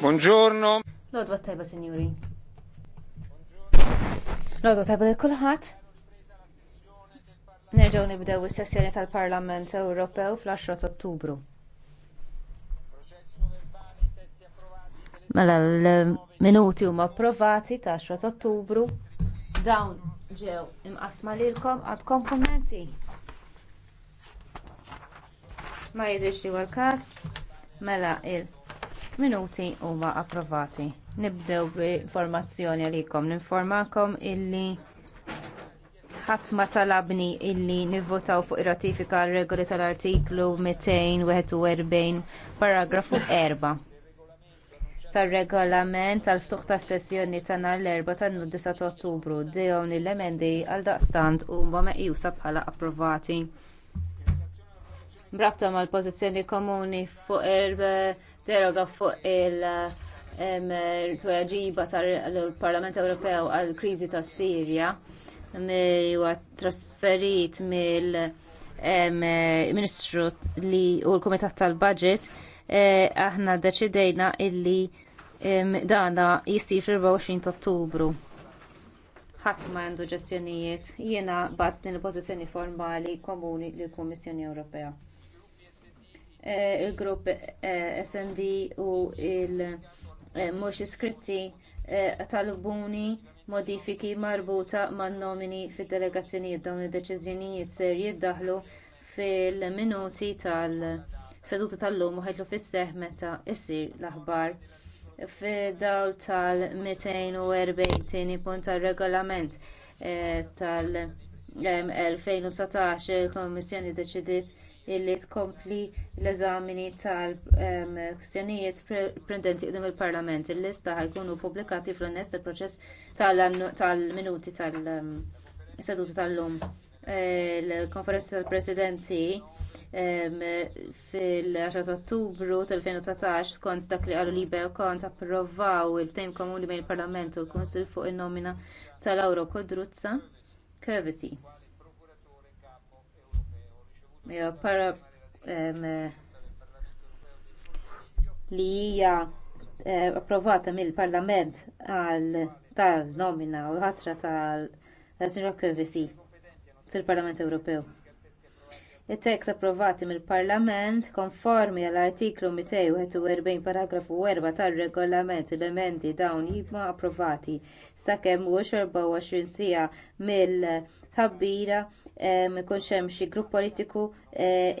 Buongiorno. Lodwa tajba, signori. Lodwa tajba li kulħadd. Nerġgħu nibdew is-sessjoni tal-Parlament Ewropew fl-10 Ottubru. Mela l-minuti huma approvati ta' 10 Ottubru. Dawn ġew imqasma lilkom għadkom kummenti. Ma jidhirx li huwa l-każ mela il- minuti huma approvati. Nibdew b'informazzjoni għalikom. Ninformakom illi ħadd ma talabni illi nivvotaw fuq ir-ratifika regoli tal-artiklu 241 paragrafu 4 tar-regolament tal-ftuħ tas-sessjoni ta' nhar l-erba' tan-9 ta' Ottubru dejhom l-emendi għaldaqstant huma meqjusa bħala approvati. Brabta mal-pożizzjoni komuni fuq erba' deroga fuq il-tweġiba tal-Parlament Ewropew għall kriżi tas Sirja huwa trasferit mill-Ministru li u l-Kumitat tal-Budget e, aħna ddeċidejna illi dana jisir fil-24 Ottubru ħadd ma għandu ġezzjonijiet. jiena bad din il-pożizzjoni formali komuni lill-Kummissjoni Ewropea. Eh, il-grupp eh, SND u il-mux eh, iskritti talbuni modifiki marbuta man-nomini fid-delegazzjonijiet dawn id-deċiżjonijiet ser jiddaħħlu fil-minuti tal-seduta tal-lum u ħejtlu fis-seħħ meta ssir l-aħbar fid-dawl tal-240 tieni punt tar-regolament tal-2019 il-kummissjoni ddeċidiet illi tkompli l-eżamini tal-kwistjonijiet pendenti qudiem il-Parlament. Il-lista ħajkunu pubblikati fl-onest tal-proċess tal-minuti tal seduta tal-lum. Il-konferenza eh, tal-presidenti fil-10 ottubru tal-2019 skont dak li qalu libe kont approvaw il-tejm komuni bejn il-Parlament u l kunsill fuq in nomina tal-Awro Kodruzza Kövesi para eh, li hija eh, approvata mill-Parlament għal tal-nomina u ħatra tal-Sinjora eh, Kövesi fil-Parlament Ewropew. it-tekst approvati mill-Parlament konformi għall artiklu 241 paragrafu 4 tar-regolament elementi dawn jibma approvati sakemm u 24 siegħa mill-tabbira ma hemm xi grupp politiku eh,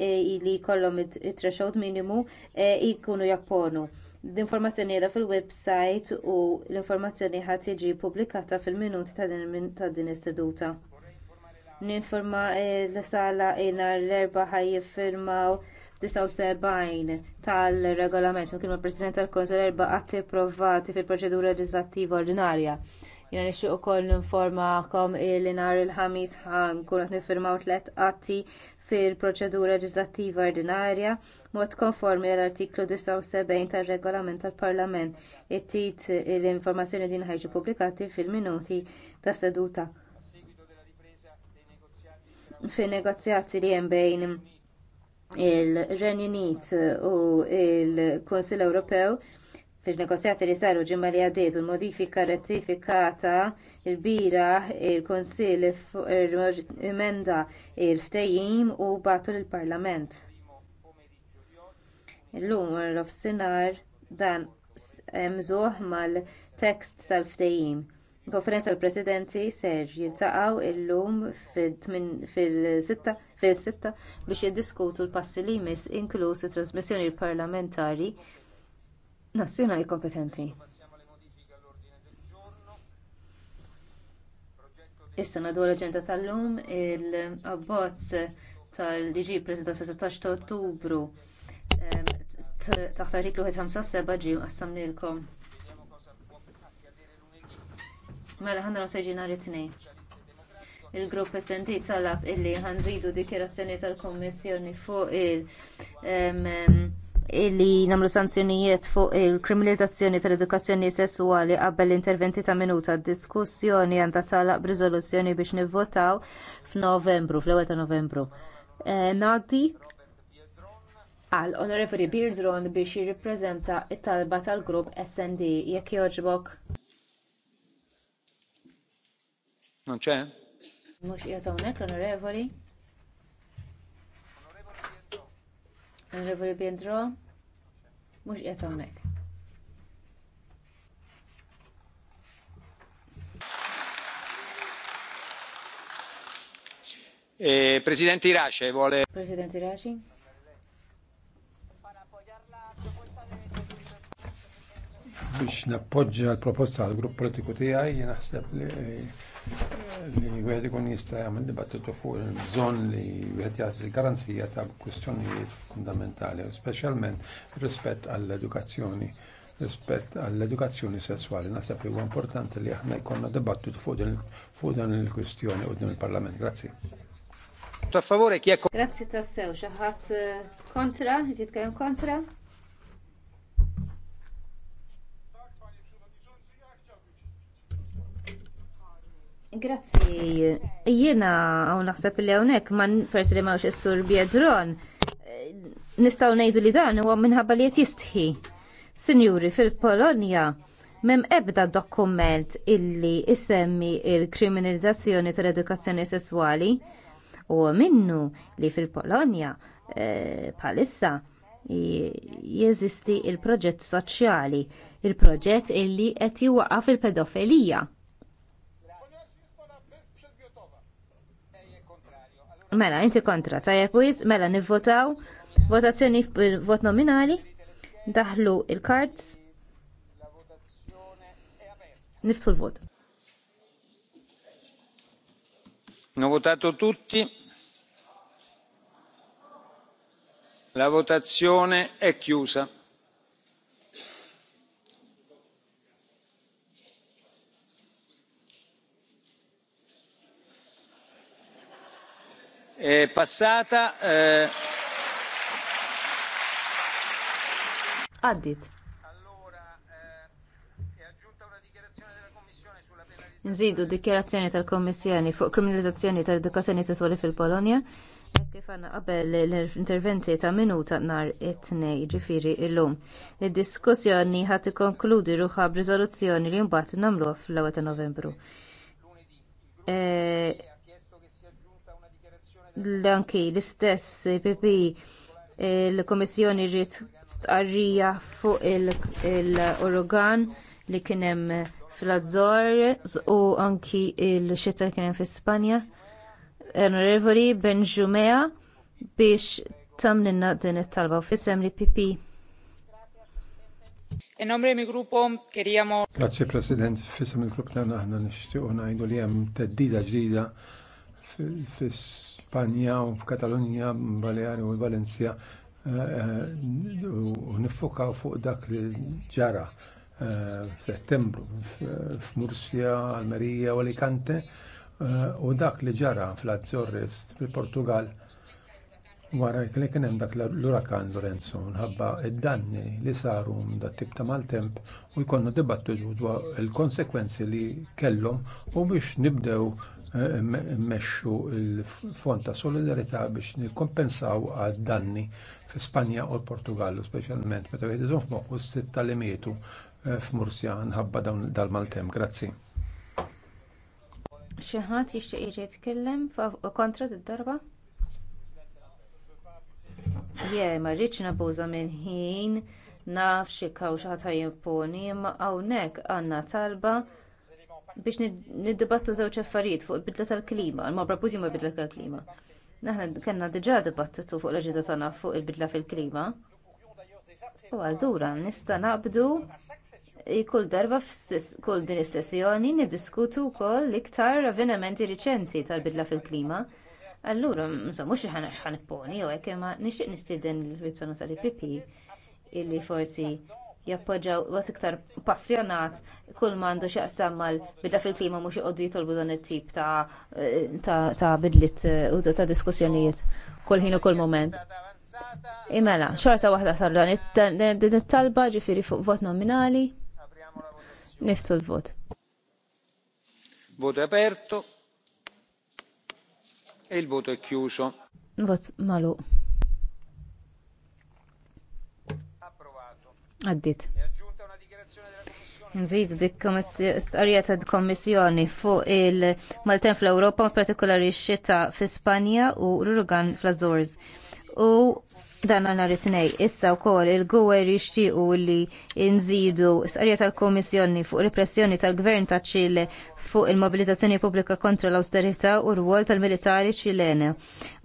li jkollhom it-threshold minimu eh, jkunu japponu l-informazzjoni era fil-website u l-informazzjoni ħadd tiġi ppubblikata fil-minuti ta' din is-seduta. Ninforma eh, l-sala nhar l-erba' ħaj jiffirmaw 79 tal-regolament minn kien il-President tal-Konsell erba' atti approvati fil-proċedura leġislattiva ordinarja. Jena nixtieq ukoll ninformakom li nhar il-ħamis nkunu qed niffirmaw tliet qatti fil-proċedura leġislattiva ordinarja mod konformi għall-artiklu 79 tar-regolament tal-Parlament. It-tit l-informazzjoni din ħajġu pubblikati fil-minuti tas seduta fin-negozjati li hemm bejn il-Renju Unit u l-Kunsill Ewropew fil-negozjati li saru ġimma li għaddiet u l-modifika rettifikata lbieraħ il-kunsill emenda l-ftehim u bagħtu lill-parlament illum wara nofsinhar dan hemm żgħuh mal-tekst tal-ftehim konferenza tal-presidenti ser jiltaqgħu llum fil sitta biex jiddiskutu l-passi li jmiss inkluż it-trasmissjoni parlamentari nazzjonali kompetenti. Issa nagħdu l-aġenda tal-lum il-abbozz tal-liġi ppreżentat fis-16 ta' Ottubru taħt artiklu 57 ġie qassam lilkom. Mela ħanna seġi nhar it-tnejn. Il-grupp SD talab illi ħanżidu dikjerazzjoni tal-Kommissjoni fuq il- li nagħmlu sanzjonijiet fuq il-kriminalizzazzjoni tal-edukazzjoni sesswali qabel l-interventi ta' minuta diskussjoni għandha tagħlaq b'riżoluzzjoni biex nivvotaw f'Novembru, fl-ewwel ta' Novembru. Eh, Nadi għal Onorevoli Birdron biex jirrippreżenta t talba tal-grupp SD jekk jogħġbok. Non c'è? Mhux qiegħed hawnhekk l-Onorevoli. Onorevoli Biendro, mux qiegħed hawnhekk. Eh, Presidente Irace vuole. Presidente Irace. biex nappoġġa l-proposta għal grupp politiku tiegħi naħseb li eh, li wieħed ikun jista' jagħmel dibattitu fuq il-bżonn li wieħed jagħti l-garanzija ta' kwistjonijiet fundamentali, speċjalment rispett għall-edukazzjoni rispett għall-edukazzjoni sessuali. Nasab li huwa importanti li aħna jkollna dibattitu fuq dan il-kwistjoni u din il-Parlament. Grazzi. Ta' favore, Grazzi tassew, xi ħadd eh, kontra, jitkellem kontra? Grazzi, jiena għaw naħseb li hawnhekk ma persi li mawx is-sur Biedron, nistgħu ngħidu li dan huwa minħabba li qed jistħi. Sinjuri, fil-Polonja m'hemm ebda dokument illi isemmi il-kriminalizzazzjoni tal-edukazzjoni sesswali u minnu li fil-Polonja eh, bħalissa jeżisti il-proġett soċjali, il-proġett illi qed jiwaqaf il-pedofilija Mela, inti kontra, tajjeb wis, mela nivvotaw, votazzjoni vot nominali, daħlu il-cards, niftu l-vot. Hanno votato tutti. La votazione è chiusa. passata għaddit eh, eh, Nżidu dikjerazzjoni tal-Kommissjoni fuq kriminalizzazzjoni tal-edukazzjoni sesswali fil-Polonja e kif għandna qabel l-interventi ta' minuta n-nar it-tnej ġifiri illum. Id-diskussjoni ħadd ikkonkludi ruħha b'riżoluzzjoni li mbagħad nagħmluha fl-ewwel ta' Novembru l-anki l-istess PP il-Komissjoni rrit stqarrija fuq il-Urugan li kien hemm fl-Azzor u anki l xita li kien hemm fi Spanja. Onorevoli Benjumea biex tamlinna din it-talba u fissem li PP. Grazie President, fissem il-grupp tagħna aħna nixtiequ ngħidu li hemm teddida ġdida fis Spanja u f'Katalunja, Baleari u Valencia eh, eh, u nifokaw fuq dak li ġara eh, f'Settembru f'Mursja, Almerija u Alicante u dak li ġara fl-Azzorres fil-Portugal wara li kien hemm dak l-urakan Lorenzo nħabba id-danni li saru da' tip ta' maltemp u jkollna dibattu dwar il-konsekwenzi li kellhom u biex nibdew mmexxu l-Fond ta' Solidarità biex nikkompensaw għad danni fi Spanja u l-Portugallu, speċjalment meta wieħed iżomm f'moħħu s-sitt tal-imietu eh, f'Mursja nħabba dawn dal-Maltem. Grazzi. Xi ħadd jixtieq jiġi jitkellem kontra d-darba? Je, ma rridx nabuża minn ħin nafx xi kawx ħadd jimponi, imma hawnhekk għandna talba biex niddibattu żewġ affarijiet fuq il-bidla tal-klima, ma brabuti ma bidla tal-klima. Naħna kellna diġà dibattitu fuq l-aġenda tagħna fuq il-bidla fil-klima. U għaldura nista' naqbdu kull darba kull din is-sessjoni niddiskutu wkoll l-iktar avvenimenti riċenti tal-bidla fil-klima. Allura, msa, mux ħana xħan poni, u għek, ma nixtieq nistieden l-wibsonu tal-IPP illi forsi jappoġġaw waqt iktar passjonat kull m'għandu x'jaqsam mal-bidla fil-klima mhux iqogħdu jitolbu dan it-tip ta' bidlit uh, u ta' diskussjonijiet kull ħin u kull mument. Imela, xorta waħda sar dan din it-talba ġifieri fuq vot nominali. Niftu l-vot. Voto aperto e il voto è chiuso. Vot maluq. Għaddit. Nżid dik starija ta' kommissjoni fuq il maltem fl-Ewropa, ma' partikolari xita fl-Spanja u l-Urugan fl-Azores. U dan għanna ritnej, issa u kol il-gwer u li nżidu s ta' tal fuq repressjoni tal-Gvern ta' ċile fuq il-mobilizzazzjoni pubblika kontra l-austerita u r-wol tal-militari ċilene.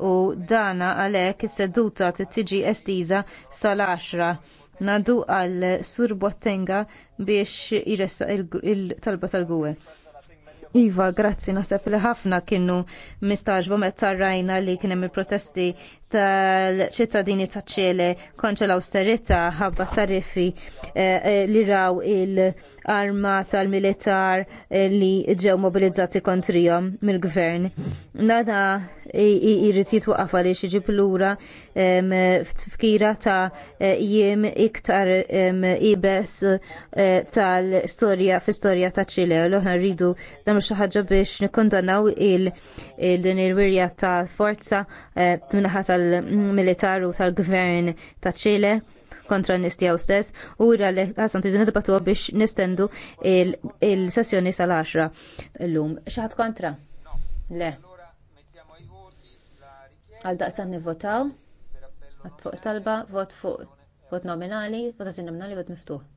U dana għalek is-seduta t-tiġi estiza sal-10 Nadu għal Sur Bottenga biex jressaq il-talba tal-gwe. Iva, grazzi, naħseb li ħafna kienu mistaġbu meta tarrajna li kien hemm il-protesti tal-ċittadini ta' ċele kontra l-austerita ħabba tariffi eh, eh, li raw il-arma tal-militar eh, li ġew mobilizzati kontrihom mill-gvern. Nada irrit jitwaqaf għaliex iġib lura f'tfkira ta' jiem iktar ibes tal-istorja f'istoria ta' ċile. Loħna rridu nagħmlu xi ħaġa biex nikkondannaw il-din il-wirja ta' forza minnaħat tal tal-militar u tal-gvern ta' Ċile kontra nistijaw stess u li għasan tridu nidbatu biex nistendu il-sessjoni sal-10 l-lum. ċaħat kontra? Le. Għal daqsan nivotaw, għat fuq talba, vot fuq, vot nominali, votazzjoni nominali, vot miftuħ.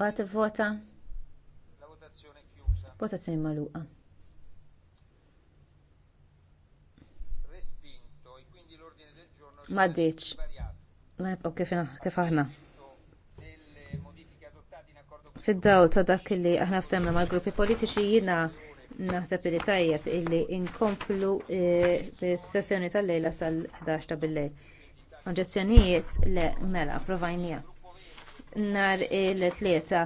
Għat vota, votazzjoni maluqa. ma ditx kif aħna. Fid-daw ta' dak li aħna ftemna mal-gruppi politiċi jiena naħseb li tajjeb illi inkomplu eh, bis-sessjoni tal-lejla sal-11 ta' bil-lejl. Oġġezzjonijiet le mela provajnija. Nhar il-tlieta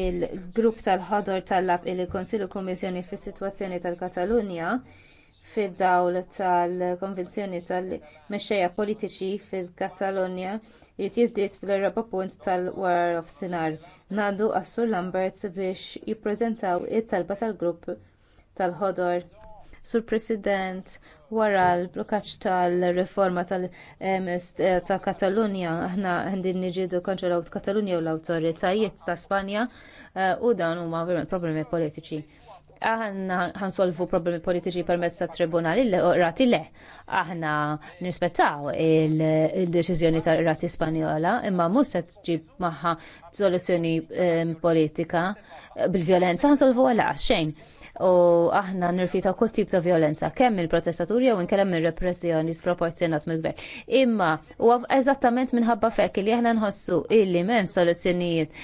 il-grupp tal-ħodor tal-lab il-Konsilu Kommissjoni fis-sitwazzjoni tal-Katalunja fid-dawl tal-konvenzjoni tal-mexxejja politiċi fil-katalonja irid jiżdied fl-erba' punt tal-waranofsinhar ngħaddu għas-sur lamberts biex jippreżentaw it-talba tal-grupp tal-ħodor sur president wara l-blukkaġġ tal-riforma ta' katalunja aħna għandin niġidu kontra l-Katalunja u l-awtoritajiet ta' Spanja eh, u dawn huma problemi politiċi aħna ħansolvu problemi politiċi permezz ta' tribunali l-rati le. Aħna nirrispettaw il-deċiżjoni tal-rati Spanjola imma mhux se tġib magħha soluzzjoni ehm, politika bil-vjolenza ħansolvu għala xejn u aħna nirfita kull tip ta' violenza kemm il-protestaturi jew inkellem ir-repressjoni sproporzjonat mill-gvern. Imma u eżattament minħabba fekk li aħna nħossu illi m'hemm soluzzjonijiet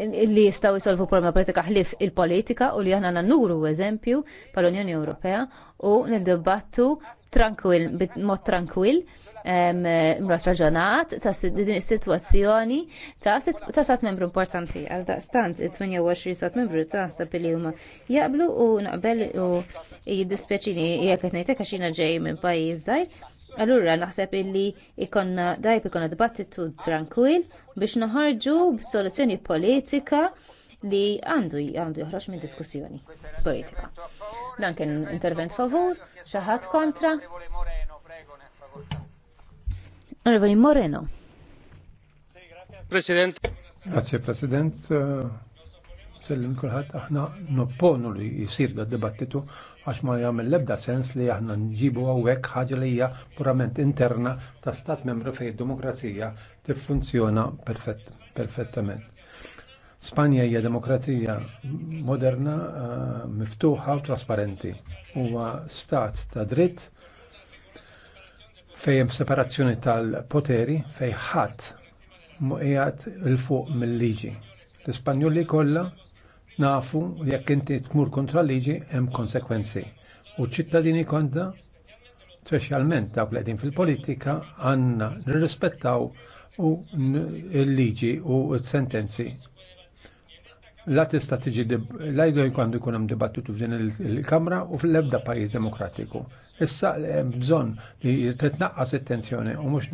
li jistgħu jsolvu problema politika ħlif il-politika u li aħna nannuru eżempju pal-Unjoni Ewropea u niddibattu tranquil, mod tranquil mrat raġunat ta' din is-sitwazzjoni ta' sat membru importanti għal daqstant it-28 sat membru ta' li huma jaqblu u naqbel u jiddispjaċini jekk qed ngħidlek għax jiena ġej minn pajjiż żgħir Allura naħseb illi ikonna dajb ikonna dibattitu tranquil biex naħarġu b'soluzzjoni politika li għandu għandu joħroġ minn diskussjoni politika. Dan kien intervent favur, xi ħadd kontra. Onorevoli Moreno. President. Grazie President. Sellim kulħadd aħna nopponu li jisir da dibattitu għax ma jagħmel l-ebda sens li aħna nġibu għawek ħagġa li hija purament interna ta' stat membru fej id-demokrazija tiffunzjona perfettament. Spanja hija demokrazija moderna, eh, miftuħa u trasparenti. Huwa stat ta' dritt fejjem separazzjoni tal-poteri fejn ħadd qiegħed il fuq mill-liġi. L-Ispanjoli kollha nafu li jekk inti tmur kontra liġi hemm konsekwenzi. U ċittadini konta, speċjalment dawk li qegħdin fil-politika, għandna nirrispettaw u l-liġi u s-sentenzi la tista tiġi lajdu jkun jkun hemm dibattitu f'din il-Kamra u fl-ebda pajjiż demokratiku. Issa hemm bżonn li titnaqqas it-tensjoni u mhux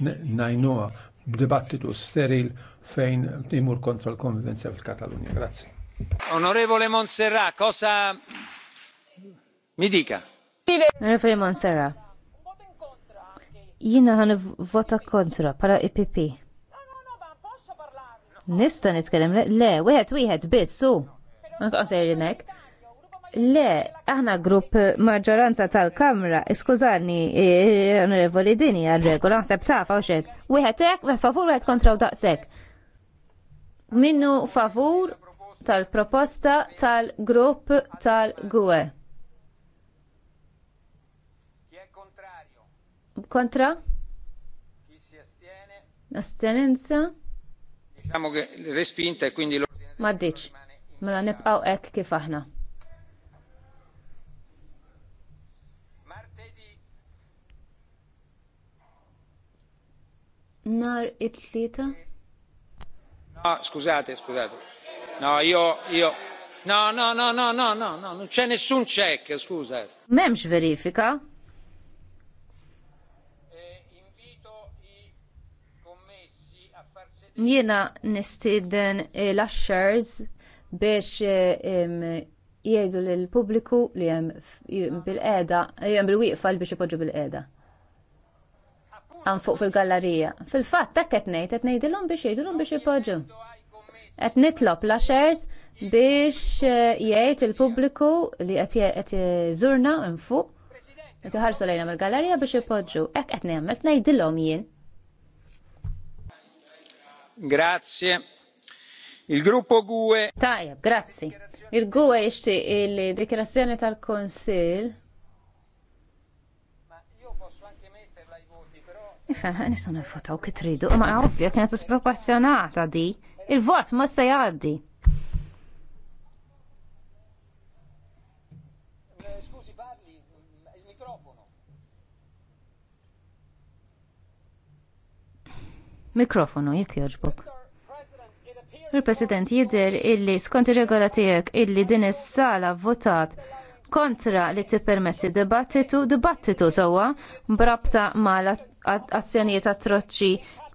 ngħinuha b'dibattitu steril fejn imur kontra l-konvivenza fil-Katalunja. Grazzi. Onorevole Monserrat, cosa mi dica? Onorevole Monserrat, jina ħan vota kontra para IPP. E Nista' nitkellem le, wieħed wieħed biss su. Qasirinek. Le, aħna grupp maġġoranza tal-Kamra, skużani, e, onorevoli dini għal-regola, naħseb taf għaw Wieħed hekk, favur wieħed kontra daqsek. Minnu favur tal-proposta tal-grupp tal gwe Kontra? Astenenza? E Maddiċ, mela nibqaw hekk kif aħna. Nar it-tlieta? No, scusate, scusate. No, io, io. No, no, no, no, no, no, no, non c'è nessun check, scusa. Memx verifika? Jiena nistieden eh, l-ashers biex eh, jgħidu lill-pubbliku li hemm bil-qeda, hemm bil-wieqfa biex ipoġġu bil-qeda għan fuq fil-gallerija. Fil-fatt, hekk qed ngħid, qed ngħidilhom biex jgħidulhom biex ipoġġu. Qed nitlob l shares biex eh, jgħid il-pubbliku li qed jżurna hemm fuq qed iħarsu lejna mill-gallerija biex ipoġġu. Hekk qed nagħmel, ngħidilhom jien. Grazie. Il-gruppo GUE. Tajab, grazzi. Il-GUE ixti il e dichiarazione tal-Konsil. Ifaħ, nistgħu nifutaw kif tridu, ma ovvja kienet sproporzjonata di. Il-vot ma se jgħaddi. Mikrofonu, jekk jogħġbok. Il-President jidher illi skont ir-regola tiegħek illi din is-sala votat kontra li tippermetti dibattitu, dibattitu sewwa brabta mal azzjonijiet atroċi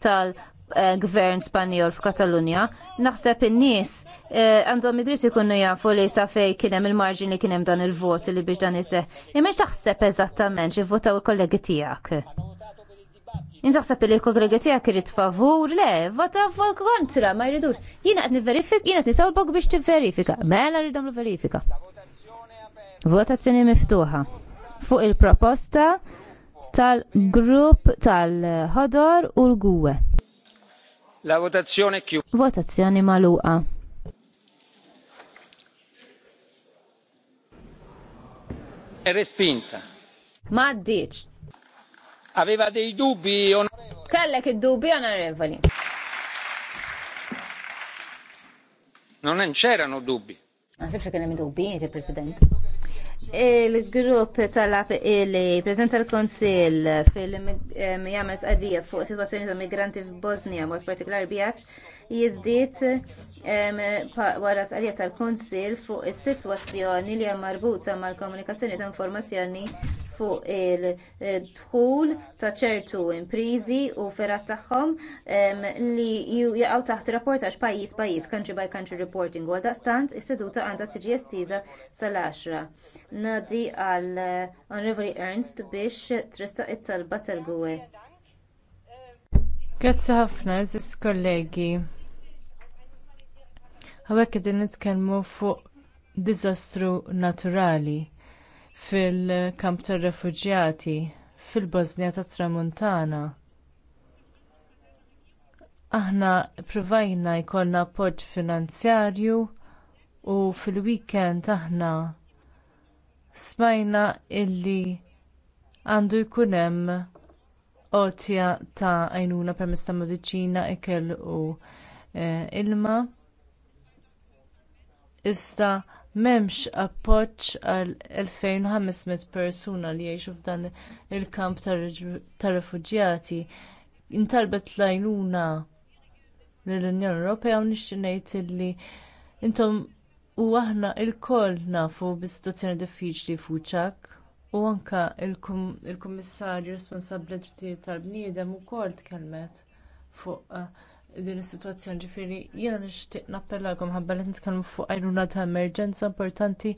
tal-gvern Spanjol f'Katalunja. Naħseb in-nies eh, għandhom idrid ikunu jafu li sa fej kien hemm il-marġin li kien hemm dan il-vot li biex dan iseħħ. Imma taħseb eżattament xi votaw il-kollegi tiegħek. Intaħseb li l-kongrega tiegħek irid favur, le, vota kontra, ma jridux. Jiena qed niverifik, jiena qed nisolbok biex tivverifika. Mela rrid nagħmlu verifika. Votazzjoni miftuħa fuq il-proposta tal-grupp tal-ħodor u l-gwe. La votazzjoni chiusa. Votazzjoni maluqa. E respinta. Ma' 10. Aveva dei dubbi, onorevole? Kellek id-dubbi, onorevoli. Non c'erano dubbi. Ma sifx kien hemm dubbi, President il-grupp talab li prezenta l-Konsil fil-James eh, Adija fuq situazzjoni ta' migranti f'Bosnia, mod partikolari bjaċ, jiżdied wara sqarrija tal-kunsill fuq is-sitwazzjoni li hija marbuta mal-komunikazzjoni ta' informazzjoni fuq il-dħul ta' ċertu impriżi u ferat tagħhom li jaqgħu taħt rapportaġ pajjiż pajjiż country by country reporting u għaldaqstant is-seduta għandha tiġi estiża sal-10. Nadi għal Honorable Ernst biex tressaq it-talba tal-gwe. Grazzi ħafna, eżis kollegi. hawnhekk qegħdin nitkellmu fuq diżastru naturali fil-kamp tar refuġjati fil-Bosnja tat Tramuntana. Aħna ppruvajna jkollna appoġġ finanzjarju u fil-weekend aħna smajna illi għandu jkun hemm qotja ta' għajnuna permezz ta' mediċina ikel u eh, ilma issa m'hemmx appoġġ għal 2500 persuna li jgħixu f'dan il-kamp tar rifugjati. intalbet l-għajnuna lill-Unjoni Ewropea u nixtieq ngħid illi intom u aħna lkoll nafu bi-sitwazzjoni diffiċli fuċak u anke l kummissarju responsabbli drittijiet tal-bniedem ukoll tkellmet fuq eh, din is-sitwazzjoni ġifieri jiena nixtieq nappellalkom ħabba li nitkellmu fuq għajnuna ta' emerġenza importanti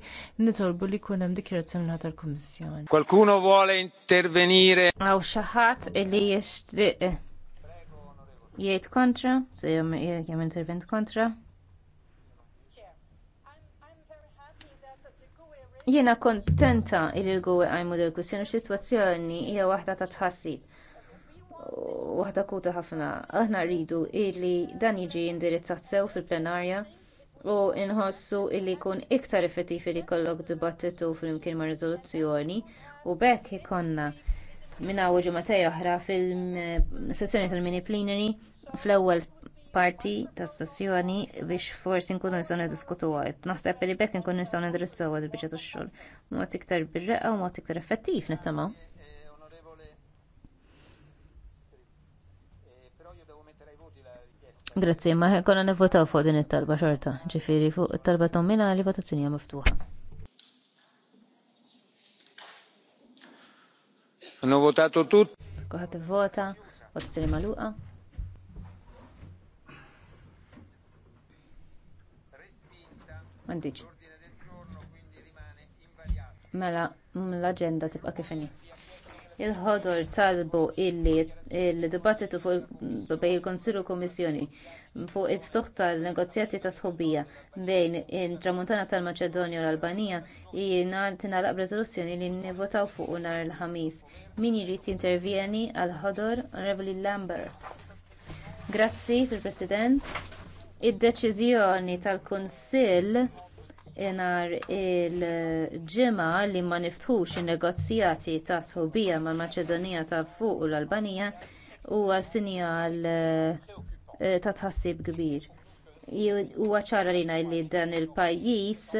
nitolbu li jkun hemm dikjarazzjoni mingħata tal-Kummissjoni. Qualcuno vuole intervenire? Aw xi ħadd li jixtieq jgħid kontra, se jew intervent kontra. Jiena kontenta li l-għu għajmu dil kussin x-situazzjoni hija waħda ta' tħassib waħda kuta ħafna. Aħna rridu illi dan jiġi indirizzat sew fil-plenarja u nħossu illi jkun iktar effettiv li jkollok dibattitu flimkien ma' riżoluzzjoni u bekk ikonna minna u ġematej oħra fil-sessjoni tal-mini plenary fl-ewwel parti tas-sessjoni biex forsi nkunu nistgħu niddiskutuha naħseb li b'hekk inkunu nistgħu nindirizzawha il-biċċa tax-xogħol b'mod iktar bir-reqqa u mod iktar effettiv nittama' Grazzi, ma konna nivvotaw fuq din it-talba xorta, ġifiri fuq it-talba nominali votazzjoni hija miftuħa. Hanno votato tutti. vota, votazzjoni magħluqa. Mela, mm, l-agenda tibqa kifini. Il-ħodor talbu illi il-dibattitu fuq bej il-Konsilu Kommissjoni fuq it-ftuħ tal-negozjati ta' sħobija bejn in-Tramuntana tal-Maċedonja u l-Albanija tingħalaq b'reżoluzzjoni li nivvotaw fuq nhar il-ħamis. Min jrid jintervjeni għal ħodor Revli Lambert. Grazzi, Sur President id-deċiżjoni tal-kunsill nhar il-ġimgħa li ma niftħux in-negozjati ta' sħubija mal-maċedonija ta' fuq u l-albanija huwa sinjal eh, ta' tħassib kbir huwa ċara lina li dan il-pajjiż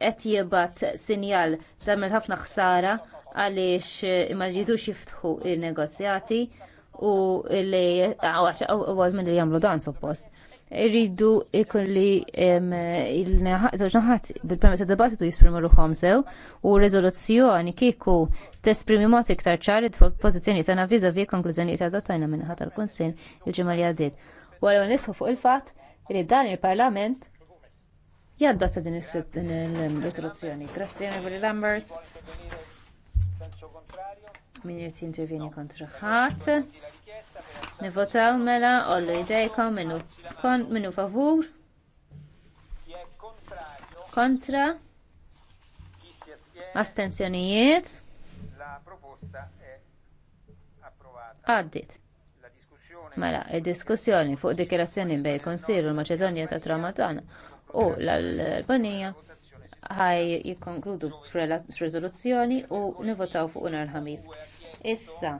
qed jibgħat sinjal tagħmel ħafna ħsara għaliex ma jridux jiftħu n-negozjati u li għax minn li jagħmlu dan suppost. Irridu ikun li il-żewġ naħat bil-premju ta' dibattitu jisprimu ruħhom sew u riżoluzzjoni kieku tesprimi mod iktar ċari pożizzjoni vi viżavi ta' adottajna minn ħadd għal kunsin il-ġimgħa li għaddiet. Wara nisħu fuq il-fatt li dan il-Parlament jaddotta din il-risoluzzjoni. Grazzi, Onorevoli Lamberts. Min jrid jintervjeni kontra ħadd. Nivotaw mela ollu idejkom, minu, minu favur. Kontra. Astenzjonijiet. Għaddit. Mela, id-diskussjoni fuq dikirazzjoni bej konsil u l macedonija ta' Tramatana u l-Albanija ħaj jikkonkludu f'riżoluzzjoni u nivvotaw fuq nhar il-ħamis. Issa,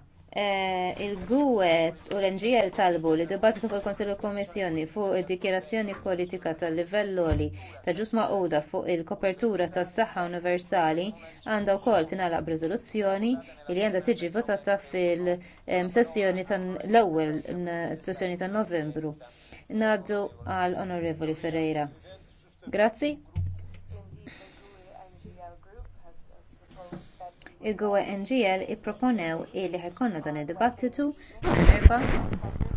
eh, il-gwet u e l-NGL talbu li dibattitu fuq il-Konsilju Kommissjoni fuq id-dikjerazzjoni politika tal-livell ta' ġusma maquda fuq il-kopertura tas saħħa universali għandha wkoll tingħalaq b'riżoluzzjoni li għandha tiġi votata fil-sessjoni l ewwel sessjoni ta' Novembru. Ngħaddu għall onorevoli Ferreira. Grazzi. il-Goa NGL ipproponew li ħajkonna dan id-dibattitu erba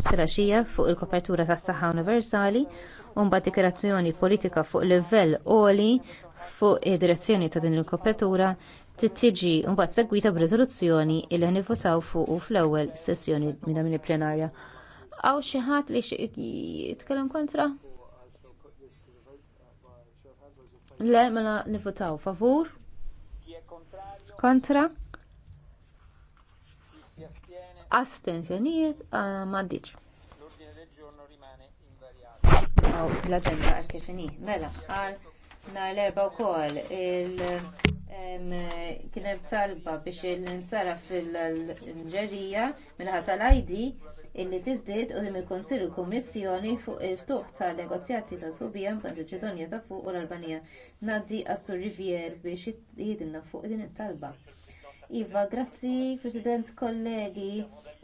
filgħaxija fuq il-kopertura tas-saħħa universali u mbagħad dikjarazzjoni politika fuq livell għoli fuq id-direzzjoni ta' din il-kopertura tittiġi mbagħad segwita b'riżoluzzjoni li ħnivvotaw fuq fl-ewwel sessjoni minn il-plenarja. Aw xi ħadd li jitkellem kontra? Le, mela nivvotaw favur kontra astenzjonijiet ah, m'għaddiġ aw l-aġenda għal kif inhi mela għal nhar l-erba' wkoll il kien hemm talba biex il-insara fil-Alġerija minħata tal-ID illi tiżdied quddiem il-kunsill u l-kummissjoni fuq il-ftuħ tan-negozjati ta' subija mal-maċedonja ta' fuq u l-albanija ngħaddi għas-sur biex jgħidilna fuq din it-talba Iva, grazzi, President, kollegi,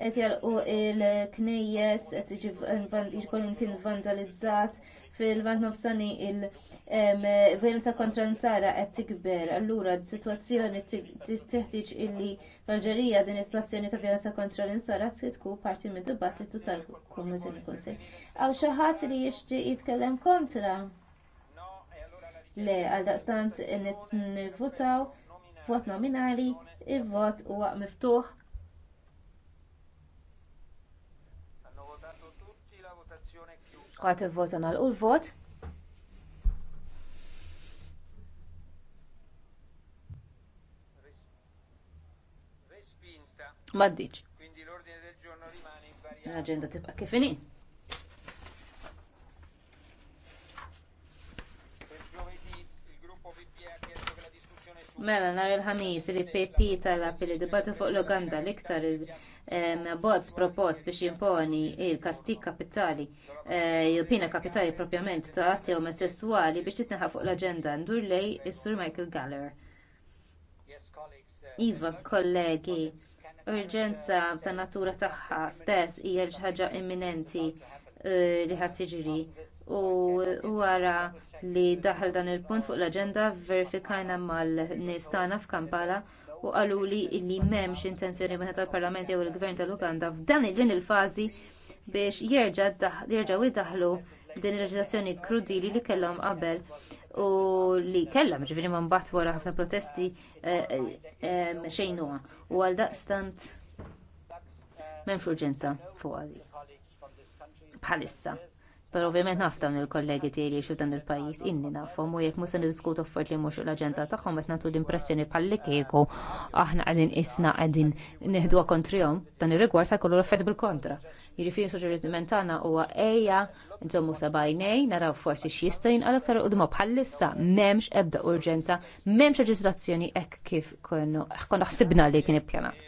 qed jalqu il-knejjes, qed jikun vandalizzat, fil-vant nofsani il vjolenza kontra n-sara qed tikber. Allura d-sitwazzjoni teħtieġ illi l-Alġerija din is-situazzjoni ta' vjolenza kontra l-insara tkun parti mid-dibattitu tal-Kummissjoni Kunsill. Aw xi ħadd li jixtieq jitkellem kontra. Le, għaldaqstant nivvotaw vot nominali, il-vot huwa miftuħ Tħat il vot nal u l-vot. Maddiċ. Quindi l'ordine del giorno rimane invariato. L'agenda tibqa kif inhi. E mela nar il-ħamis li PP e tal-appelli dibattu fuq l-Uganda l-iktar il bozz propost biex jimponi il-kastik kapitali, eh, il-pina kapitali propjament ta' atti omosessuali biex jitneħa fuq l-agenda ndur lej is-Sur Michael Galler. Iva, kollegi, urġenza ta' natura tagħha stess hija xi ħaġa imminenti eh, li ħadd tiġri u wara li daħal dan il-punt fuq l-aġenda verifikajna mal-nies tagħna f'Kampala u qaluli li m'hemmx intenzjoni minn tal-Parlament jew il-Gvern tal-Uganda f'dan il din il-fażi biex jerġgħu jiddaħħlu din il-leġiżlazzjoni krudili li kellhom qabel u li kellhom ġifieri ma mbagħad wara ħafna protesti eh, eh, xejn huwa u għaldaqstant m'hemmx urġenza fuq għadi bħalissa Però ovvjament naf dawn il-kollegi tiegħi xi dan il-pajjiż inni nafhom u jekk mhux se niddiskutu affarijiet li mhux l-aġenda tagħhom qed nagħtu l-impressjoni bħalli kieku aħna qegħdin isna qegħdin neħdu kontrihom dan ir-rigward ħajkollu l-effett bil-kontra. Jiġifieri suġġeriment tagħna huwa ejja nżommu sabajnej naraw forsi x'jista' jinqal aktar qudma bħalissa m'hemmx ebda urġenza, m'hemmx leġiżlazzjoni hekk kif konna ħsibna li kien ippjanat.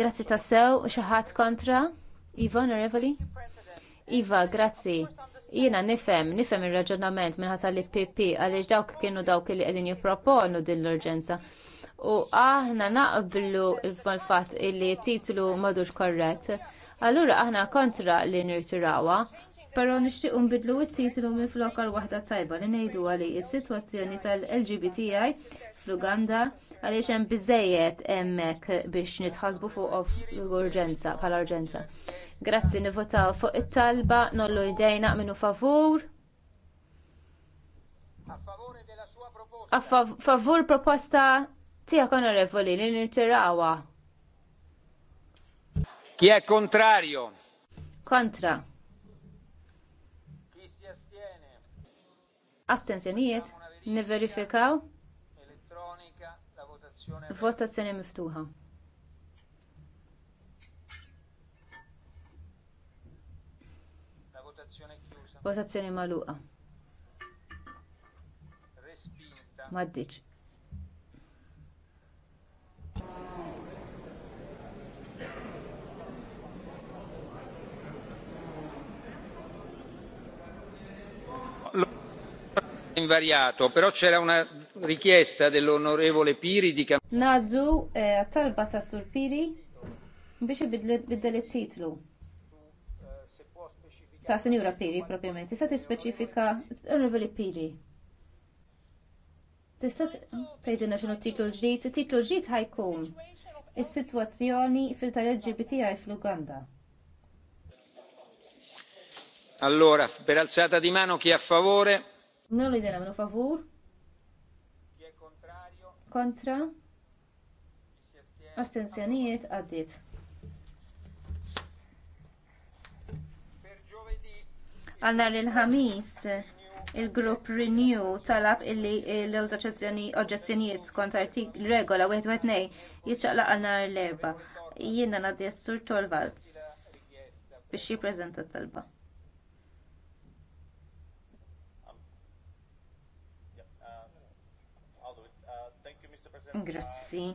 Grazzi tassew, xi ħadd kontra? Ivan, Evelyn? Iva, grazzi. Jiena nifhem, nifhem ir-raġunament minħata li PP għaliex dawk kienu dawk li qegħdin jipproponu din l-urġenza. U aħna naqblu mal-fatt li titlu madux korrett. Allura aħna kontra li nirtirawa, però nishtiq unbidlu t-titlu minn flokal waħda tajba li nejdu għali s-sitwazzjoni tal-LGBTI fl-Uganda għaliex hemm biżżejjed hemmhekk biex nitħasbu fuq l-urġenza bħala urġenza. Grazzi nivotaw fuq it-talba nollu jdejna minnu favur. A favur proposta tiegħek onorevoli li nirtirawha. Chi è contrario? Kontra. Astenzjonijiet? Nivverifikaw. Votazzjoni miftuħa. Votazzjoni maluqa. Maddiċ. invariato, però c'era una richiesta dell'onorevole Piri di Nadu eh, talba ta' Sur Piri biex ibiddel it-titlu. Ta' Signora Piri Sa' Tista' tispeċifika onorevole Piri. Tista' tgħidilna x'inhu t-titlu l-ġdid. It-titlu l ħajkun is-sitwazzjoni fil-tal-LGBTI fl-Uganda. Allora, per alzata di mano chi è a favore? Non lo diamo a favore kontra astenzjonijiet għaddiet għal nhar il-ħamis il-grupp renew talab illi l-oġġezzjonijiet skont regola 1 jiċċaqlaq għal nhar l-erba' jiena ngħaddi s-sur torvalds biex jippreżenta t-talba Grazzi.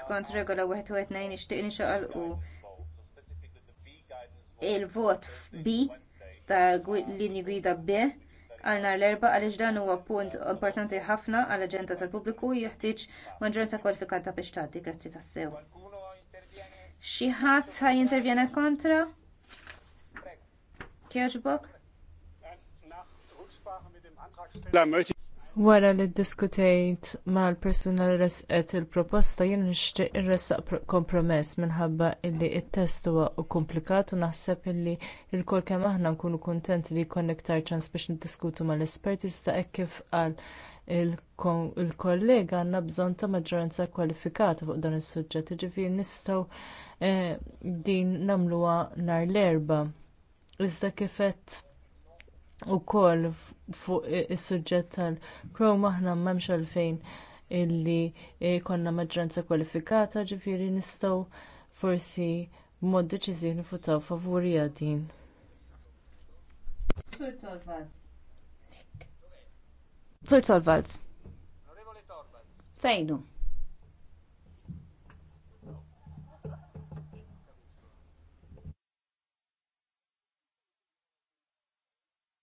Skont regola 1.2 uh, nixtieq u il-vot B tal-linji gwida B għal nhar l-erba' għaliex dan huwa punt importanti ħafna għall aġenda tal-pubbliku jeħtieġ maġġoranza kwalifikata biex tgħaddi grazzi tas-sew. Xi ħadd jintervjena kontra? Kjoġbok? Wara li ddiskutejt mal-persuna li resqet il-proposta jien nixtieq irressaq kompromess minħabba li t-test huwa komplikat u naħseb illi lkoll kemm aħna nkunu kuntenti li jkun iktar ċans biex niddiskutu mal-esperti iżda hekk kif qal il-kollega għandna bżonn ta' maġġoranza kwalifikata fuq dan is-suġġett, jiġifieri nistgħu e, din nagħmluha nhar l-erba'. Iżda kif qed ukoll fuq is-suġġett tal-Chrome aħna m'hemmx għalfejn illi konna maġġoranza kwalifikata ġifieri nistgħu forsi b'mod deċiżiv nifutaw għal din. Sur Sur Torvalds. Fejnu.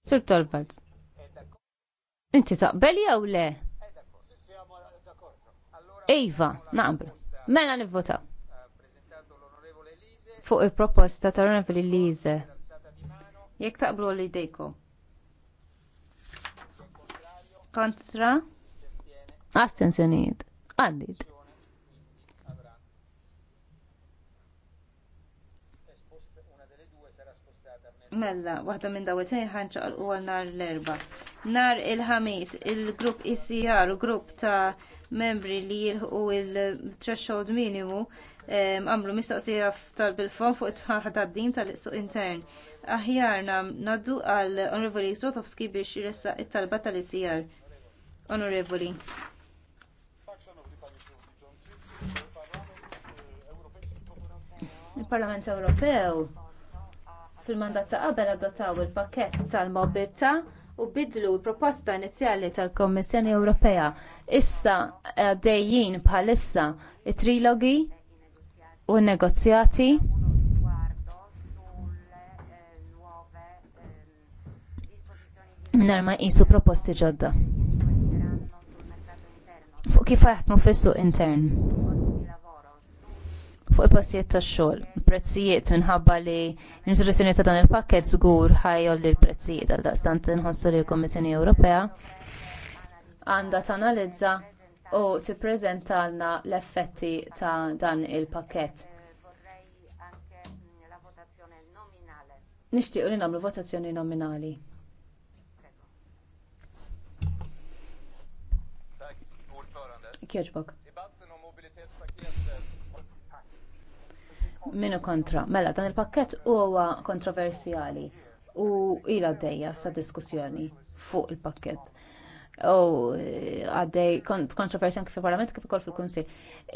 Sur Torvalds. Inti taqbel jew le? Iva, naqbel. Mela nivvota. Fuq il-proposta ta' l-onorevoli Lise. Jek taqblu li dejko. Kontra? Astenzjoniet. Għaddit. mella waħda minn daw it-tnejn ħanċaqal u nhar l-erba. Nhar il-ħamis, il-grupp ICR e u grupp ta' membri li jilħu il-threshold minimu għamlu mistoqsija f'tal bil-fond fuq it-tħaħda d-dim tal-iqsuq intern. Aħjar naddu għal Onorevoli Zrotowski biex jressa it-talba tal-ICR. Onorevoli. Il-Parlament Ewropew fil-mandat ta' qabel adottaw il-pakkett tal-mobilità u bidlu l-proposta inizjali tal-Kommissjoni Ewropea. Issa għaddejjin eh, bħalissa it-trilogi u n-negozjati minn ma jisu proposti ġodda. Fuq kif jaħdmu fis intern. Fuq il-postijiet tax-xogħol il-prezzijiet minħabba li l-introduzzjoni ta' dan il pakkett żgur ħajolli l-prezzijiet għal daqstant inħossu li l-Kummissjoni Ewropea għandha tanalizza u tippreżentalna l-effetti ta' dan il-pakkett. Nixtiequ li nagħmlu votazzjoni nominali. Kjoġbok. Minu kontra. Mela, dan il-pakket huwa kontroversjali u ila għaddejja sa diskussjoni fuq il-pakket. U eh, għaddej kontroversja anki fil parlament kif ukoll fil-Kunsil.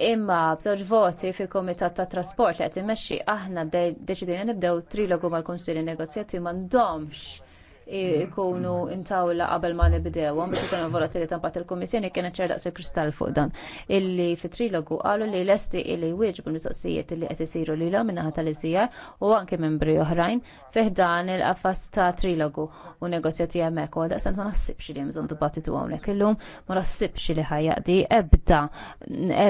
Imma bżewġ voti fil-Komitat ta' Trasport li qed immexxi aħna deċidejna nibdew trilogu mal-Kunsil in-negozjati m'għandhomx ikunu intawla qabel ma nibdew, biex ikun ta' mbagħad il-Kummissjoni kienet ċerdaq se kristall fuq dan. Illi fit-trilogu qalu li lesti illi wieġbu l-mistoqsijiet li qed isiru lilhom minnaħa tal-iżjjar u anke membri oħrajn fih dan il-qafas ta' trilogu u negozjati hemmhekk u sent ma naħsibx li jemżon bżonn dibattitu hawnhekk illum, ma naħsibx li ħajjaqdi ebda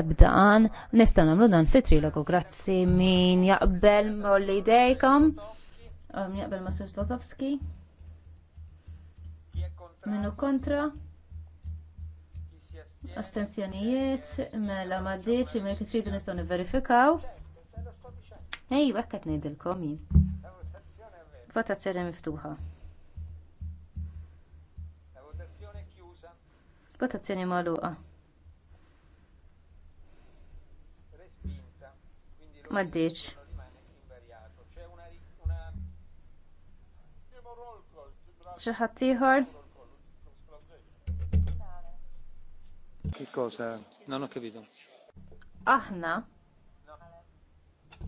ebda għan nista' nagħmlu dan fit-trilogu grazzi min jaqbel molli dejkom. Jaqbel but Sir Slotowski. Minu kontra? Astenzjonijiet, mela ma diċ, minn kif tridu nistgħu niverifikaw. Ejju, hekk qed ngħidilkom jien. Votazzjoni miftuħa. Votazzjoni magħluqa. Ma diċ. Xi ħadd ieħor? Che cosa? Non ho capito. Aħna.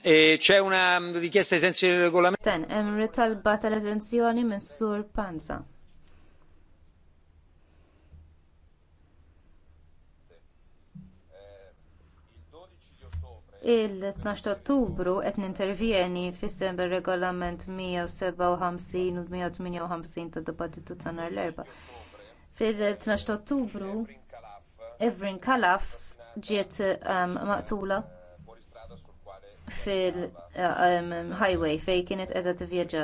E c'è una richiesta di esenzione del regolamento? Ten, hemm ritalba tal-eżenzjoni minn Sur Panza. il-12 ottubru qed nintervjeni fis il regolament 157 u 158 ta' dibattitu ta' nhar l-erba'. Fil-12 ottubru evren Kalaf ġiet um, maqtula fil-highway um, fejn kienet qiegħda tivvjaġġa.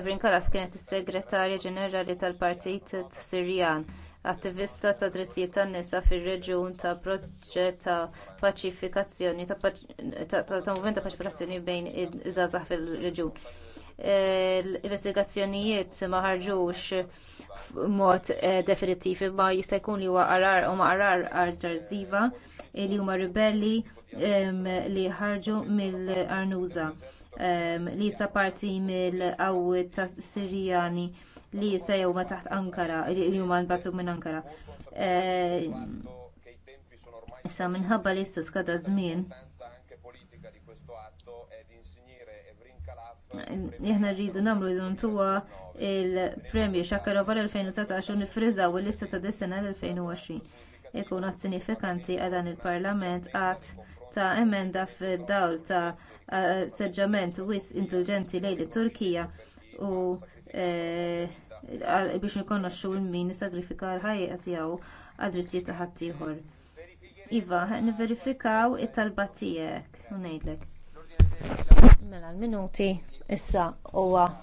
Evrin Kalaf kienet is-segretarja ġenerali tal-Partit Sirjan, attivista ta' drittijiet tan-nisa fir-reġjun ta' proġġett ta' paċifikazzjoni ta' moviment ta' paċifikazzjoni bejn iż-żgħażagħ fil-reġjun l-investigazzjonijiet ma ħarġux mod eh, definittiv imma jista' jkun li huwa qarar u ma qarar ġarziva eh, li huma ribelli ehm, li ħarġu mill-Arnuża ehm, li sa parti mill qawwet ta' Sirjani li sa ma taħt Ankara li huma nbatu minn Ankara. Eh, issa minħabba li issa skada żmien Jihna rridu namlu jridu tuwa il-premju Shakarova l-2019 u nifrizaw il-lista ta' disena l-2020. Ikun għad sinifikanti għadan il-parlament għad ta' emenda f'dawl ta' atteġġament wis intelligenti lejn it-Turkija u e, biex nikonoxxu l-min sagrifika l-ħajja tiegħu għad-drittijiet ta' ħaddieħor. Iva, niverifikaw it-talba tiegħek u ngħidlek. Mela l-minuti issa huwa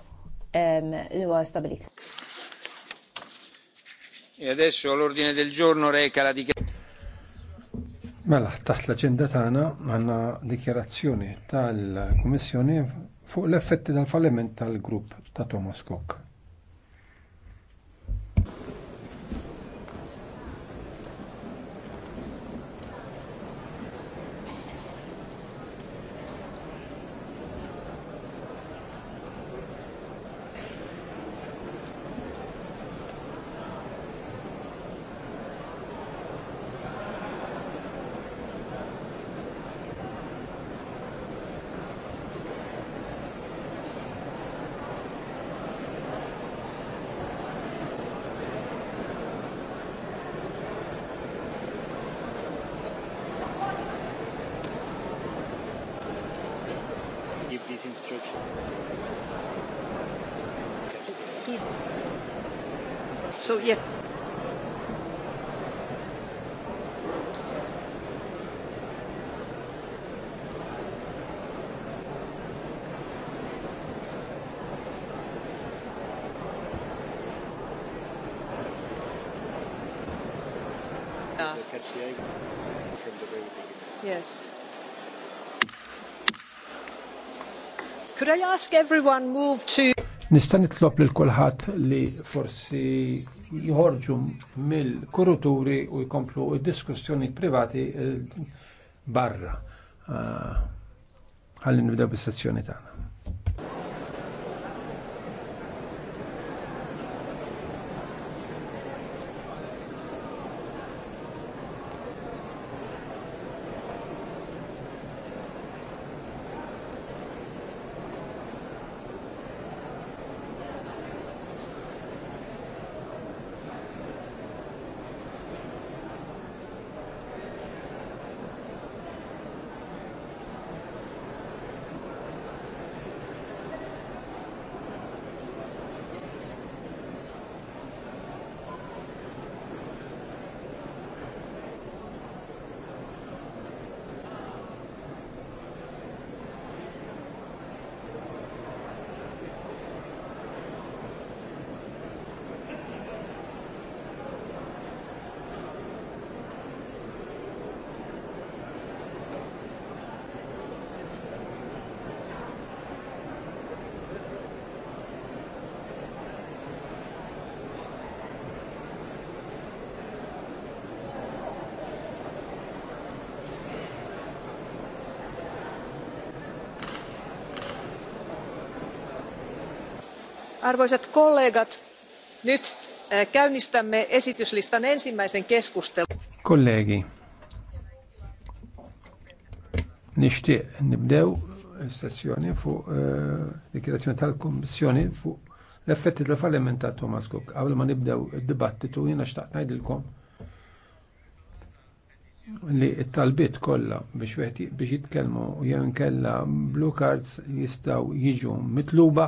li huwa stabilit. E adesso l'ordine del giorno reca la dichiarazione. Mela, taħt l agenda tagħna għandna dikjarazzjoni tal-Kummissjoni fuq l-effetti tal-falliment tal-grupp ta' Thomas Cook. ask everyone move to Nista' nitlob lil kulħadd li forsi jħorġu mill-kuruturi u jkomplu d-diskussjoni privati eh, barra. Ah, ħalli nibdew bis-sessjoni tagħna. arvoisat kollegat nyt eh, käynnistämme esityslistan ensimmäisen keskustelun. kollegi nixtieq nibdew is-sessjoni fuq eh, dikjerazzjoni tal-Kummissjoni fuq l-effetti tal-falliment ta' Thomas Cook. Qabel ma nibdew id-dibattitu jiena xtaqt ngħidilkom li t-talbiet kollha biex biex jitkellmu jew inkella blue cards jistgħu jiġu mitluba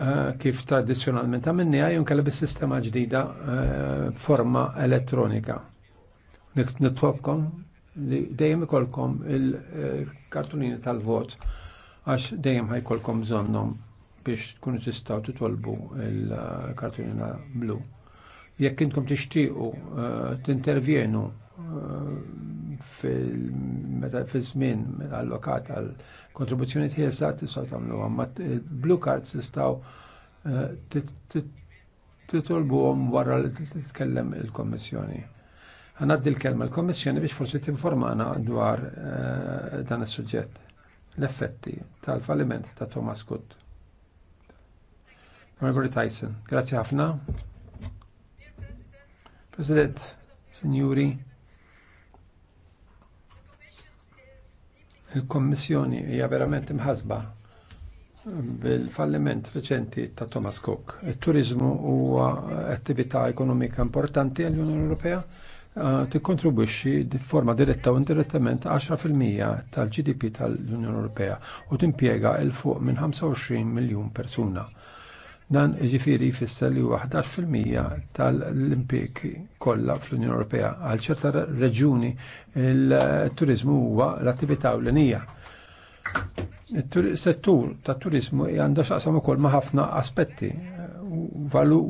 Eh, kif tradizzjonalment ta' għaj unkella bis-sistema ġdida eh, forma elettronika. Nittwabkom li dejjem ikolkom il-kartunini eh, tal-vot għax dejjem ħajkolkom zonnom biex tkunu tistaw titolbu il-kartunina blu. Jekk intom tixtiequ tintervjenu fil-żmien għall allokat għal kontribuzzjoni tiegħek tistgħu tagħmluha, ma eh, blue cards tistgħu għom eh, wara li titkellem il-Kommissjoni. Għanaddi l-kelma l-Kommissjoni biex forsi tinformana dwar eh, dan is-suġġett. L-effetti tal-falliment ta' Thomas Cook. Honorable Tyson, grazie ħafna. President, signori, Il-Kommissjoni hija verament imħasba bil-falliment reċenti ta' Thomas Cook. Il-turizmu huwa attività ekonomika importanti għall-Unjoni Ewropea eh, tikkontribwixxi forma diretta u indirettament 10% tal-GDP tal-Unjoni Ewropea u timpjega l fuq minn 25 miljun persuna. Dan ġifiri jfisser li 11% tal-Olimpik kollha fl-Unjoni Ewropea għal ċerta reġuni il-turizmu huwa l-attività ewlenija. Settur ta' turizmu għandha xaqsam ukoll ma' ħafna aspetti. Valu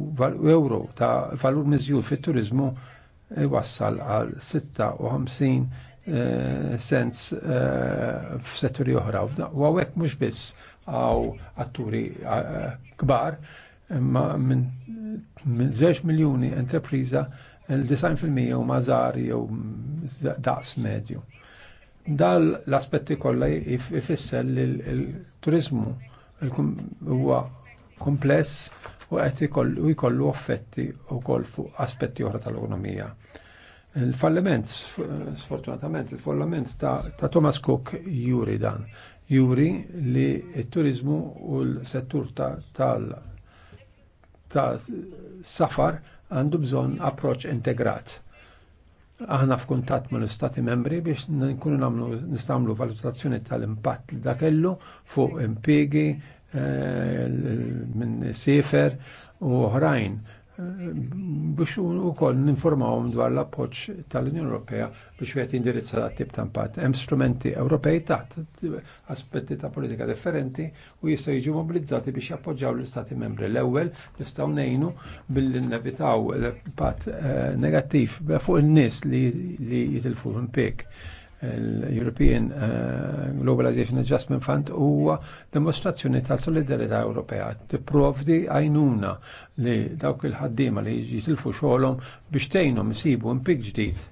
euro ta' valur miżjur fit-turizmu wassal għal 56 sens eh, eh, f'setturi oħra. U għawek mhux biss għaw atturi kbar imma minn 10 miljuni entrepriza il-90% u mażari jew daqs medju. Dal l-aspetti kollha ifisser li l-turizmu huwa kompless u qed jkollu u wkoll fuq aspetti oħra tal-ekonomija. Il-falliment, sfortunatament, il-falliment ta', Thomas Cook juri dan juri li t-turizmu u l-settur tal-safar għandu bżonn approċċ integrat. Aħna f'kuntatt mal istati membri biex nkunu namlu nistamlu valutazzjoni tal-impatt li dakellu fuq impigi eh, minn sefer u oħrajn biex u koll ninformawhom dwar l-appoġġ tal-Unjoni Ewropea biex għet indirizza dat tip ta' mpat. Hemm strumenti Ewropej taħt aspetti ta' politika differenti u jistgħu jiġu mobilizzati biex jappoġġaw l-Istati membri. L-ewwel nistgħu ngħinu billi nevitaw l-impatt eh, negattiv fuq in-nies li jitilfu impik l-European eh, Globalization Adjustment Fund huwa dimostrazzjoni tal-solidarità Ewropea. Tipprovdi għajnuna li dawk il-ħaddiema li jitilfu xogħolhom biex tgħinhom isibu impik ġdid.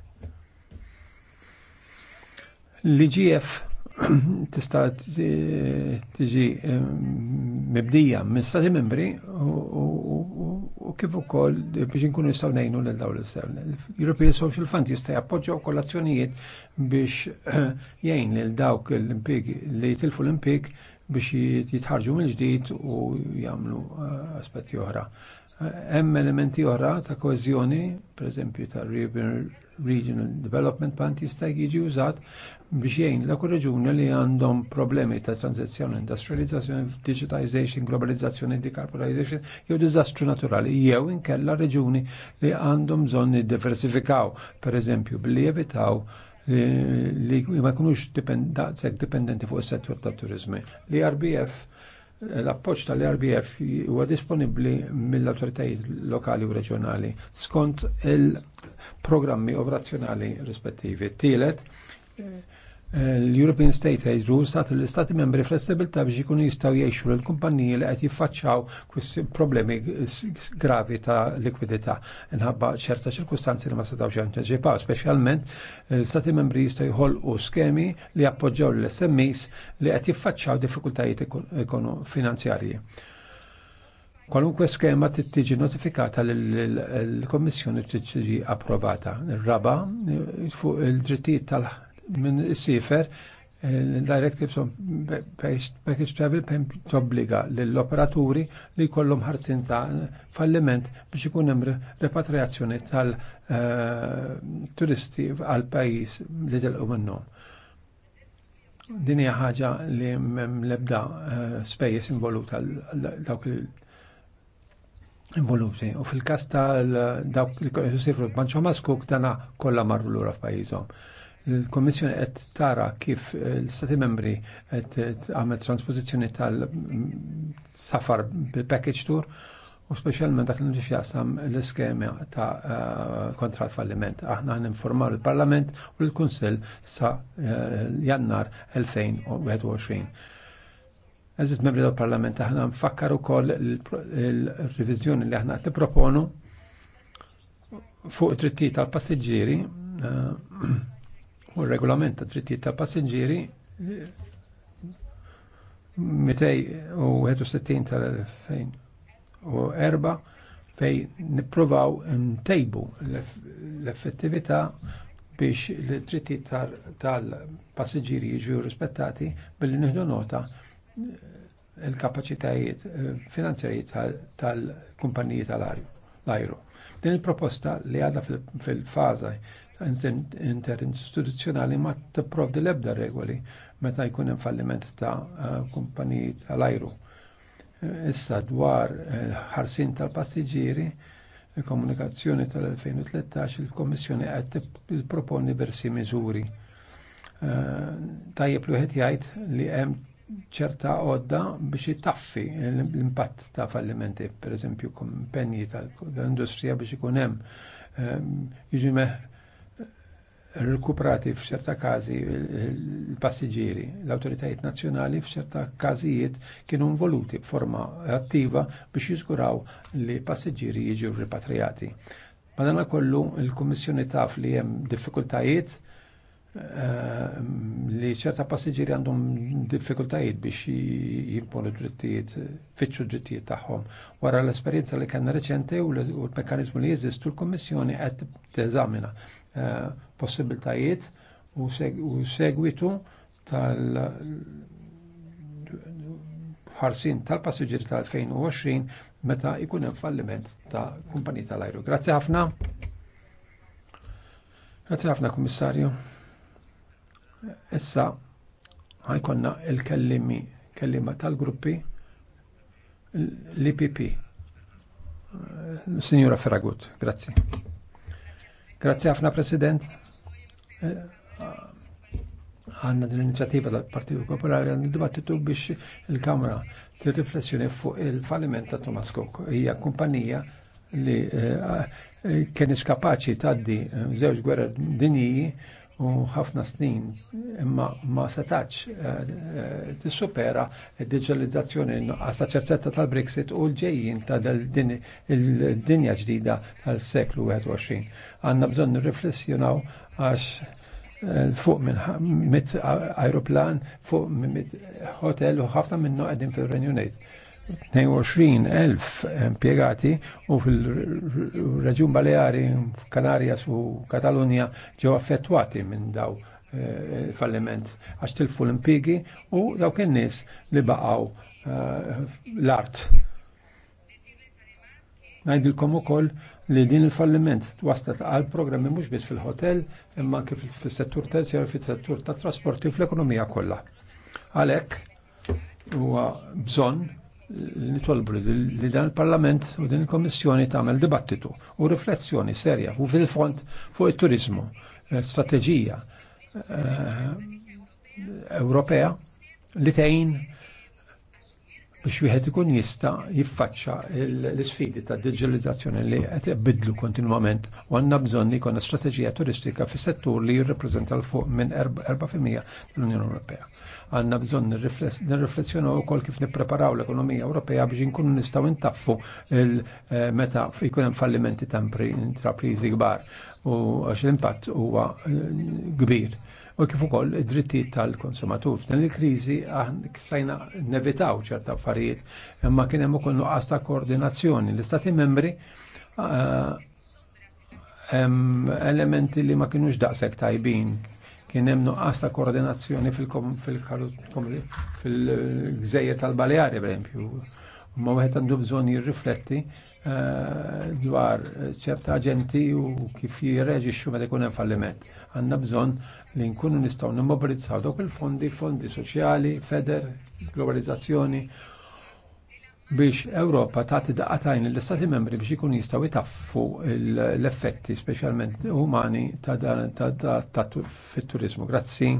L-IGF tista' tiġi eh, mibdija minn stati membri u u kif ukoll eh, biex inkunu nistgħu ngħinu lil dawn l-istewn. European Social Fund jista' jappoġġja kollazzjonijiet biex eh, jgħin lil dawk l impig li jitilfu l-impjeg biex jitħarġu mill-ġdid u jagħmlu eh, aspetti oħra. Hemm elementi oħra ta' koeżjoni, pereżempju esempio ta' Regional Development Plan jista' jiġi użat biex jgħin l reġuni li għandhom problemi ta' tranzizzjoni, industrializzazzjoni, digitization, globalizzazzjoni, decarbonization, jew diżastru naturali, jew inkella reġuni li għandhom bżonn diversifikaw, per eżempju, billi jevitaw eh, li ma jkunux dipendenti fuq is-settur tat-turizmi. Li RBF l-appoġġ tal-RBF huwa disponibbli mill-awtoritajiet lokali u reġjonali skont il-programmi operazzjonali rispettivi. Tielet, l-European State Aid Rules għat l-istati membri flessibilta biex ikunu jistaw jiexu l-kumpaniji li qed jiffaċċaw problemi gravi ta' likwidità nħabba ċerta ċirkustanzi li ma setgħux ċanċeġipaw, speċjalment l-istati membri jistgħu jħolqu skemi li appoġġaw l-SMEs li qed jiffaċċaw diffikultajiet finanzjarji. Kwalunkwe skema tiġi notifikata l-Kommissjoni tiġi approvata. Il-raba fuq il-drittijiet tal- minn is-sifer eh, directives on package travel tobbliga lill-operaturi li jkollhom ħarsin ta' falliment biex ikun hemm repatriazzjoni tal-turisti eh, għal pajjiż li telqu minnhom. Din hija ħaġa li m'hemm l-ebda eh, spejjeż involuta dawk involuti. U fil-każ tal dawk li sifru b'Banċo Maskuk dana kollha marru lura f'pajjiżhom Il-Kommissjoni qed tara kif l-Stati membri qed għamel transpożizzjoni tal-safar bil-package tour u speċjalment dak li jaqsam l-iskema ta' eh, kontrat falliment. Aħna għan informar il-Parlament u l-Kunsill sa' eh, jannar 2021. Eżit membri tal-Parlament aħna nfakkar ukoll il-revizjoni li aħna qed proponu fuq it-tritti tal-passiġġieri eh, U regolament ta' drittijiet ta' passenġieri 261 tal-2004 fej nipprovaw ntejbu l-effettività biex l-drittijiet tal-passenġieri jiġu rispettati billi nieħdu nota l kapacitajiet eh, finanzjarijiet tal-kumpaniji tal-ajru. Din il-proposta li għadha fil-faza interinstituzzjonali ma tipprovdi l-ebda regoli meta jkun hemm falliment ta' eh, kumpaniji tal-ajru. Issa dwar eh, ħarsin tal-passiġġieri, il-komunikazzjoni tal-2013 il-Kommissjoni qed tipproponi versi miżuri. Eh, tajjeb li wieħed jgħid li hemm ċerta għodda biex jittaffi l-impatt ta' fallimenti, per eżempju, kompenji tal-industrija biex ikun hemm jiġi meħ rikuprati f'ċerta każi l-passiġġieri. L-awtoritajiet nazzjonali f'ċerta każijiet kienu involuti b'forma attiva biex jiżguraw li passiġġieri jiġu ripatrijati. Madana kollu il-Kummissjoni taf li hemm diffikultajiet eh, li ċerta passiġġieri għandhom diffikultajiet biex jimponu drittijiet, fitxu drittijiet tagħhom. Wara l-esperjenza li kellna reċente u l-mekkanizmu li jeżistu l-Kummissjoni qed teżamina Eh, possibiltajiet u segwitu tal ħarsin tal-passiġġieri tal-2020 meta jkun hemm falliment ta' kumpanija tal-ajru. Grazzi ħafna. Grazzi ħafna, Kummissarju. Issa ħajkonna il-kellimi kellima tal-gruppi l-IPP. Signora Ferragut, grazie. Grazzi ħafna President. Eh, għanna din l-inizjattiva tal partitu Popolari għan dibattitu biex il-Kamra tirriflessjoni fuq il-falliment ta' Thomas Cook. Hija kumpanija li eh, eh, kieniex kapaċi taddi żewġ gwerra dinji u ħafna snin imma ma setax eh, eh, tissupera d-digitalizzazzjoni nuqqas ta' ċertezza tal-Brexit u l-ġejjin ta' dinja ġdida tal-seklu 21. Għandna bżonn riflessjonaw għax eh, fuq minn mit aeroplan, fuq minn hotel u ħafna minnu għedin fil-Renju Unit 22.000 impiegati u fil-Reġjun Baleari, Kanarias u Katalunja ġew affettwati minn daw eh, falliment għax tilfu l-impigi u dawk in-nies li baqgħu eh, l-art. Ngħidilkom ukoll li din il-falliment twasta għal programmi mhux biss fil-hotel imma anke fis-settur terzjar fis-settur tat trasporti u fl-ekonomija kollha. Għalhekk huwa bżonn li nitolbu li dan il-Parlament u din il-Kommissjoni tagħmel dibattitu u riflessjoni serja u fil-fond fuq it-turizmu, eh, strateġija eh, Ewropea li tgħin biex wieħed ikun jista' jiffaċċa l-isfidi ta' digitalizzazzjoni li qed ibidlu kontinwament u għandna bżonn li jkollna strateġija turistika fis-settur li jirrappreżenta l fuq minn 4% tal-Unjoni Ewropea. Għandna bżonn nirriflessjonaw ukoll kif nippreparaw l-ekonomija Ewropea biex inkunu nistgħu ntaffu eh, meta jkun hemm fallimenti ta' intraprizi kbar u għax l-impatt huwa eh, kbir u kif ukoll id-drittijiet tal-konsumatur. F'dan il-kriżi sajna nevitaw ċerta affarijiet, imma kien hemm ukoll nuqqas ta' koordinazzjoni. L-Istati membri ah, hemm elementi li ma kienux daqshekk tajbin kien hemm nuqqas ta' koordinazzjoni fil-gżejjer tal-Baleari pereempju. Ma wieħed għandu bżonn jirrifletti eh, dwar ċerta aġenti u kif jirreġixxu meta jkun hemm falliment. Għandna bżonn li nkunu nistgħu nimmobilizzaw dawk il-fondi, fondi soċjali, feder, globalizzazzjoni biex Ewropa tagħti daqatajn l-Istati membri biex ikun jistgħu jtaffu l-effetti speċjalment umani ta' fit-turizmu. Grazzi.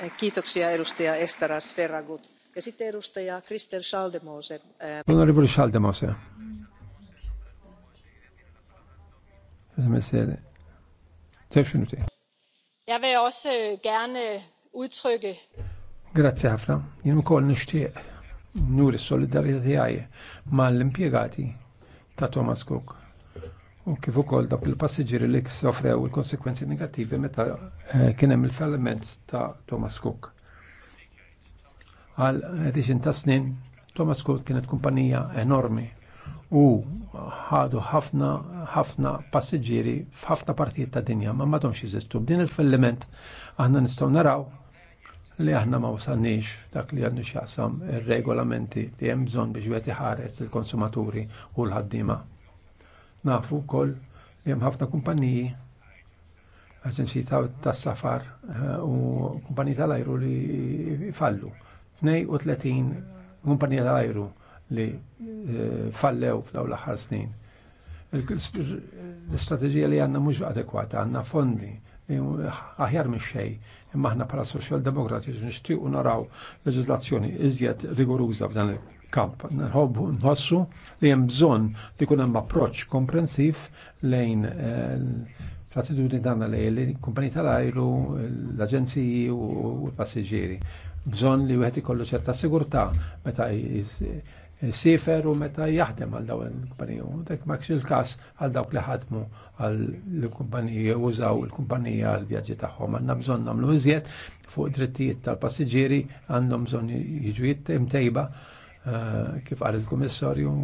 Eh, kiitoksia edustaja Estaras Sferragut. Ja sitten edustaja Krister Schaldemose. Eh, Onorevoli Schaldemose. Esimerkiksi Zewġ minuti. Jeg vil også øh, gerne øh, uttrykke Grazzi ħafna. Jien ukoll nixtieq nuri s-solidarjetà tiegħi mal-impjegati ta' Thomas Cook. U kif ukoll dak il-passiġġieri li sofrew il-konsekwenzi negattivi meta eh, kien hemm il-falliment ta' Thomas Cook. Għal riġin ta' snin Thomas Cook kienet kumpanija enormi u ħadu ħafna ħafna passiġġieri f'ħafna partijiet ta' dinja ma madhomx jeżistu. B'din il-falliment aħna nistgħu naraw li aħna ma wasalniex dak li għandu x'jaqsam ir-regolamenti li hemm bżonn biex wieħed iħares il-konsumaturi u l-ħaddiema. Nafu wkoll li hemm ħafna kumpaniji aġenziji tas-safar eh, u kumpaniji tal-ajru li fallu. 32 kumpanija tal-ajru li eh, fallew fl l-aħħar snin. L-istrateġija li għanna mhux adekwata, għanna fondi eh, aħjar minn xej, imma aħna bħala Social Demokratiċi nixtiequ naraw leġislazzjoni iżjed rigoruża f'dan il-kamp. Nħobbu nħossu li hemm bżonn li jkun hemm approċċ komprensiv lejn eh, l-attitudni tagħna lejn il kumpani tal-ajru, l-aġenziji u l-passiġġieri. Bżonn li wieħed ikollu ċerta sigurtà meta sifer u meta jaħdem għal dawn il-kumpaniju. Dek makx il-kas għal dawk li ħadmu għal l-kumpanija użaw il-kumpanija għal vjaġġi tagħhom. Għanna bżonn nagħmlu iżjed fuq drittijiet tal-passiġġieri għandhom bżonn jiġu imtejba eh, kif qal il-Kummissarju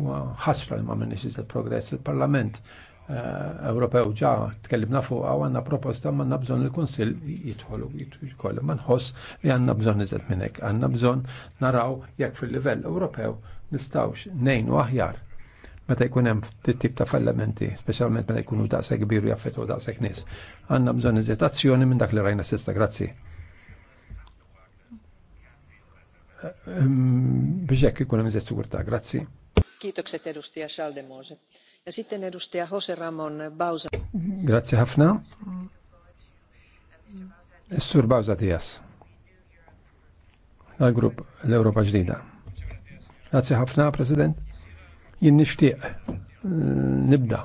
ħasra li ma minnix iżjed progress il-Parlament eh, Ewropew ġa tkellimna fuq għaw għanna proposta ma nabżon il-Konsil jitħolu jitħolu ma nħoss li għanna bżon nizet minnek għanna bżon naraw jekk fil-livell Ewropew nistawx nejn u aħjar meta jkun hemm tip ta' fallimenti, speċjalment meta jkunu daqshekk kbir u jaffetu daqshekk nies. Għandna bżonn eżitazzjoni minn dak li rajna sista, grazzi. Ehm, biex hekk ikun hemm iżjed sigurtà, grazzi. terustija edustaja Schaldemose. Ja sitten edustaja Jose Ramon Bauza. Grazzi ħafna. Is-sur Bauza Dias. Għal-grupp l-Europa ġdida. Grazzi ħafna, President. Jien nixtieq eh, nibda.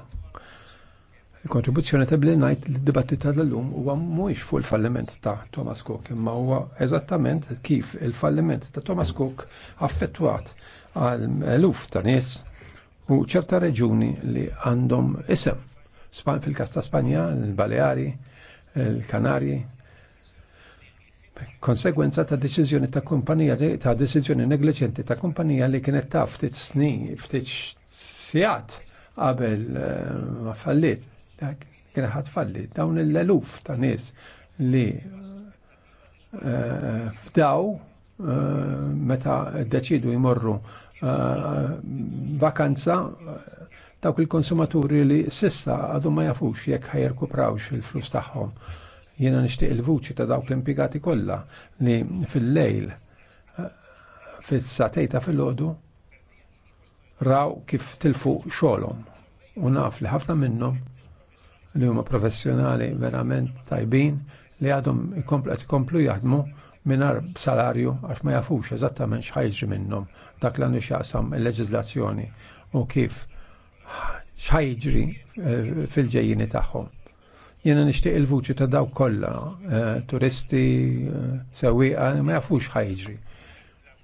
Il-kontribuzzjoni ta' bli ngħid li d-dibattit tal-lum huwa mhuwiex fuq il-falliment ta' Thomas Cook, imma huwa eżattament kif il-falliment ta' Thomas Cook affettwat għal eluf ta' nies u ċerta reġuni li għandhom isem. Span fil kasta ta' Spanja, il-Baleari, il-Kanarji, konsegwenza ta' deċiżjoni ta' kumpanija ta' deċiżjoni negliġenti ta' kumpanija li kienet ta' ftit snin, ftit sijat qabel eh, ma fallit. Kien ħad fallit dawn l-eluf ta' nies li eh, fdaw eh, meta deċidu jmorru vakanza dawk il-konsumaturi li sissa għadu ma jafux jekk ħajrkuprawx il-flus tagħhom Jiena nixtieq il-vuċi ta' dawk l-impjegati kollha li fil-lejl fis-satejta filgħodu raw kif tilfu xogħolhom u naf li ħafna minnhom li huma professjonali verament tajbin li għadhom ikomplu jaħdmu minar salarju għax ma jafux eżattament xħajġi minnhom dak l-għandu xaqsam il-leġizlazzjoni u kif xħajġri eh, fil-ġejjini tagħhom. Jena nishtiq il-vuċi ta' daw kolla, eh, turisti, eh, sewiqa, ma jafux ħajġri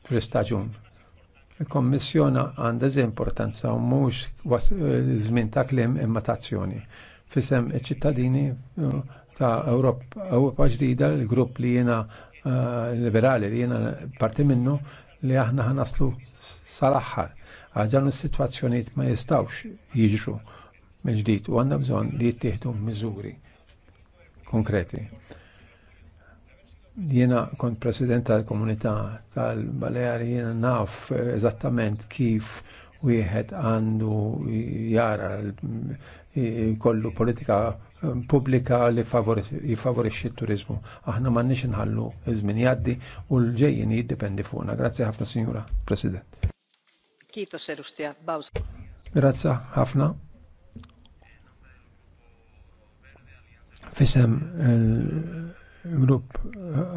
fl-istaġun. Il-Kommissjona għandha importanza u mhux eh, żmien ta' klim imma azzjoni. Fisem iċ-ċittadini ta' Ewropa ġdida, il grupp li jiena liberali li jiena parti minnu li aħna ħanaslu sal-aħħar għaddan is-sitwazzjonijiet ma jistawx jiġru mill-ġdid u għandna bżonn li jittieħdu miżuri konkreti. Jiena kont president tal-komunità tal-Baleari jiena naf eżattament kif wieħed għandu jara kollu politika eh, publika li jifavorixxi t-turizmu. Aħna m'għandniex inħallu iż-żmien jgħaddi u l-ġejjin jiddependi fuqna. Grazzi ħafna Sinjura President. Kito Erustja Bawsa. Grazzi ħafna. Fisem il-grupp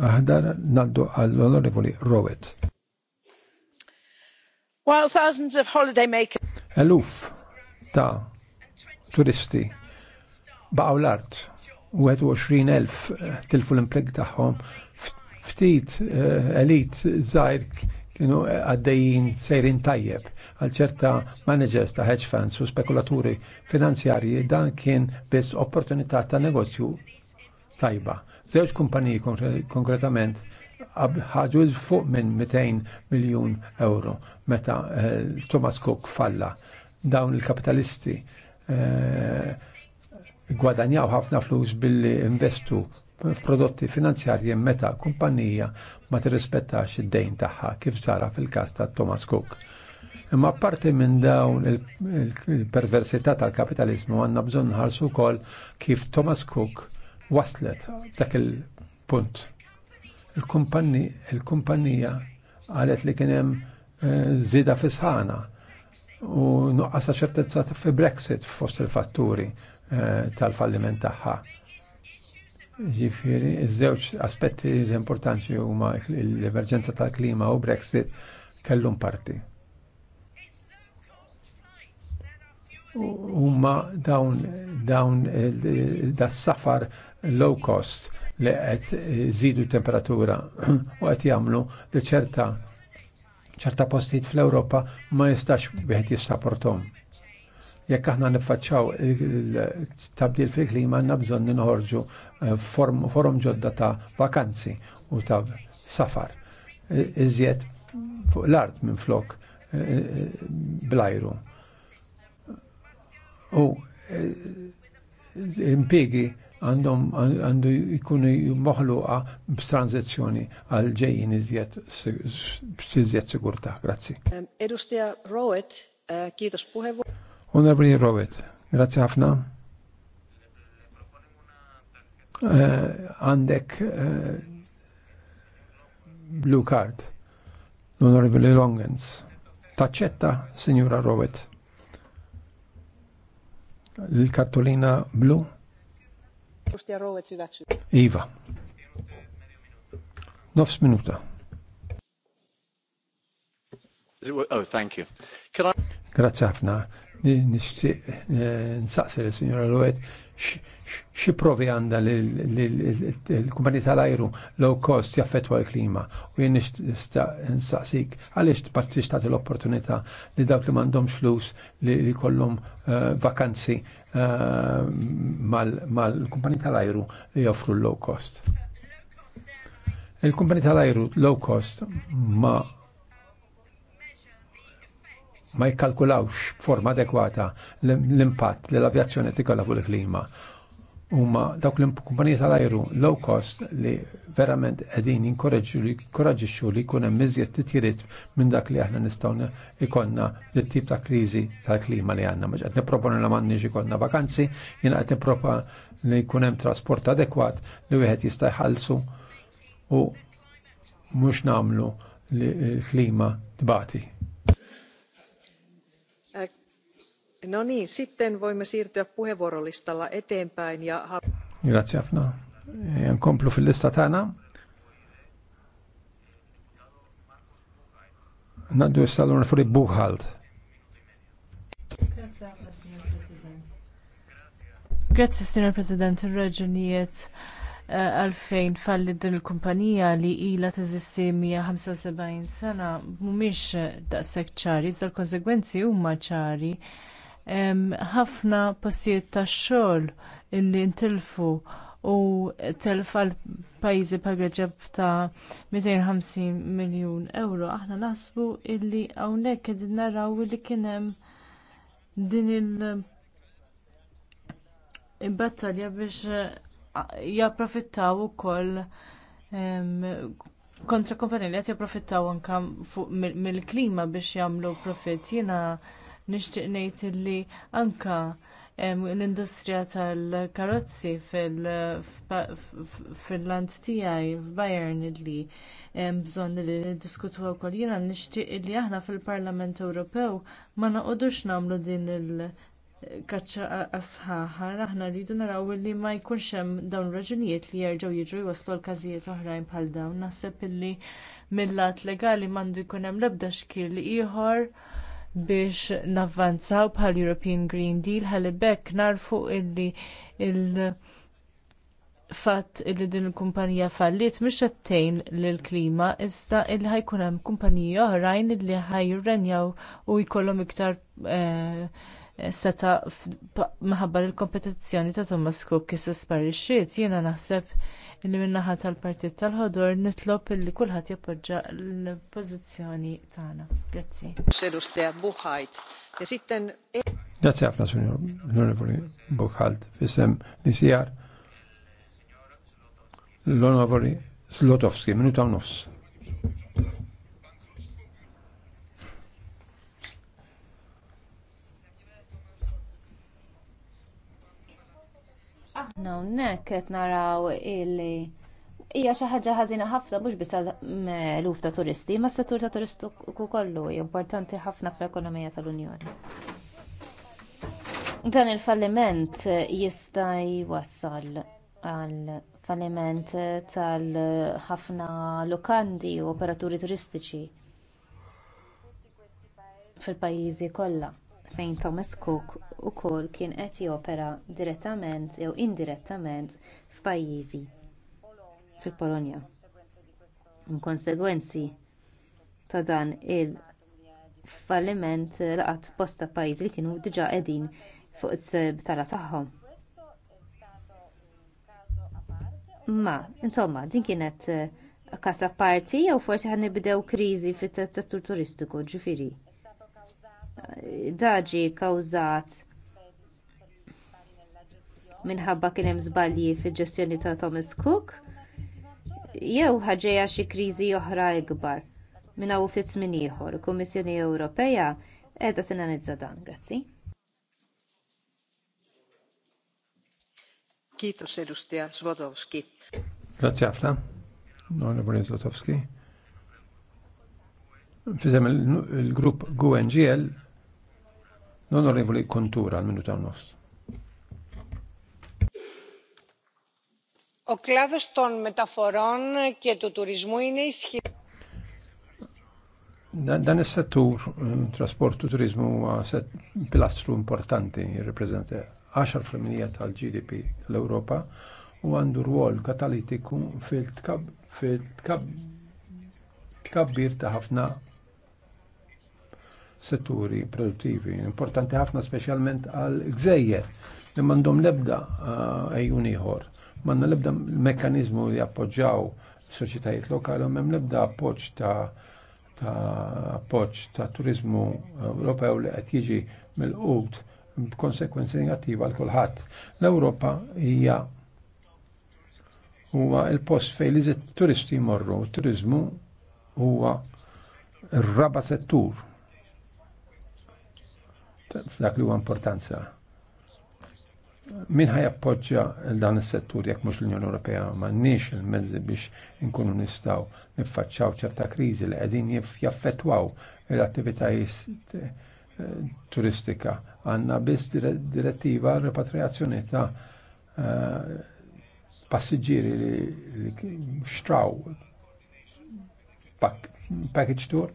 aħdar naddu għall-onorevoli Rowett. While thousands of holiday makers Eluf ta' turisti baqgħu l-art u 21,000 tilfu l-impleg tagħhom ftit eh, elit zaħir kienu għaddejjin sejrin tajjeb għal ċerta managers ta' hedge funds u spekulaturi finanzjarji dan kien biss opportunità ta' negozju tajba. Żewġ kumpaniji konkretament ħaġu fuq minn 200 miljun euro meta eh, Thomas Cook falla. Dawn il-kapitalisti eh, gwadanjaw ħafna flus billi investu f'prodotti finanzjarji meta kumpanija ma tirrispettax id-dejn tagħha kif sara fil-każ ta' Thomas Cook. Imma apparti minn dawn il-perversità tal-kapitalizmu għandna bżonn nħarsu wkoll kif Thomas Cook waslet dak il-punt. Il-kumpanija qalet li kien hemm eh, żieda fis-ħana u nuqqasa ċertezza fi Brexit fost il-fatturi eh, tal-falliment tagħha. Ġifieri, iż-żewġ aspetti importanti huma l-emerġenza tal-klima u Brexit kellhom parti. Huma dawn dawn das-safar low cost li qed żidu temperatura u qed jagħmlu li ċerta ċerta postijiet fl-Ewropa ma jistax wieħed jissaportom jekk aħna niffaċċaw il-tabdil fil-klima għandna bżonn ninħorġu Eh, forum ġodda ta' vakanzi u ta' safar. Iżjed fuq l-art minn flok eh, eh, blajru. U impiegi għandhom għandu jkunu moħluqa b'tranzizzjoni għal ġejjin iżjed iżjed sigurta. Grazzi. Edustja Rowet, kiedax puħevu. Honorable Rowet, grazzi ħafna. Eh, għandek eh, blue card l-Onorevoli Longens. Taċċetta, Signora Robert. l kartolina blu? Iva. Nofs minuta. Oh, thank you. Can I... Grazie ħafna. Nistaqsi eh, l-Signora X'iprovi provi għandha l-kumpanija tal-ajru low cost jaffettwa l-klima u jien nistaqsik għaliex tbattix tagħti l-opportunità li dawk li mandom flus li jkollhom eh, vakanzi eh, mal-kumpanija tal-ajru li joffru l low cost. Il-kumpanija tal-ajru low cost ma ma jikkalkulawx b'forma adekwata l-impatt li l-avjazzjoni tikolla fuq il-klima. Huma dawk l-kumpaniji tal-ajru low cost li verament qegħdin jinkoraġixxu li jkun hemm iżjed titjiriet minn dak li aħna nistgħu ikonna lit tip ta' kriżi tal-klima li għandna. Mhux qed proponu li manni ikollna vakanzi, jiena qed nippropa li jkun hemm trasport adekwat li wieħed jista' jħallsu u mhux nagħmlu li l-klima tbati. No niin, sitten voimme siirtyä puheenvuorolistalla eteenpäin Grazie, Afna. Nkomplu fil-lista tagħna. Naddu jistallu fuq buchhalt Grazie, Signor President. Grazie, Signor il-raġunijiet eh, għalfejn falli din il-kumpanija li ilha teżisti 175 sena mhumiex daqshekk ċari, iżda l-konsegwenzi huma ċari ħafna postijiet tax-xogħol illi ntilfu u telf għal pajjiżi bħal ta' 250 miljun euro. Aħna naħsbu illi hawnhekk qegħdin naraw li kien hemm din il-battalja biex eh, japprofittaw ukoll kontra kompanija li qed japprofittaw anke mill-klima biex jagħmlu profitt. Jiena nixtieq ngħid li anke l-industrija tal-karozzi fil-land tiegħi f'Bayern illi hemm bżonn li niddiskutuha wkoll jiena nixtieq li aħna fil-Parlament Ewropew ma noqogħdux nagħmlu din il-kaċċa għas-sħaħar aħna rridu naraw li ma jkunx hemm dawn raġunijiet li jerġgħu jiġru jwasslu għal każijiet oħrajn bħal dawn naħseb illi mill-lat legali m'għandu jkun hemm l-ebda xkil ieħor biex navvanzaw bħal European Green Deal ħalli narfu illi il fatt illi din il-kumpanija fallit mhix qed tgħin lill-klima iżda illi ħajkun hemm kumpaniji oħrajn illi ħajrenjaw u jkollhom iktar eh, seta minħabba l kompetizzjoni ta' Thomas Cook issa sparixxiet jiena naħseb li min-naħa tal-partit tal-ħodor nitlob illi kulħadd jappoġġja l-pożizzjoni tagħna. Grazzi. Grazie ħafna Sinjor l-Onorevoli Buchalt fisem li sijar l-Onorevoli Slotowski minuta u nofs. Aħna hawnhekk qed naraw illi hija xi ħaġa ħażina ħafna mhux biss eluf ta' turisti, ma s-settur ta' turistiku kollu importanti ħafna fl-ekonomija tal-Unjoni. Dan il-falliment jista' jwassal għal falliment tal-ħafna lukandi u operaturi turistiċi fil-pajjiżi kollha fejn thomas cook ukoll kien qed jopera direttament jew indirettament f'pajjiżi fil-polonja konsegwenzi ta' dan il-falliment laqat bosta pajjiżi li kienu diġà qegħdin fuq is-sebtala tagħhom ma insomma din kienet każ eh, apparti jew forsi ħanibdew kriżi fit-settur turistiku ġifieri daġi kawżat minħabba kien hemm żbalji fil-ġestjoni ta' Thomas Cook jew ħaġejja xi kriżi oħra ikbar minn hawn ftit żmien ieħor. Il-Kummissjoni Ewropea qiegħda tinanizza dan. Grazzi. Kito Selustia Swatowski. Grazie Afra. Onorevole Zlotowski. Fizem il-grupp GUNGL L-Onorevoli Kontura, l-minuta nos. Ο κλάδος των μεταφορών και του τουρισμού είναι ισχυρός. Dan is-settur trasport u turizmu huwa pilastru importanti jirrepreżenta 10% tal-GDP l-Ewropa u għandu rwol katalitiku fil-tkabbir ta' ħafna setturi produttivi. Importanti ħafna speċjalment għal gżejjer li mandom lebda ejjun eh, ieħor. M'għandna lebda mekanizmu li appoġġaw soċjetajiet lokali u m'hemm lebda appoġġ ta' ta' appoġġ ta' turizmu Ewropew li qed jiġi mill-qut b'konsekwenzi negattiva għal kulħadd. L-Ewropa hija huwa il-post fejn li turisti jmorru, turizmu huwa r-raba settur dak li huwa importanza. Min ħajappoġġja l-dan is-settur jekk mhux l-Unjoni Ewropea m'għandniex il-mezzi biex inkunu nistgħu niffaċċaw ċerta kriżi li qegħdin jaffettwaw l-attivitajiet eh, turistika. Għandna biss direttiva repatriazzjoni ta' eh, passiġġieri li xtraw package tour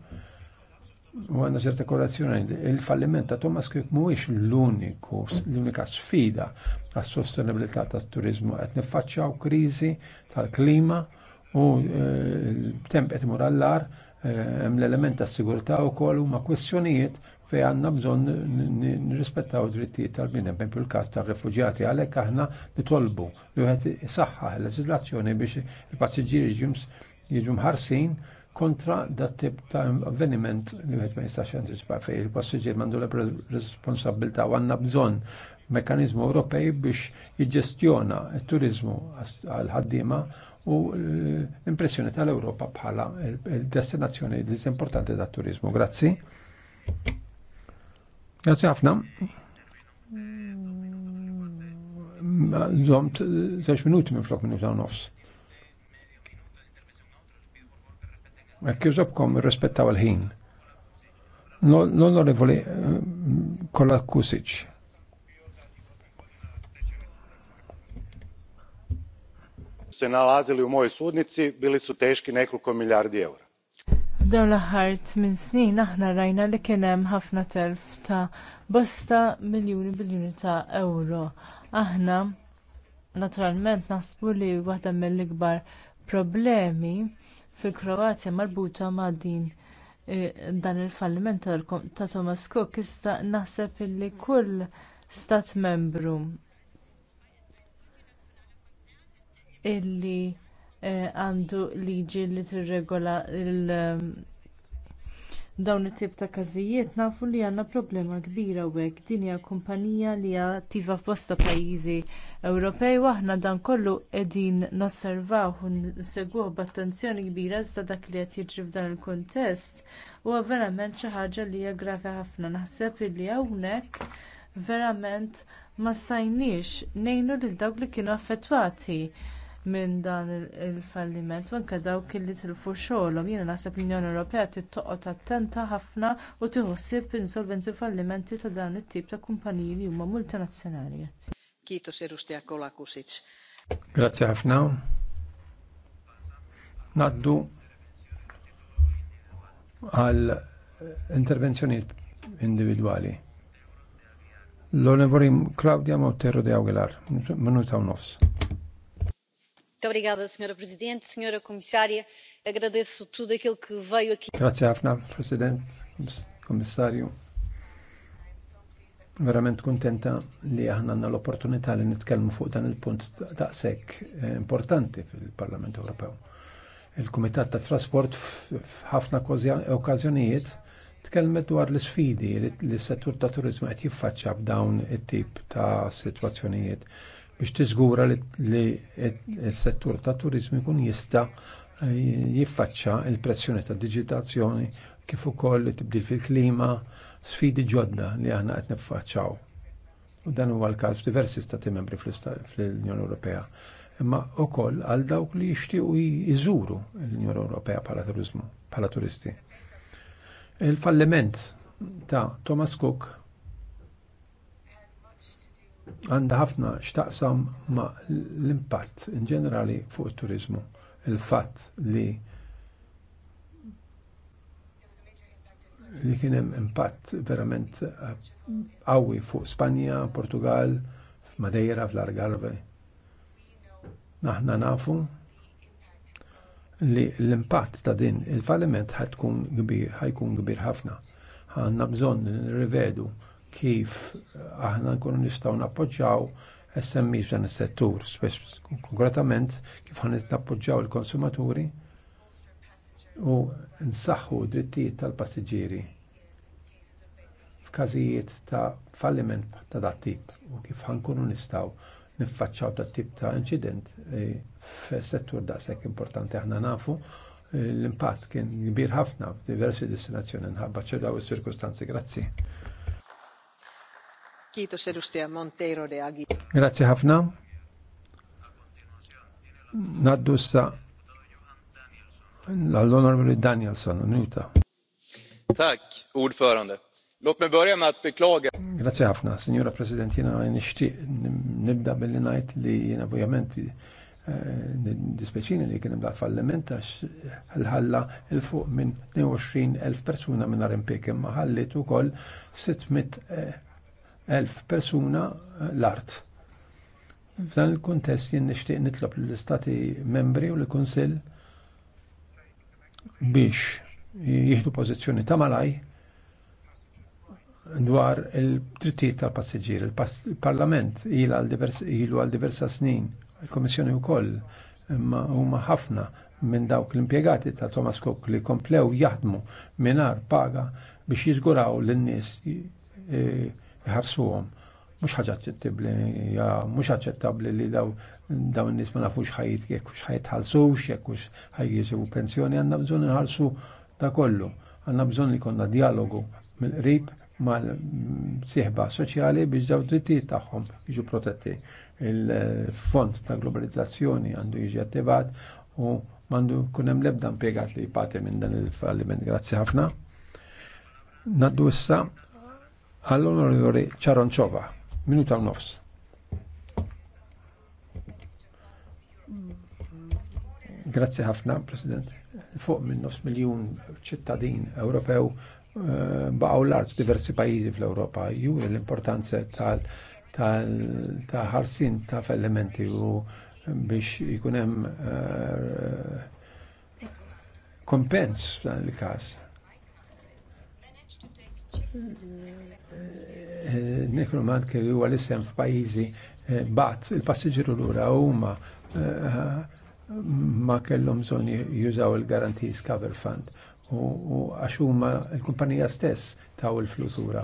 u għanna ċerta korrazzjoni il-falliment ta' Thomas Cook mhuwiex l-uniku l-unika sfida għas sostenibilità tat-turizmu qed niffaċċjaw kriżi tal-klima u eh, temp qed imur allar eh, l-element ta' sigurtà wkoll huma kwestjonijiet fej għanna bżon nirrispettaw drittijiet tal-bnedem, per il-każ tar-refuġjati, għalhekk aħna nitolbu li wieħed saħħa l legislazzjoni biex il-passiġġieri ġims jiġu mħarsin kontra dat tip ta' avveniment li wieħed ma jistax jantispa fej il-passiġġier mandu la responsabilità u għandna bżonn mekanizmu Ewropej biex jiġġestjona t-turizmu għal ħaddiema u l-impressjoni tal-Ewropa bħala il-destinazzjoni li importanti tat-turizmu. Grazzi. Grazzi ħafna. Mm, zomt 6 eh, minuti minn flok minuta u nofs. Jekk jżobkom rispettaw il-ħin. L-onorevoli eh, Kola Kusic. se nalazili u moj sudnici bili su teški nekoliko milijardi eura. F'dawn l-aħħar minn snin aħna rajna li kien hemm ħafna telf ta' bosta miljuni biljuni ta' euro. Aħna naturalment naħsbu li waħda mill-ikbar problemi fil-Kroazja marbuta ma' din e, dan il-falliment ta' Thomas Cook iżda naħseb illi kull stat membru illi e, għandu liġi li tirregola l dawn it-tip ta' każijiet nafu li għandna problema kbira hawnhekk din hija kumpanija li hija attiva f'bosta pajjiżi ewropej u aħna dan kollu qegħdin nosservaw u nsegwuh b'attenzjoni kbira iżda dak li qed jiġri f'dan il-kuntest huwa verament xi ħaġa li hija gravi ħafna naħseb li hawnhekk verament ma stajniex ngħinu lil dawk li kienu affettwati minn dan il-falliment anke dawk li tilfu xogħolhom jiena naħseb l-unjoni ewropea trid toqgħod attenta ħafna u tiħossib insolvenzi u fallimenti ta' dan it-tip ta' kumpaniji li huma multinazzjonali. Kiitos edustaja Kolakusic. Grazzi ħafna. Naddu għal intervenzjoniet individwali. L-Onevorim Claudia Montero de Aguilar, minuta u nofs signora president signora kummissarju agradeço tudo aquilo que veio aqui. Grazzi ħafna President, Kummissarju. Verament kuntenta li aħna għandna l-opportunità li nitkellmu fuq dan il-punt daqshekk eh, importanti fil-Parlament Ewropew. Il-Kumitat ta' Trasport f'ħafna okkażjonijiet tkellmet dwar l-sfidi li s-settur ta' turizmu qed jiffaċċja b'dawn it-tip ta' sitwazzjonijiet biex tiżgura li s-settur ta' turizmu jkun jista' jiffaċċa il-pressjoni ta' digitazzjoni kif ukoll li tibdil fil-klima, sfidi ġodda li aħna qed niffaċċaw. U dan huwa l-każ f'diversi stati membri fl-Unjoni Ewropea. Imma ukoll għal dawk li jixtiequ jiżuru l-Unjoni Ewropea bħala turizmu, bħala turisti. Il-falliment ta' Thomas Cook għandha ħafna xtaqsam ma' l-impatt in ġenerali fuq it-turizmu. Il-fatt li li kien hemm impatt verament qawwi fuq Spanja, Portugal, Madeira, fl argarve Naħna nafu li l-impatt ta' din il-falliment ħajkun kbir ħafna. Għandna bżonn nirrivedu kif aħna nkunu nistgħu nappoġġjaw SMI f'dan is-settur, spess konkretament kif ħan nappoġġjaw il-konsumaturi u nsaħħu drittijiet tal-passiġġieri f'każijiet ta' falliment ta' dat tip u kif ħankunu nistgħu niffaċċaw dat tip ta' inċident eh, f'settur daqshekk importanti aħna nafu eh, l-impatt kien kbir ħafna f'diversi destinazzjoni nħabba ċedaw is-sirkustanzi. Grazzi. Grazie ħafna. Naddu sa l-Onorevoli Danielson, minuta. Tack, ordförande. Låt mig börja med att beklaga. Grazie ħafna, signora President, jena nishtiq nibda billi najt li jena ovvjament eh, dispeċini li kien da' fallimenta għax ħalla il-fuq minn 22.000 persuna minn Arimpik imma ħallit ukoll 600 elf persuna eh, l-art. F'dan il-kontest jien nixtieq nitlob lill-Istati membri u l-Kunsill biex jieħdu pożizzjoni ta' malaj dwar il-drittijiet tal-passiġġier. Il-Parlament ilu għal diversa snin, il-Komissjoni wkoll imma huma ħafna minn dawk l-impjegati ta' Thomas Cook li komplew jaħdmu minar paga biex jiżguraw lin-nies eh, iħarsuhom. Mhux Mux aċċettabbli, mux mhux aċċettabbli li daw dawn nis ma nafux ħajt jekk hux ħalsux jekk hux ħajjiġu pensjoni għandna bżonn nħarsu ta' kollu. Għanna bżonn li konna dialogu mill-qrib mal-sieħba soċjali biex daw drittijiet tagħhom jiġu protetti. Il-fond ta' globalizzazzjoni għandu jiġi attivat u mandu kunem lebda impiegat li jipati minn dan il-falliment. Grazzi ħafna. Naddu issa għall-onorevoli Ċaronċova, minuta e u nofs. Grazie ħafna, President. Fuq minn nofs miljon ċittadin Ewropew eh, baqgħu l-art diversi pajizi fl-Ewropa, Ju l-importanza tal ta' ħarsin ta' f'elementi u biex ikun eh, kompens f'dan il kas Eh, nekromant kelli huwa l-isem f'pajjiżi eh, bat il-passiġġieru lura huma eh, ma kellhom bżonn jużaw il-Guarantees Cover Fund u għax huma l-kumpanija stess taw il-flusura.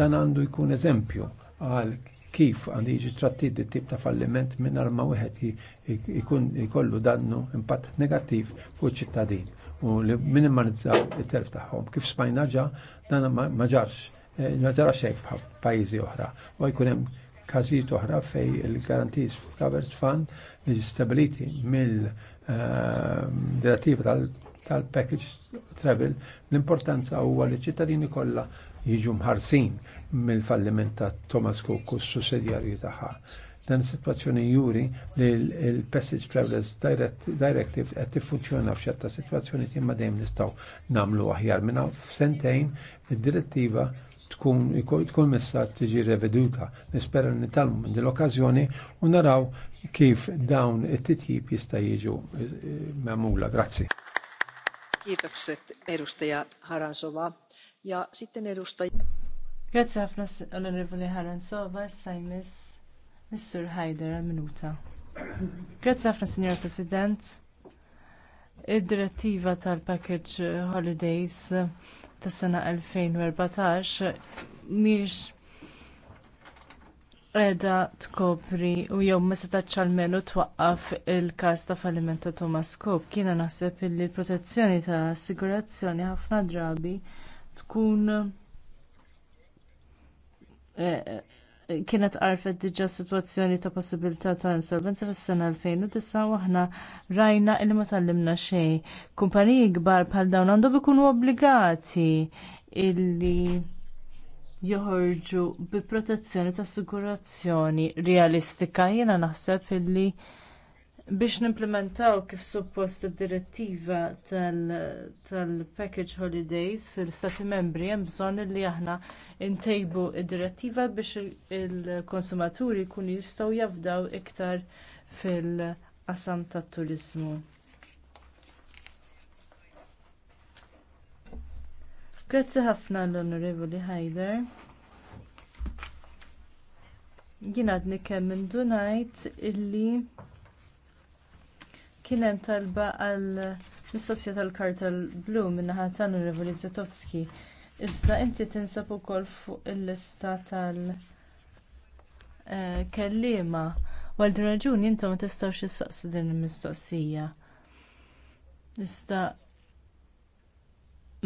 Dan għandu jkun eżempju għal kif għandu jiġi trattit tip ta' falliment minn arma wieħed ikun ikollu dannu impatt negattiv fuq ċittadin u li minimalizzaw it-telf tagħhom. Kif smajna ġa dan ma ġarx Eh, notara xejn f'pajjiżi oħra. U jkun hemm każijiet oħra fej il-Guarantees Covers Fund li stabiliti mill-direttiva ehm, tal-package travel l-importanza huwa li ċittadini kollha jiġu mħarsin mill-falliment ta' Thomas Cook u s-sussedjarju tagħha. Dan is-sitwazzjoni juri li l-Passage Travelers Directive qed tiffunzjona f'xetta sitwazzjoni imma dejjem nistgħu nagħmlu aħjar minna f'sentejn id-direttiva tkun tkun messa tiġi reveduta. Nispera nitalmu minn din l-okkażjoni u naraw kif dawn it-titjib jista' jiġu eh, magħmula. Grazzi. Kiitokset edustaja Haransova. Ja sitten edustaja... Grazie ħafna l-Onorevoli Haransova, sajmis Mr. Haider minuta. Grazie ħafna, Signor President. Id-direttiva tal-package holidays tas sena 2014 miex qiegħda tkopri u jew ma setax almenu twaqqaf il-każ ta' falliment ta' Thomas Cook. Jiena naħseb li l-protezzjoni tal-assigurazzjoni ħafna drabi tkun eh, kienet għarfet diġà sitwazzjoni ta' possibilità ta' insolvenza fis-sena 2009 u aħna rajna li ma tallimna xejn. Kumpaniji kbar bħal dawn għandhom ikunu obbligati illi joħorġu bi protezzjoni ta' assigurazzjoni realistika jiena naħseb illi biex nimplementaw kif suppost id-direttiva tal-package holidays fil-stati membri hemm bżonn li aħna ntejbu id-direttiva biex il-konsumaturi jkunu jistgħu jafdaw iktar fil-qasam tat-turiżmu. Grazzi ħafna l-Onorevoli Haider. Jien għadni kemm indunajt illi Kien hemm talba għal mistoqsija tal-kartel blu min-naħa tal-Onorevoli Zetowski. Iżda inti tinsab ukoll fuq il-lista tal-kellima. Eh, għal din raġuni intom ma tistgħux issaqsu din il-mistoqsija. Iżda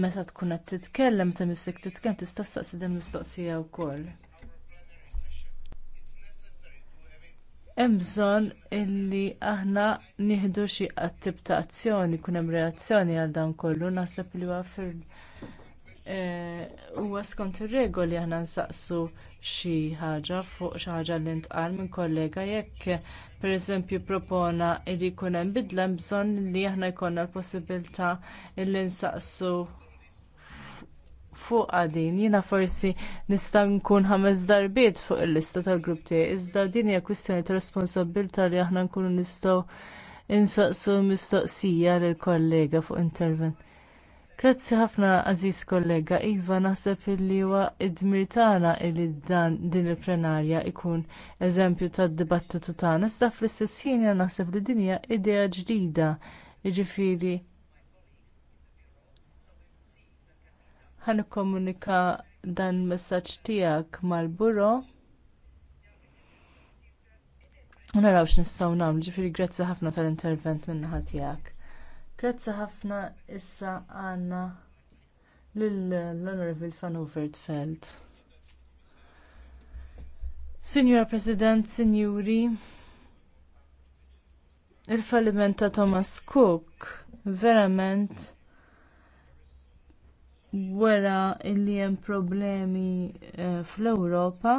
meta tkun qed titkellem ta' missek titkellem tista' staqsi din mistoqsija wkoll. hemm bżonn illi aħna nieħdu xi qattib ta' azzjoni jkun hemm reazzjoni għal dan kollu naħseb li huwa eh, huwa skont ir-regoli aħna nsaqsu xi ħaġa fuq xi ħaġa li ntqal minn kollega jekk pereżempju propona li jkun hemm bidla hemm bżonn li aħna jkollna l-possibilità li nsaqsu fuq għadin. Jiena forsi nista' nkun ħames darbiet fuq il-lista tal-grupp tiegħi, iżda din hija kwistjoni ta' responsabilità li aħna nkunu nistgħu insaqsu mistoqsija lill kollega fuq intervent. Grazzi ħafna Aziz kollega, Iva naħseb illi huwa id-dmir tagħna illi dan din il-plenarja ikun eżempju tad-dibattitu tagħna, iżda fl-istess ħin naħseb li din hija idea ġdida, jiġifieri ħankomunika dan il-messaġġ tiegħek mal-buro u naraw x'nistgħu nagħmlu ġifieri grazzi ħafna tal-intervent min-naħa tiegħek. Grazzi ħafna issa għandna lill-Honorable Van Feld. Signor President, Signuri, il-falliment ta' Thomas Cook verament wera li hemm problemi eh, fl-Ewropa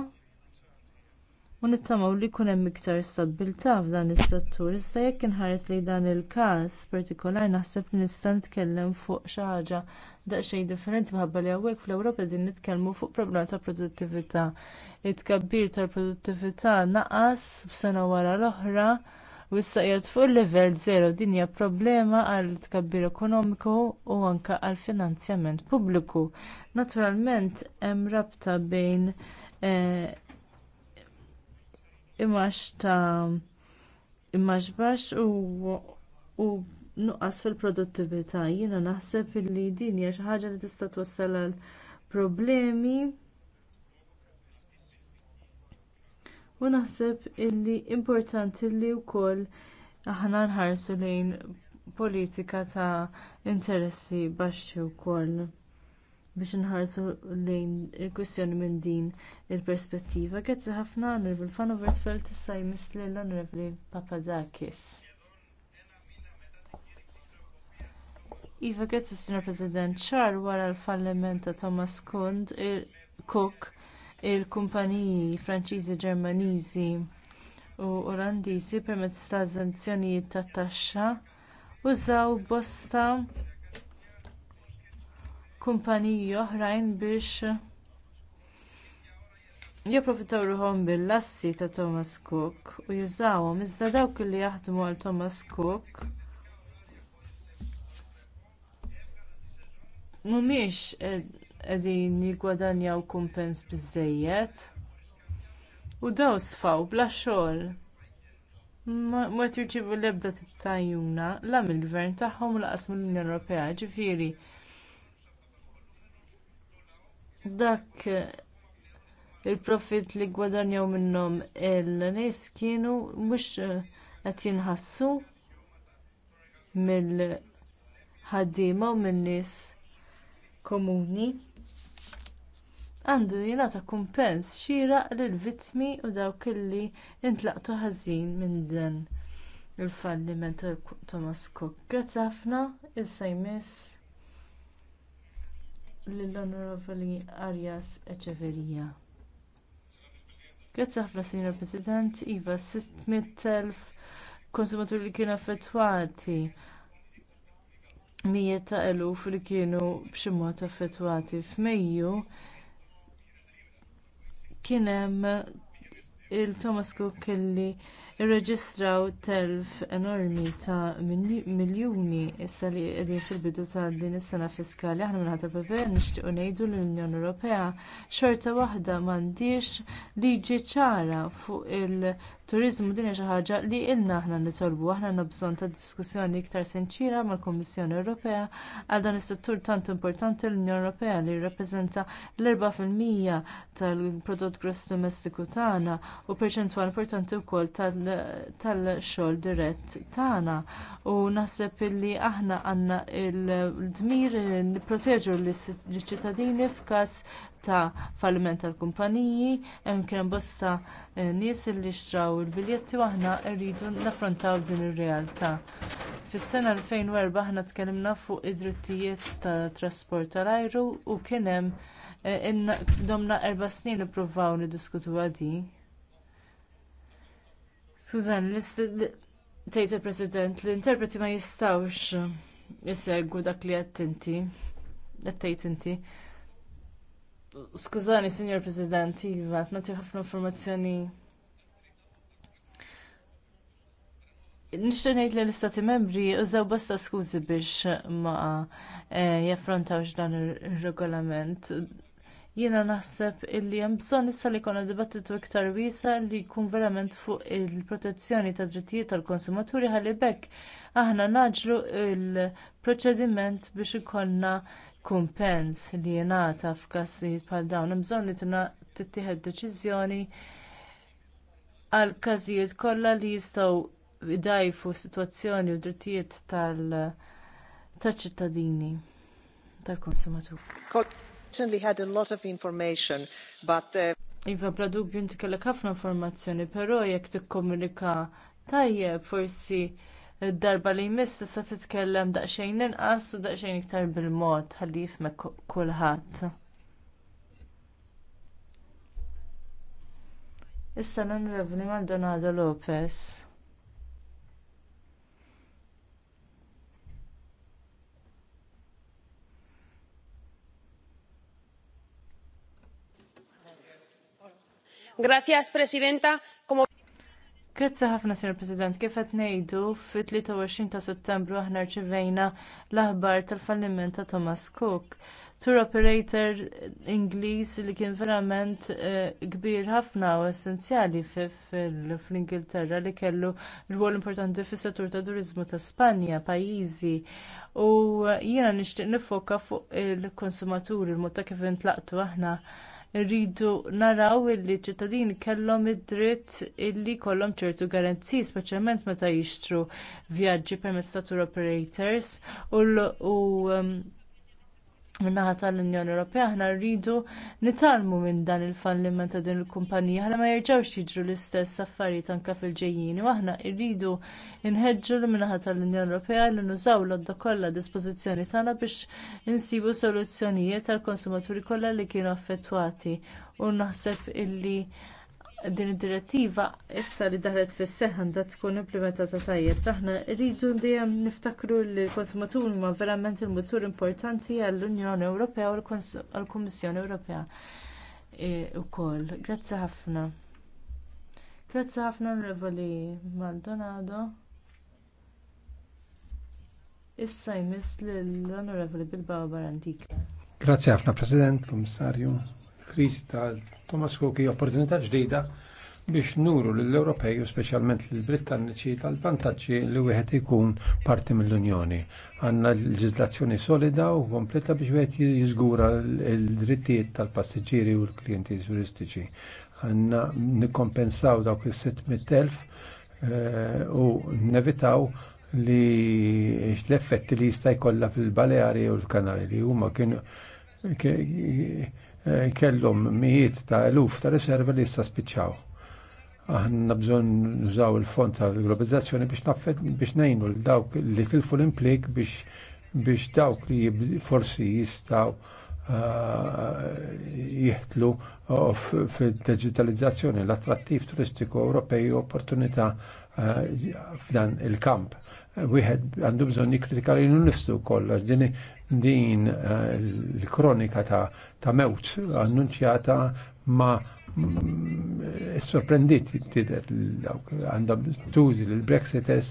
u nittamaw li jkun hemm iktar stabbiltà f'dan is-settur iżda jekk inħares lejn dan il-każ partikolari naħseb li nista' nitkellem fuq xi ħaġa daqsxejn differenti minħabba li hawnhekk fl-ewropa qegħdin nitkellmu fuq problema ta' produttività it-tkabbir tal-produttività naqas b'sena wara l-oħra u issa qiegħed fuq il-livell żero din hija problema għal tkabbir ekonomiku u anke għall finanzjament pubbliku. Naturalment hemm rabta bejn eh, imax ta' imax baxx u nuqqas fil-produttività jiena naħseb illi din hija xi ħaġa li tista' twassal għal problemi u naħseb illi importanti li wkoll aħna nħarsu lejn politika ta' interessi baxxi wkoll biex inħarsu lejn il-kwistjoni minn din il-perspettiva. Grazzi ħafna Honorable Fan Overtfeld issa jmiss lil Honorable Papadakis. Iva, grazzi Signor President, xahar wara l-falliment ta' Thomas Cook, il-kumpaniji franċiżi ġermaniżi u olandiżi permezz ta' eżenzjonijiet tat-taxxa użaw bosta kumpaniji oħrajn biex japprofittaw ruħhom bil-lassi ta' thomas cook u jużawhom iżda dawk li jaħdmu għal thomas cook mhumiex eh, qegħdin jiggwadanjaw kumpens biżżejjed u daw sfaw bla xogħol ma jirċievu l-ebda tip ta' għajnuna la mill-gvern tagħhom u lanqas mill-Unjoni Ewropea, ġifieri dak il-profitt li gwadanjaw minnhom il-nies kienu mhux eh, qed jinħassu mill-ħaddiema u min-nies komuni għandu jingħata kumpens xieraq lill-vittmi u dawk li ntlaqtu ħażin minn dan il-falliment tal thomas cook. grazzi ħafna issa jmiss lill-onorevoli arias echeverra grazzi ħafna sinjor president iva 600,000 konsumaturi li kienu affettwati mijiet ta' eluf li kienu b'xi mod affettwati f'mejju kien hemm il-Thomas Cook illi irreġistraw telf enormi ta' miljuni issa li qegħdin fil-bidu ta' din is-sena fiskali aħna minħabba tal-ppe nixtiequ ngħidu l-unjoni ewropea xorta waħda m'għandhiex liġi ċara fuq il turiżmu din hi xi ħaġa li ilna aħna nitolbu aħna għandna bżonn ta' diskussjoni iktar sinċira mal-kummissjoni ewropea għal dan is-settur tant importanti l-unjoni ewropea li jirrappreżenta l-4 tal-prodott gross domestiku tagħna u perċentwal importanti wkoll tal-xogħol dirett tagħna u naħseb illi aħna għandna l-dmir li nipproteġu liċ-ċittadini f'każ ta' falliment tal-kumpaniji, hemm kien bosta eh, nies li xtraw il-biljetti u aħna rridu naffrontaw din ir-realtà. Fis-sena 2004 aħna tkellimna fuq id-drittijiet tat trasport tal-ajru u kien hemm eh, domna erba' snin ippruvaw niddiskutuha din. Susan, tgħid il-President, l-interpreti ma jistgħux isegwu dak li qed qed tgħid inti. Skużani, Signor President, Iva, nati ħafna informazzjoni. Nixtieq ngħid li l-Istati Membri użaw bosta skużi biex ma eh, jaffrontaw dan ir-regolament. Jiena naħseb illi hemm bżonn issa li jkollna dibattitu iktar wiesa li jkun verament fuq il-protezzjoni tad drittijiet tal-konsumaturi għalli bekk aħna naġlu il proċediment biex ikollna kumpens li jingħata f'każijiet bħal dawn hemm bżonn li tittieħed deċiżjoni għal każijiet kollha li jistgħu jdajfu s-sitwazzjoni u drittijiet tal-ċittadini taċ tal-konsumaturi. Uh, iva bla dubju inti kellek ħafna informazzjoni, però jekk tikkomunika tajjeb forsi id-darba li jmiss tista' titkellem daqsxejn inqas u daqsxejn iktar bil-mod ħalli jifhmek kulħadd. Issa l-Onorevoli Maldonado Lopez. Gracias, Presidenta. Como... Grazzi ħafna, Sir President. Kif qed ngħidu fit-23 ta' Settembru aħna rċevejna l-aħbar tal-falliment ta' Thomas Cook. Tour operator Ingliż li kien verament eh, kbir ħafna u essenzjali fl-Ingilterra li kellu rwol importanti fis-settur ta' turiżmu ta' Spanja, pajjiżi u eh, jiena nixtieq nifoka fuq il-konsumaturi l-mod ta' kif intlaqtu aħna rridu naraw illi ċittadini kellhom id-dritt illi jkollhom ċertu garanziji speċjalment meta jixtru vjaġġi permezz ta' tour operators u um, Min-naħa tal-Unjoni Ewropea aħna rridu nitgħallmu minn dan il-falliment ta' din il-kumpanija ħala ma jerġgħux jiġru l-istess affarijiet anke fil ġejjieni u aħna rridu nħeġġu min-naħa tal-Unjoni Ewropea li nużaw l-għodda kollha dispożizzjoni tagħna biex insibu soluzzjonijiet tal-konsumaturi kollha li kienu affettwati u naħseb illi din id-direttiva issa li daħlet fis-seħħ tkun implementata tajjeb. Aħna rridu dejjem niftakru li l-konsumaturi huma verament il-mutur importanti għall-Unjoni Ewropea u għall-Kummissjoni Ewropea e, wkoll. Grazzi ħafna. Grazzi ħafna Onorevoli Maldonado. Issa jmiss lill onorevoli Bilbao Barantik. Grazzi ħafna President, Kummissarju, kriżi tal-Thomas Cook hija opportunità ġdida biex nuru l-Ewropej u speċjalment l-Britanniċi tal-vantaġġi li wieħed ikun parti mill-Unjoni. Għandna leġislazzjoni solida u kompleta biex wieħed jiżgura l-drittijiet tal-passiġġieri u l-klijenti turistiċi. Għandna nikkompensaw dawk is 700.000 eh, u nevitaw li l-effetti li jista' jkollha fil-Baleari u l-Kanari li huma kienu Eh, kellhom mijiet ta' eluf ta' riserva li jista' spiċċaw. Aħna bżon nżaw il-fond tal-globalizzazzjoni biex naffet biex ngħinu l dawk li tilfu l-implik biex biex dawk li forsi jistaw eh, jihtlu eh, f digitalizzazzjoni l-attrattiv turistiku Ewropej opportunità f'dan il-kamp. Wieħed għandu bżonn jikkritika lilu nifsu kollox, din eh, l-kronika ta', ta mewt annunċjata ma mm, sorprendit tider għandhom tużi l-Brexiters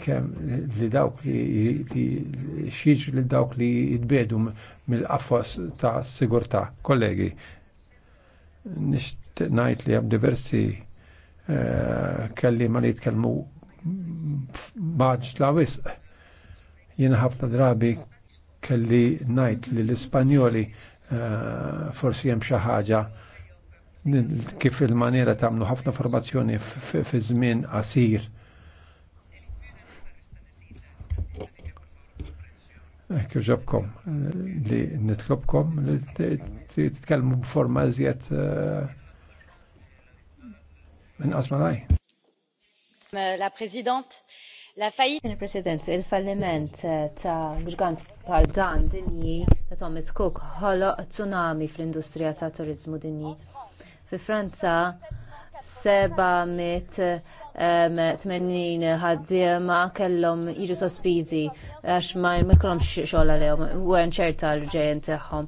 kem li dawk li xieġ li dawk li jitbedu mill-qaffas ta' sigurta. Kollegi, nishtiq najt li għab diversi eh, kelli ma li jitkelmu maġ la wisq. Jena ħafna drabi kelli ngħid li l-Ispanjoli forsi hemm xi ħaġa kif il-maniera tagħmlu ħafna formazzjoni fi żmien qasir. Ekk ġobkom li nitlobkom li titkellmu b'forma iżjed minn qasma La Presidente, La fajt. President, il-falliment eh, ta' gigant bħal dan dinji ta' Thomas Cook ħoloq tsunami fl-industrija ta' turizmu dinji. Fi Franza 780 ħaddiema kellhom jiġu sospiżi għax ma jkollhomx xogħol għalihom u hemm ċerta l-ġejjen tagħhom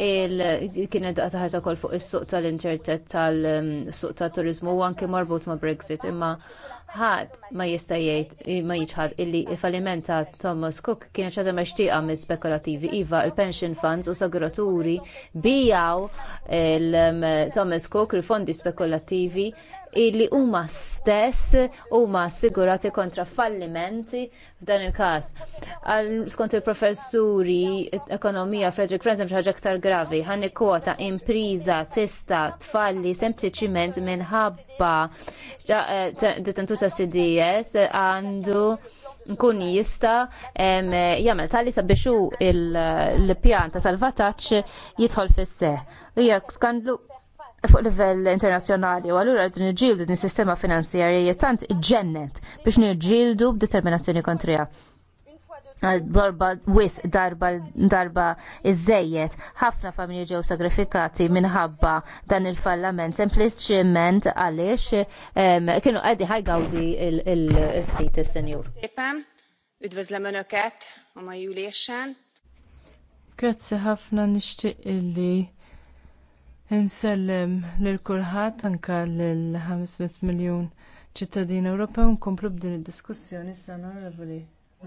kienet taħarta kol fuq is-suq tal-internet tal-suq ta' turiżmu u anke marbut ma' Brexit imma ħadd ma jista' jgħid ma jiġħad illi l-falliment ta' Thomas Cook kienet ċaża mextieqa minn spekulattivi iva il-pension funds u seguraturi bijaw mm, Thomas Cook il-fondi spekulattivi illi huma stess huma assigurati kontra fallimenti f'dan il-każ. Skont il-professuri ekonomija Frederick Frenzen ħaġa aktar gravi, ħanni kwota impriża tista tfalli sempliċiment minħabba eh, detentur ta' CDS għandu nkun jista jagħmel tali sabiex hu l-pjan ta' salvataġġ jidħol fis-seħ. Hija skandlu fuq livell internazzjonali u allura rridu niġġieldu din is-sistema finanzjarja tant ġennet biex niġġieldu b'determinazzjoni kontrija darba wis darba darba iżejjed ħafna familji ġew sagrifikati minħabba dan il-fallament sempliċement għaliex kienu għaddi ħajgawdi il-ftit is-senjur. Szépen, üdvözlöm Önöket a mai Grazie Grazzi ħafna nixtieq illi Insellem lil kulħadd anka lil 500 miljun ċittadin Ewropew nkomplu b'din id-diskussjoni issa onorevoli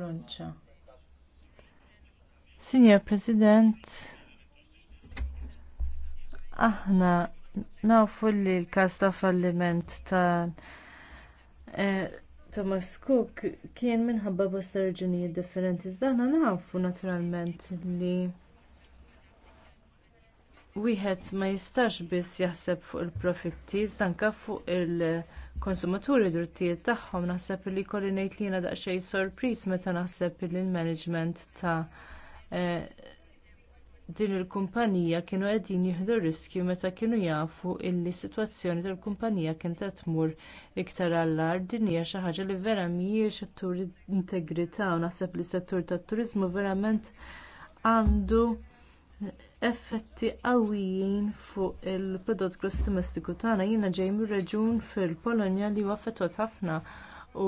Ronċa. Signor President, aħna nafu li l-każ ta' falliment ta' e, Thomas Cook kien minħabba bosta raġunijiet differenti. Zdaħna nafu naturalment li wieħed ma jistax biss jaħseb fuq il-profitti iżda anke fuq il-konsumaturi drittijiet tagħhom naħseb li jkolli ngħid li jiena daqsxejn sorpriż meta naħseb li l-management ta' eh, din il-kumpanija kienu qegħdin jieħdu riskju meta kienu jafu li s-sitwazzjoni tal-kumpanija kienet qed tmur iktar għall-ar din hija xi ħaġa li vera mhijiex tur integrità u naħseb li s-settur tat-turiżmu verament għandu effetti qawwijin fuq il-prodott gross domestiku tagħna jiena ġej mir-reġjun fil-polonja li huwa affettwat ħafna u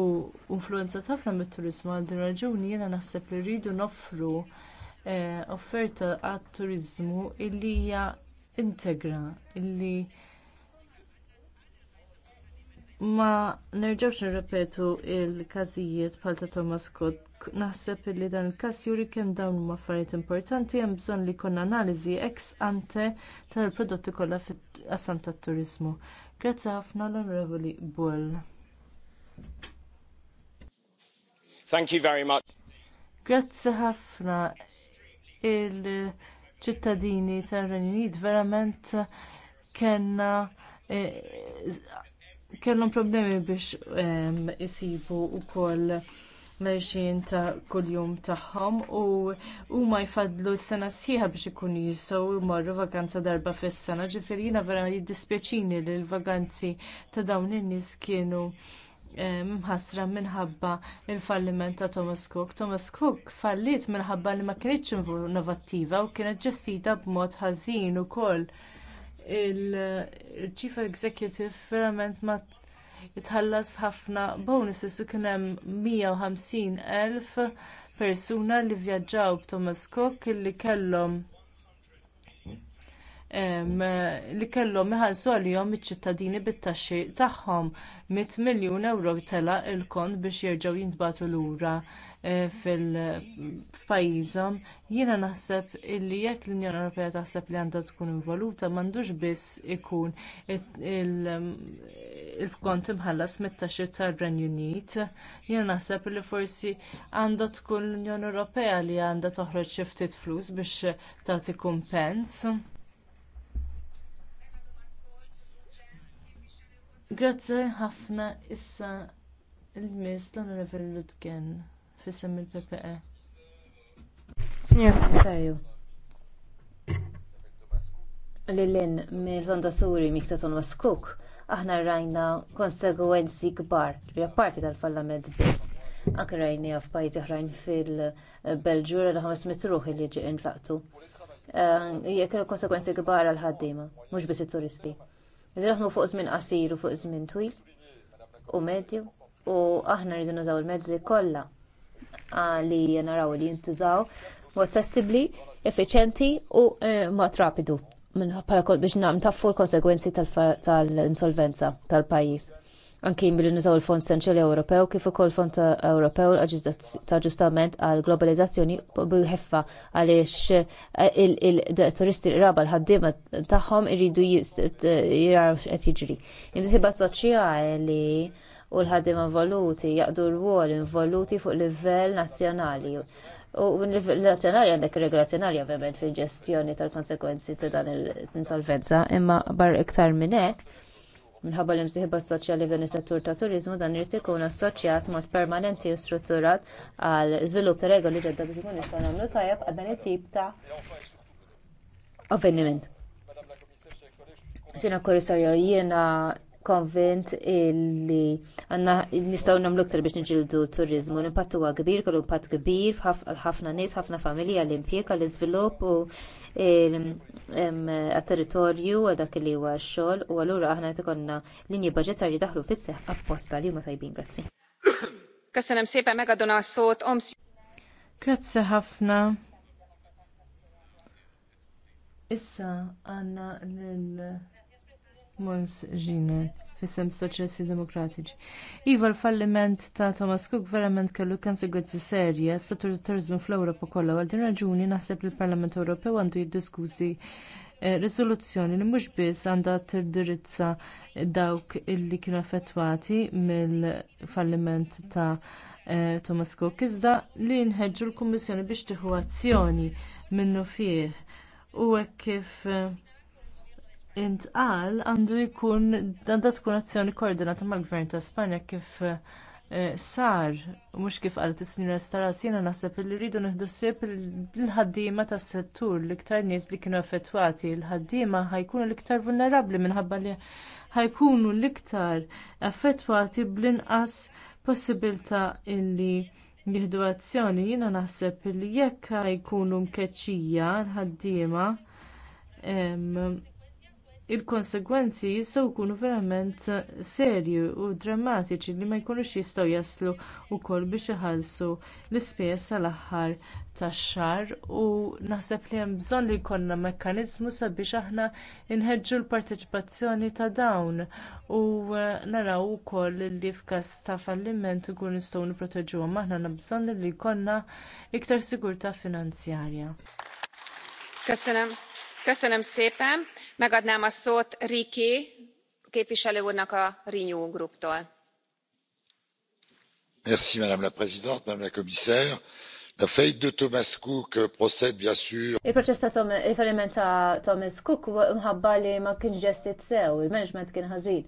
influwenzat ħafna mit-turiżmu għal din raġuni jiena naħseb li rridu noffru eh, offerta għat-turiżmu li hija integra li ma nerġgħux nirrepetu l każijiet bħal ta' Thomas Cook naħseb li dan il-każ juri kemm dawn huma affarijiet importanti hemm bżonn li jkollna analiżi ex ante tal-prodotti kollha fil-qasam tat-turiżmu. Grazzi ħafna l-Onorevoli Bull. Thank you very much. Grazzi ħafna il-ċittadini tar-Renju Unit verament eh, kellhom problemi biex ehm, isibu wkoll mexjin ta' kuljum tagħhom u huma jfadlu s-sena sħiħa biex ikunu jistgħu jmorru vakanza darba fis-sena. Ġifieri jiena vera jiddispjaċini li l-vaganzi ta' dawn in-nies kienu eh, mħassra minħabba l falliment ta' Thomas Cook. Thomas Cook fallit minħabba li ma kienx innovattiva u kienet ġestita b'mod ħażin ukoll il-chief executive verament ma' itħallas ħafna bonuses u kien hemm 150,000 persuna li vvjaġġaw b'Thomas Cook li kellhom li kellhom iħallsu għalihom iċ-ċittadini bit-taxxi tagħhom 100 miljun euro telaq il-kont biex jerġgħu jintbagħtu lura. Eh, fil-pajjiżhom, jiena naħseb illi jekk l-Unjoni Ewropea taħseb li għandha tkun involuta m'għandux biss ikun il-kont imħallas mit-taxxi tar-Renju Unit. Jiena naħseb li forsi għandha tkun l-Unjoni Ewropea li għandha toħroġ xi ftit flus biex tagħti kumpens. Grazzi ħafna issa il miss l-Onorevoli Ludgen fissem il-PPE. Signor Komissarju, Lilin mill-fondaturi Miktaton Waskuk, aħna rajna konsegwenzi kbar li apparti tal-fallament biss. Anke rajna f'pajjiżi oħrajn fil-Belġura l 500 ruħi li ġie intlaqtu. Eh, Jekk konsegwenzi kbar għal ħaddiema, mhux biss it-turisti. Iżda fuq żmien qasir u fuq żmien twil u medju u aħna rridu nużaw il-mezzi kollha li naraw li jintużaw mod flessibbli, effiċjenti u e, mod rapidu biex taffu l-konsegwenzi tal-insolvenza tal-pajjiż. Anki milli nużaw il-Fond Senċjali Ewropew kif ukoll Fond Ewropew ta' ġustament għal globalizzazzjoni bil-ħeffa għaliex e, il-turisti raba l-ħaddiema tagħhom iridu jaraw x'qed jiġri. Imsiba soċjali u l-ħaddiema involuti jaqdu rwol involuti fuq livell nazzjonali u livell nazzjonali għandek regoli nazzjonali ovvjament fil-ġestjoni tal-konsekwenzi ta' dan l-insolvenza imma bar iktar minn hekk minħabba l-imsieħba soċjali f'dan is-settur ta' turiżmu dan irid ikun assoċjat mod permanenti u strutturat għal iżvilupp ta' regoli ġodda biex ikun nistgħu nagħmlu tajjeb għal dan it-tip ta' avveniment. Sina Kurisarju, jiena konvint illi għanna nistaw namlu ktar biex nġildu turizmu. L-impatt huwa kbir, kollu impatt kbir ħafna nies, ħafna familja l-impjeg, għall-iżvilupp u għat-territorju u dak li huwa xogħol u allura aħna qed ikollna linji baġetarji daħlu fis-seħ apposta li huma tajbin, grazzi. Köszönöm Grazzi ħafna. Issa għanna lil Mons Ġinen fissem soċessi Soċjalisti Demokratiċi. Iva l-falliment ta' Thomas Cook verament kellu konsegwenzi serja s settur turizmu fl-Ewropa kollha għal din raġuni naħseb li l-Parlament Ewropew għandu jiddiskuzi eh, risoluzzjoni li mhux biss għandha tindirizza dawk li kienu affettwati mill-falliment ta' eh, Thomas Cook iżda li nħeġġu l-Kummissjoni biex tieħu azzjoni minnu fih u hekk kif eh, intqal għandu jkun għandha tkun azzjoni koordinata mal-Gvern ta' Spanja kif eh, sar mhux kif qalet is-sinjura Staras jiena naħseb li rridu nieħdu ssib il ħaddiema tas-settur l-iktar nies li kienu affettwati l-ħaddiema ħajkunu l-iktar vulnerabbli minħabba li ħajkunu l-iktar affettwati bl-inqas possibilità illi jieħdu azzjoni jiena naħseb li jekk ikunu mkeċċija l-ħaddiema il-konsegwenzi jistgħu jkunu verament serji u drammatiċi li ma jkunux jistgħu jaslu wkoll biex iħallsu l-ispejjeż tal-aħħar tax-xahar u naħseb li hemm bżonn li jkollna mekkaniżmu sabiex aħna nħeġġu l-parteċipazzjoni ta' dawn u eh, naraw ukoll li f'każ ta' falliment ikun nistgħu nipproteġuhom aħna għandna bżonn li jkollna iktar sigurtà finanzjarja köszönöm szépen megadnám a szót riquet képviselő úrnak a renew grouptól. Merci, madame la présidente madame la commissaire la faillite de thomas cook procède bien sûr. il-proċess ta' il-falliment ta' thomas cook minħabba li ma kienx ġestit sew il-management kien ħażin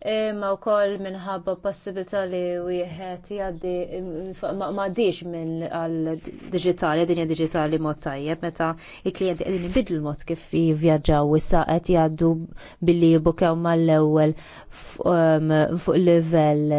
imma wkoll minħabba possibilità li wieħed jgħaddi diġ minn għal diġitali dinja diġitali mod tajjeb meta il klienti għedin bidlu l-mod kif u issa qed jgħaddu billi jbukew mal-ewwel um, fuq livell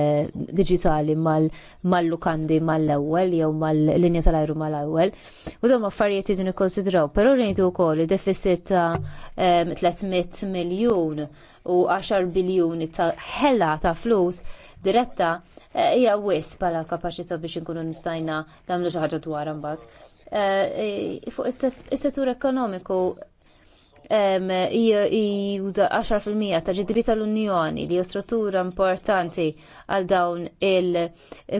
diġitali mal-lukandi mal-ewwel jew mal-linja tal-ajru mal-ewwel. U dawn affarijiet jidu nikkonsidraw, però rridu wkoll id-deficit ta' 300 um, miljun u 10 biljuni ta' ħela ta' flus diretta eh, hija wis bħala kapaċità biex inkunu nistajna nagħmlu xi ħaġa dwar imbagħad. Eh, fuq is-settur ekonomiku juża 10% ta' ġidbi tal-Unjoni li struttura importanti għal dawn il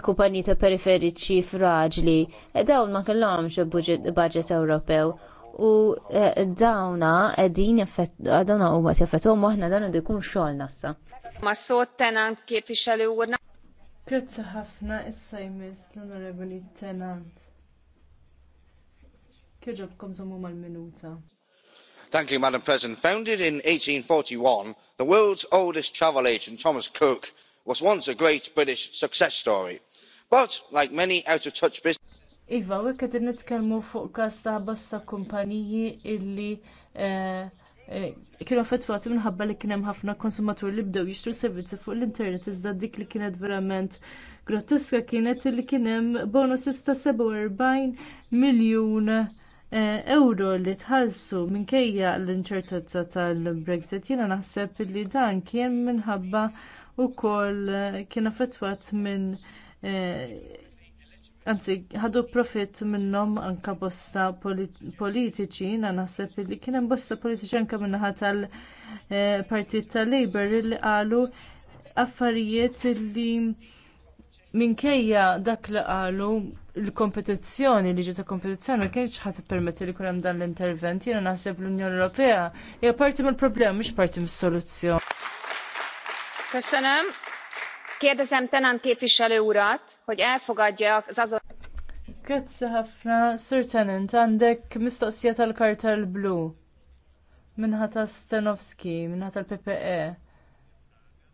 kumpaniji ta' periferiċi fraġli. Eh, dawn ma kellhomx budget Ewropew u e, dawna qegħdin dawna huma jaffettwhom u aħna dan għandu jkun xogħol nassa. Ma sot tenant kif ixxalli Grazzi ħafna issa jmiss l-Onorevoli Tenant. Kieġobkom żommu mal-minuta. madam president founded in 1841, the world's oldest travel agent thomas cook was once a great british success story but like many out of touch businesses Iva, u għek għedin nitkelmu fuq kas ta' bosta kumpaniji illi eh, eh, kienu affettwati minħabba li kienem ħafna konsumaturi li bdew jixtru servizzi fuq l-internet iżda dik li kienet verament groteska kienet li kienem bonus ta' 47 miljun eh, euro li tħallsu minkejja l-inċertezza tal-Brexit jiena naħseb li dan kien minħabba wkoll kien affettwat minn Anzi, ħadu profit minnhom anke bosta politiċi, na naħseb li kien hemm bosta politiċi anke min-naħa tal-Partit eh, tal-Labor li qalu affarijiet li minkejja dak li qalu l-kompetizzjoni li ġiet kompetizzjoni ma kienx ħadd ippermetti li jkun hemm dan l-intervent. Jiena naħseb l-Unjoni Ewropea hija parti mill-problema mhix parti mis-soluzzjoni kérdezem Tenant képviselő urat, hogy elfogadja az azon... ħafna, Sir Tenant, għandek mistoqsija tal-kartel blu minħata Stenovski, minħata l-PPE.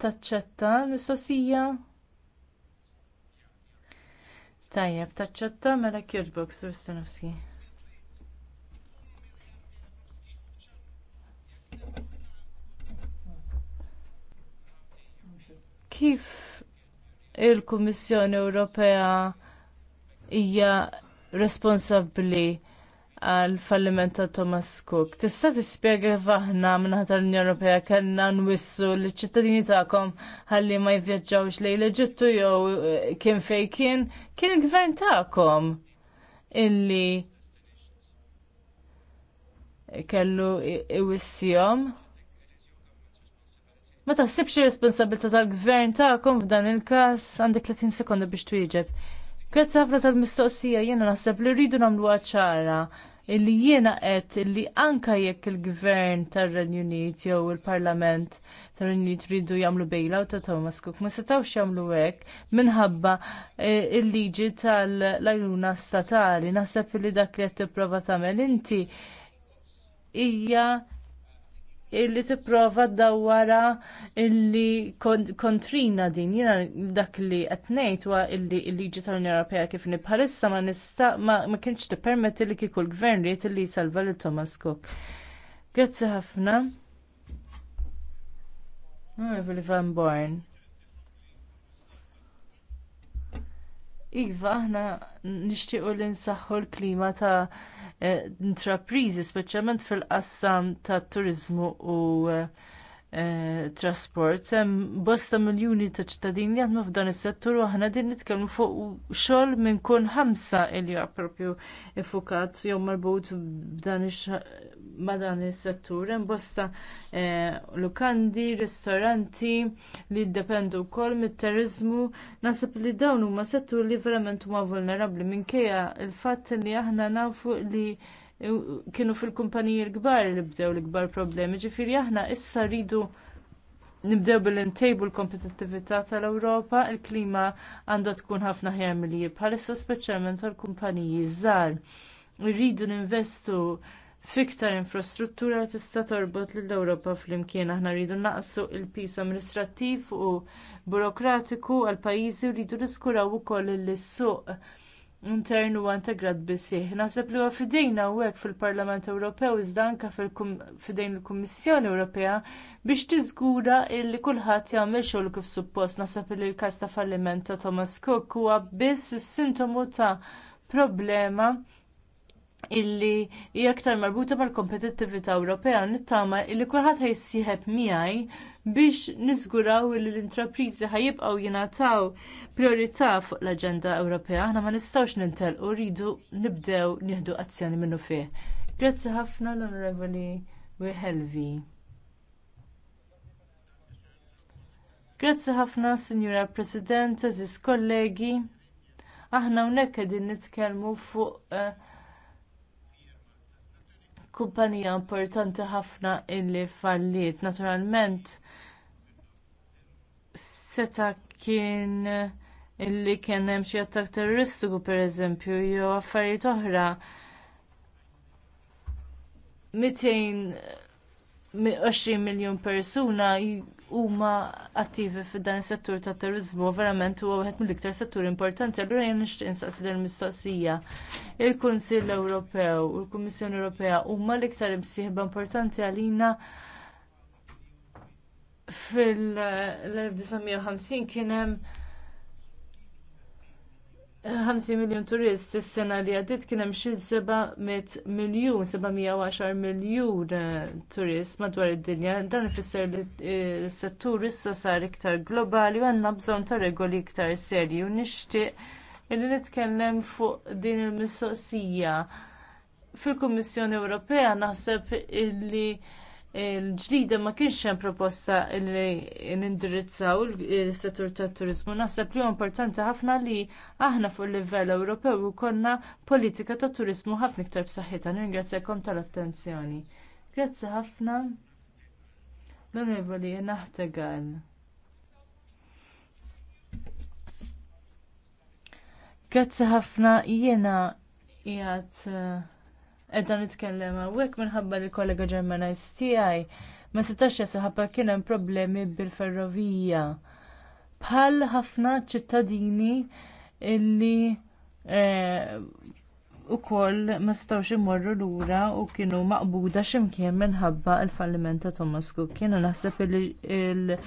Taċċetta l-mistoqsija? Tajjeb, taċċetta mela kjoġbok, Sur Stenovski. Kif il-Kummissjoni Ewropea hija responsabbli għal falliment ta' Thomas Cook. Tista' tispjega faħna minnaħa tal-Unjoni Ewropea kellna nwissu liċ ċittadini tagħkom ħalli ma jivvjaġġawx lejn l-Eġittu jew eh, kien fejn kien kien il-gvern tagħkom illi kellu iwissihom. Ma taħsibx ir-responsabilità tal-gvern tagħkom f'dan il-każ għandek 30 sekonda biex twieġeb. Grazzi ħafna tal-mistoqsija jiena naħseb li rridu nagħmluha ċara illi jiena qed illi anke jekk il-gvern tar-Renju Unit jew il-Parlament tar-Renju Unit rridu jagħmlu bejla ta' Thomas Cook ma setgħux jagħmlu hekk minħabba e, il-liġi tal ajruna statali naħseb illi dak li qed tipprova tagħmel inti hija illi tipprova ddawwara illi kontrina din jiena dak li qed ngħid huwa illi l-liġi tal-Unjoni Ewropea kif bħalissa ma nista' ma kienx tippermetti li kieku l-gvern li li jsalva lil Thomas Cook. Grazzi ħafna. Onorevoli Van Born. Iva, aħna nixtiequ li nsaħħu l-klima ta' Eh, intrapriżi speċjalment fil-qassam tat-turiżmu u eh, Eh, trasport. Hemm bosta miljuni ta' ċittadini jaħdmu f'dan is-settur u aħna din nitkellmu fuq xogħol minn kun ħamsa li huwa proprju iffukat jew marbut b'dan ma' dan is-settur. Hemm bosta eh, lukandi, ristoranti li jiddependu wkoll mit turiżmu Naħseb li dawn huma settur li verament huma vulnerabbli minkejja l fatt li aħna nafu li kienu fil-kumpaniji l-kbar li bdew l ikbar problemi. Ġifiri aħna issa rridu nibdew bil-intejbu l-kompetittività tal-Ewropa, il-klima għandha tkun ħafna ħjar milli bħalissa speċjalment tal-kumpaniji żgħar. rridu ninvestu fiktar infrastruttura li tista' torbot lill-Ewropa flimkien aħna rridu naqsu l pis amministrattiv u burokratiku għal pajjiżi u rridu niskuraw ukoll l-suq intern huwa integrat bisih. Naħseb li huwa u hawnhekk fil-Parlament Ewropew iżda anke fidejn il-Kummissjoni Ewropea biex tiżgura li kulħadd jagħmel xogħol kif suppost. Naħseb li l-każ ta' falliment ta' Thomas Cook huwa biss is-sintomu ta' problema illi hija aktar marbuta mal-kompetittività Ewropea nittama illi kulħadd ħajsieħeb miegħi biex niżguraw li l-intrapriżi ħajibqgħu jingħataw priorità fuq l-Aġenda Ewropea. Aħna ma nistgħux nintelqu rridu nibdew nieħdu azzjoni minnu fih. Grazzi ħafna l-Onorevoli Grazzi ħafna, Sinjura President, eżis kollegi. Aħna hawnhekk qegħdin nitkellmu fuq uh, kumpanija importanti ħafna illi falliet. Naturalment, seta kien illi kien hemm xi attakk terroristiku pereżempju jew affarijiet oħra. 20 miljun persuna huma attivi f'dan is-settur tat-turiżmu verament huwa wieħed mill-iktar setturi importanti allura jien nixtieq insaqsi lill mistoqsija il-kunsill ewropew u l-kummissjoni ewropea huma l-iktar imsieħba importanti għalina fil-1950 kien hemm 50 miljun turist is-sena li għaddiet kien hemm xi 700 miljun, 710 miljun eh, turist madwar id-dinja. Dan ifisser li eh, s-settur issa sar iktar globali u għandna bżonn ta' regoli iktar serji u nixtieq li nitkellem fuq din il-mistoqsija. Fil-Kummissjoni Ewropea naħseb illi il-ġlida ma kienx hemm proposta li nindirizzaw is-settur tat-turiżmu. Naħseb li huwa importanti ħafna li aħna fuq livell Ewropew ikollna politika tat turiżmu ħafna iktar b'saħħitha. Nirringrazzjakom tal-attenzjoni. Grazzi ħafna. L-Onorevoli Naħtegal. Grazzi ħafna jiena edha nitkellem hawnhekk minħabba li kollega ġermaniż tiegħi ma setax ħabba kien hemm problemi bil-ferrovija. Bħal ħafna ċittadini illi eh, ukoll ma setgħux imorru lura u kienu maqbuda x'imkien minħabba l-falliment ta' Thomas Cook. Kienu naħseb il-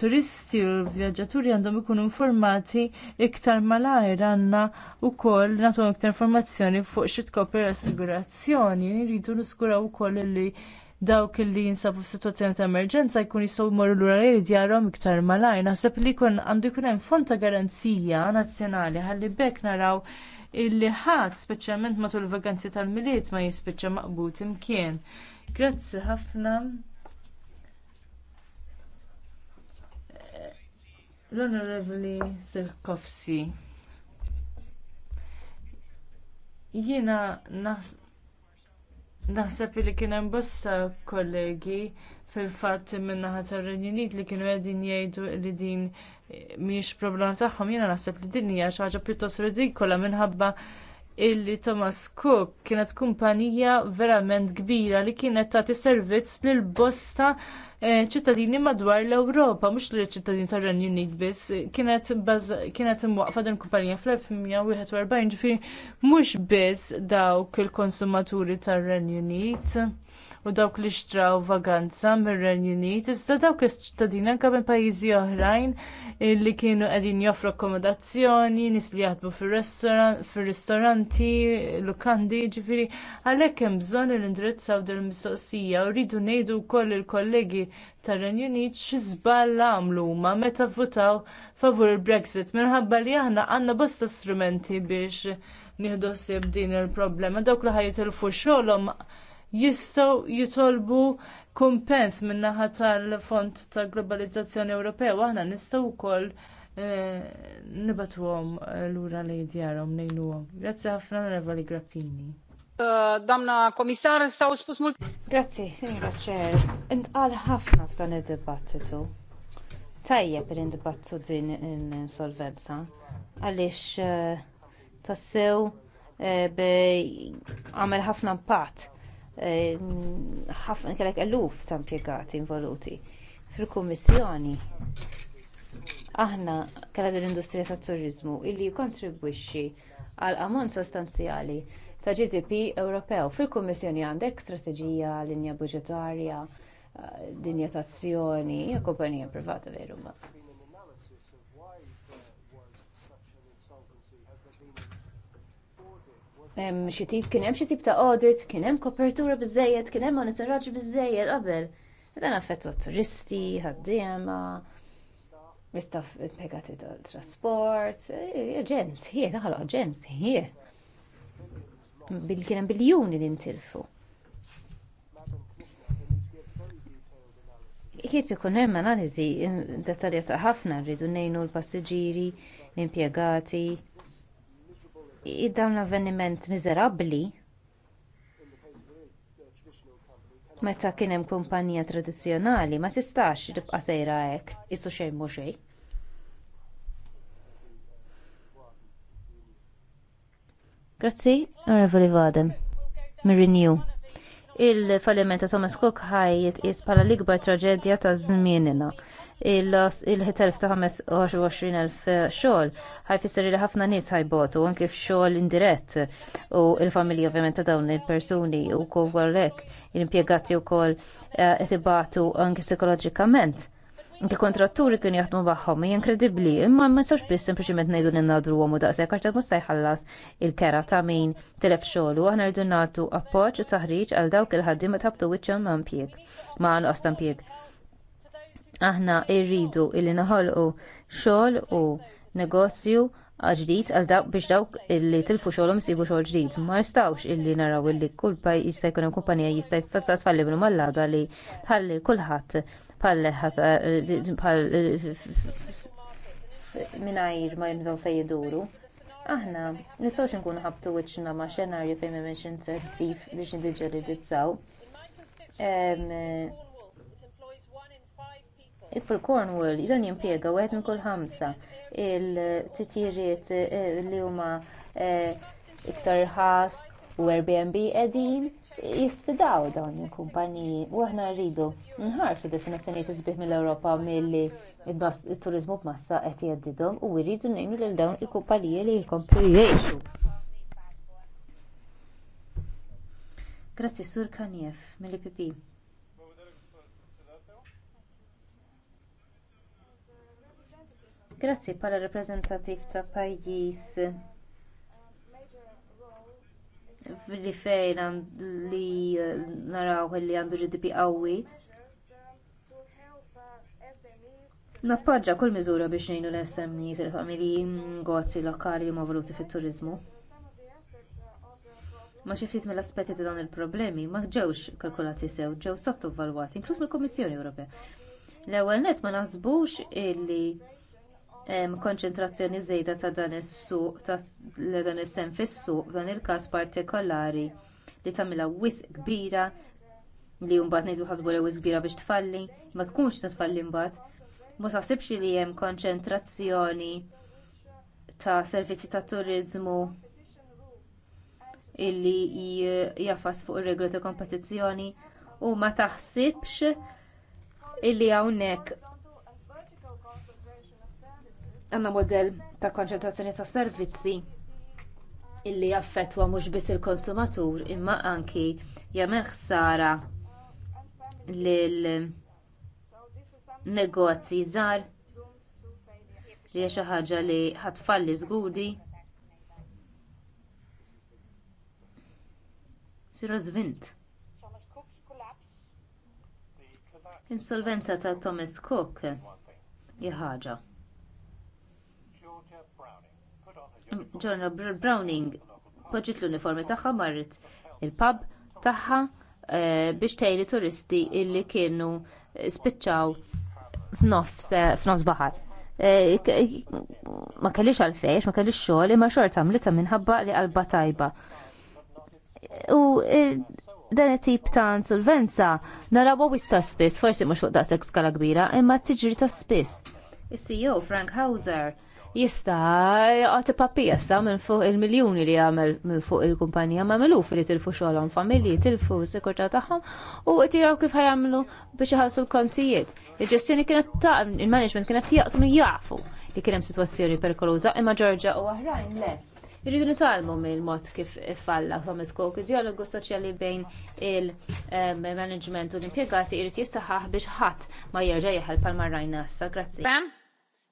turisti u l-vjaġġaturi għandhom ikunu informati iktar malajr għandna wkoll nagħtuhom iktar informazzjoni fuq xi tkopri l-assigurazzjoni. Jridu niskuraw ukoll li dawk li jinsabu f'sitwazzjoni ta' emerġenza jkun jistgħu jmorru lura li djarhom iktar malajr. Naħseb li jkun għandu jkun hemm fond ta' garanzija nazzjonali ħalli bekk naraw illi ħadd speċjalment matul il-vakanzi tal-miliet ma jispiċċa maqbud imkien. Grazzi ħafna. L-Onorevoli Jiena naħseb li kien hemm bosta kollegi fil-fatt min-naħa tar-Renju Unit li kienu qegħdin jgħidu li din mhijiex problema tagħhom. Jiena naħseb li din hija xi ħaġa pjuttost ridikola minħabba illi Thomas Cook kienet kumpanija verament kbira li kienet tagħti servizz lil bosta eh, ċittadini madwar l-Ewropa, mhux li ċittadini tar renju Unit biss, kienet kienet imwaqfa din kumpanija fl-1941 ġifieri mhux biss dawk il-konsumaturi tar renju Unit u dawk li xtraw vaganza mir-Renju Unit, iżda dawk iċ-ċittadini anke minn pajjiżi oħrajn li kienu qegħdin joffru akkomodazzjoni, nies li jaħdmu fir-ristoranti, lukandi, ġifieri għalhekk hemm bżonn li indirizzaw din il-mistoqsija u rridu ngħidu wkoll il-kollegi tar-Renju Unit xi żball għamlu huma meta vvutaw favur il-Brexit minħabba li aħna għandna bosta strumenti biex nieħdu ħsieb din il-problema dawk li ħajtilfu xogħolhom jistgħu jitolbu kumpens min-naħa tal-Fond ta' Globalizzazzjoni Ewropew aħna nistgħu wkoll eh, nibatuhom eh, lura li djarhom ngħinuhom. Grazzi ħafna Onorevoli Grappini. Eh, Damna komissar, saw spus mult. Grazzi, signora ċer. Intqal ħafna f'dan id-dibattitu. Tajjeb per indibattu din insolvenza għaliex tassew għamel ħafna impatt Eh, ħafna kellek eluf ta' impjegati involuti fil-kummissjoni aħna kellha din l-industrija tat-turiżmu li jikkontribwixxi għal ammont sostanzjali ta' GDP Ewropew. Fil-Kummissjoni għandek strateġija, linja buġetarja eh, linja ta' azzjoni, hija kumpanija privata veru ma' xi tip kien hemm xi tip ta' audit, kien hemm kopertura biżżejjed, kien hemm monitoraġġ biżżejjed qabel. Dan affettwa turisti, ħaddiema, istaff impjegati tal-trasport, ġens eh, ħie, taħloq ġens ħie. Kien hemm biljuni li ntilfu. Kiet ikun hemm analiżi mm, dettaljata ħafna rridu ngħinu l-passiġġieri, l-impjegati, dawn l-avveniment miżerabbli meta kien hemm kumpanija tradizzjonali ma tistax tibqa' sejra hekk qisu xejn xejn Grazzi, Onorevoli Vadem, mir-Renew. Il-falliment ta' Thomas Cook ħajjiet is bħala l-ikbar traġedja ta' zminina. Il-ħitelf ta' 25,000 xogħol ħaj fisser li ħafna nies ħajbotu anke f'xogħol indirett u l-familji ovvjament ta' dawn il-persuni u kol għalhekk il-impjegati wkoll eh, qed ibatu anke psikoloġikament Inti kontratturi kien jaħdmu magħhom hija inkredibbli, imma ma nistax biss sempliċiment ngħidu ninnadru għom u daqshekk għax dak mhux se jħallas il-kera ta' min telef xogħlu aħna rridu nagħtu appoġġ u taħriġ għal dawk il ma tabtu wiċċhom ma' mpieg, ma' nuqas ta' mpieg. Aħna rridu illi naħolqu xogħol u negozju ġdid għal dawk biex dawk illi tilfu xogħolhom isibu xogħol ġdid. Ma il illi naraw li kull paj jista' jkun hemm kumpanija jista' jfazza tfallibnu mal li tħalli kulħadd pal minajr ma jimdaw fej iduru. Aħna, nistgħux nkunu ħabtu wiċċna ma' xenarju fejn m'hemmx incentiv biex ditzaw. indiġġeridizzaw. Fil-Cornwall, idan jimpiega wieħed minn kull ħamsa il-titjiriet eh, li huma eh, iktar ħas u Airbnb qegħdin jisfidaw dawn il-kumpaniji u aħna rridu nħarsu destinazzjonijiet isbih mill-Ewropa milli t-turiżmu b'massa qed jgħaddidhom u rridu ngħinu lil dawn il-kumpaniji li jkomplu jgħixu. Grazzi Sur Kanjef mill-IPP. Grazzi bħala rappreżentattiv ta' pajjiż li fejn li eh, naraw li għandu GDP qawwi. Nappaġġa kull miżura biex ngħinu l-SMEs, il-familji, ngozzi lokali ma voluti fit-turiżmu. Ma xi ftit mill-aspetti ta' dawn il-problemi ma ġewx kalkulati sew, ġew sottovalwati, inkluż mill-Kummissjoni Ewropea. L-ewwel nett ma naħsbux illi hemm konċentrazzjoni żejda ta' dan is-suq ta' dan is fis-suq f'dan il-każ partikolari li tagħmilha wisq kbira li mbagħad ngħidu ħasbu wisq kbira biex tfalli ma tkunx titfalli mbagħad ma taħsibx li hemm konċentrazzjoni ta' servizzi ta' turiżmu illi jafas fuq ir-regoli ta' kompetizzjoni u ma taħsibx illi hawnhekk għandna modell ta' konċentrazzjoni ta' servizzi illi jaffettwa mhux biss il-konsumatur imma anki jagħmel ħsara lil negozji żgħar li hija xi ħaġa li ħatfalli żgudi siru żvint. Insolvenza ta' Thomas Cook hija ħaġa. Joanna Browning poġġiet l-uniformi tagħha marret il-pub tagħha eh, biex tgħid turisti illi kienu eh, spiċċaw f'nofs eh, baħar. Ma kellix għalfejx, ma kellix xogħol, imma xorta għamlitha minħabba li qalba tajba. U dan it-tip ta' insolvenza narabu wista' spiss, forsi mhux fuq daqshekk skala kbira, imma tiġri ta' spiss. Is-CEO Frank Hauser jista għati papija sa minn fuq il-miljoni li għamel minn fuq il-kumpanija ma miluf li tilfu xogħolhom familji tilfu s-sekurtà tagħhom u qed jaraw kif ħajamlu biex iħallsu l-kontijiet. Il-ġestjoni kienet ta' il-management kienet jaqnu jafu li kien hemm sitwazzjoni perikoluża imma Ġorġa u oħrajn le. Irridu nitalmu mill-mod kif falla Thomas Cook, dialogu soċjali bejn il-management u l-impjegati jrid jistaħħaħ biex ħadd ma jerġa' jeħel pal marrajna issa. Grazzi.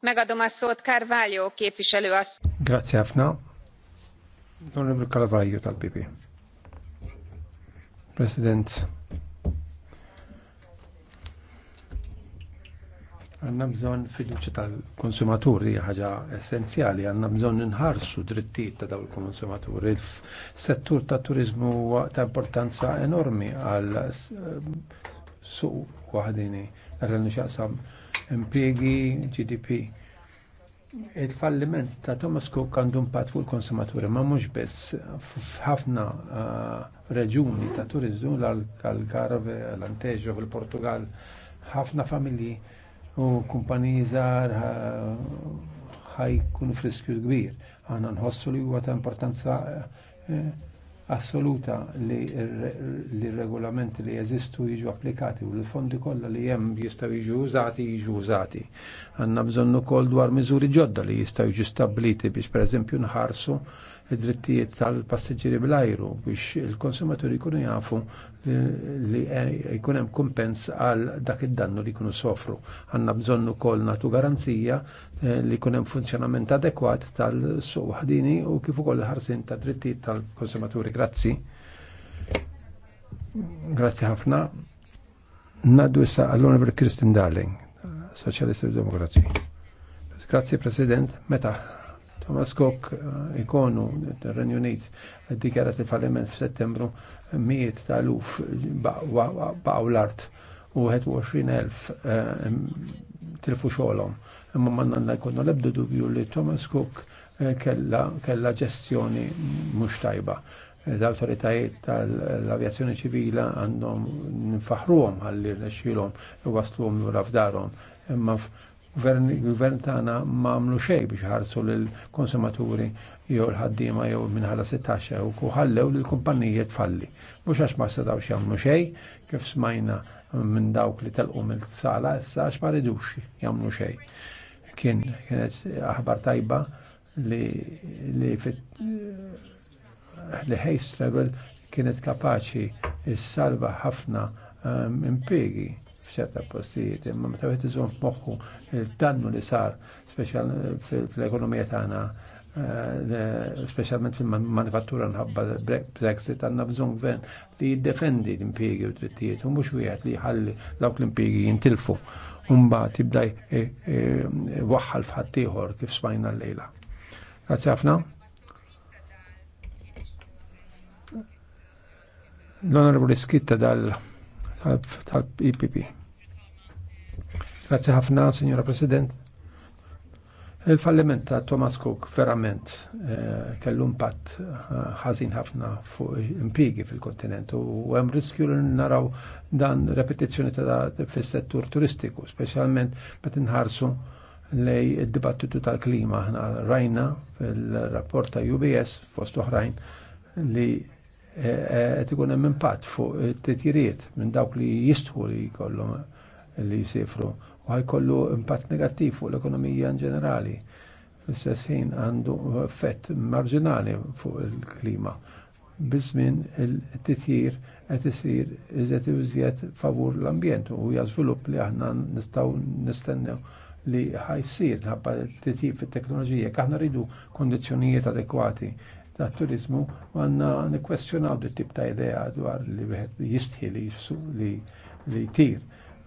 Megadom a szót Carvalho képviselő asszony. Grazie ħafna. Onorevole Carvalho tal-PP. President. Għanna bżon fiduċa tal-konsumaturi ħaġa essenzjali, għanna bżon nħarsu drittijiet ta' dawl konsumaturi. Il-settur ta' turizmu ta' importanza enormi għal eh, suq waħdini. Għal nixaqsam impiegi, GDP. Il-falliment ta' Thomas Cook għandu impatt fuq il-konsumaturi, ma' mhux biss f'ħafna eh, reġuni ta' turizmu l-Algarve, l antejo fil-Portugal, ħafna familji u kumpaniji żgħar eh, ħajkun friskju kbir. Aħna nħossu li huwa ta' importanza eh, assoluta li regolamenti li jeżistu jiġu applikati u l-fondi kollha li hemm jistgħu jiġu użati jiġu użati. Għandna bżonn ukoll dwar miżuri ġodda li jistgħu jiġu stabbliti biex pereżempju nħarsu id-drittijiet tal-passiġġieri bl-ajru biex il-konsumaturi jkunu jafu li eh, jkun hemm kumpens għal dak id-dannu li jkunu sofru. Għandna bżonn ukoll nagħtu garanzija eh, li jkun hemm funzjonament adekwat tal-suq waħdini u kif ukoll ħarsin ta' drittijiet tal-konsumaturi. Grazzi. Grazzi ħafna. Naddu issa għall-Onorevole Kristin Darling, Soċjalisti u Demokratiċi. Grazzi President, meta Thomas Cook eh, ikonu renju Unit dikjarat il-falliment f'Settembru miet tal-uf baqgħu l-art u 21.000 eh, tilfu xogħolhom. Imma manna jkunu l-ebda dubju li Thomas Cook eh, kella ġestjoni mhux tajba l-autoritajiet tal-avjazzjoni ċivila għandhom nfaħruhom għalli rnexxilhom wasluhom lura f'darhom imma gvern tagħna m'għamlu xejn biex ħarsu lill-konsumaturi jew l-ħaddiema jew minħala 16 u ħallew lill kumpanijiet falli. Mhux għax ma sadawx jagħmlu xejn kif smajna minn dawk li telqu mill-sala issa għax ma ridux jagħmlu xejn. Kien kienet aħbar tajba li li fit li Hayes Travel kienet kapaċi salva ħafna ehm, impjegi f'ċerta postijiet, imma meta wieħed iżżomm f'moħħu il-dannu li sar speċjal fil-ekonomija tagħna eh, eh, specialment fil-manifattura nħabba Brexit għanna bżon gvern li jiddefendi l-impiegi u drittijiet u mux wieħed li jħalli dawk l-impiegi jintilfu umba tibda eh, waħħal fħattijħor kif smajna l-lejla. Grazie ħafna. L-Onorevoli Iskitta dal-IPP. Grazzi ħafna, Signora President. Il-falliment ta' Thomas Cook verament eh, kellu impatt eh, ħażin ħafna fuq impigi fil-kontinent u hemm riskju li naraw dan repetizzjoni ta' fis-settur turistiku, speċjalment meta nħarsu lej id-dibattitu tal-klima aħna rajna fil-rapport ta' UBS fost oħrajn li eh, qed ikun hemm impatt fuq it-titjiriet minn dawk li jistħu li jkollhom li jsifru u ħajkollu impatt negattiv fuq l-ekonomija in ġenerali. Fl-istess ħin għandu effett marġinali fuq il-klima. Biżmin il-titjir qed isir iżet iżjed favur l-ambjent u jażvilupp li aħna nistgħu nistennew li ħajsir ħabba titjib fit-teknoloġija. Aħna rridu kondizzjonijiet adekwati tat turizmu għanna nikwestjonaw di tip ta' idea dwar li wieħed jistħi li jissu li li tir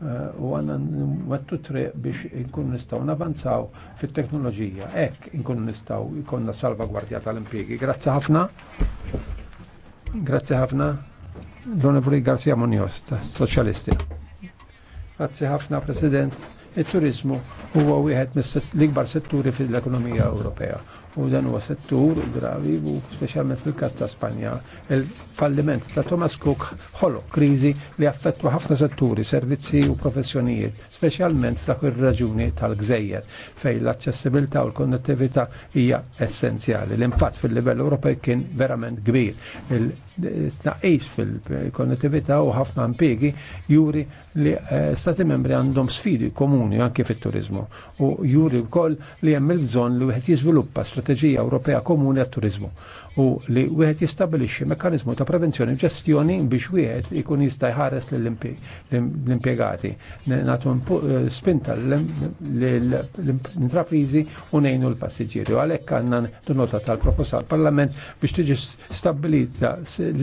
Eh, u għanna nwettu triq biex nkun nistaw navanzaw fit-teknoloġija. Ek nkun nistaw ikonna salvagwardja tal-impiegi. Grazzi ħafna. Grazzi ħafna. L-Onorevoli Garcia Munoz, soċjalisti. Grazzi ħafna, President. Il-turizmu huwa wieħed l-ikbar setturi fil-ekonomija Ewropea u dan huwa settur gravi u speċjalment fil-każ ta' Spanja. Il-falliment ta' Thomas Cook ħoloq kriżi li affettwa ħafna setturi, servizzi u professjonijiet, speċjalment dak ir-raġuni tal-gżejjer fejn l-aċċessibilità u l-konnettività hija essenzjali. L-impatt fil-livell Ewropej kien verament kbir tnaqqis fil-konnettività u ħafna impiegi juri li eh, stati membri għandhom sfidi komuni anke fit-turizmu u juri wkoll li hemm il-bżonn li wieħed jiżviluppa strateġija Ewropea komuni għat-turizmu u li wieħed jistabilixxi mekkaniżmu ta' prevenzjoni u ġestjoni biex wieħed ikun jista' jħares l-impjegati. Nagħtu eh, spinta l-intraprizi u ngħinu l-passiġġieri. U għalhekk għandna dunota tal-proposta tal-Parlament biex tiġi stabbilita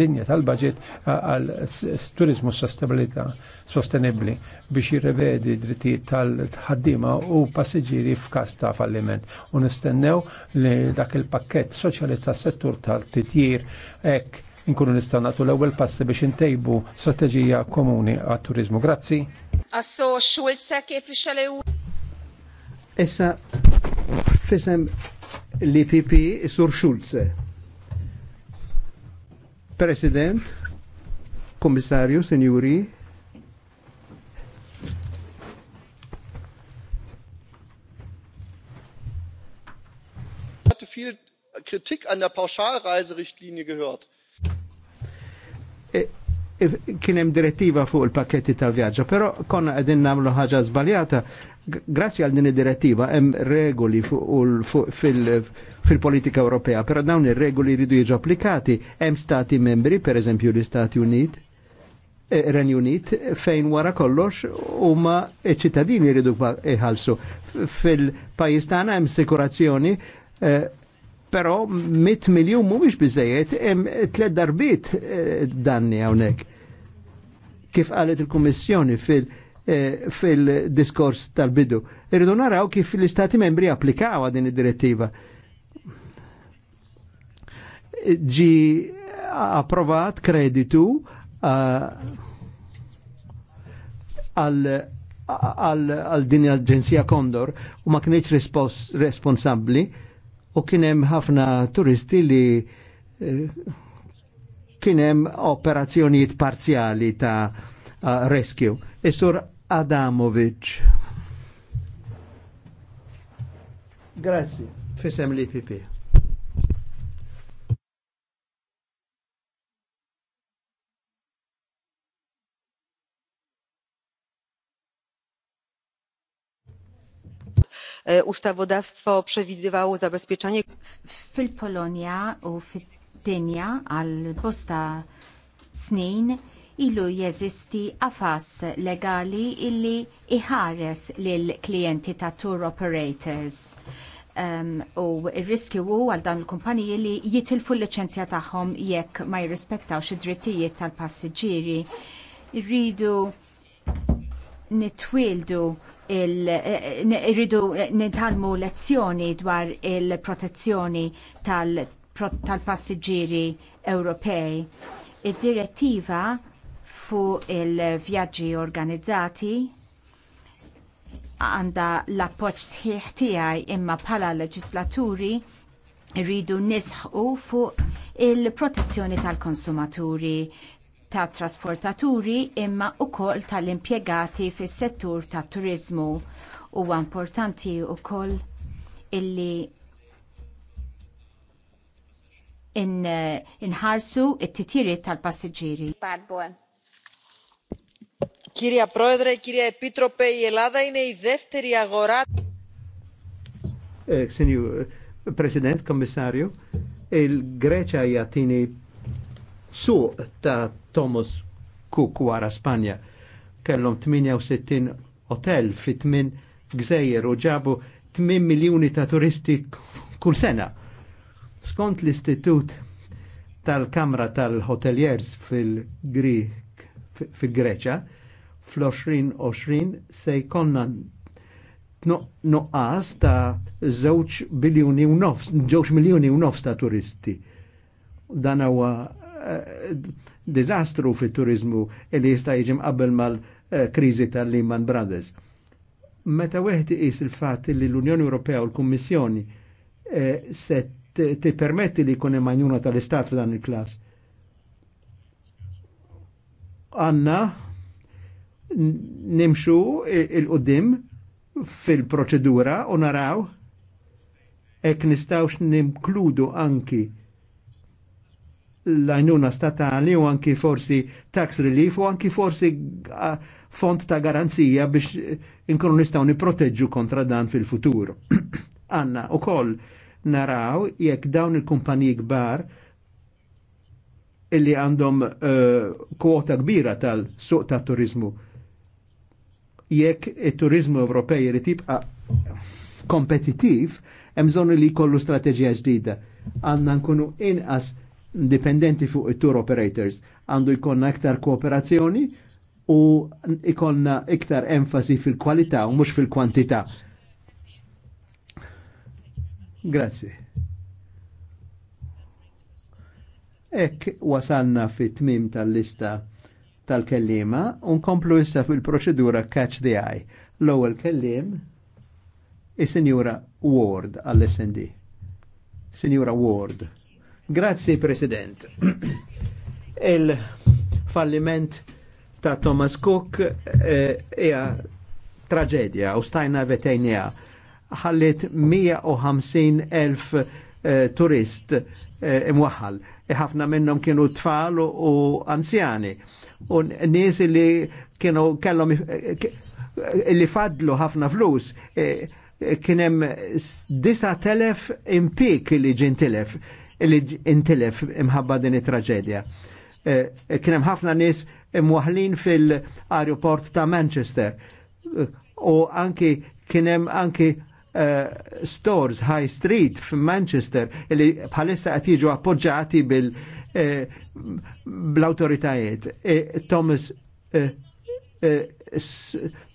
linja tal-budget għal turizmu sostenibilità sostenibli biex jirrevedi drittijiet tal-ħaddima u passiġġieri f'każ ta' falliment. U nistennew li dak il-pakkett soċjali tas-settur tal-titjir hekk inkunu nistgħu nagħtu l-ewwel passi biex intejbu strateġija komuni għat-turiżmu. Grazzi. Asso Schulze kif Issa fisem l-IPP Sur Schulze. President, Kommissarju, Senjuri, kritik an der pauschalreiserichtlinie gehört. E, e, kien hemm direttiva fuq il-pakketti ta' vjaġġa, però konna qegħdin nagħmlu ħaġa żbaljata. Grazzi għal din id-direttiva hemm regoli fil-politika Ewropea, però dawn ir-regoli jridu jiġu applikati. Hemm stati membri, per eżempju l-Istati Unit, e, Renju Unit, fejn wara kollox huma ċ ċittadini jridu jħallsu. Fil-pajjiż tagħna hemm sikurazzjoni Però 100 miljun mhumiex biżejjed hemm darbit eh, danni hawnhekk. Kif qalet il-Kummissjoni fil- eh, fil-diskors tal-bidu. Irridu naraw kif l-istati membri applikawa din id-direttiva. Ġi approvat kreditu eh, għal din l-Aġenzija Kondor u ma kienieċ responsabli u kienem ħafna turisti li eh, kienem operazzjonijiet parziali ta' eh, rescue. Isur Adamovic. Grazie, fisem li pipi. E, ustawodawstwo przewidywało zabezpieczanie. Fil-Polonia u fid-dinja għal bosta snin ilu jeżisti afas legali illi iħares lil klijenti ta' tour operators. Um, u r-riskju hu għal dan il-kumpaniji li jitilfu l-liċenzja tagħhom jekk ma jirrispettawx id-drittijiet tal-passiġġieri. Irridu nitwildu irridu nitalmu lezzjoni dwar il-protezzjoni tal-passiġġieri tal Ewropej. Id-direttiva fuq il-vjaġġi organizzati għandha l appoġġ sħiħ tiegħi imma bħala leġislaturi rridu nisħu fuq il-protezzjoni tal-konsumaturi ta' trasportaturi imma wkoll tal-impjegati fis-settur tat-turiżmu. Huwa importanti wkoll illi inħarsu t it-titjiriet tal-passiġġieri. Kirja Prodre, Kirja Epitrope, Jelada defteri agora. Eh, senju, President, Kommissarju, il-Greċa jatini suq ta' Thomas Cook wara Spanja. Kellhom 68 hotel fi tmin gżejjer u ġabu 8 miljuni ta' turisti kull sena. Skont l-Istitut tal-Kamra tal-Hoteliers fil-Grik fil-Greċa, fl-2020 se jkonna noqqas ta' żewġ biljuni u nofs, żewġ miljuni u nofs ta' turisti. Dan huwa eh, diżastru fit-turizmu li jista' jiġi mqabbel mal-kriżi tal-Lehman Brothers. Meta wieħed is il-fatt li l-Unjoni Ewropea u l-Kummissjoni eh, se tippermetti li jkun hemm tal-Istat f'dan il-klass. Għanna nimxu il qudim fil-proċedura u naraw ek nistawx nimkludu anki l-għajnuna statali u anki forsi tax relief u anki forsi font ta' garanzija biex inkunu nistaw niproteġġu kontra dan fil-futur. Anna u koll naraw jekk dawn il-kumpaniji kbar illi għandhom e, kwota kbira tal-suq ta' turizmu. Jekk il-turizmu Ewropej irid tibqa' kompetittiv, hemm bżonn li jkollu strateġija ġdida. Għandna nkunu inqas dipendenti fuq it-tour operators għandu jkollna iktar kooperazzjoni u ikonna iktar enfasi fil-kwalità u mhux fil-kwantità. Grazzi. Ek wasalna fit tmim tal-lista tal-kellima komplu issa fil-proċedura catch the eye. L-ewwel kellim is-Sinjura Ward għall-SND. Sinjura Ward. Grazzi, President. Il-falliment ta' Thomas Cook hija eh, e, traġedja u stajna vetejnija ħallit 150 elf eh, turist eh, imwaħħal. E ħafna minnhom kienu tfal u anzjani. U nies li kienu kellhom li fadlu ħafna flus kienem 9000 impik li ġintilef. tilef li intilef imħabba din it-traġedja. Eh, eh, kien hemm ħafna nies imwaħlin fil-aeroport ta' Manchester eh, u anki kien hemm anki stores High Street f'Manchester li bħalissa qed jiġu appoġġati bil bl-awtoritajiet. Thomas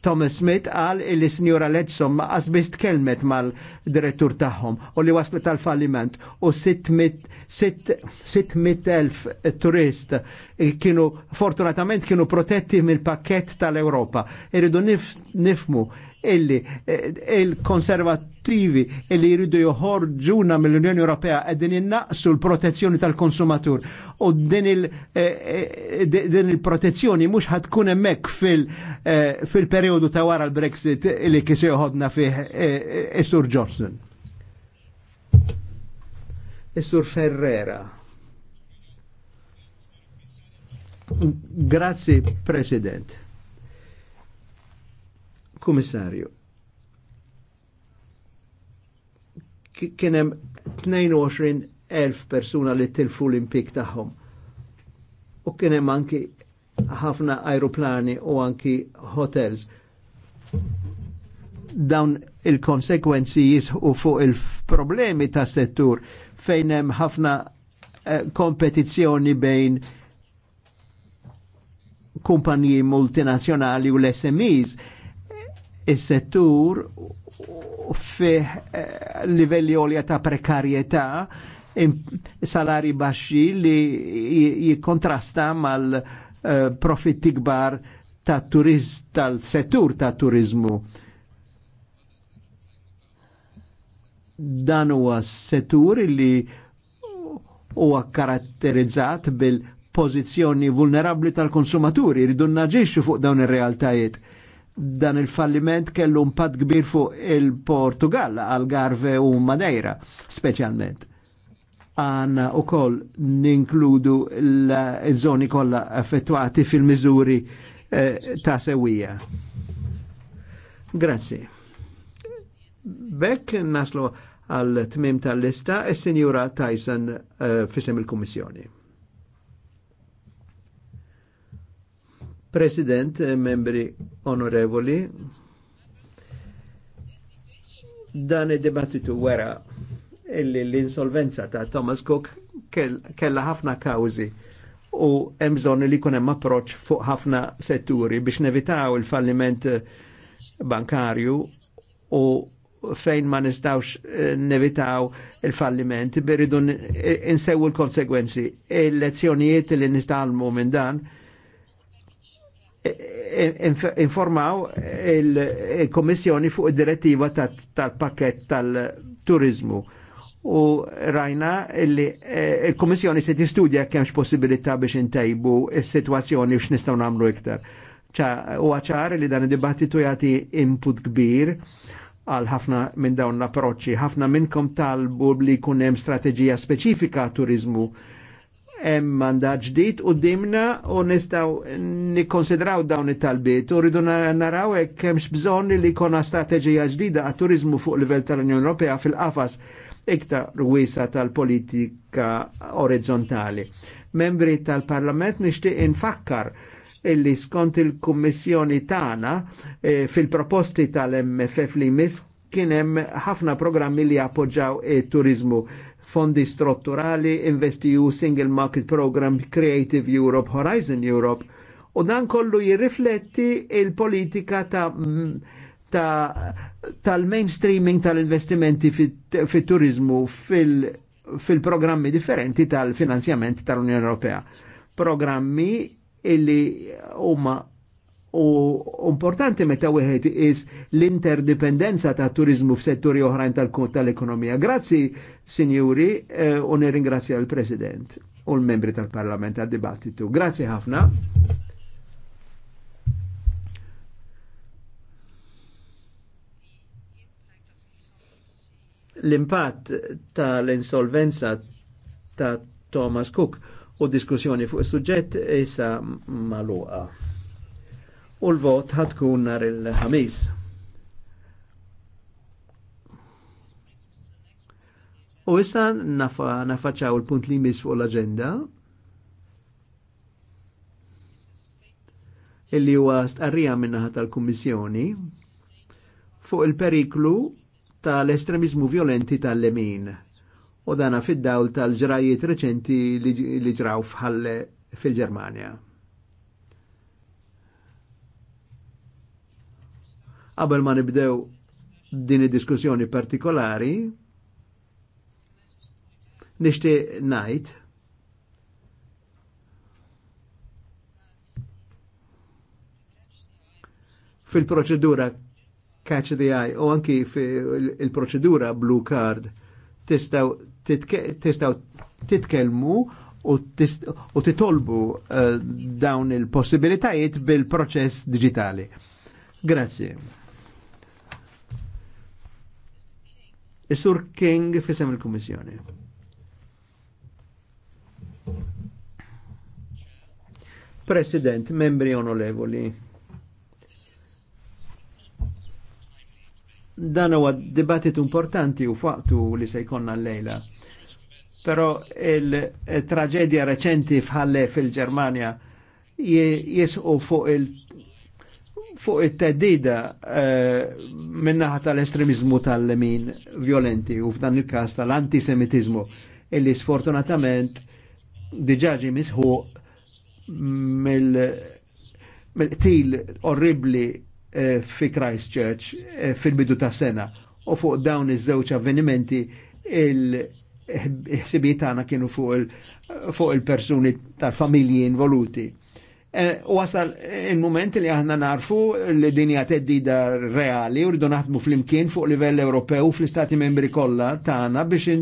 Thomas Smith għal il signora Ledson ma qasbis kelmet mal-direttur tagħhom u li waslu tal-falliment u 600.000 turist kienu fortunatament kienu protetti mill-pakket tal-Europa. Irridu nif, nifmu illi eh, il-konservativi illi jridu joħorġuna mill-Unjoni Ewropea qegħdin innaqsu l-protezzjoni tal-konsumatur u din eh, eh, il-protezzjoni mhux ħatkun hemmhekk fil- Eh, fil-periodu ta' wara l-Brexit li kise joħodna fih Isur eh, eh, Johnson. Isur Ferrera. Grazzi, President. Komissarju. Kienem 22.000 persuna li t tilfu l-impik tagħhom. U kienem anki ħafna aeroplani u anki hotels. Dawn il-konsekwenzi jisħu fuq il-problemi ta' settur fejn hemm ħafna eh, kompetizzjoni bejn kumpanji multinazjonali u l-SMEs. il settur fi eh, livelli olja ta' prekarjetà salari baxxi li jikkontrasta mal- Eh, profitti kbar ta' turist tal-settur ta' turizmu. Dan huwa settur li huwa karatterizzat bil pożizzjoni vulnerabbli tal-konsumaturi, rridu naġiexu fuq dawn ir-realtajiet. Dan il-falliment kellu impatt kbir fuq il-Portugal, Algarve u Madeira, speċjalment għanna u koll ninkludu l zoni kollha effettuati fil mizuri eh, ta' sewija. Grazie. Bekk naslu għal tmim tal-lista e signora Tyson eh, fisem il kommissjoni President, eh, membri onorevoli, dan il debattitu wera l-insolvenza ta' Thomas Cook kella ħafna kawzi u hemm li jkun hemm approċċ fuq ħafna setturi biex nevitaw il-falliment eh, bankarju u fejn ma nistawx eh, nevitaw il-falliment biridu eh, insew l-konsegwenzi. Il-lezzjonijiet li nistalmu minn dan informaw il-Komissjoni fuq id-direttiva tal-pakket tal-turizmu. tal pakket tal turizmu u rajna illi eh, il-Komissjoni se tistudja kemx possibilità biex intajbu is-sitwazzjoni biex nistgħu nagħmlu iktar. U għaċar li dan id-dibattitu jagħti input kbir għal ħafna minn dawn l-approċċi. Ħafna minnkom talbu li jkun hemm strateġija speċifika turizmu hemm mandat ġdid u dimna u nistgħu nikkonsidraw dawn it-talbiet u rridu naraw hekk hemmx bżonn li jkollna strateġija ġdida għat-turiżmu fuq livell tal-Unjoni Ewropea fil-qafas iktar rwisa tal-politika orizzontali. Membri tal-Parlament nixtieq infakkar illi skont il-Kummissjoni Tana e, eh, fil-proposti tal-MFF li mis kienem hemm ħafna programmi li appoġġaw e turizmu fondi strutturali, u Single Market Program, Creative Europe, Horizon Europe, u dan kollu jirrifletti il-politika ta' tal-mainstreaming ta tal-investimenti fit-turizmu fit turizmu fil programmi fil differenti tal-finanzjament tal-Unjoni Ewropea. Programmi illi huma u importanti meta wieħed is l-interdipendenza ta' turizmu f'setturi oħrajn tal-ekonomija. Grazzi, sinjuri, eh, u nirringrazzja l-President u l-membri tal-Parlament għad-dibattitu. Grazzi ħafna. L-impatt tal-insolvenza ta' Thomas Cook u diskussjoni fuq is-suġġett issa maluqa. U l-vot ħatkun nar il-ħamis. U issa nafaċaw il-punt li jmiss fuq l-agenda. Illi huwa stqarrija minnaħa tal-Kummissjoni fuq il-periklu tal-estremizmu violenti tal-lemin u dana fid-dawl tal-ġrajiet reċenti li ġraw fħalle fil-Germania. Qabel ma nibdew din id-diskussjoni partikolari, nishti najt fil-proċedura catch the eye u anki il-proċedura blue card tistaw titkelmu u titolbu eh, dawn il-possibilitajiet bil-proċess digitali. Grazie. Is-Sur King fisem il kommissjoni President, membri onorevoli, Dan huwa dibattitu importanti u faqtu li se jkollna l-lejla. Però il-traġedja eh, reċenti fħalle fil-Ġermanja jisqu fuq il- fuq it-teddida uh, eh, minnaħat tal-estremizmu tal-lemin violenti u f'dan il-kas tal-antisemitizmu illi sfortunatament diġaġi misħu mill-til orribli Eh, fi Christchurch eh, fil-bidu ta' sena u fuq dawn iż-żewġ avvenimenti il-ħsibiet tagħna kienu fuq il-persuni tal-familji involuti. Eh, u wasal il-moment li aħna narfu li din hija teddida reali u rridu naħdmu flimkien fuq livell Ewropew fl-istati membri kollha tagħna biex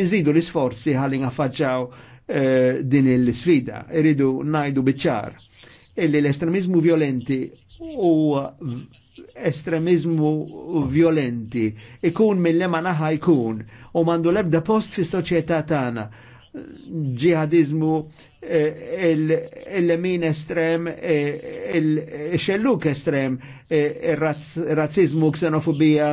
inżidu l-isforzi ħalli naffaġġaw din il-sfida. Irridu biċ-ċar illi l-estremizmu violenti u estremizmu violenti ikun mill-lema naħa ikun u mandu lebda post fi soċieta tana ġihadizmu e, il-lemin estrem, e, il-xelluk estrem, e, il-razzizmu, xenofobija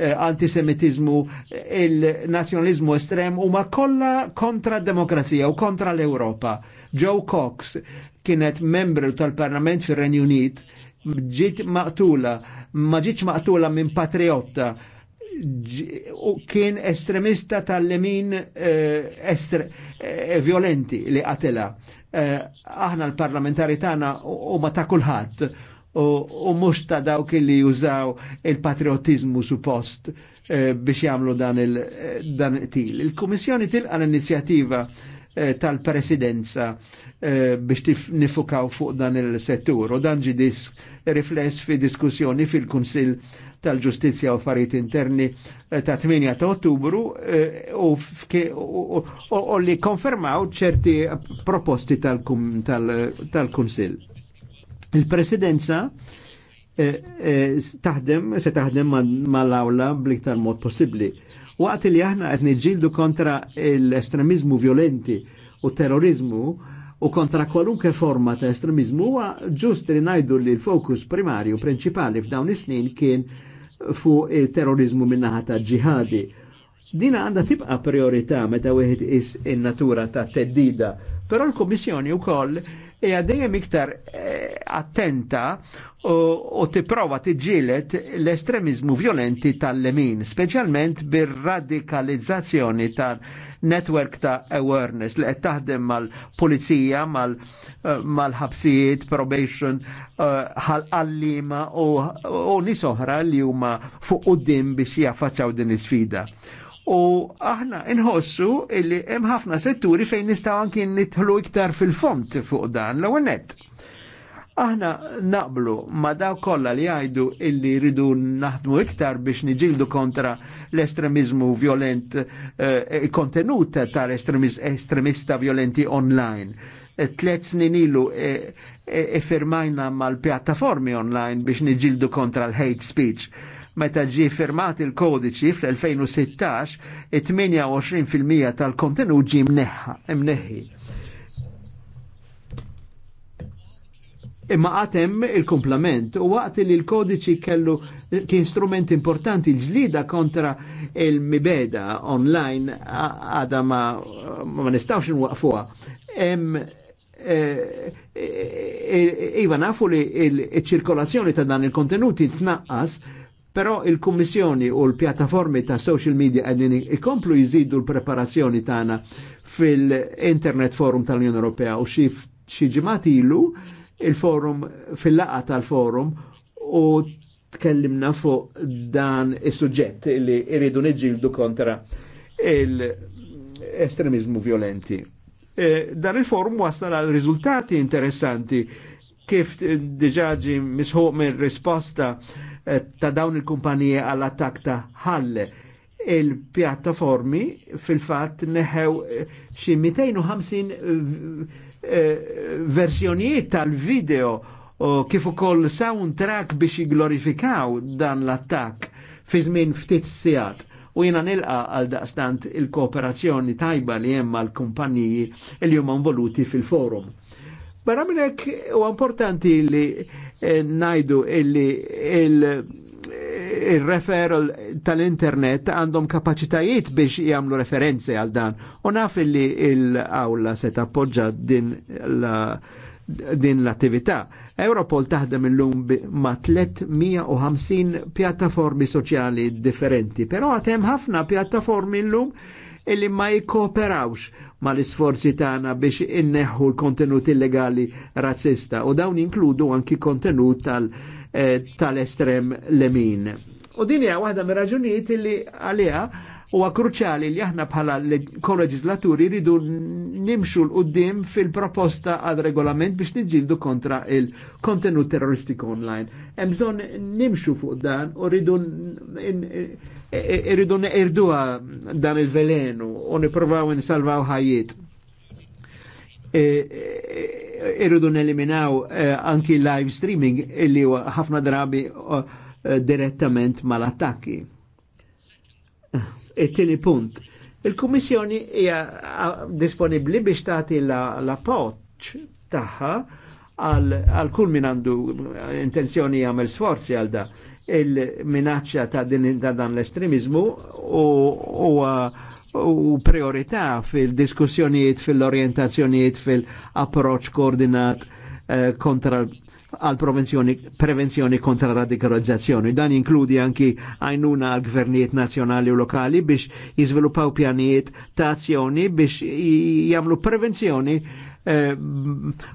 antisemitizmu, il-nazjonalizmu estrem u ma kolla kontra demokrazija u kontra l-Europa. Joe Cox, kienet membru tal-Parlament fir-Renju Unit ġiet maqtula, ma ġietx maqtula minn patriotta u kien estremista tal-lemin eh, eh, violenti li qatela. Eh, aħna l-parlamentari tagħna u ma ta' kulħadd u mhux ta' dawk li jużaw il-patriotizmu suppost biex jagħmlu dan il-til. Il-Kummissjoni tilqa l-inizjattiva tal-Presidenza Eh, biex nifukaw fuq dan il-settur. U dan ġidis rifless fi diskussjoni fil-Kunsil tal-Ġustizja u Affarijiet Interni eh, ta' 8 ta' Ottubru eh, u li konfermaw ċerti proposti tal-Kunsil. Il-Presidenza taħdem, se taħdem mal-awla bliktar mod possibli. Waqt li aħna qed niġġieldu kontra l-estremizmu violenti u terrorizmu, u kontra kwalunkwe forma ta' estremizmu huwa ġust li najdu li l-fokus primarju prinċipali f'dawn is-snin kien fuq il-terrorizmu minnaħa ta' ġihadi. Dina għandha tibqa priorità meta wieħed is in-natura ta' teddida, però l-Kummissjoni wkoll hija dejjem iktar eh, attenta u tipprova tiġġielet l-estremizmu violenti tal-lemin, speċjalment bir-radikalizzazzjoni tal-, -lemin, network ta' awareness li qed taħdem mal-pulizija, eh, mal-ħabsijiet, probation, probation, eh, għallima u nis oħra li huma fuq quddiem biex jaffaċċaw din is-sfida. U aħna inħossu li hemm ħafna setturi fejn nistgħu anki nidħlu iktar fil-font fuq dan l-ewwel nett Aħna naqblu ma daw kollha li jgħidu illi ridu naħdmu iktar biex niġildu kontra l-estremizmu violent, eh, il-kontenut eh, l estremista violenti online. Eh, tlet snin ilu eh, eh, mal-pjattaformi online biex niġildu kontra l-hate speech meta ġi firmat il-kodiċi fl-2016, 28% tal-kontenut ġi mneħħi. imma għatem il-komplement u waqt li l-kodiċi kellu kien strument importanti l-ġlida kontra il-mibeda online għada ma, ma nistawx nwaqfuha. Eh, eh, iva nafu li il-ċirkolazzjoni ta' dan il-kontenuti tnaqqas Però il-Kummissjoni u l-pjattaformi ta' social media għedin ikomplu jizidu l-preparazzjoni tagħna fil-Internet Forum tal-Unjoni Ewropea u xi ġimgħat ilu il-forum fil-laqa tal-forum u tkellimna fuq dan is-suġġett li irridu niġġieldu kontra l-estremizmu violenti. E, dan il-forum wasal għal riżultati interessanti kif diġaġi misħuq minn risposta e, ta' dawn il-kumpanija għall attak ta' ħalle il-pjattaformi fil-fat neħew e, xie 250 verżjonijiet tal-video kif ukoll soundtrack biex jiglorifikaw dan l-attakk fi żmien ftit sigħat. U jiena nilqa għal daqstant il-kooperazzjoni tajba li hemm mal kumpaniji li huma involuti fil-forum. Barra minnek u importanti li eh, najdu illi il- il-referral tal-internet għandhom kapacitajiet biex jagħmlu referenze għal dan. U naf li l-awla se tappoġġa din la din l-attività. Europol taħdem illum ma' 350 pjattaformi soċjali differenti, però għatem ħafna pjattaformi l-lum illi ma jikooperawx ma l-isforzi tagħna biex inneħħu l-kontenut illegali razzista u dawn inkludu anki kontenut tal- Eh, tal-estrem lemin. U din hija waħda mir raġunijiet li għaliha huwa kruċjali li aħna bħala koleġislaturi rridu nimxu l qudiem fil-proposta għal regolament biex niġildu kontra il-kontenut terroristiku online. Hemm bżonn nimxu fuq dan u rridu irridu e- e- e- neqirduha dan il-velenu u nippruvaw insalvaw ħajjiet. E, e, irridu neliminaw e, anki live streaming illi ħafna drabi direttament mal-attakki. It-tieni punt. Il-Kummissjoni hija disponibbli biex tagħti l-appoġġ tagħha għal kull min għandu intenzjoni jagħmel sforzi għal da il-minaċċa ta' din ta' dan l-estremizmu u u uh, u priorità fil-diskussjonijiet, fil-orientazzjonijiet, fil-approċ koordinat eh, kontra għal prevenzjoni kontra radikalizzazzjoni. Dan inkludi anki għajnuna għal gvernijiet nazjonali u lokali biex jizvilupaw pjanijiet ta' azzjoni biex jamlu prevenzjoni eh,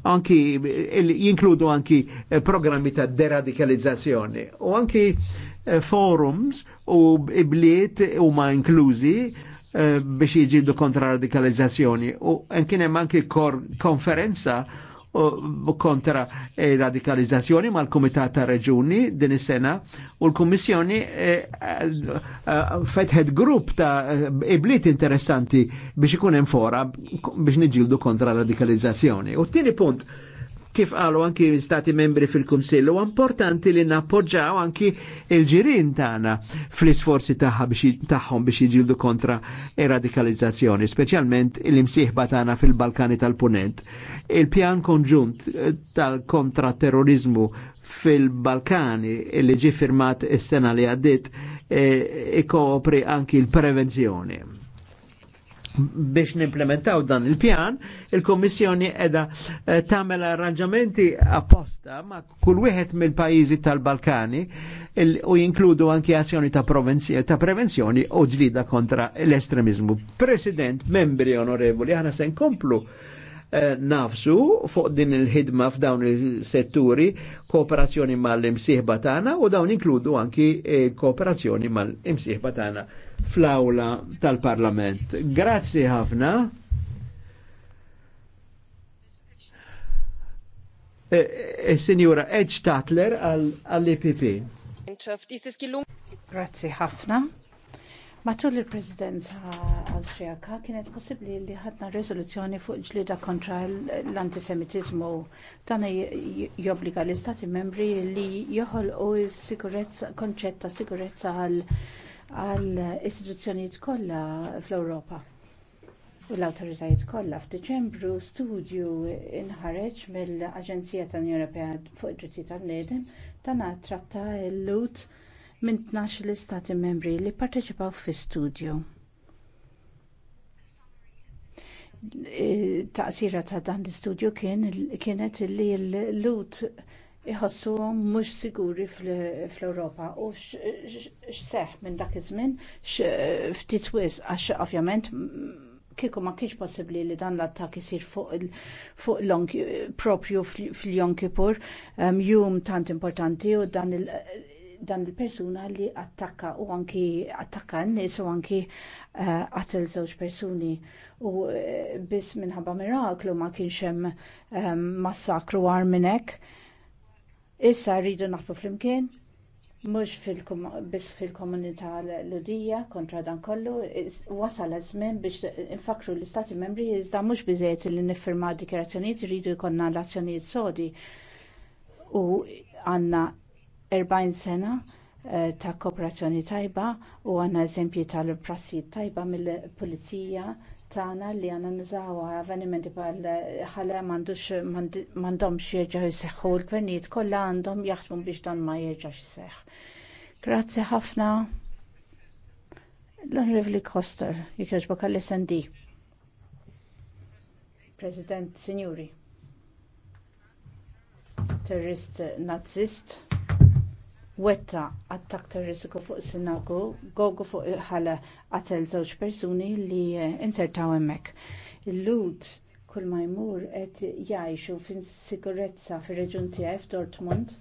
anki jinkludu anki eh, programmi ta' deradikalizzazzjoni u anki eh, forums u bliet u ma' inklużi Eh, biex jiġidu kontra radikalizzazzjoni. U kien hemm anki konferenza kontra eh, radikalizzazzjoni mal kumitat ta' Reġuni din is-sena u l-Kummissjoni eh, fetħet grupp ta' ibliet interessanti biex ikun hemm fora biex niġildu kontra radikalizzazzjoni. U tieni punt kif għalu anki stati membri fil u importanti li nappoġġaw anki il-ġirin tagħna fl-isforzi tagħhom biex jiġildu kontra radikalizzazzjoni, speċjalment l-imsieħba tagħna fil-Balkani tal-Punent. Il-pjan konġunt eh, tal-kontra terrorizmu fil-Balkani li ġi firmat is-sena li għaddit eh, ikopri anki l-prevenzjoni biex nimplementaw dan il-pjan, il-Kommissjoni edha eh, tamel arranġamenti apposta ma' kull wieħed mill-pajjiżi tal-Balkani u jinkludu anki azzjoni ta', ta prevenzjoni u ġlida kontra l-estremizmu. President, membri onorevoli, aħna se nkomplu eh, nafsu fuq din il-ħidma f'dawn il-setturi kooperazzjoni mal-imsieħba tagħna u dawn inkludu anki eh, kooperazzjoni mal-imsieħba tagħna fl-awla tal-Parlament. Grazzi ħafna. E, e, signora Edge Tatler għall epp Grazzi ħafna. Matul il-Presidenza Austriaka kienet possibbli li ħadna rezoluzzjoni fuq ġlida kontra l-antisemitizmu. Dan jobbliga l-Istati membri li joħolqu s-sigurezza, konċett ta' sigurezza għal Għal istituzzjonijiet kollha fl-Ewropa u l-awtoritajiet kollha f'Diċembru studju inħareġ mill-Aġenzija tal-Unjoni Ewropea fuq id dritti tal-Bniedem dan tratta l-lut minn tnax l-istati membri li pparteċipaw fl-istudju. Taqsira ta' dan l-istudju kienet li l-lut iħossuhom mhux siguri fl-Ewropa u x'seħħ minn dak iż-żmien ftit wisq għax ovvjament kieku ma kienx possibbli li dan l-attak isir fuq fuq onk propju fil-Jon Kippur, jum tant importanti u dan il- dan il-persuna li attakka u anki attakka n-nis u anki qatel eh, żewġ persuni u eh, biss minħabba miraklu ma kienx hemm massakru għar minn hekk Issa rridu naħbu flimkien, mhux biss fil-komunità l-udija kontra dan kollu, wasal żmien biex infakru l-Istati membri iżda mhux bizet li niffirma dikjarazzjonijiet rridu jkollna l azzjoniet sodi u għandna 40 sena eh, ta' kooperazzjoni tajba u għandna eżempji tal-prassi tajba mill-pulizija tagħna li għandna niżgħu avvenimenti bħal ħala m'għandhomx jerġa' jseħħu l-gvernijiet kollha għandhom jaħdmu biex dan ma jerġax iseħħ. Grazzi ħafna. L-Onorevoli Koster, jikreġbok għall-SND. President, Signori terrorist nazist Wetta' attakk terroristiku fuq gogu fuq il-ħala qatel żewġ persuni li eh, insertaw hemmhekk il-lud kull ma jmur qed jgħixu fin-sigurezza fir-reġjun tiegħi f'dortmund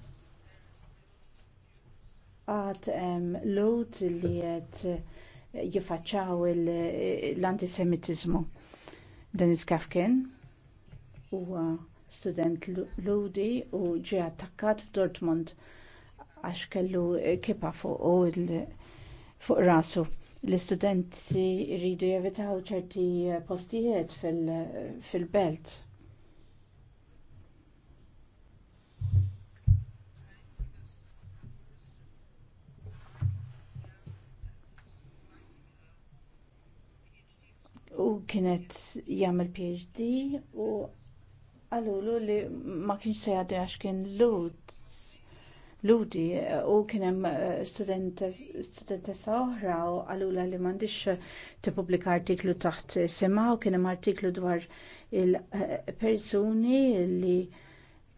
għad hemm lud li qed eh, jiffaċċjaw eh, l-antisemitiżmu Denis Kafkin huwa student ludi u ġie attakkat f'Dortmund għax kellu kipa fuq fuq rasu. L-istudenti jridu jevitaw ċerti postijiet fil-belt. fil u kienet jagħmel PhD u għalulu li ma kienx se jgħaddu għax kien lud ludi eh, u kien hemm eh, studentessa oħra u għalula li m'għandix eh, tippubblika artiklu taħt sema u kien hemm artiklu dwar il-persuni li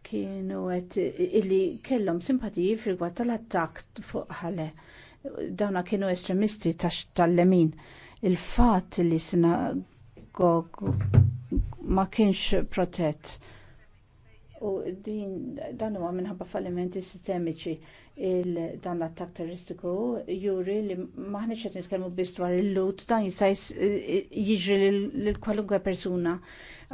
kienu qed li kellhom simpatiji fil tal-attakk fuq ħale. Dawna kienu estremisti tal-lemin. Il-fatt li sinagogu ma kienx protett u din dan huwa minħabba fallimenti sistemiċi dan l-attak terroristiku juri li maħniex qed nitkellmu biss dwar il-lut dan jista' jiġri lil kwalunkwe persuna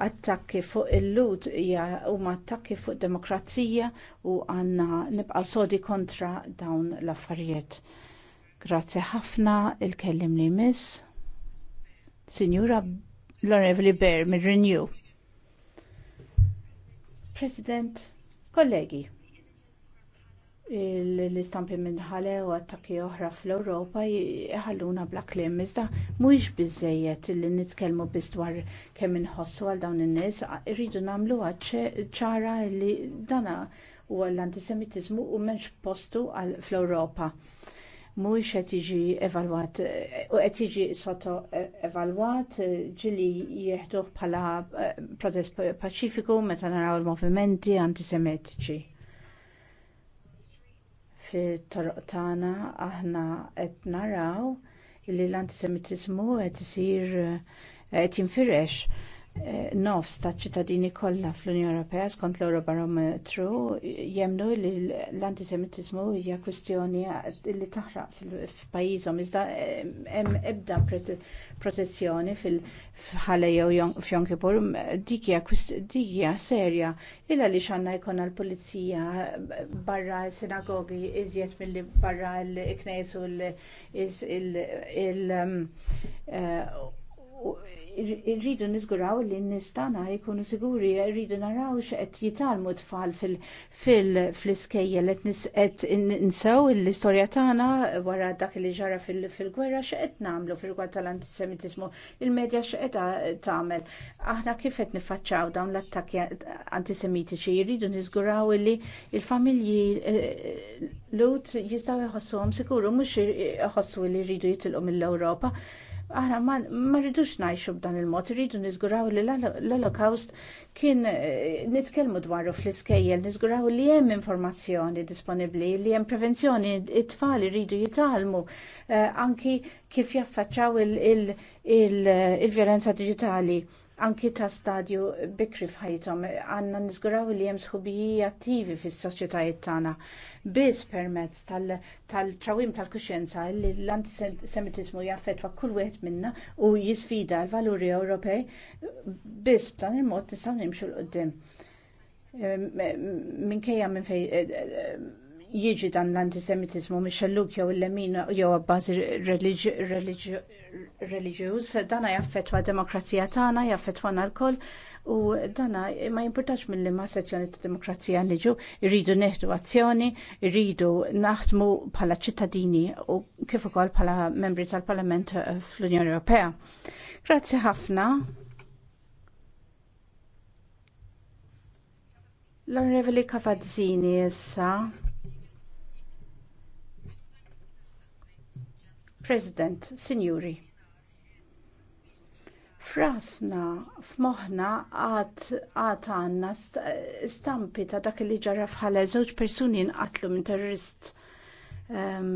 attakki fuq il-lut hija huma attakki fuq demokrazija u għandna nibqa' sodi kontra dawn l-affarijiet. Grazzi ħafna il-kellim li miss. Signora Lorevli Bear mir-Renew. President, kollegi, l-istampi ħale u attakki oħra fl-Ewropa jħalluna bla klim iżda mhuwiex biżżejjed li nitkellmu biss dwar kemm inħossu għal dawn in-nies irridu nagħmlu ċara li dana huwa l antisemitiżmu u m'hemmx postu fl-Ewropa mhux qed jiġi evalwat u qed jiġi sotto evalwat eh, ġili jieħduh bħala eh, protest paċifiku meta naraw il-movimenti antisemitiċi. Fit-toroq tagħna aħna qed naraw li l-antisemitiżmu qed isir eh, qed jinfirex Eh, nofs ta' ċittadini kollha fl-Unjoni Ewropea skont l-Eurobarometru jemnu li l-antisemitiżmu hija kwistjoni li taħraq f'pajjiżhom iżda eh, hemm ebda protezzjoni fil-ħale jew f'Jon Kippur dik hija serja illa għaliex għandna jkollna l-pulizija barra s-sinagogi iżjed milli barra l-iknejsu l- um, eh, Irridu niżguraw li n-nistana jkunu siguri, irridu naraw x'qed jitalmu tfal fil-iskejjel, qed nsew l-istorja tagħna wara dak li ġara fil-gwerra x'qed nagħmlu fil-rigward tal-antisemitiżmu, il-medja x'qed tagħmel. Aħna kif qed niffaċċaw dawn l-attakki antisemitiċi, jridu niżguraw li l familji eh, lut jistgħu jħossuhom sikuru mhux jħossu li rridu jitilqu mill-Ewropa Aħna ma rridux ngħixu b'dan il-mod, rridu niżguraw li l-Holocaust kien eh, nitkellmu dwaru fl-iskejjel, niżguraw li hemm informazzjoni disponibbli, li hemm prevenzjoni, it-tfal rridu jitalmu eh, anki kif jaffaċċaw il-vjolenza digitali anki ta' stadju bikri f'ħajthom għandna niżguraw li hemm sħubiji attivi fis-soċjetajiet tagħna biss permezz tal-trawim tal-kuxjenza li l-antisemitiżmu jaffettwa kull wieħed minna u jisfida l-valuri Ewropej biss b'dan il-mod nistgħu nimxu l qudiem ehm, minkejja minn fejn jiġi dan l-antisemitizmu miex xelluk jew il-lemin jew bażi reliġjuż, dana jaffetwa demokrazija tagħna, jaffettwana l u dana ma jimpurtax mill ma sezzjoni ta' demokrazija ġu, irridu neħdu azzjoni, irridu naħdmu bħala ċittadini u kif ukoll bħala membri tal-Parlament fl-Unjoni Ewropea. Grazzi ħafna. L-Onorevoli Cavazzini issa. President, Sinjuri. Frasna, f'moħħna għad għandna stampi ta' dak li ġara fħala żewġ persuni nqatlu minn terrorist. Um,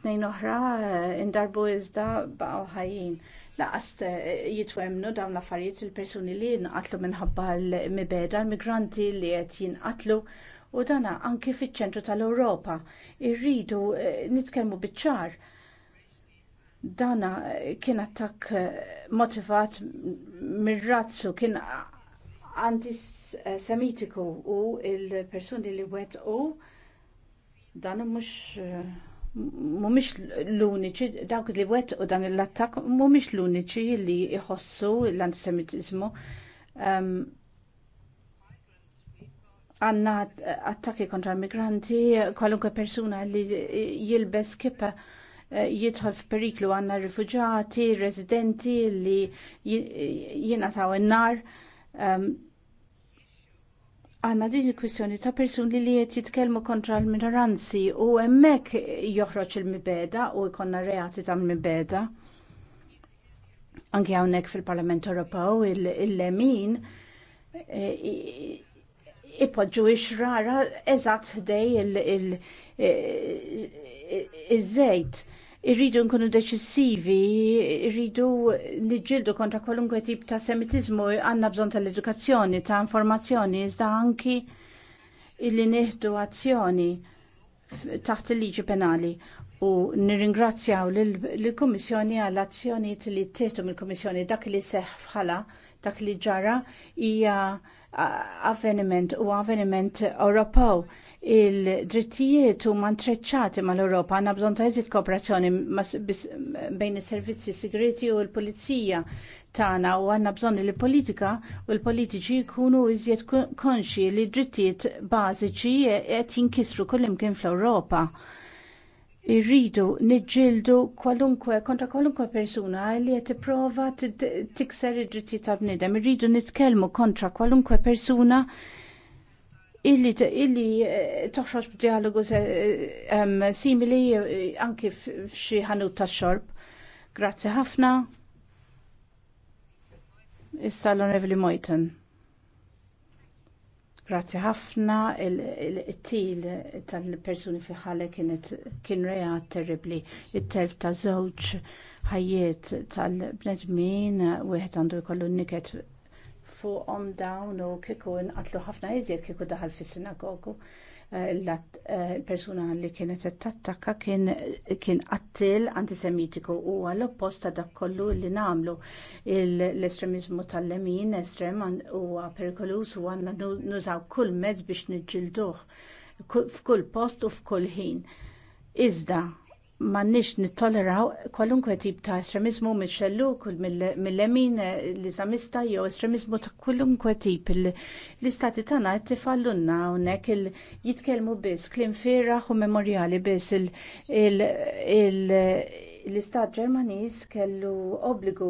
Tnejn oħra eh, indarbu iżda baqgħu ħajjin. Laqas eh, jitwemnu dawn l-affarijiet il-persuni li nqatlu minħabba l-mibeda, l-migranti li qed jinqatlu u dana anki fiċ-ċentru tal-Ewropa. Irridu eh, nitkellmu biċ-ċar Dana kien attak eh, motivat mir-razzu kien antisemitiku u l persuni li wet u dan mhux eh, mhumiex l-uniċi dawk li wet u dan l-attak mhumiex l-uniċi li jħossu l-antisemitiżmu għanna attakki kontra l-migranti, eh, kwalunkwe persuna li jilbes kipa jidħol f'periklu għandna rifuġati, residenti li jingħataw in-nar. Għanna din il kwissjoni ta' persuni li qed jitkellmu kontra l-minoranzi u hemmhekk joħroġ il-mibeda u jkollna reati ta' mibeda. Anke hawnhekk fil-Parlament Ewropew il-lemin ipoġġu ix-xrara eżatt ħdej il-żejt irridu nkunu deċissivi, irridu niġġieldu kontra kwalunkwe tip ta' semitizmu għandna bżonn tal-edukazzjoni, ta' informazzjoni, iżda anki illi nieħdu azzjoni taħt il-liġi penali. U nirringrazzjaw l kummissjoni għall azzjonijiet li ttieħdu mill-Kummissjoni dak li seħħ bħala dak li ġara hija avveniment u avveniment Ewropew il-drittijiet huma ntreċċati mal-Ewropa għandna bżonn ta' eżit kooperazzjoni bejn is-servizzi siguriti u l-pulizija tagħna u għandna bżonn li l-politika u l-politiċi jkunu iżjed konxi li drittijiet bażiċi qed jinkisru kullimkien fl-Ewropa irridu niġġieldu kwalunkwe kontra kwalunkwe persuna li qed tipprova tikser id-drittijiet tal-bniedem, irridu nitkellmu kontra kwalunkwe persuna illi illi eh, toħroġ b'dialogu eh, simili eh, anki f'xi ħanut tax-xorb. Grazzi ħafna. Issa l-Onorevoli Mojten. Grazzi ħafna il-til tal-persuni fi ħale kien reat terribli. Il-telf ta' żewġ ħajiet tal-bnedmin, wieħed għandu jkollu niket fuqhom dawn u kieku nqatlu ħafna iżjed kieku daħal fis-sinagogu eh, l eh, persuna li kienet tattakka kien qattil antisemitiku u għall-oppost ta' dak kollu li nagħmlu l-estremizmu tal-lemin estrem huwa perikolus u għandna nużaw kull mezz biex nġilduħ f'kull post u f'kull ħin. Iżda M'għandniex nittoleraw kwalunkwe tip ta' estremizmu mix kull mill-lemin eh, l-Islamista jew estremizmu ta' kwalunkwe tip. L-istati tagħna qed tifallunna hawnhekk jitkellmu biss klim fieraħ u memorjali biss il- l-istat ġermaniż kellu obbligu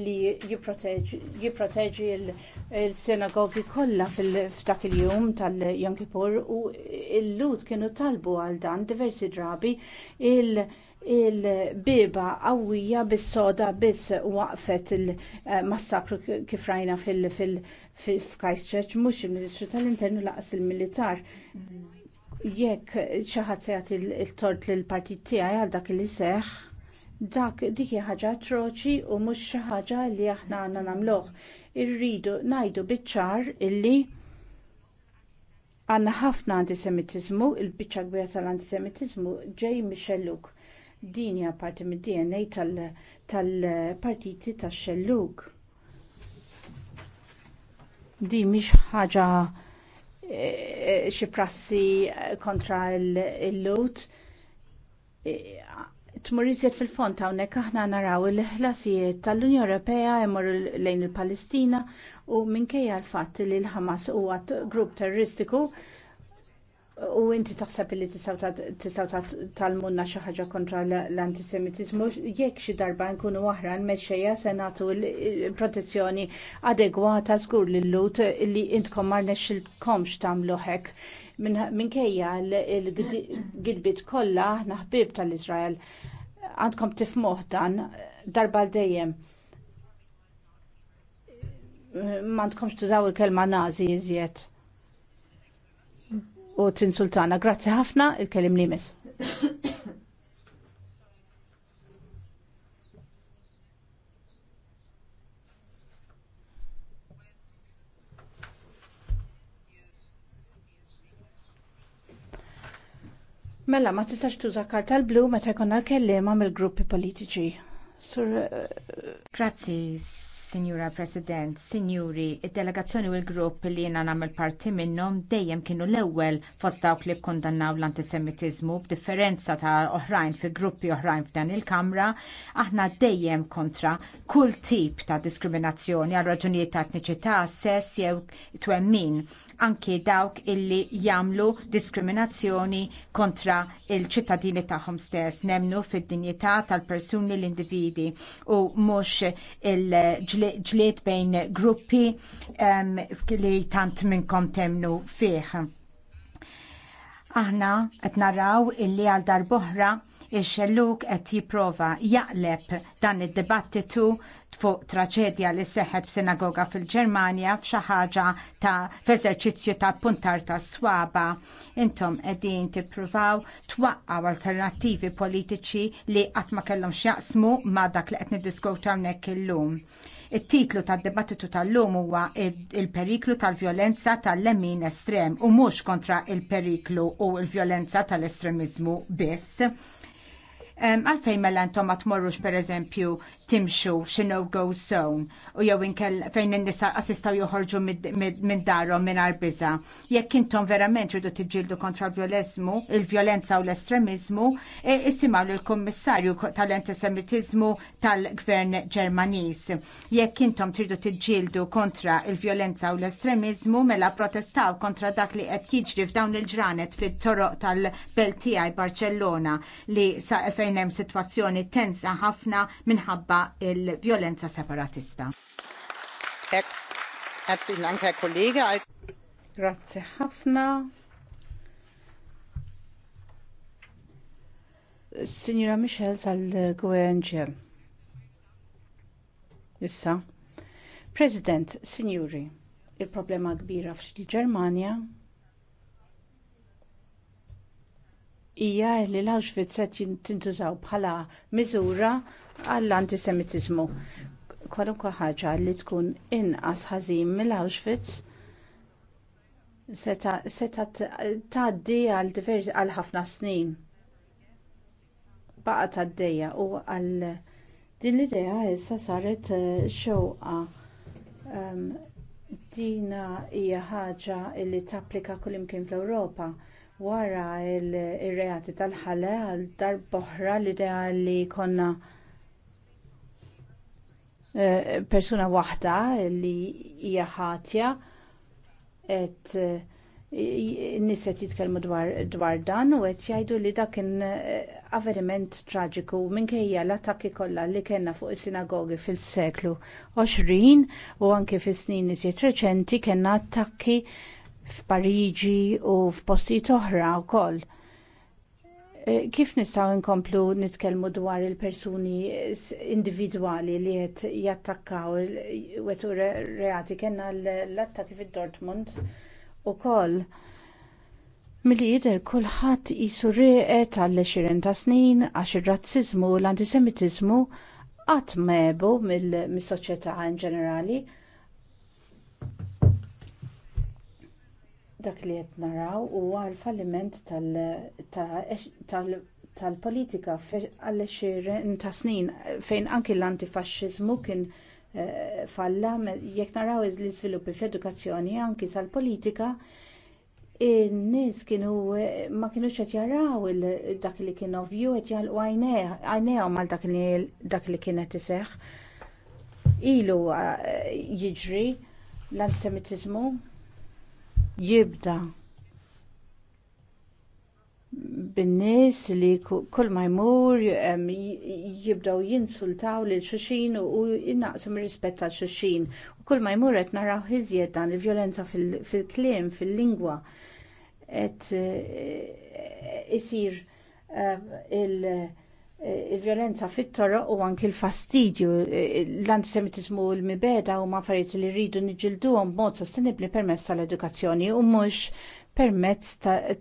li jipproteġi l-sinagogi kollha f'dak il-jum tal-Yom Kippur u l lut kienu talbu għal dan diversi drabi il-biba qawwija bis-soda biss waqfet il-massakru eh, kif rajna fil-Christchurch mhux il-Ministru tal-Internu laqas il-Militar. Mm-hmm jekk xi ħadd se jagħti l-tort lill partit tiegħi għal dak li seħħ, dak dik hija ħaġa atroċi u mhux xi ħaġa li aħna għandna nagħmluh. Irridu ngħidu biċ-ċar illi għandna ħafna antisemitiżmu, il-biċċa kbira tal-antisemitiżmu ġej mix-xelluk. Din hija parti mid-DNA tal-partiti tax-xelluk. Din mhix ħaġa xi prassi kontra l-lut. E, tmur iżjed fil-fond hawnhekk aħna naraw il-ħlasijiet tal-Unjoni Ewropea jmorru lejn il-Palestina u minkejja l-fatt li l-Ħamas huwa grupp terroristiku u inti taħseb li tistaw tal-munna xi ħaġa kontra l-antisemitiżmu jekk xi darba nkunu oħran mexxejja se nagħtu protezzjoni adegwata żgur lil lut li intkom ma rnexxilkomx tagħmlu hekk. Minkejja l-gidbit kollha aħna ħbieb tal-Iżrael għandkom tifmuh dan darba dejjem. Ma għandkomx tużaw il-kelma nażi iżjed u tinsultana. Grazzi ħafna il-kelim li mis. Mela, ma tistax tuża karta l-blu meta jkollna l-kelliema mill-gruppi politiċi. Sur, eh, Grazzi, Signora President, Signori, id-delegazzjoni u l-grupp li jena namel parti minnom dejjem kienu l-ewwel fost dawk li kondannaw l-antisemitizmu b'differenza ta' oħrajn fi gruppi oħrajn f'dan il-Kamra, aħna dejjem kontra kull tip ta' diskriminazzjoni għal raġunijiet ta' etniċità, sess jew twemmin, anki dawk illi jagħmlu diskriminazzjoni kontra il-ċittadini tagħhom stess, nemnu fid-dinjità tal-persuni l-individi u mhux il ġlied bejn gruppi li tant minnkom temnu fih. Aħna qed naraw illi għal darboħra ix-xelluk qed jipprova jaqleb dan id-dibattitu fuq traċedja li seħħet sinagoga fil-Ġermanja f'xi ħaġa ta' f'eżerċizzju ta' puntar ta' swaba. Intom qegħdin tippruvaw twaqqgħu alternattivi politiċi li qatt ma kellhom x'jaqsmu ma' dak li qed niddiskutaw hawnhekk illum. It-titlu tad-dibattitu tal-lum huwa il-periklu tal-vjolenza tal lemmin estrem u mhux kontra il-periklu u l-vjolenza il periklu u l vjolenza tal estremizmu biss. Għalfejn mela intom ma tmorrux pereżempju timxu f'xi go zone u jew inkell fejn in-nisa assistaw joħorġu minn darhom mingħajr biża. Jekk intom verament ridu tiġġieldu kontra l-vjoleżmu, il-vjolenza u l-estremiżmu, e, isimgħu lill-Kummissarju tal-antisemitiżmu tal-Gvern Ġermaniż. Jekk intom tridu tiġġieldu kontra il-vjolenza u l-estremiżmu mela protestaw kontra dak li qed jiġri f'dawn il-ġranet fit-toroq tal-Beltijaj Barcellona li sa fejn hemm sitwazzjoni tensa ħafna minħabba kontra il violenza separatista. Grazie ħafna. Signora Michel tal-Gwenġel. Issa. President, Signori, il-problema kbira fil-Germania hija li l-Auschwitz qed jintużaw bħala miżura għall-antisemitizmu. Kwalunkwe ħaġa li tkun inqas ħażin mill-Auschwitz seta tgħaddi għal diversi għal ħafna snin. Baqa tgħaddejja u għal din l-idea issa saret eh, xewqa um, dina hija ħaġa li tapplika kullimkien fl-Ewropa wara r reati tal-ħale għal boħra, l-idea li konna Eh, persuna waħda li hija ħatja qed eh, nies qed jitkellmu dwar dan u qed jgħidu li dak kien eh, avveniment traġiku minkejja l-attakki kollha li kellna fuq is-sinagogi fis-seklu 20 u anke fis-snin iżjed reċenti kellna attakki f'Pariġi u f'postijiet oħra wkoll Kif nistgħu nkomplu nitkellmu dwar il-persuni individwali li qed jattakkaw wetu reati kellna l-attakki fid-Dortmund ukoll milli jidher kulħadd isu rieqet għall xirin ta' snin għax ir-razziżmu u l-antisemitiżmu qatt mebu mis-soċjetà in ġenerali dak li qed naraw huwa l-falliment tal-politika għal xiren ta' snin fejn anki l-antifaxxiżmu kien eh, falla jekk naraw l-iżviluppi fl-edukazzjoni anki sal-politika in-nies kienu ma kinux qed jaraw dak li kien ovvju qed jalqu għajnejhom għal dak li kien qed iseħħ ilu eh, jiġri l-antisemitiżmu jibda bin-nies li kull ma jmur jibdaw jinsultaw lil xulxin u innaqsam mir rispett għal xulxin. U kull ma jmur qed naraw iżjed dan il-vjolenza fil-kliem, fil-lingwa qed eh, isir eh, il- il-violenza fit toro u anki l-fastidju, l-antisemitizmu u l-mibeda huma affarijiet li rridu niġilduhom b'mod sostenibbli permezz tal-edukazzjoni u mhux permezz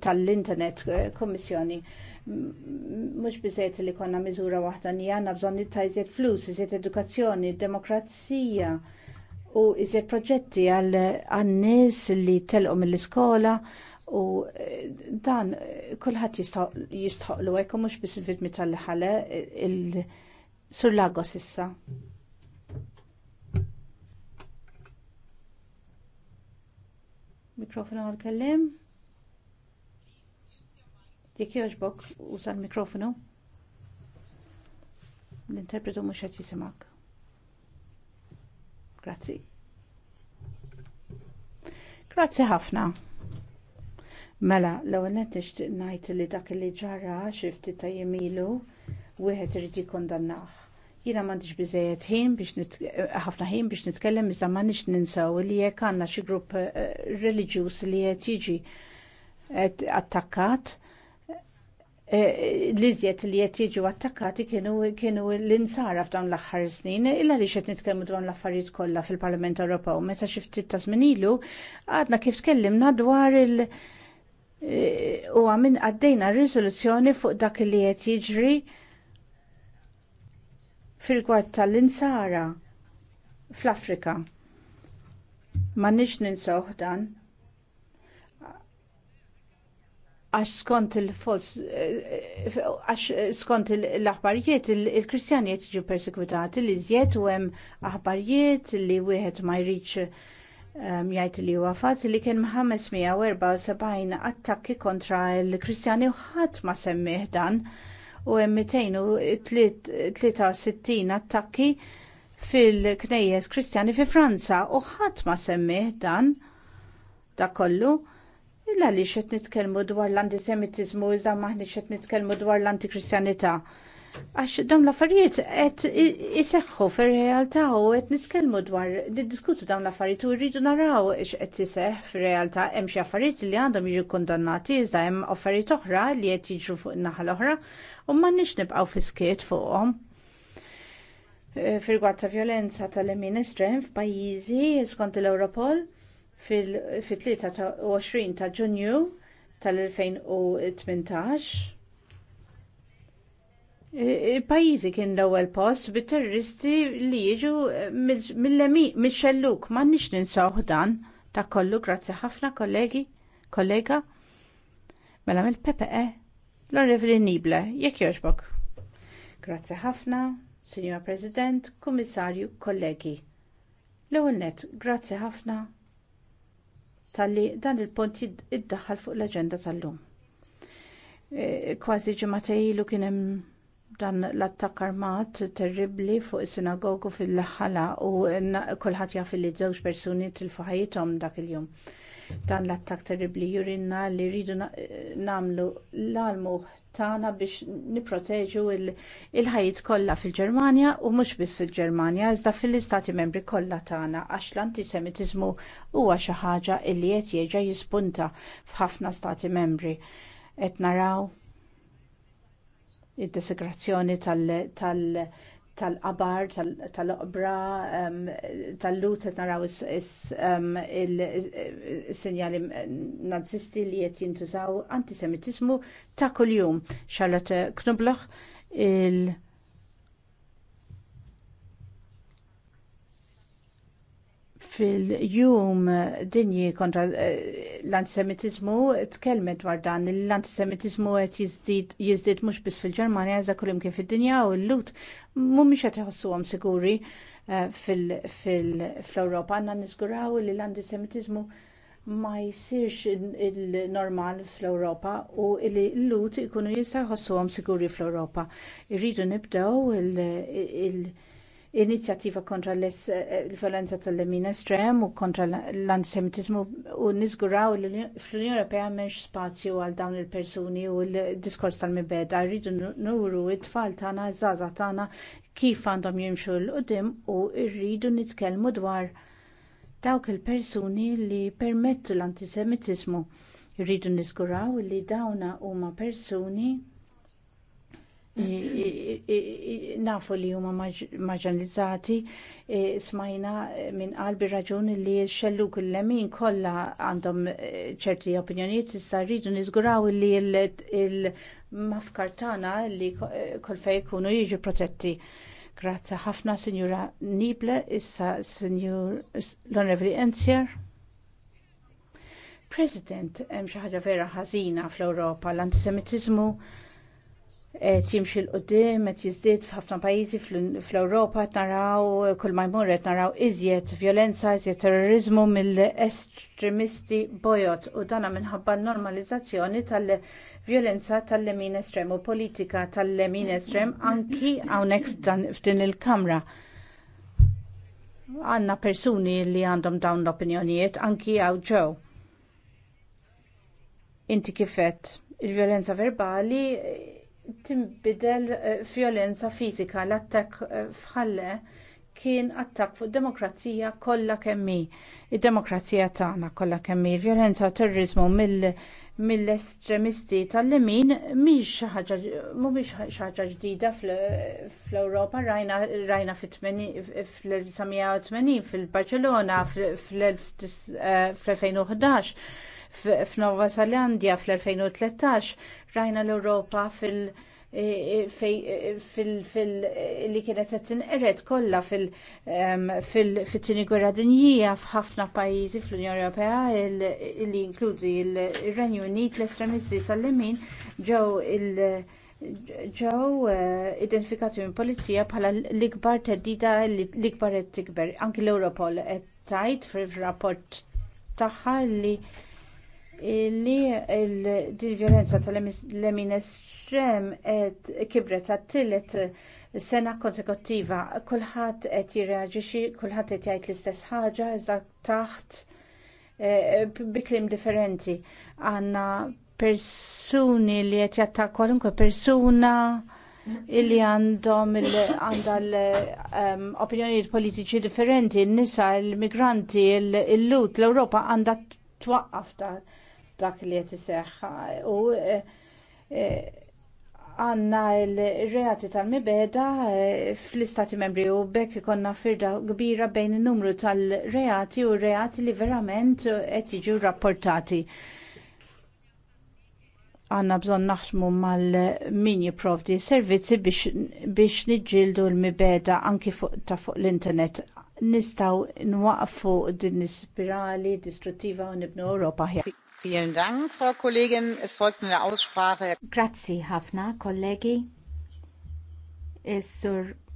tal-internet eh, kommissjoni. Mhux biżejt li konna miżura waħda li għandna bżonn ta' iżjed flus, iżjed edukazzjoni, demokrazija u iżjed proġetti għal nies li telqu mill-iskola u eh, dan eh, kulħadd jistħoqlu hekk u mhux biss eh, il vitmi tal-ħale il-sur lago sissa. Mikrofonu għal-kellim. Jek joġbok, uża l-mikrofonu. L-interpretu mhux qed jisimak. Grazzi. Grazzi ħafna. Mela, l-ewwel nett nixtieq ngħid li dak li ġara xi ftit ta' jemilu wieħed irid jikkondannah. Jiena m'għandix biżejjed ħin biex ħafna ħin biex nitkellem iżda m'għandix ninsaw li jekk għandna xi grupp eh, reliġjuż li qed jiġi attakkat eh, l-iżjed li qed jiġu attakkati kienu l-insara f'dawn l-aħħar snin illa li xed nitkellmu dwar l-affarijiet kollha fil-Parlament Ewropew meta xi ftit ta' ilu għadna kif tkellimna dwar il- u għamin għaddejna r-riżoluzzjoni fuq dak li qed jiġri fil-gwad tal-insara fl-Afrika. M'għandniex ninsaw dan. Għax skont il-fos, għax skont l-aħbarijiet, il-Kristjani qed jiġu persekwitati li żjed u hemm aħbarijiet li wieħed ma jridx jgħid li huwa fatt li kien Mohammed 174 attakki kontra l-Kristjani u ħadd ma semmih dan u hemm 263 attakki fil-knejjes Kristjani fi Franza u ħadd ma semmih dan dak kollu illa li qed nitkellmu dwar l-antisemitiżmu iżda maħniex qed nitkellmu dwar l-antikristjanità għax dawn l-affarijiet qed iseħħu fir-realtà u qed nitkellmu dwar niddiskutu dawn l-affarijiet u rridu naraw x'qed iseħħ fir-realtà hemm xi affarijiet li għandhom jiġu kundannati iżda hemm affarijiet oħra li qed jiġu fuq in-naħa l-oħra u m'għandniex nibqgħu fiskiet fuqhom. E, fil ta' violenza tal-emin estrem f'pajjiżi skont l-Europol fil-23 ta' Ġunju tal-2018 il Pajizi kien l-ewwel post bit-terroristi li jiġu mill-xelluk ma nix ninsaw dan ta' kollu grazzi ħafna kollegi, kollega. Mela mill-PPE, l-Onrevli Nibla, jekk jogħġbok. Grazzi ħafna, Sinjora President, Kummissarju, kollegi. L-ewwel nett, grazzi ħafna talli dan il-punt iddaħħal fuq l-aġenda tal-lum. Eh, kważi ġimgħa ilu kien hemm dan l-attakk armat terribbli fuq is-sinagogu fil-ħala u kulħadd jaf li żewġ persuni tilfu ħajjithom dak il-jum. Dan l-attakk terribbli jurinna li rridu nagħmlu l-almu tagħna biex nipproteġu il-ħajjit kollha fil-Ġermanja u mhux biss fil-Ġermanja iżda fil-Istati Membri kollha tagħna għax l-antisemitiżmu huwa xi ħaġa li qed jerġa' jispunta f'ħafna Stati Membri. Qed naraw id-desegrazzjoni tal-qabar, tal-oqbra, tal-lut qed naraw is-sinjali nazisti li qed jintużaw antisemitiżmu ta' kuljum. Charlotte Knobloch il- fil-jum dinji kontra eh, l-antisemitizmu tkellmet dwar dan l-antisemitizmu qed jiżdied mhux biss fil-Ġermanja iżda kulim kif id-dinja u l-lut mhumiex qed iħossuhom siguri eh, fil-Ewropa għandna niżguraw li l-antisemitizmu ma jsirx il-normal fl-Ewropa u li l-lut ikunu jista' jħossuhom siguri fl-Ewropa. Irridu nibdew il inizjattiva kontra eh, l-violenza tal-lemin estrem u kontra l-antisemitizmu u nizguraw fl-Unjoni Ewropea m'hemmx spazju għal dawn il-persuni u l-diskors tal-mibeda rridu nuru it-tfal tagħna żgħażagħ tagħna kif għandhom jimxu l-qudiem u rridu nitkellmu dwar dawk il-persuni li permettu l-antisemitizmu. Rridu niżguraw li dawna huma persuni nafu li huma marġanalizzati e, smajna e, minn qalbi raġuni li x kull lemin kollha għandhom e, ċerti opinjonijiet issa rridu niżguraw li l-mafkar tagħna li kol fejn ikunu jiġu protetti. Grazzi ħafna Sinjura Nible, issa Sinjur l-Onorevoli Enzier. President, hemm xi ħaġa vera ħażina fl-Ewropa l-antisemitiżmu timxi l-qoddim, qed jiżdied f'ħafna pajjiżi fl-Ewropa qed naraw kull ma jmur qed naraw iżjed violenza, iżjed terrorizmu mill-estremisti bojot u dana minħabba l-normalizzazzjoni tal-violenza tal-lemin estrem u politika tal-lemin estrem anki hawnhekk f'din il-Kamra. Għandna persuni li għandhom dawn l-opinjonijiet anki għaw ġew. Inti kifet il-violenza verbali tinbidel eh, vjolenza fiżika l-attakk eh, f'ħalle kien attakk fuq id demokrazija kollha kemm hi. Id-demokrazija tagħna kollha kemm hi. Vjolenza u terrorizmu mill-estremisti tal-lemin mhumiex xi ħaġa ġdida fl-Ewropa rajna rajna fil-1980 fil-Barċelona fl-2011 f'Nova Zelandja fl-2013 rajna l-Ewropa e, e, e, fil- fil li kienet qed tinqered kollha fit-tieni gwerra dinjija f'ħafna pajjiżi fl-Unjoni Ewropea li inkludi l-Renju Unit l-estremisti tal-lemin ġew il ġew identifikati minn pulizija bħala l-ikbar theddida l-ikbar qed tikber. Anki l-Europol qed tgħid fir-rapport tagħha li li l-violenza tal-lemin estrem kibret għat-tielet sena konsekuttiva kulħadd qed jirreaġixxi, kulħadd qed jgħid l-istess ħaġa eżak taħt eh, biklim differenti. Għandna persuni li qed jattak kwalunkwe persuna illi għandhom l-opinjonijiet ehm, politiċi differenti, n-nisa, l-migranti, l-lut, l-Ewropa għandha twaqqaf tal dak li qed iseħħ u eh, eh, għandna l-reati tal-mibeda eh, fl-istati membri u bekk ikonna firda kbira bejn in numru tal-reati u reati li verament qed jiġu rapportati. Għanna bżon naħdmu mal-min jiprovdi servizzi biex, biex niġġieldu l-mibeda anki ta' fuq l-internet nistaw nwaqfu din l-spirali distruttiva u nibnu Ewropa ħja. Vielen Dank, Frau Kollegin. Es folgt eine Aussprache. Grazie, Hafna, kollegi. is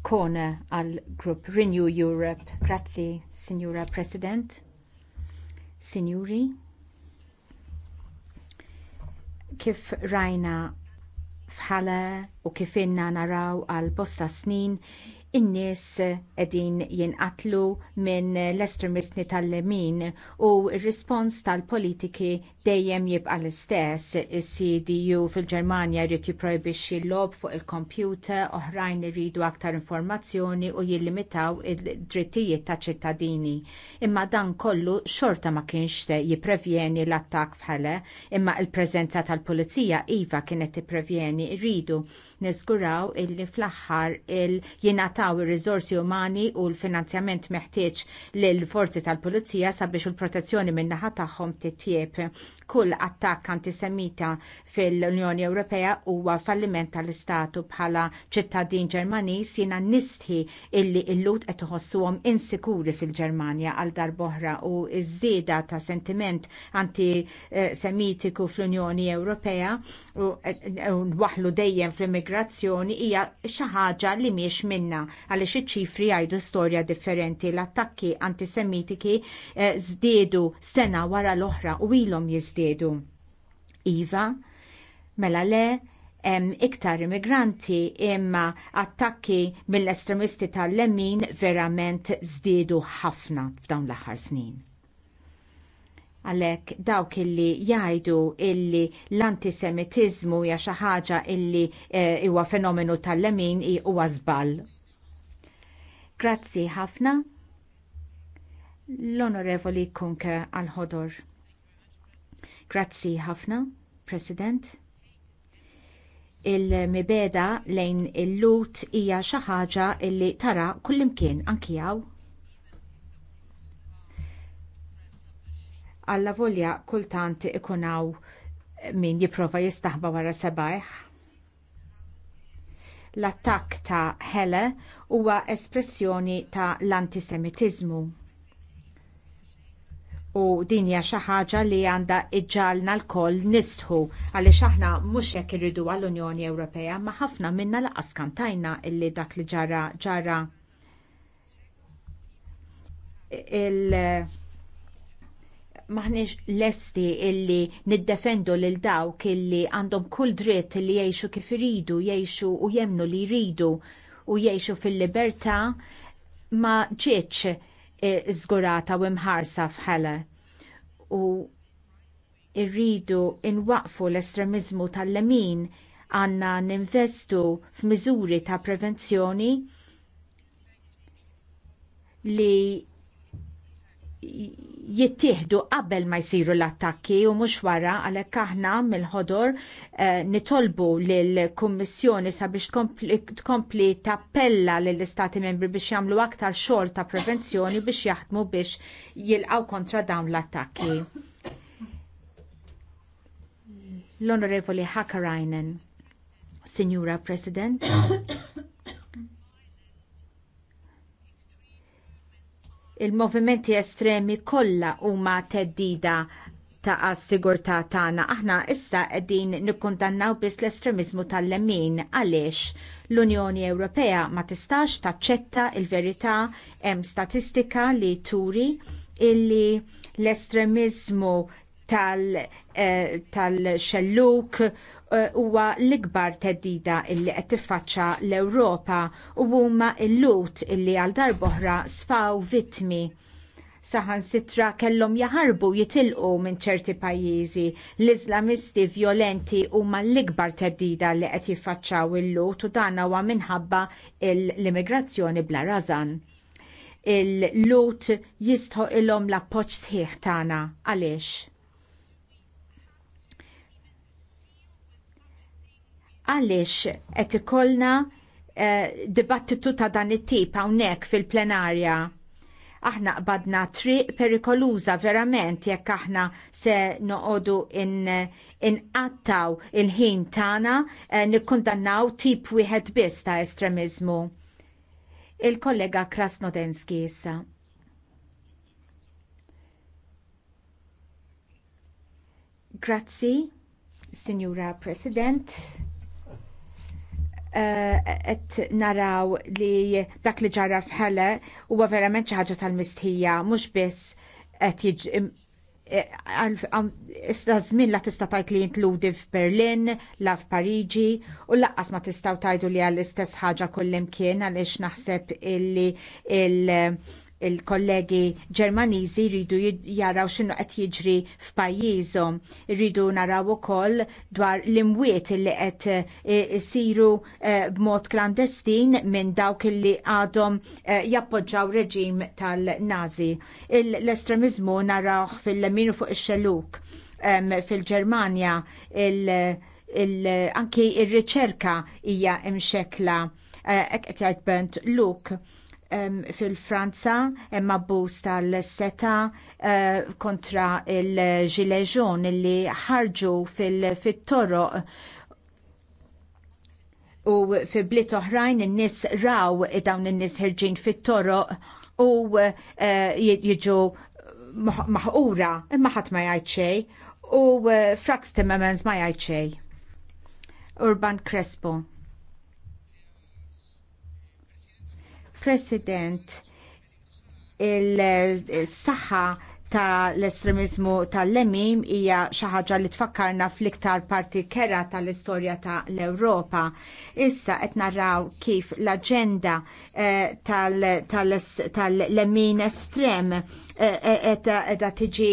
Kone al Group Renew Europe. Grazie, Signora President. Signori. Kif rajna fħala u kif inna naraw għal bosta snin in-nies qegħdin jinqatlu minn l-estremisti tal-lemin u r-rispons tal-politiki dejjem jibqa l-istess. Is-CDU fil-Ġermanja jrid jipprojbixxi l-lob fuq il-kompjuter, oħrajn iridu aktar informazzjoni u jillimitaw id-drittijiet ta' ċittadini. Imma dan kollu xorta ma kienx se jipprevjeni l-attakk bħala, imma l preżenza tal-pulizija iva kienet tipprevjeni rridu neżguraw illi fl-aħħar il jingħataw ir-riżorsi umani u l-finanzjament meħtieġ lill forzi tal-pulizija sabiex il-protezzjoni min-naħa tagħhom titjieb. Kull attakk antisemita fil-Unjoni Ewropea huwa falliment tal-Istatu bħala ċittadin Ġermaniż jiena nistħi illi l-lut qed iħossuhom insikuri fil-Ġermanja għal darb'oħra u iż-żieda ta' sentiment antisemitiku fl-Unjoni Ewropea u waħlu dejjem fl migrazzjoni hija xi ħaġa li mhijiex minnha għaliex iċ-ċifri jgħidu storja differenti. L-attakki antisemitiki eh, żdiedu sena wara l-oħra u ilhom jiżdiedu. Iva, mela le, hemm iktar immigranti imma attakki mill-estremisti tal-lemin verament żdiedu ħafna f'dawn l-aħħar snin. Għalhekk dawk illi jgħidu illi l-antisemitiżmu hija xi ħaġa illi eh, huwa e, fenomenu tal-lemin huwa żball. Grazzi ħafna. L-Onorevoli Kunke għal-ħodor. Grazzi ħafna, President il-mibeda lejn il-lut hija xi ħaġa li tara kullimkien anki hawn. alla volja kultant ikunaw min jipprova jistaħba wara sebaħ. L-attakk ta' Hele huwa espressjoni ta' l-antisemitiżmu. U din hija xi ħaġa li għandha iġġalna lkoll nistħu għaliex aħna mhux hekk irridu għall-Unjoni Ewropea ma ħafna minna laqas kantajna illi dak li ġara ġara il- maħniex lesti illi niddefendu lil dawk illi għandhom kull dritt li jgħixu kif iridu, jgħixu u jemnu li jridu u jgħixu fil-libertà ma ġietx żgurata eh, u imħarsa fħala. U rridu inwaqfu l-estremiżmu tal-lemin għandna ninvestu f'miżuri ta' prevenzjoni li jittieħdu qabel ma jsiru l-attakki u mhux wara għalhekk aħna mill-ħodor eh, nitolbu lill-Kummissjoni sabiex tkompli tappella lill-Istati membri biex jagħmlu aktar xogħol ta' prevenzjoni biex jaħdmu biex jilqgħu kontra dawn l-attakki. L-Onorevoli Hakarainen, Signora President. il-movimenti estremi kollha huma theddida ta' sigurtà tagħna. Aħna issa qegħdin nikkundannaw biss l-estremiżmu tal-lemin għaliex l-Unjoni Ewropea ma tistax taċċetta l verità hemm statistika li turi illi l-estremiżmu eh, tal-xelluk tal Eh, huwa l-ikbar teddida illi qed tiffaċċa l-Ewropa u huma l-lut illi għal darb'oħra sfaw vittmi saħansitra kellhom jaħarbu jitilqu minn ċerti pajjiżi. L-Iżlamisti vjolenti huma l-ikbar teddida li qed jiffaċċaw il-lut u dan huwa minħabba l-immigrazzjoni bla rażan. Il-lut jistħu ilhom l-appoġġ sħiħ tagħna għaliex? għaliex qed ikollna eh, dibattitu ta' dan it-tip hawnhekk fil-plenarja aħna qbadna triq perikoluża verament jekk aħna se noqogħdu inqattaw in il-ħin tagħna eh, nikkundannaw tip wieħed biss ta' estremiżmu. Il-kollega Krasnodenski issa. Grazzi, Signora President qed eh, naraw li dak li ġara f'ħele huwa verament xi ħaġa tal-mistħija mhux biss qed jiġi eh, Issa żmien la tista' tajt li jinkludi f'Berlin, la f'Pariġi u laqqas ma tistgħu tajdu li għall-istess ħaġa kullimkien għaliex naħseb illi il- il-kollegi Ġermaniżi jridu jaraw x'inhu qed jiġri f'pajjiżhom, jridu naraw ukoll dwar l-imwiet li qed e, isiru e, b'mod klandestin minn dawk li għadhom e, jappoġġaw reġim tal-Nazi. L-estremizmu narawh fil-leminu fuq ix-xeluk fil-Ġermanja anki ir-riċerka hija imxekla qed jgħid Bernd Luke fil-Franza hemm abbuż tal-seta eh, kontra il-ġileġon li ħarġu fil-toroq u fi bliet oħrajn in-nies raw dawn in-nies ħirġin fit-toroq u eh, jiġu maħqura imma ħadd ma jgħid xejn u eh, Frax Timmermans ma jgħid xejn. Urban Crespo. President, il-saħħa tal-estremizmu tal-lemim hija xi ħaġa li tfakkarna fl-iktar parti kera tal-istorja tal ewropa Issa qed naraw kif l-aġenda eh, tal-lemin estrem qiegħda eh, eh, tiġi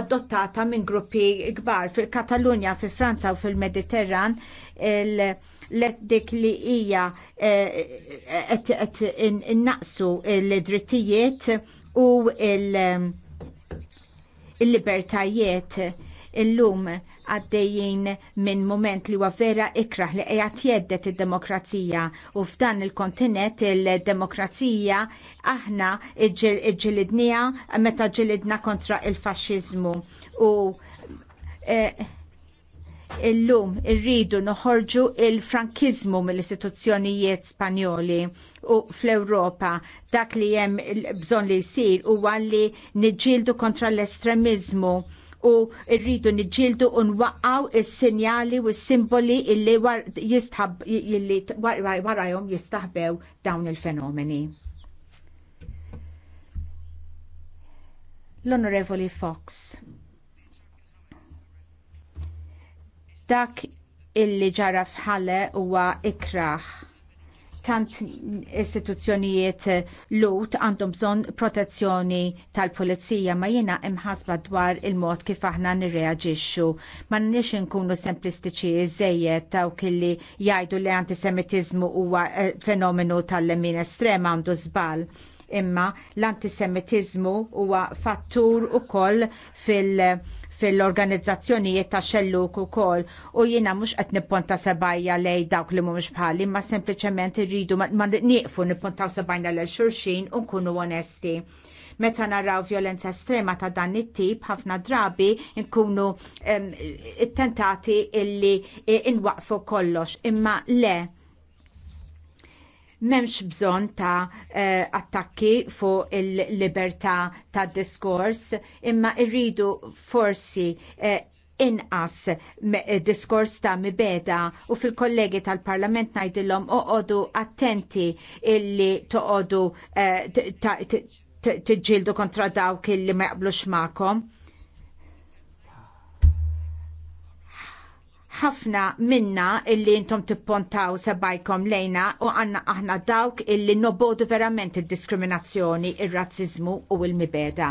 adottata minn gruppi kbar fil-Katalunja, fil-Franza u fil-Mediterran let dik li hija eh, eh, qed innaqsu l-drittijiet u l-libertajiet illum għaddejjin minn moment li huwa vera ikraħ li qiegħed jeddet id-demokrazija u f'dan il-kontinent il-demokrazija aħna iġġilidnija meta ġilidna kontra il-faxxiżmu u eh, illum irridu noħorġu il-frankizmu mill-istituzzjonijiet Spanjoli u fl-Ewropa dak li hemm bżonn li jsir huwa li niġġieldu kontra l-estremizmu u rridu niġġieldu u nwaqqaw s sinjali u s-simboli illi warajhom jistaħbew dawn il-fenomeni. L-Onorevoli Fox. Dak illi ġara fħalle huwa ikraħ. Tant istituzzjonijiet lut għandhom bżonn protezzjoni tal-pulizija ma jiena imħasba dwar il-mod kif aħna nirreagixxu. Ma nix inkunu semplistiċi iżejjed taw illi jgħidu li antisemitiżmu huwa eh, fenomenu tal-lemin estrem għandu żball imma l-antisemitiżmu huwa fattur ukoll fil- fil-organizzazzjonijiet ta' xelluk ukoll u jiena mhux qed nipponta sebajja lej dawk li mhumiex bħalli, ma sempliċement irridu ma nieqfu nipponta sebajna lil xulxin u nkunu onesti meta naraw violenza estrema ta' dan it-tip ħafna drabi nkunu tentati illi inwaqfu kollox imma le M'hemmx bżonn ta' eh, attakki fuq il-libertà tad diskors, imma rridu forsi eh, inqas diskors ta' mibeda u fil-kollegi tal-parlament ngħidilhom oqogħdu attenti illi toqogħdu eh, tiġġieldu kontra dawk illi ma jaqblux magħkom. ħafna minna illi intom tippontaw sabajkom lejna u għanna aħna dawk illi nobodu verament il-diskriminazzjoni, il-razzizmu u il-mibeda.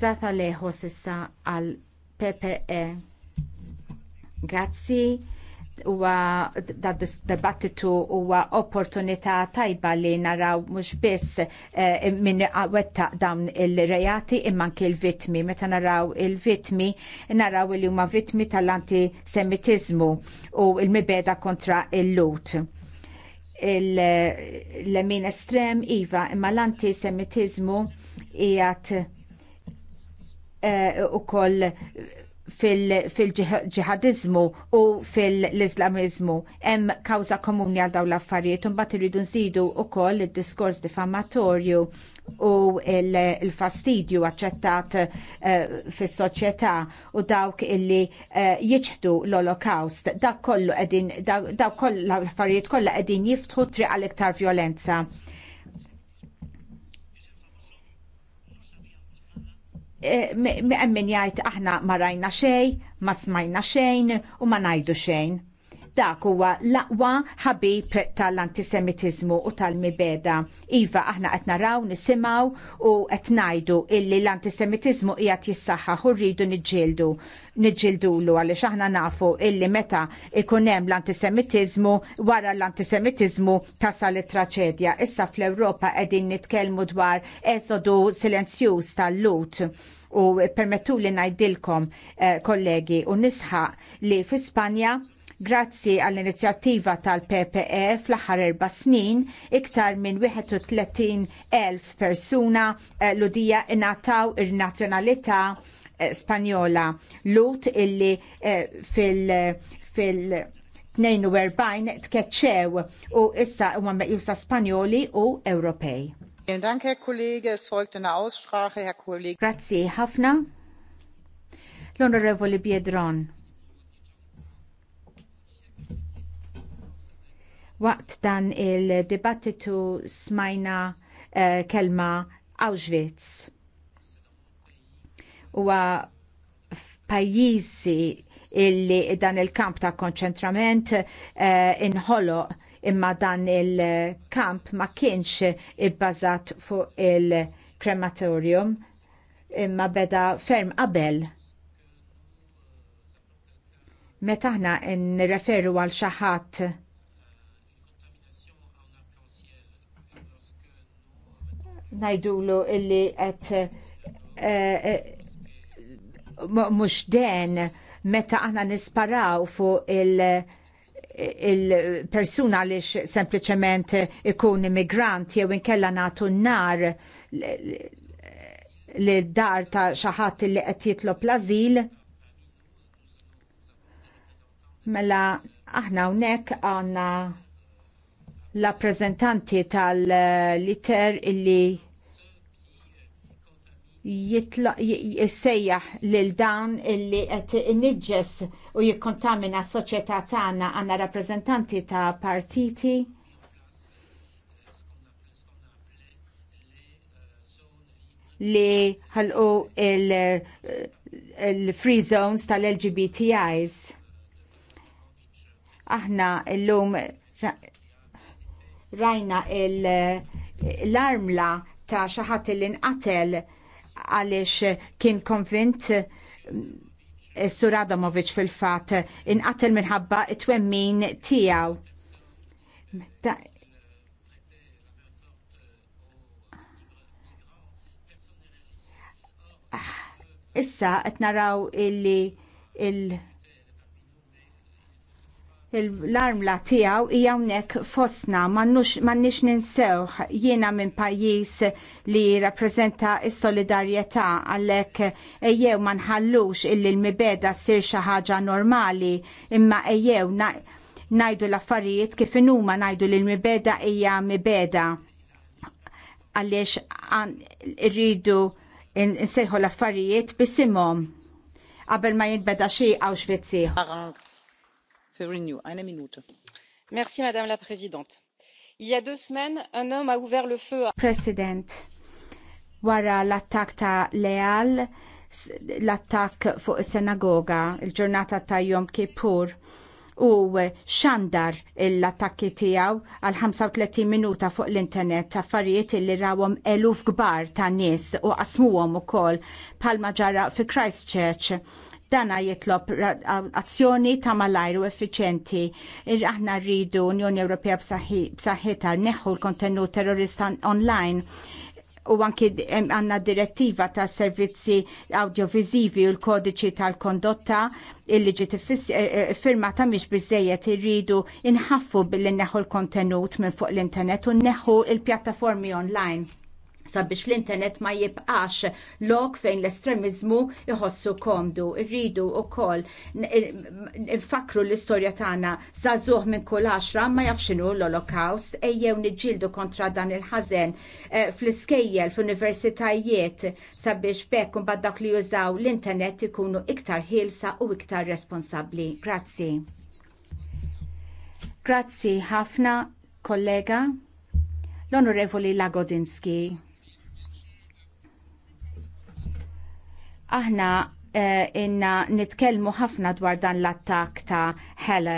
Zata leħos issa għal PPE. E. Grazzi huwa dibattitu huwa opportunità tajba li naraw mhux biss eh, minn wettaq dawn il-rejati imma anke l-vittmi. Meta naraw il-vittmi naraw li huma vittmi tal-antisemitiżmu u l-mibeda kontra il-lut l min estrem iva imma l-antisemitizmu jgħat eh, u koll fil-ġihadizmu u fil-Islamizmu hemm kawża komuni għal dawn l-affarijiet u mbagħad iridu nżidu wkoll id-diskors diffamatorju u l-fastidju aċċettat eh, fis-soċjetà u dawk illi eh, jiġħdu l-Olokawst. Dak kollu qegħdin dawk l affarijiet kollha qegħdin jiftħu triq għal iktar violenza. Emmin eh, jgħid aħna ma rajna xejn, ma smajna xejn u ma ngħidu xejn dak huwa l-aqwa ħabib tal-antisemitizmu u tal-mibeda. Iva, aħna qed naraw, nisimgħu u qed ngħidu illi l-antisemitizmu qiegħed jissaħħaħ u rridu niġġieldu niġġildulu għaliex aħna nafu illi meta ikun hemm l-antisemitizmu wara l-antisemitizmu tasal it-traċedja. Issa fl-Ewropa qegħdin nitkellmu dwar esodu silenzjuż tal-lut u permettu li najdilkom eh, kollegi u nisħa li fi Spanja Grazzi għall-inizjattiva tal-PPE fl-aħħar erba' snin, iktar minn 31,000 persuna eh, l-udija ingħataw ir-nazzjonalità eh, Spanjola. Lut illi eh, fil- fil 42 tkeċċew u issa huma meqjusa Spanjoli u Ewropej. Grazzi ħafna. L-Onorevoli Biedron. Waqt dan il-dibattitu smajna uh, kelma Auschwitz. Huwa f'pajjiżi illi dan il-kamp ta' konċentrament inħoloq eh, inħolo imma dan il-kamp ma kienx ibbażat fuq il-krematorium imma beda ferm qabel meta aħna nreferu għal xi ħadd ngħidulu illi qed eh, eh, mhux den meta aħna nisparaw fuq il- il-persuna li sempliċement ikun immigrant jew inkella nagħtu n-nar li dar ta' xi ħadd li qed jitlob l-azil. Mela aħna hawnhekk għandna l rappreżentanti tal-liter illi jissejjaħ lil dawn illi qed inniġġes u jikkontamina s-soċjetà tagħna għandna rappreżentanti ta' partiti. li ħalqu il-free zones tal-LGBTIs. Aħna illum rajna l-armla ta' xaħat li nqatel għaliex kien konvint eh, Sur Adamovic fil-fat inqatel minħabba it-twemmin tiegħu. Ah, issa qed naraw illi il- l-armla tiegħu hija hawnhekk fostna m'għandniex ninsewh jiena minn pajjiż li rappreżenta s-solidarjetà għalhekk ejjew ma nħallux illi l-mibeda ssir xi ħaġa normali imma ejjew ngħidu l-affarijiet kif inhuma ngħidu li l-mibeda hija mibeda għaliex irridu nsejħu l-affarijiet bisimhom qabel ma jinbeda xi għaw Xvizzi madame la présidente il y a deux semaines un homme a ouvert le feu president wara l-attakk ta' leal l-attakk fuq is-sinagoga il-ġurnata ta' Jom Kippur u xandar l-attakki tijaw għal 35 minuta fuq l-internet ta' farijiet li rawom eluf gbar ta' nies u qasmuhom ukoll palma ġara fi Christchurch Dana jitlob azzjoni ta' malajru effiċenti. Aħna rridu Unjoni Ewropea b'saħħitha neħu l-kontenut terrorista online u anki għanna direttiva ta' servizzi audiovisivi u l-kodiċi tal-kondotta l-liġi e- e- firma ta' miex bizzejet irridu inħaffu billi neħu l-kontenut minn fuq l-internet u neħu il-pjattaformi online sabiex l-internet ma jibqax lok fejn l-estremizmu iħossu komdu. Irridu u kol, nfakru l-istorja tagħna żagħżugħ minn kull għaxra ma jafxinu l-Holocaust ejjew niġġieldu kontra dan il-ħażen eh, fl-iskejjel fl-universitajiet sabiex bekk imbagħad dak li jużaw l-internet ikunu iktar ħilsa u iktar responsabbli. Grazzi. Grazzi ħafna kollega l-Onorevoli Lagodinski. Aħna uh, inna nitkellmu ħafna dwar dan l-attak ta' Hele.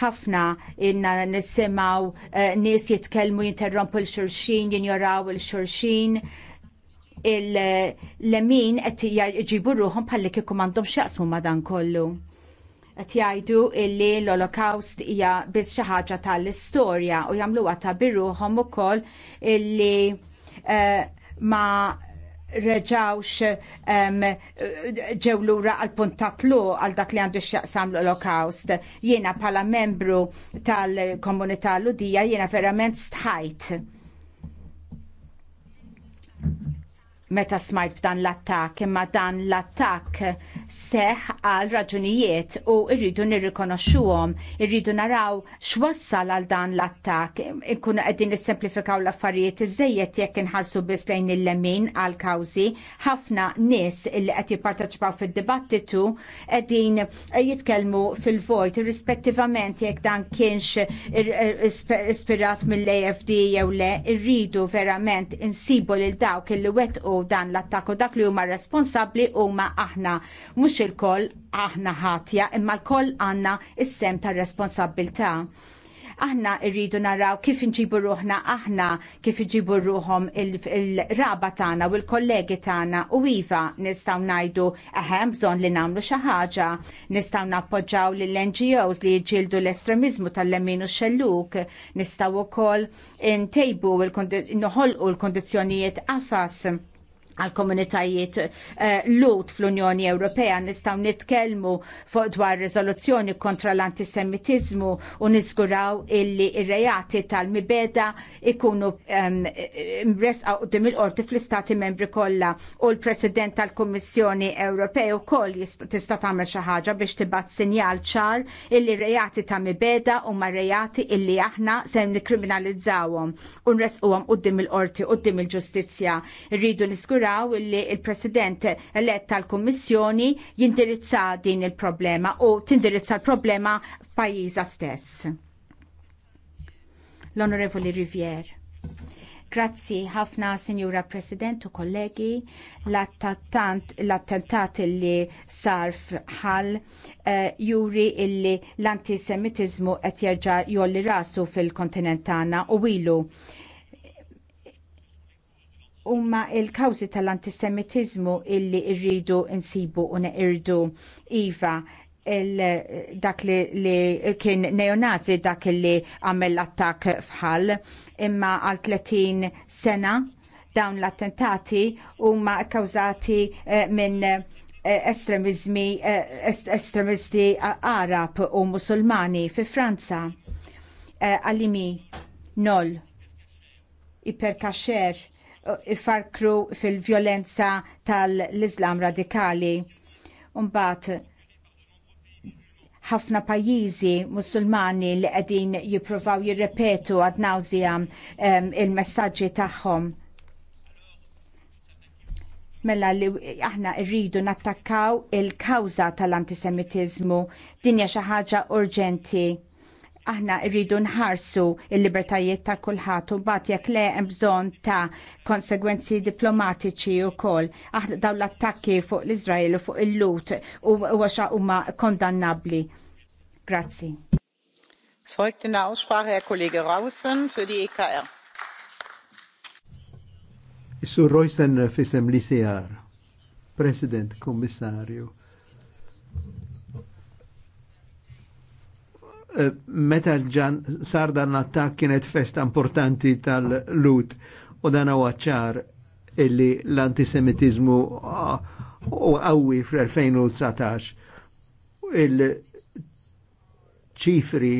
ħafna inna nisimaw uh, eh, nies jitkellmu jinterrompu l-xurxin, jinjoraw l-xurxin il-lemin qed jġibu ruħhom bħalli kieku m'għandhom x'jaqsmu ma' dan kollu. Qed jgħidu illi l-Holocaust hija biss xi ħaġa tal-istorja u jagħmluha ta' birruhom ukoll illi eh, ma reġawx ġew lura għal puntatlu għal dak li għandu xaqsam l-Holocaust. Jiena bħala membru tal-komunità Ludija jiena verament stħajt meta smajt b'dan l-attak, imma dan l-attak seħ għal raġunijiet u irridu nirrikonoxxuhom, irridu naraw x'wassal għal dan l-attak. Inkunu qegħdin nissemplifikaw l-affarijiet iżejjed jekk inħallsu biss lejn il-lemin għal kawżi. Ħafna nies li qed jipparteċipaw fid-dibattitu qegħdin jitkellmu fil-vojt irrispettivament jekk dan kienx ispirat mill-AFD jew le, irridu verament insibu lil dawk illi wettqu dan l-attakku dak li huma responsabbli huma aħna mhux il-koll aħna ħatja imma l-koll għandna is-sem tar-responsabbiltà. Aħna rridu naraw kif inġibu ruħna aħna kif iġibu ruħom il-raba tagħna u l-kollegi tagħna u iva nistgħu ngħidu aħem bżonn li nagħmlu xi ħaġa, nistgħu nappoġġaw lill NGOs li jġildu l-estremizmu tal-lemmin u xelluk, nistgħu wkoll intejbu noħolqu l-kondizzjonijiet qafas għal komunitajiet eh, lut fl-Unjoni Ewropea nistgħu nitkellmu fuq dwar riżoluzzjoni kontra l-antisemitiżmu u niżguraw illi ir-reati tal-mibeda ikunu mresqa għoddim il-qorti fl-istati membri kollha u l-President tal-Kummissjoni Ewropea wkoll tista' tagħmel xi ħaġa biex tibgħat sinjal ċar illi reati ta' mibeda huma reati illi aħna se nikkriminalizzawhom u nresquhom qudiem il-qorti qudiem il-ġustizzja. Rridu niskuraw naraw li il-President elett tal-Kummissjoni jindirizza din il-problema u tindirizza l-problema f'pajjiża stess. L-Onorevoli Rivier. Grazzi ħafna, Sinjura President u kollegi, l-attentat li sar fħal uh, eh, juri illi l-antisemitizmu qed jerġa' jolli rasu fil-kontinent tagħna u ilu huma il-kawżi tal-antisemitiżmu illi rridu insibu u neqirdu iva dak li, li kien neonazi dak li għamel attak fħal imma għal 30 sena dawn l-attentati huma kkawżati eh, minn eh, estremizmi eh, estremisti Arab u Musulmani fi Franza. Eh, Alimi, Noll, Iperkaxer, ifarkru fil-vjolenza tal-Islam radikali. Umbat, ħafna pajjiżi musulmani li qegħdin jippruvaw jirrepetu għad nawżijam il-messaġġi tagħhom. Mela li aħna rridu nattakkaw il-kawża tal-antisemitiżmu. Dinja xi ħaġa urġenti aħna rridu nħarsu il-libertajiet ta' kulħadd u mbagħad jekk le hemm bżonn ta' konsegwenzi diplomatiċi wkoll. Aħna dawn l-attakki fuq l-Iżrael u fuq il-lut huwa huma kondannabbli. Grazzi. Es in der Aussprache Herr Kollege Rausen für die EKR. Issu Roysen fisem l-ICR, President, Kommissarju. Eh, meta ġan sar dan l-attak kienet festa importanti tal-lut u dan għu ċar illi l-antisemitizmu ah, u qawwi fl-2019 il-ċifri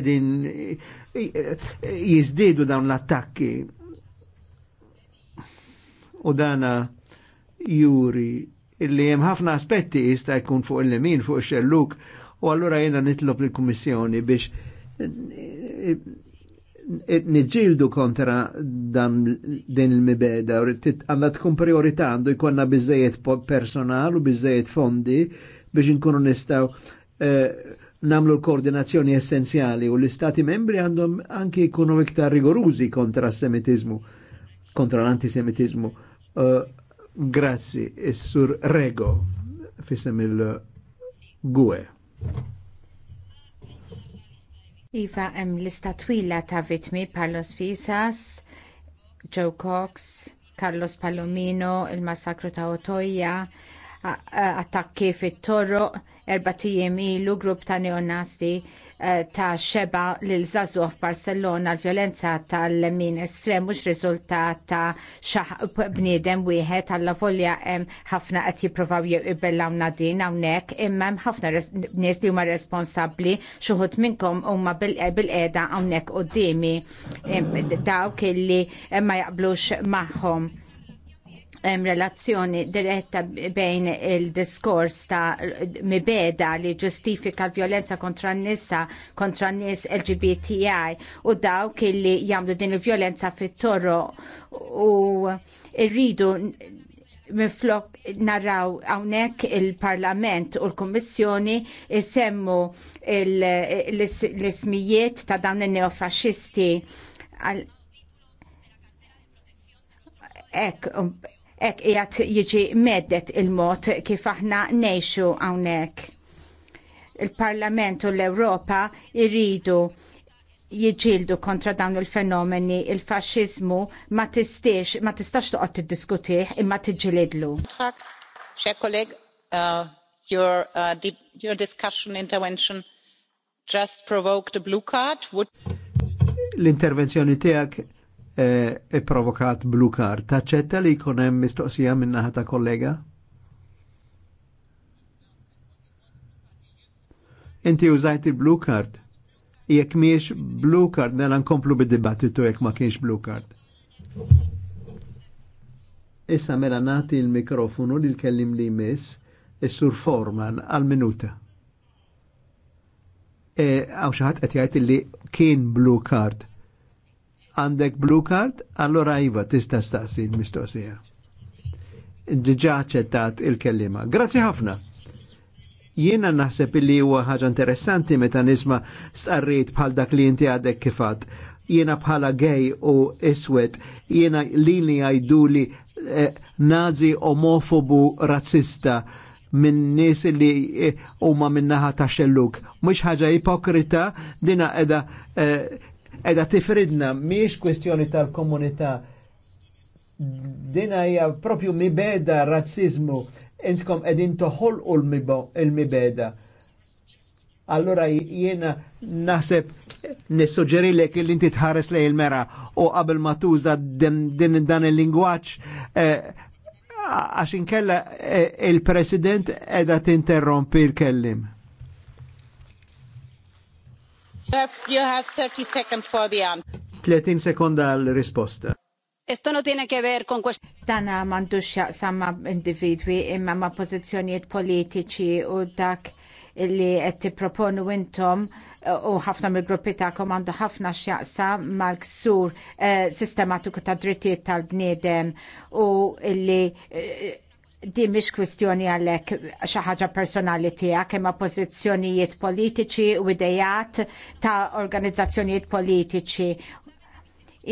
edin jizdidu dawn l-attakki u dana juri illi hemm ħafna aspetti jista' jkun fuq il-lemin fuq ix-xelluk il lemin fuq il xelluk il U allura jena nitlob l-Kummissjoni biex nġildu kontra dan din il-mibeda, għanna tkun priorità għandu jkonna bizzejiet personal u biżejjed fondi biex nkunu nistaw eh, namlu l-koordinazzjoni essenzjali u l-istati membri għandhom anki jkunu iktar rigorużi kontra s-semitizmu, kontra l-antisemitizmu. Eh, grazzi, Issur Rego, fisem il-Gue. Iva, hemm lista twila ta' vittmi Palos Fisas, Joe Cox, Carlos Palomino, il-massakru ta' Otoja, attakki fit-torroq erba tiem ilu grupp ta' neonasti eh, ta' xeba lil zazu f'Barcellona l-violenza tal-min estrem mhux riżultat ta' xaħ bniedem wieħed alla folja hemm ħafna qed jippruvaw jibbellawna nadin hawnhekk imma hemm ħafna nies li huma responsabbli xi wħud minnkom huma bil-qiegħda hawnhekk quddiemi dawk illi ma jaqblux magħhom hemm relazzjoni diretta bejn il-diskors ta' mibeda li ġustifika l-vjolenza kontra n-nisa kontra n-nis LGBTI u dawk li jagħmlu din il-vjolenza fit-torro u rridu miflok narraw hawnhekk il-Parlament u l-Kummissjoni semmu l-ismijiet ta' dawn in-neofaxxisti Ek, um, ek jgħat jiġi meddet il-mod kif aħna nejxu għawnek. Il-Parlament u l-Europa irridu jiġildu kontra dawn il-fenomeni il-fasċizmu ma tistiex, ma tistax toqgħod tiddiskutih imma tiġġilidlu. Xek kolleg, uh, your, uh, your discussion intervention just provoked a blue card. L-intervenzjoni tiegħek E, e provokat blu card. Taċċetta li jkun hemm mistoqsija minnaħa ta' kollega? Inti użajt il-blue card. Jekk miex blue card, nela nkomplu bid-dibattitu jekk ma kienx blue card. Issa mela nati il-mikrofonu li l-kellim li jmiss is-sur Forman għal-minuta. E, għaw xaħat għet jgħajt li kien blue card Għandek blue card, allora Iva tista' staqsi l-mistoqsija. Diġà ċettat il-kellima. Grazzi ħafna. Jiena naħseb li huwa ħaġa interessanti meta nisma' starriet bħal dak li inti għadek kifat. Jiena bħala gay u iswed, jiena lili għajduli eh, nazi omofobu razzista minn nies li eh, huma minnaħa ta' xelluk. Mhux ħaġa ipokrita dina qiegħda eh, edha tifridna miex kwestjoni tal-komunità. Dina hija propju mibeda razzizmu intkom edin toħol u l-mibeda. Allora jiena naħseb nissuġġeri lek li inti tħares lej il-mera u qabel ma tuża din dan il-lingwaġġ eh, għax inkella eh, il-president edha tinterrompi il-kellim. You have 30 seconds for the answer. 30 sekonda l-risposta. Esto no tiene ke ver con questo. Dana mandux jaqsam individwi imma ma' pozizjonijiet politiċi u dak li qed tipproponu intom u ħafna mill-gruppi tagħkom għandu ħafna x'jaqsa mal-ksur eh, sistematiku ta' drittijiet tal-bniedem u li di mish kwestjoni għalek xaħġa personali tija, kema pozizjonijiet politiċi u idejat ta' organizzazzjonijiet politiċi.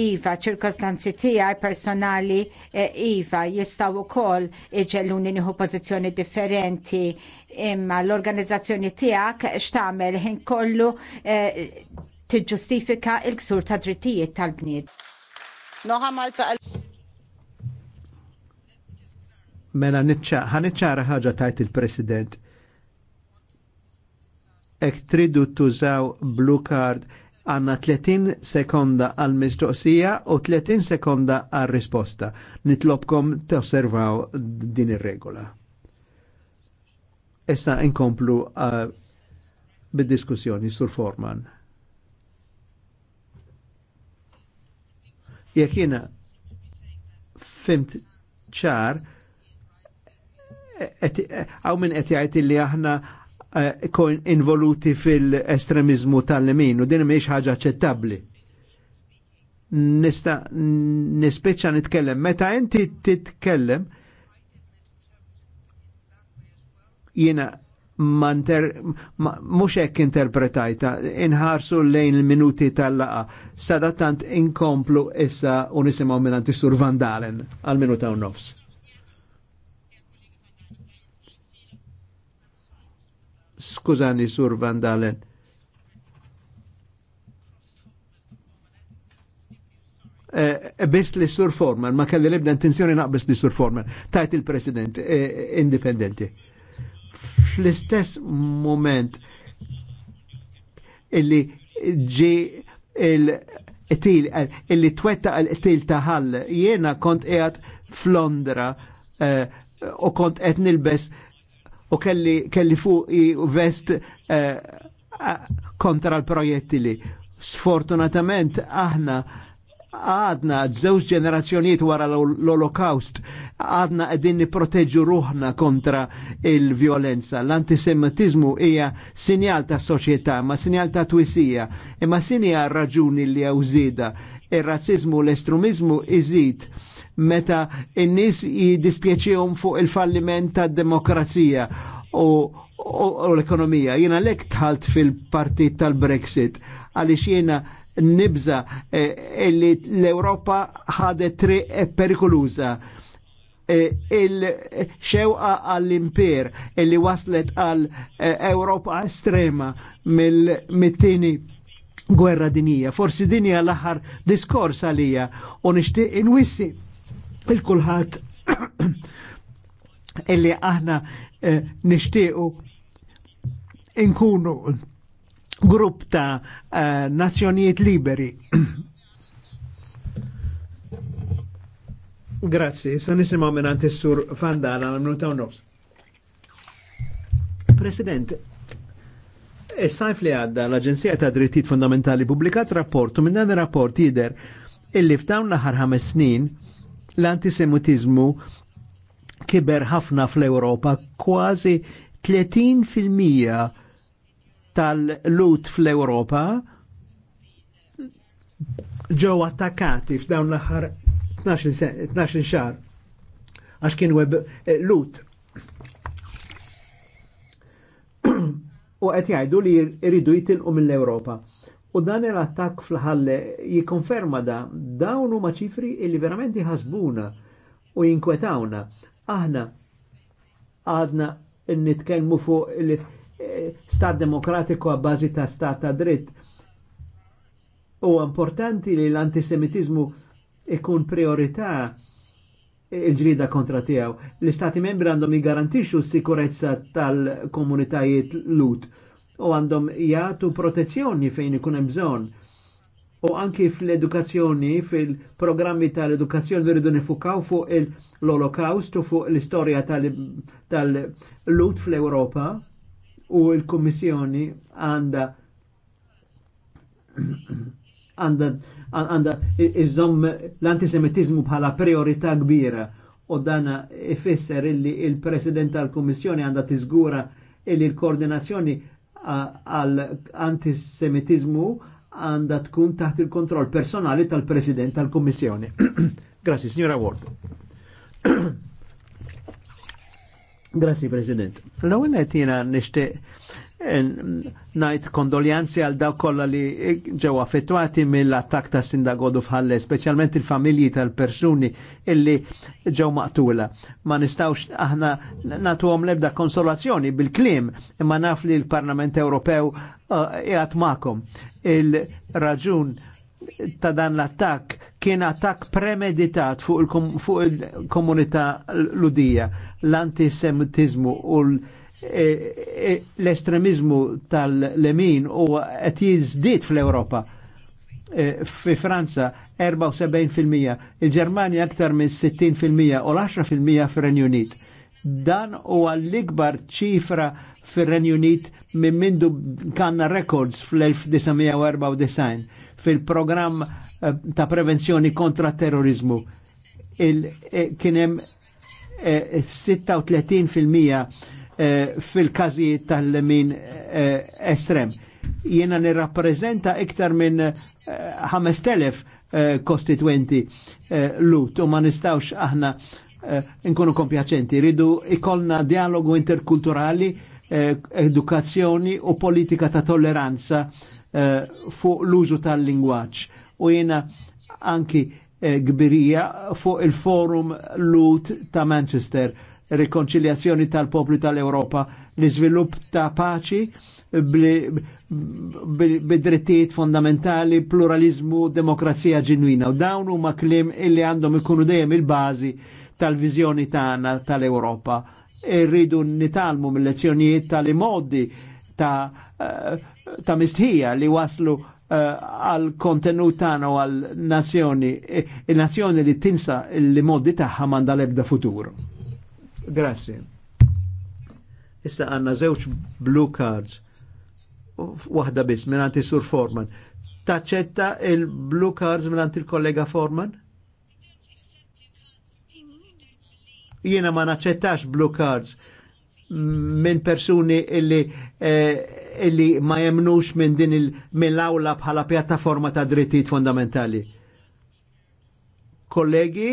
Iva, ċirkostanzi tija personali, e, Iva, jistaw u kol iġelluni niħu pozizjoni differenti, imma l-organizzazzjoni tijak xtamel ħin kollu eh, tiġustifika il-ksur ta' drittijiet tal-bnid. Noħamal ta' Mela ħaniċċara ħaġa tajt il-President. Ek tridu tużaw blue card għanna 30 sekonda għal mistoqsija u 30 sekonda għal risposta. Nitlobkom t-osservaw din ir-regola. Issa inkomplu uh, bid-diskussjoni sur Forman. Jekina jiena fimt ċar, għaw minn qed jgħid li aħna eh, kon involuti fil-estremizmu tal-lemin u din mhijiex ħaġa aċċettabbli. Nista nispiċċa nitkellem meta inti titkellem jiena manter mhux hekk interpretajta inħarsu lejn il-minuti tal-laqa sadattant inkomplu issa u nisimgħu minn Sur Van Dalen għal minuta u nofs. Skużani, Sur Vandalen. E, eh, eh, bis li Sur Forman, ma kelli libda intenzjoni naqbis li Sur Forman, tajt il-President e, indipendenti. Fl-istess moment illi ġi il-til, illi twetta il-til taħall, jena kont qiegħed Flondra u kont etnilbes. nilbes uh, u kelli, kelli fuq vest eh, kontra l-projettili. Sfortunatament aħna għadna żewġ ġenerazzjonijiet wara l-Olokaust, għadna qegħdin niproteġu ruħna kontra il-violenza. L-antisemitizmu hija sinjal ta' soċjetà, ma sinjal ta' twissija, imma sinja raġuni li hawn żieda. Ir-razzizmu l-estrumizmu iżid meta n-nis jidispieċiħum fuq il-falliment tad-demokrazija u, l-ekonomija. Jena lek tħalt fil-partit tal-Brexit għaliex jena nibza eh, illi l-Europa ħadet tri eh, perikoluza eh, il-xewqa għall-imper illi waslet għall Europa estrema mill-mittini gwerra dinija. Forsi dinija l-aħħar diskors għalija u nixtieq inwissi il-kulħadd illi aħna nishtiqu eh, nixtiequ inkunu grupp ta' eh, nazzjonijiet liberi. Grazzi, san nisimaw minn sur Fandana l-minuta nofs. President, il sajf li għadda l-Aġenzija ta' Drittijiet Fundamentali publikat rapport u minn dan ir-rapport jidher illi f'dawn l-aħħar ħames snin l-antisemitizmu kiber ħafna fl-Europa kważi 30% tal-lut fl-Europa ġew attakati f'dawn l-aħħar 12 xahar għax kien web eh, lut. U qed jgħidu li jridu jitilqu mill-Ewropa. U dan il attak fl-ħalle jikonferma da, dawn huma ċifri illi verament jħasbuna u jinkwetawna. Aħna għadna nitkellmu fuq eh, stat demokratiku għabbażi ta' stat ta' dritt. U importanti li l-antisemitizmu ikun priorità il-ġrida kontra tiegħu. L-istati membri għandhom jgarantixxu s-sikurezza tal-komunitajiet lut u għandhom jgħatu protezzjoni fejn ikun hemm bżonn. U anki fl-edukazzjoni, fil-programmi tal-edukazzjoni rridu nifukaw fuq l-Holocaust u fuq l-istorja tal-lut fl-Europa u l kummissjoni għanda għanda għanda l-antisemitizmu bħala priorità kbira u dana ifisser illi il-President tal kummissjoni għanda tiżgura illi l-koordinazzjoni il għal antisemitizmu għanda tkun taħt il-kontroll personali tal-President tal-Kommissjoni. Grazie, signora Ward. Grazie, President. L-għu jena nishtiq najt kondoljanzi għal daw kolla li ġew affettwati mill-attak ta' sindagodu fħalle, specialment il-familji tal-persuni illi ġew maqtula. Ma nistawx aħna natu għom lebda konsolazzjoni bil-klim, imma naf li l-Parlament Ewropew eh, jgħat makom. Il-raġun ta' dan l-attak kien attak premeditat fuq il-komunità fu il ludija, l-antisemitizmu u l- E, e, l-estremizmu tal-lemin u qed jiżdied fl-Ewropa. E, fi Franza 74%, il-Ġermanja aktar minn 60% u l-10% fil renju Unit. Dan huwa l-ikbar ċifra fir-Renju Unit minn mindu kanna records fl-1994 fil-programm ta' prevenzjoni kontra terrorizmu. Kienem 36% Eh, fil kazi tal-min eh, estrem. Jiena nirrapprezenta iktar minn 5000 eh, kostituenti lut u ma nistawx aħna nkunu kompjaċenti. Ridu ikolna dialogu interkulturali, edukazzjoni u politika ta' tolleranza fuq l-użu tal-lingwaċ. U jena anki gbirija fuq il-forum lut ta' Manchester rikonċiljazzjoni tal-poplu tal-Europa, l-iżvilupp ta' paċi bid-drittijiet fondamentali, pluralizmu, demokrazija ġinwina. U dawn huma klim illi għandhom ikunu dejjem il-bażi tal-viżjoni tagħna tal-Europa. Irridu nitalmu mill-lezzjonijiet tal-imoddi ta', eh, ta mistħija li waslu eh, għal kontenut tagħna għal nazzjoni, il-nazzjoni e-, e-, li tinsa il-modi tagħha m'għandha l-ebda futuro. Grazzi. Issa għanna zewċ blue cards. Waħda biss, minn għanti sur Forman. Taċċetta il-blue cards minn għanti il-kollega Forman? Jiena ma naċċettax blue cards minn persuni illi, eh, illi ma jemnux minn din il-awla mill bħala pjattaforma ta' drittijiet fondamentali kollegi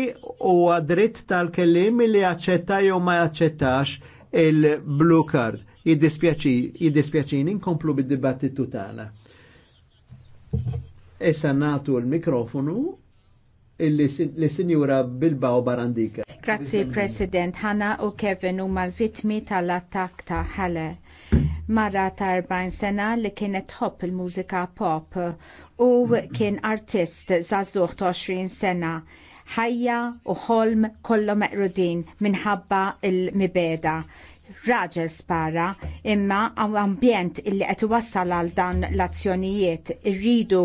u għadritt tal-kellim li jaċċetta jew ma jaċċettax il-blue card. Jiddispjaċi, inkomplu bid-dibattitu tagħna. Issa natu l-mikrofonu l-Sinjura Bilbao Barandika. Grazzi President Hanna u Kevin u mal-vitmi tal-attak ta' ħale. Marra ta' 40 sena li kienet tħobb il-mużika pop u kien artist zazuħ 20 sena ħajja u ħolm kollu meqrudin minħabba il-mibeda raġel spara imma għaw ambjent illi qed iwassal għal dan l-azzjonijiet irridu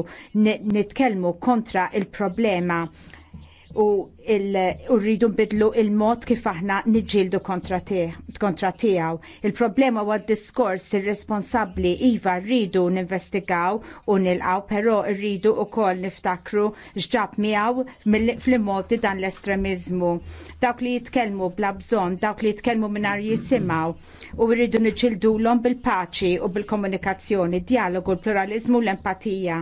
nitkellmu kontra il-problema u rridu nbidlu il-mod kif aħna niġġieldu kontra tiegħu. Il-problema għad d-diskors irresponsabbli iva rridu ninvestigaw u nilqaw, però rridu wkoll niftakru x'ġab miegħu fl-immodi dan l-estremizmu. Dawk li jitkellmu bla bżonn, dawk li jitkellmu mingħajr jisimaw u rridu niġġildulhom bil-paċi u bil-komunikazzjoni, dialogu, l-pluralizmu, l-empatija.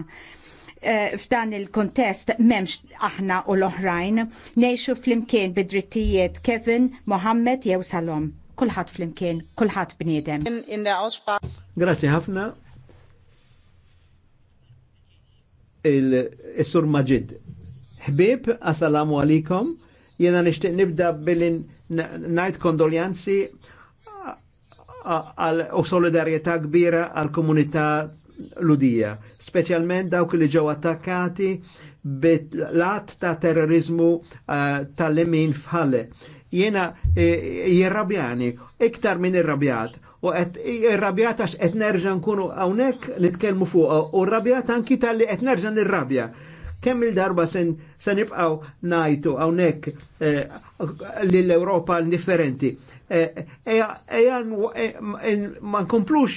Eh, f'dan il-kontest memx aħna u l-oħrajn nejxu flimkien bidrittijiet Kevin, Mohammed jew Salom. Kulħat fl-imkien, kulħat b'nidem. Grazie ħafna. Il-Sur Maġid. Ħbib, assalamu alaikum. Jena nishtiq nibda billi najt kondoljanzi u solidarieta kbira għal komunità ludija, specialment dawk li ġew attakkati lat ta' terrorizmu eh, tal-lemin fħalle. Jena eh, jirrabjani, iktar minn irrabjat, u għet irrabjat għax għet nerġa nkunu għawnek nitkelmu fuq, u rrabjat anki tal-li għet nerġa nirrabja. Kemm il-darba sen, sen nibqaw najtu għawnek eh, l-Europa differenti Eh, eh, eh, ma nkomplux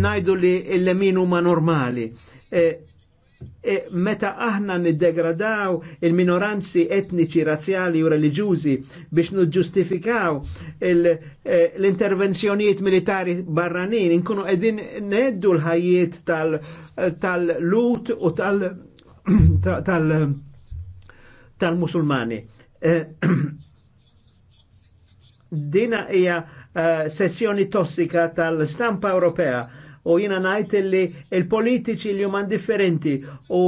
najdu li l-lemin huma normali. Meta aħna niddegradaw il-minoranzi etniċi, razzjali u religjużi biex nuġġustifikaw l-intervenzjonijiet militari barranin, inkunu qegħdin neddu l-ħajjiet tal-lut u tal-musulmani. Dina hija uh, sezzjoni tossika tal-stampa Ewropea u jina najt li il-politiċi li juman differenti u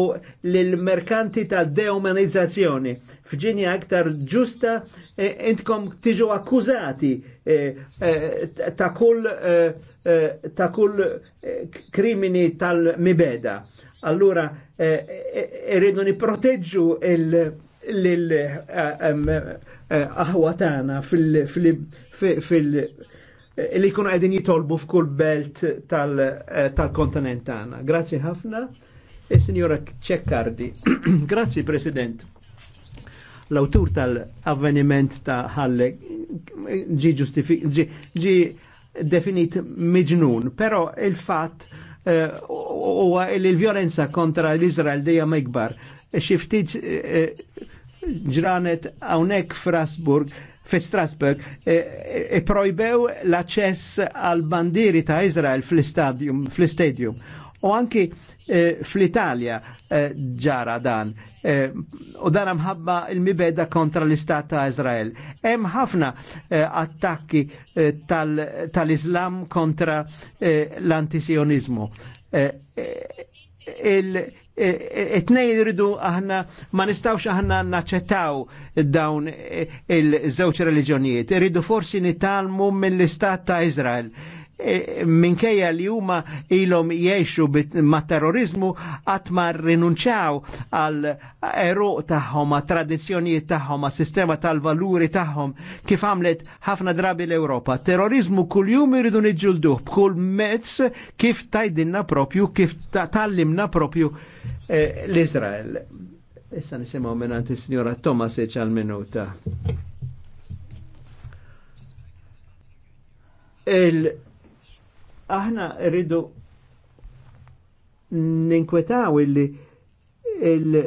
l-merkanti tal deumanizzazzjoni. Fġinja aktar ġusta, eh, intkom e, tiġu akkużati e, e, ta' kull e, ta' kull krimini tal-mibeda. Allura, irridu e, e, l-aħwa eh, eh, fil- eh, li jkunu għedin jitolbu f'kull belt tal-kontinent tal tagħna. Grazzi ħafna, e, Signora Ceccardi. Grazie, Grazzi President. l autur tal-avveniment ta' ħalle ġi ġi definit miġnun, però il-fatt huwa uh, il-violenza kontra l-Izrael dija ma ikbar. Xiftit ġranet għonek Frasburg, fi Strasburg e, e, e projbew l-aċċess għal bandiri ta' Izrael fl stadium U anki e, fl-Italja e, ġara dan. E, u dan mħabba il-mibeda kontra l-istat ta' Izrael. Hemm ħafna attakki tal-Islam tal kontra l-antisjonizmu. Il it ridu aħna ma nistawx aħna naċċettaw dawn eh, il-żewġ reliġjonijiet. Irridu forsi nitalmu mill-istat ta' Izrael E, minkejja li huma ilhom jgħixu ma' terrorizmu qatt ma rinunċaw għal eruq tagħhom, għat tradizzjonijiet tagħhom, għas sistema tal-valuri tagħhom kif għamlet ħafna drabi l-Ewropa. Terrorizmu kuljum iridu niġġulduh b'kull mezz kif tajdinna propju, kif tallimna propju e, l-Izrael. Issa nisimgħu minn sinjora Thomas għal-minuta aħna rridu ninkwetaw illi illi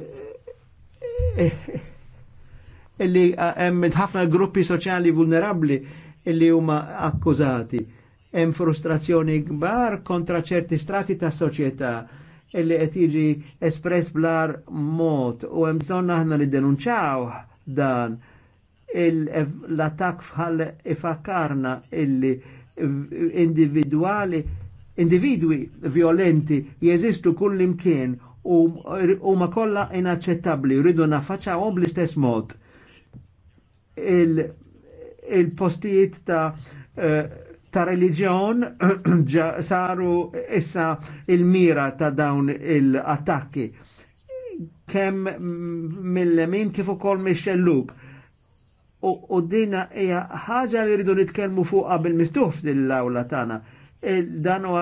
illi hemm ħafna gruppi soċjali vulnerabbli illi huma akkużati. Hemm frustrazzjoni kbar kontra ċerti strati ta' soċjetà illi qed jiġi espress blar mod u hemm bżonn aħna li denunċaw dan l attak fħal ifakkarna illi individuali, individwi violenti jeżistu kull imkien u um, ma kollha inaċċettabbli rridu nafaċawhom bl-istess mod. Il-postijiet il ta' uh, ta' religjon saru issa il-mira ta' dawn il-attakki. Kem mill-lemin kif ukoll mix-xelluk u dina hija ħaġa li rridu nitkellmu fuqha bil miftuħ fil awla tagħna. E, dan huwa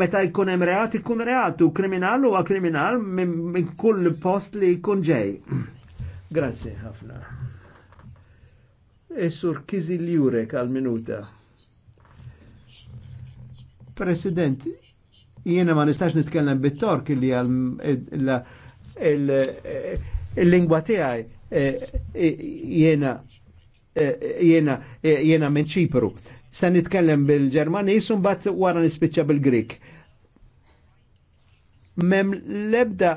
meta jkun hemm reat ikun reat u kriminal huwa kriminal minn kull post li jkun ġej. Grazzi ħafna. E kizi l jurek għal-minuta. President, jiena ma nistax nitkellem bit-tork li għal il-lingwa tiegħi Eh, eh, jena eh, jena jena minn ċipru. Se nitkellem bil ġermani jisum bat wara nispiċċa bil-Grik. Mem lebda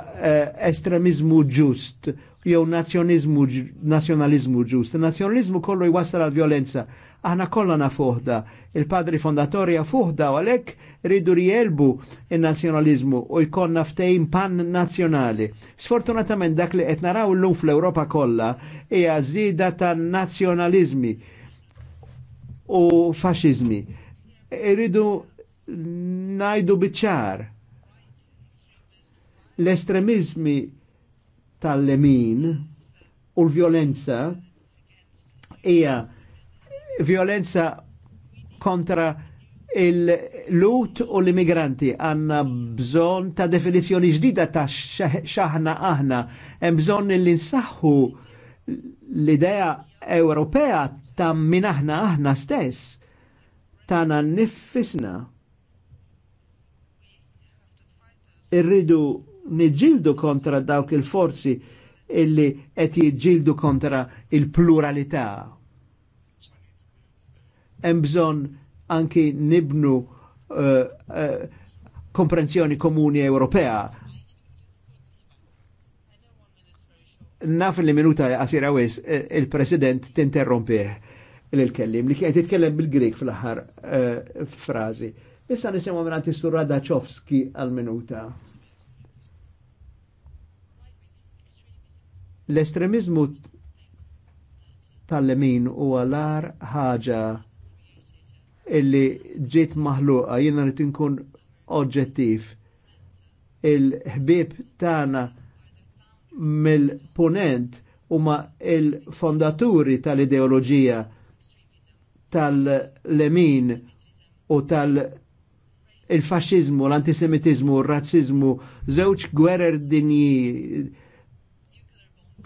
estremizmu ġust jew nazjonizmu nazjonalizmu ġust. Nazjonalizmu kollu jwassal għal violenza. Aħna kollha nafuħda. Il-padri fondatorja fuħda u għalhekk ridu rielbu il-nazjonalizmu u jkollna ftejn pan nazzjonali. Sfortunatament dak li qed naraw llum fl-Ewropa kollha hija żida ta' nazjonalizmi u faxizmi. Iridu najdu biċċar. L-estremizmi tal-lemin u l-violenza hija violenza kontra il-lut u l-immigranti għanna bżon ta' definizjoni ġdida ta' xaħna aħna, hemm bżon li insaħħu l-idea Ewropea ta' min aħna aħna stess, tana nifisna. Irridu niġildu kontra dawk il-forzi illi qed jiġġildu kontra il-pluralità. Hemm bżonn anki nibnu uh, uh, komprensjoni komuni Ewropea. Naf li minuta għasira wis eh, il-President tinterrompi l-kellim li kien jitkellem bil grik fl-aħħar uh, frażi. Issa nisimgħu minn Sur Radaċovski għal-minuta. L-estremizmu tal-lemin u għalar ħaġa illi ġiet maħluqa, jiena rrit nkun oġġettiv. Il-ħbib tana mill punent huma il-fondaturi tal-ideoloġija tal-lemin u tal- il-fasċizmu, l-antisemitizmu, r-razzizmu, żewġ gwerer dinji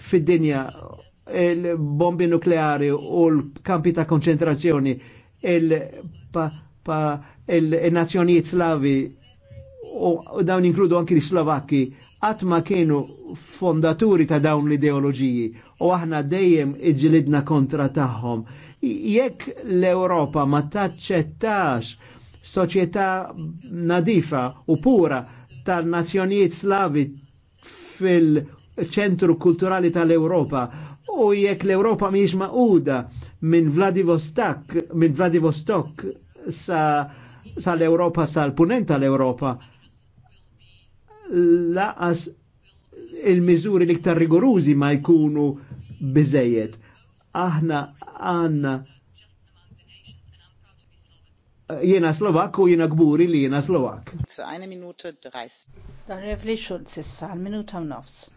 fid-dinja il-bombi nukleari u l-kampi ta' konċentrazzjoni il-nazzjonijiet slavi u dawn inkludu anki l-Slovakki għatma kienu fondaturi ta' dawn l-ideologiji u aħna dejjem iġlidna kontra tagħhom. Jekk l-Europa ma taċċettax soċjetà nadifa u pura tal-nazzjonijiet slavi fil- ċentru kulturali tal-Europa u jekk l-Europa miex maquda minn Vladivostok, minn Vladivostok sa, sa l-Europa, sa l-punent tal-Europa, laqas il-mizuri liktar rigorużi ma jkunu bizzejiet. Aħna għanna jena Slovak u jena gburi li jena Slovak. Għajna minuta 30. Dan revli xulz issa, minuta nofs.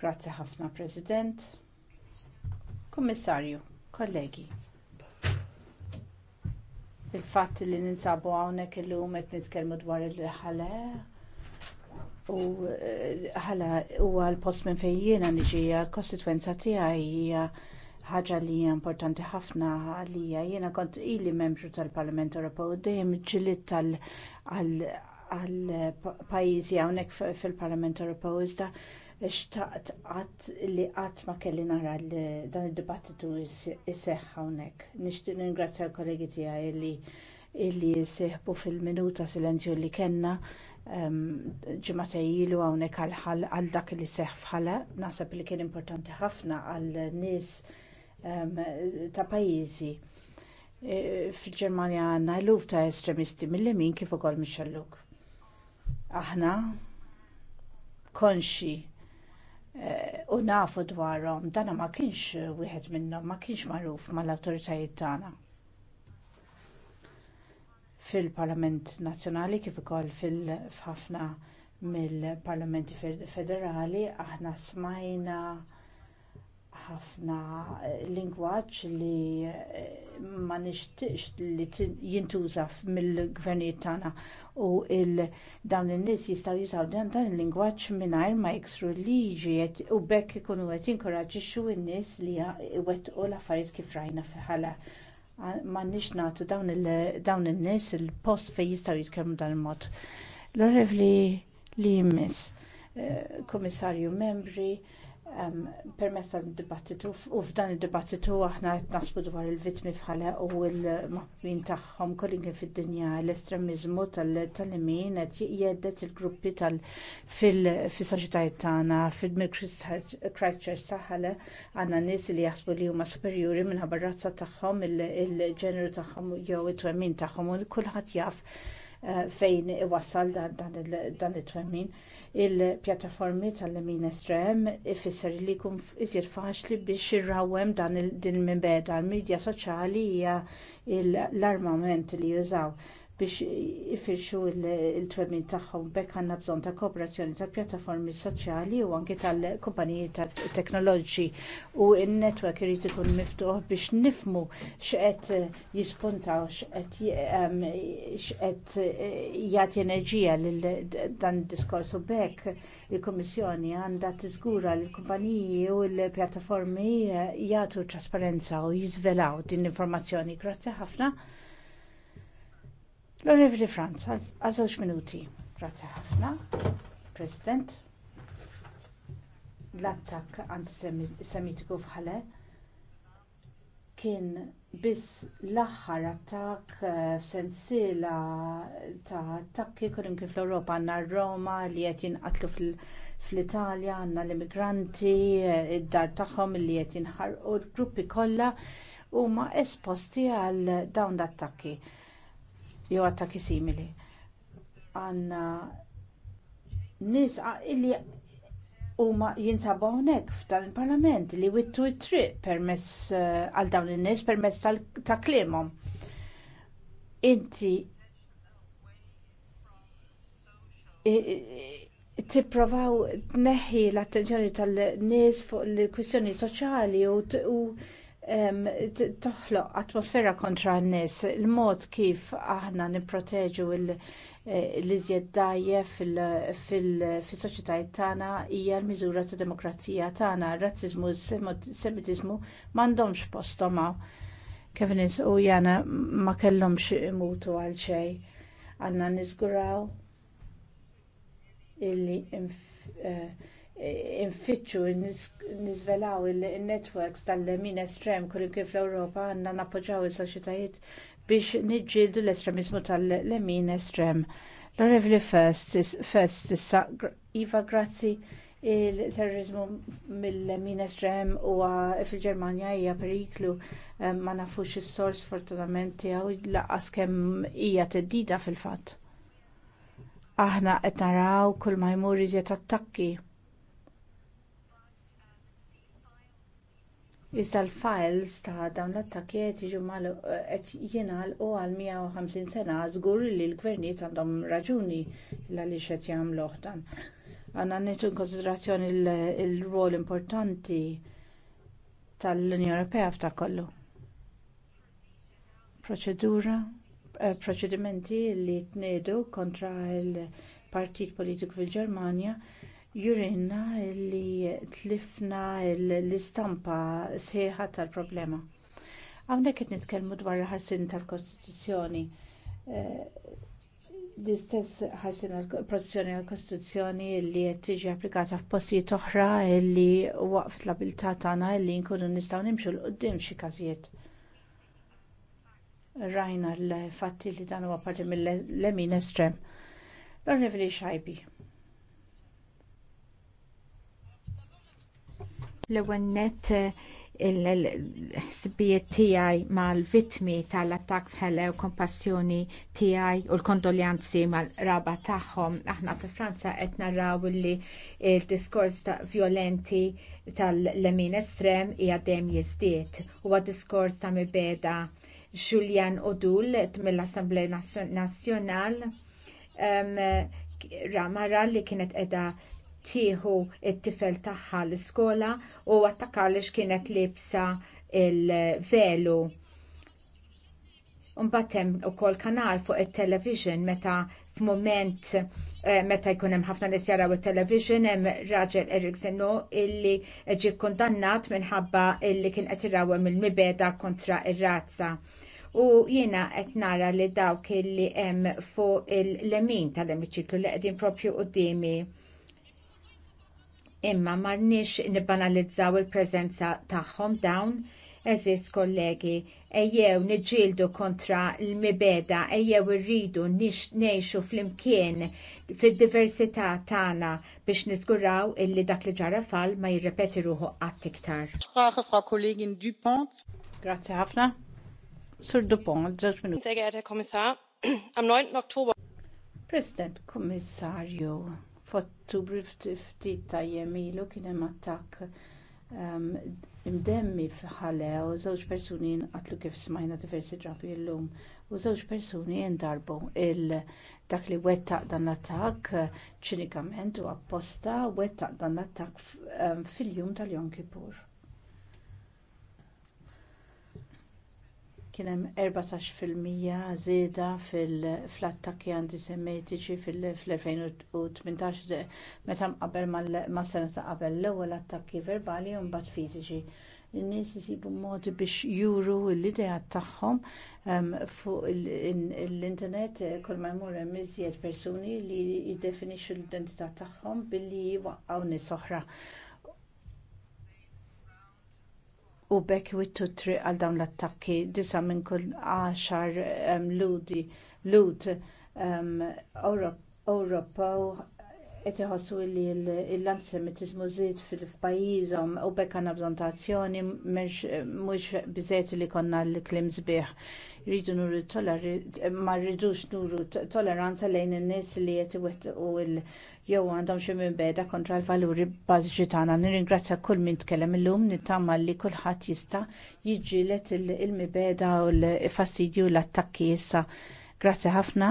Grazzi ħafna, President. Kommissarju, kollegi. il fat li ninsabu hawnhekk illum qed nitkellmu dwar il-ħale u eh, ħala huwa l-post minn fejn jiena niġi l-kostitwenza tiegħi hija ħaġa li hija importanti ħafna għalija jiena kont ili membru tal-Parlament Ewropew dejjem ġilit tal- għal pajjiżi hawnhekk fil-Parlament Ewropew iżda xtaqt għat li qatt ma kelli nara li dan id-dibattitu jseħħ hawnhekk. Nixtieq ningrazzja l-kollegi tiegħi li illi jisseħbu fil-minuta silenzju li kellna ehm, ġimata ilu hawnhekk għal dak li seħ fħala, naħseb li kien importanti ħafna għal nies ehm, ta' pajjiżi e, fil-Ġermanja l-uf ta' estremisti mill min kif ukoll mix aħna konxi eh, u nafu dwarhom dana ma kienx eh, wieħed minnhom ma kienx magħruf mal-awtoritajiet tagħna fil-Parlament Nazzjonali kif ukoll fil-ħafna mill-Parlamenti Federali aħna smajna ħafna eh, lingwaġġ li eh, ma nixtiex li jintuża mill-gvernijiet tagħna u dawn in-nies jistgħu jużaw dan dan il-lingwaġġ mingħajr ma jkissru liġi u bekk ikunu qed jinkoraġixxu n-nies li jwettqu l-affarijiet kif rajna fi ħala. M'għandniex nagħtu dawn in-nies il-post fejn jistgħu jitkellmu dan il-mod. L-orrevli li jmiss, eh, Membri, permezz tad-dibattitu u f'dan id-dibattitu aħna qed naħsbu dwar il-vittmi bħala u l-maħbin tagħhom kollin fid-dinja l-estremiżmu tal-imin qed jgħeddet il-gruppi tal fis-soċjetajiet tagħna fil-Christchurch saħħale għandna nies li jaħsbu li huma superjuri minħabba razza tagħhom il-ġeneru tagħhom jew it-twemmin tagħhom u kulħadd jaf eh, fejn iwassal dan it-twemmin il-pjattaformi tal-lemin estrem ifisser li jkun iżjed faċli biex irrawwem dan il-minbeda l-midja soċjali hija l-armament li jużaw biex ifirxu il-twemmin tagħhom b'hekk għandna bżonn ta' kooperazzjoni tal-pjattaformi soċjali u anke tal-kumpaniji tat-teknoloġi u n-netwerk irid ikun miftuħ biex nifhmu x'qed jispuntaw x'qed eh, jagħti enerġija lil dan id-diskors u b'hekk il-Kummissjoni għandha tiżgura li l-kumpaniji u l-pjattaformi eh, jagħtu trasparenza u jiżvelaw din l-informazzjoni. Grazzi ħafna. L-Onorevoli Franz, għazawx minuti. Grazzi ħafna, President. L-attakk antisemitiku f'Ħale kien biss l-aħħar attak eh, f'sensiela ta' attakki kullum kif l-Ewropa għandna r-Roma li qed jinqatlu fl-Italja, għandna l-immigranti, eh, id-dar tagħhom li qed jinħarqu, l-gruppi kollha huma esposti għal dawn l-attakki jew attakki simili. Għanna nis illi huma jinsabu hawnhekk f'dan il-Parlament li wittu t-triq permezz eh, għal dawn in-nies permezz ta' kliemhom. Inti tipprovaw tneħħi l-attenzjoni tan nies fuq il kwistjoni soċjali u toħloq atmosfera kontra n-nies, il-mod kif aħna nipproteġu eh, l-iżjed dajjef fil-soċjetajiet tagħna hija l-miżura ta' demokrazija tagħna. Ir-razziżmu u semitiżmu m'għandhomx posthom kif nis u jana ma kellhomx imutu għal xejn. Għandna niżguraw illi eh, infittxu niżvelaw in-netwerks tal-lemin estrem kull kif l-Ewropa għandna nappoġġjaw is-soċjetajiet biex niġġieldu l-estremiżmu tal-lemin estrem. L-Orevli Fest issa Iva grazzi il-terrorizmu mill-lemin estrem huwa fil-Ġermanja hija periklu ma nafux is-sors fortunament tiegħu lanqas kemm hija theddida fil-fatt. Aħna qed naraw kull ma jmur iżjed attakki iżda l-files ta' dawn l-attakki qed jingħalqu għal 150 sena żgur li l-gvernijiet għandhom raġuni għaliex qed jagħmluh dan għandna nieħdu konsiderazzjoni l-rwol importanti tal-unjoni ewropea f'dak kollu proċedura eh, proċedimenti li tniedu kontra l-partit politiku fil-ġermanja jurinna li tlifna l-istampa sħiħa tal-problema. Għawnek qed nitkellmu dwar il-ħarsin tal-Kostituzzjoni. Eh, l-istess ħarsin tal-Protezzjoni tal-Kostituzzjoni li qed tiġi applikata f'postijiet oħra li waqf l-abilità tagħna li nkunu nistgħu nimxu l qudiem xi każijiet rajna l-fatti li dan huwa parti mill-lemin estrem. L-Onorevoli Xajbi. L-ewwel nett eh, il-ħsibijiet tiegħi mal-vittmi tal-attakk f'Helle kompassjoni tiegħi u l-kondoljanzi mal-raba tagħhom. Aħna fi Franza qed naraw li l-diskors vjolenti tal-lemin estrem hija dejjem jiżdied huwa diskors ta' mibeda Julian Odul mill-Assemblea Nazzjonal um, mara li kienet qiegħda tieħu it-tifel tagħha l-iskola u attakka x'kienet kienet libsa il-velu. Mbagħad hemm ukoll kanal fuq it-television meta f'mument eh, meta jkun hemm ħafna nies jaraw it-television hemm raġel Erikseno illi ġie kkundannat minħabba illi kien qed irawhem il-mibeda kontra ir-razza. U jiena qed nara li dawk illi hemm fuq il-lemin tal-emiċiklu li qegħdin propju qudiemi imma marniex nibbanalizzaw il-preżenza tagħhom dawn eżis kollegi ejjew niġġieldu kontra l-mibeda ejjew irridu ngħixu flimkien fid-diversità tagħna biex niżguraw illi dak li ġara fall ma jirrepeti ruħu qatt iktar. Grazzi ħafna. Sur Dupont, ġoġ minuti. Sehr geehrter Kommissar, am 9. Oktober. President, Kommissarju, f'ottubru ftit ta' jiem ilu kien hemm attakk ehm, imdemmi f'ħalle u żewġ persuni nqatlu kif smajna diversi drabi llum u żewġ persuni ndarbu dak li wettaq dan l-attakk ċinikament u apposta wettaq dan l-attakk ehm, fil-jum tal-jom kipur Kien hemm erbatax fil-mija żieda fl-attakki antisemitiċi fil-2018 meta mqabbel mas-sena ta' qabel l-ewwel attakki verbali u mbagħad fiżiċi. In-nies isibu modi biex juru l-idea tagħhom ehm, fuq l-internet kull ma jmur hemm iżjed persuni li jiddefinixxu l-identità tagħhom billi jwaqqgħu nies oħra u b'hekk wittu triq għal dawn l-attakki disa minn kull għaxar um, ludi lud um, qed iħossu li l-antisemitiżmu żied fil u bekk għandna bżonn ta' azzjoni mhux biżejt li konna l-kliem sbieħ. Rridu nuru ma rridux nuru t-toleranza lejn in-nies li qed iwettqu l- jew għandhom xi minbeda kontra l-valuri bażiċi tagħna. Nirringrazzja kull min tkellem illum nittama li kulħadd jista' jiġġieled il-mibeda u l-fastidju l-attakki issa. Grazzi ħafna.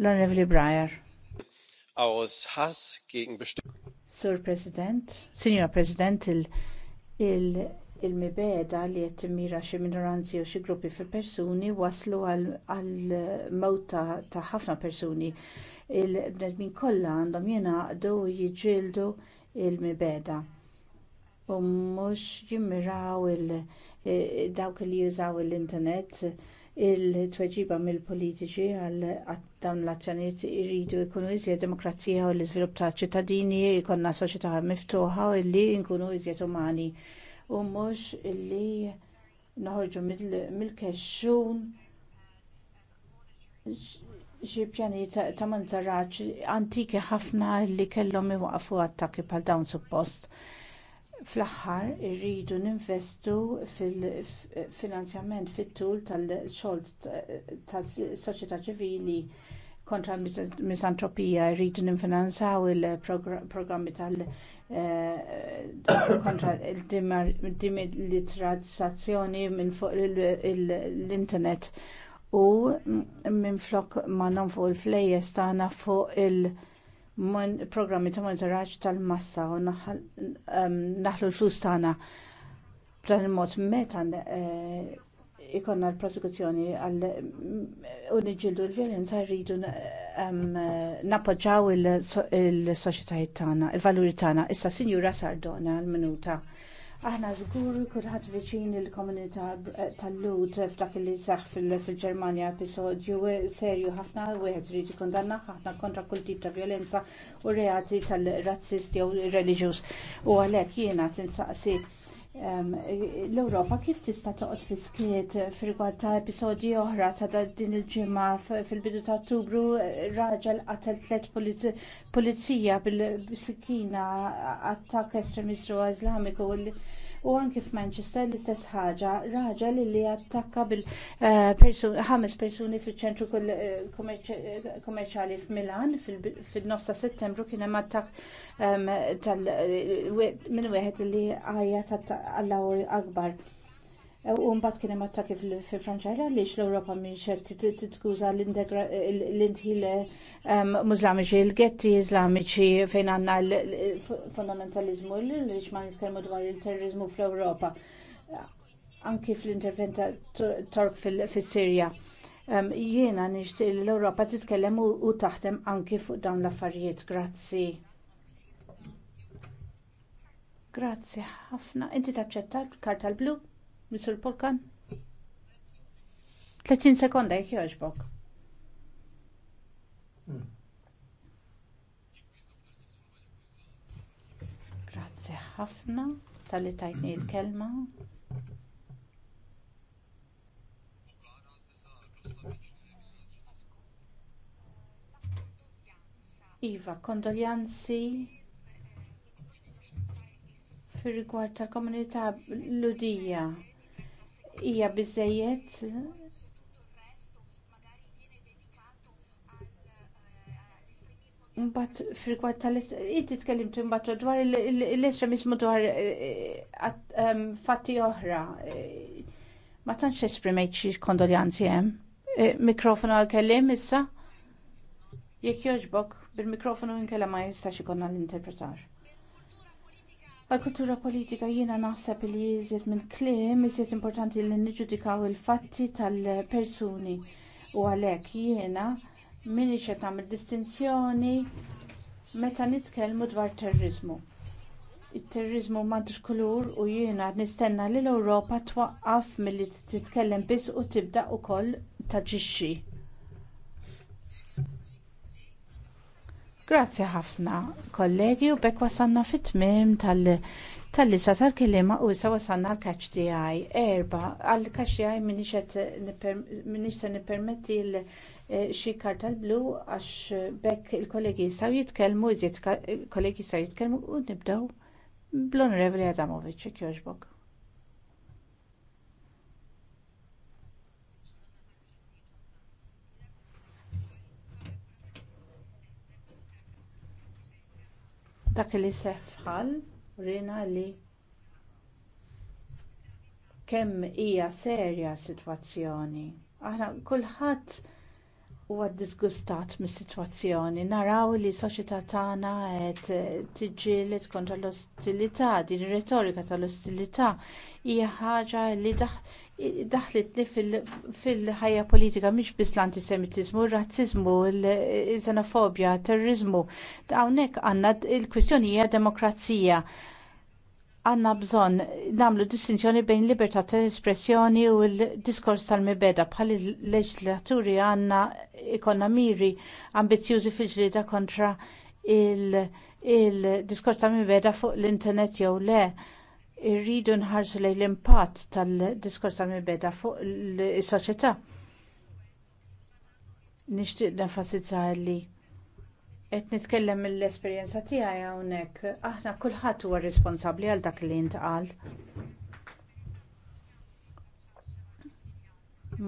L-Onorevoli Breyer. Aus Hass gegen Sur President, Signor President, il, mibeda li qed timmira xi minoranzi jew xi gruppi fil persuni waslu għal mewt ta' ħafna persuni il-bnedmin kollha għandhom jingħaqdu u jiġġieldu l-mibeda u mhux jimmiraw dawk li jużaw l-internet il-tweġiba mill-politiċi għal dawn l-azzjonijiet iridu jkunu iżjed demokrazija u l-iżvilupp ta' ċittadini jkollna soċjetà miftuħa u li nkunu iżjed umani u mhux illi noħorġu mill-kexxun xi pjani ta' monitoraġġ antiki ħafna li kellhom iwaqfu attakki bħal dawn suppost. Fl-aħħar irridu ninvestu fil-finanzjament fit-tul tal-xogħol tas-soċjetà ċivili kontra l-misantropija irridu ninfinanzaw il-programmi tal- eh, kontra il-dimilitarizzazzjoni minn fuq l-internet. il u minflok ma fuq il-flejjes tagħna fuq il-programmi ta' monitoraġġ tal-massa u naħlu l-flus tagħna b'dan il-mod meta eh, ikonna l-prosekuzzjoni għal u niġġieldu l vjolenza rridu nappoġġaw il-soċjetajiet tagħna, il-valuri tagħna. Issa Sinjura Sardona għal-minuta. Aħna żguru kulħadd viċin il-komunità eh, tal-lud f'dak li seħħ fil-Ġermanja episodju serju ħafna wieħed irid danna ħafna kontra kull tip ta' violenza u reati tal-razzisti jew reliġjuż. U għalhekk jiena tinsaqsi ehm, l-Ewropa kif tista' toqgħod fi skiet f'rigward ta' episodji oħra ta' din il-ġimgħa fil-bidu ta' Ottubru raġel qatel tliet pulizija bil-sikkina attakk estremistu Iżlamiku u anke f'Manchester l-istess ħaġa, raġel li attakka bil eh, ħames persuni fiċ-ċentru kummerċjali eh, eh, f'Milan fil nosta ta' Settembru kien hemm attakk ehm, minn wieħed li għajja għall-awri akbar. U mbagħad kien hemm attakki fil Franċajla għaliex l-Ewropa mhix qed titkuża l-intħil ehm, Mużlamiċi, l-getti Iżlamiċi fejn għandna l-fundamentalizmu li ma nitkellmu dwar il-terrorizmu fl-Ewropa. Anki fl-intervent Tork fis-Sirja. Ehm, jiena nixtieq l-Ewropa titkellem u taħdem anki fuq dawn l-affarijiet. Grazzi. Grazzi ħafna. Inti taċċetta l-karta l-blu? Mr. Polkan? 30 sekonda jek joġbok. Hmm. Grazie ħafna tal-li tajtni il-kelma. Iva, kondoljanzi fir riguard tal-komunità l-Udija hija biżżejjed Mbagħad fil-rigward tal-inti tkellimt imbagħad dwar l-estremizmu dwar eh, eh, fatti oħra. Eh, ma tantx esprimejt xi kondoljanzi hemm. Mikrofonu għal kellim issa? Jekk jogħġbok, bil-mikrofonu inkella ma jistax ikollna l-interpretar. Għal-kultura politika jiena naħseb li jiżjed minn kliem iżjed importanti li niġġudikaw il-fatti tal-persuni u għalhekk jiena minni qed nagħmel distinzjoni meta nitkellmu dwar terrorizmu. It-terrorizmu m'għandux kulur u jiena nistenna li l-Ewropa twaqqaf milli titkellem biss u tibda wkoll taġixxi. Grazzi ħafna, kollegi, u bekk wasanna fit-tmim tal- lista tal-kelima u issa wasanna għal-kaċ Erba, għal-kaċ tiegħi minix se nippermetti eh, xi karta blu għax bekk il-kollegi jistgħu jitkellmu, iżjed kollegi jistgħu jitkellmu u nibdew bl-Onorevoli Adamovic, jogħġbok. dak li seħħal rina li kemm hija serja s-sitwazzjoni aħna kulħadd huwa ddisgustat mis-sitwazzjoni naraw li s-soċjetà tagħna qed tiġġieled kontra l-ostilità din ir-retorika tal-ostilità hija ħaġa li daħlitni fil-ħajja politika mhix biss l-antisemitiżmu, ir-razziżmu, il-xenofobja, terrorizmu. Hawnhekk għandna il-kwistjoni hija demokrazija. Għanna bżonn nagħmlu distinzjoni bejn libertà tal-espressjoni u l-diskors tal-mibeda bħal il-leġislaturi għandna ekonomiri ambizjużi fil-ġlida kontra il-diskors tal-mibeda fuq l-internet jew le irridu nħarsu lejn l-impatt tal-diskors tal-mibeda fuq is-soċjetà. Nixtieq nenfasizza li qed nitkellem mill-esperjenza tiegħi hawnhekk aħna kulħadd huwa responsabbli għal dak li intqal.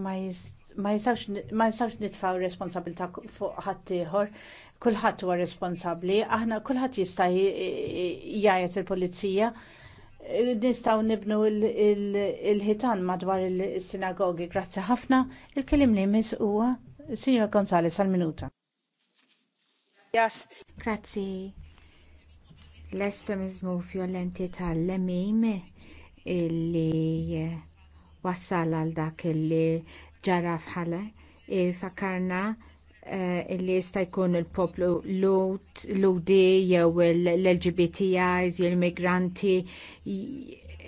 Ma jistawx nitfaw responsabilità fuq ħadd ieħor, kulħadd huwa responsabbli, aħna kulħadd jista' jgħid il-pulizija. il pulizija nistaw nibnu il-ħitan madwar il-sinagogi. Grazzi ħafna. Il-kelim li mis huwa Signor Gonzalez għal-minuta. Yes. Grazzi. L-estremizmu fjolenti tal-lemim illi wassal għal dak illi ġara fħale. E fakarna Eh, illi jista' jkun il-poplu ludi jew l-LGBTIs, il-migranti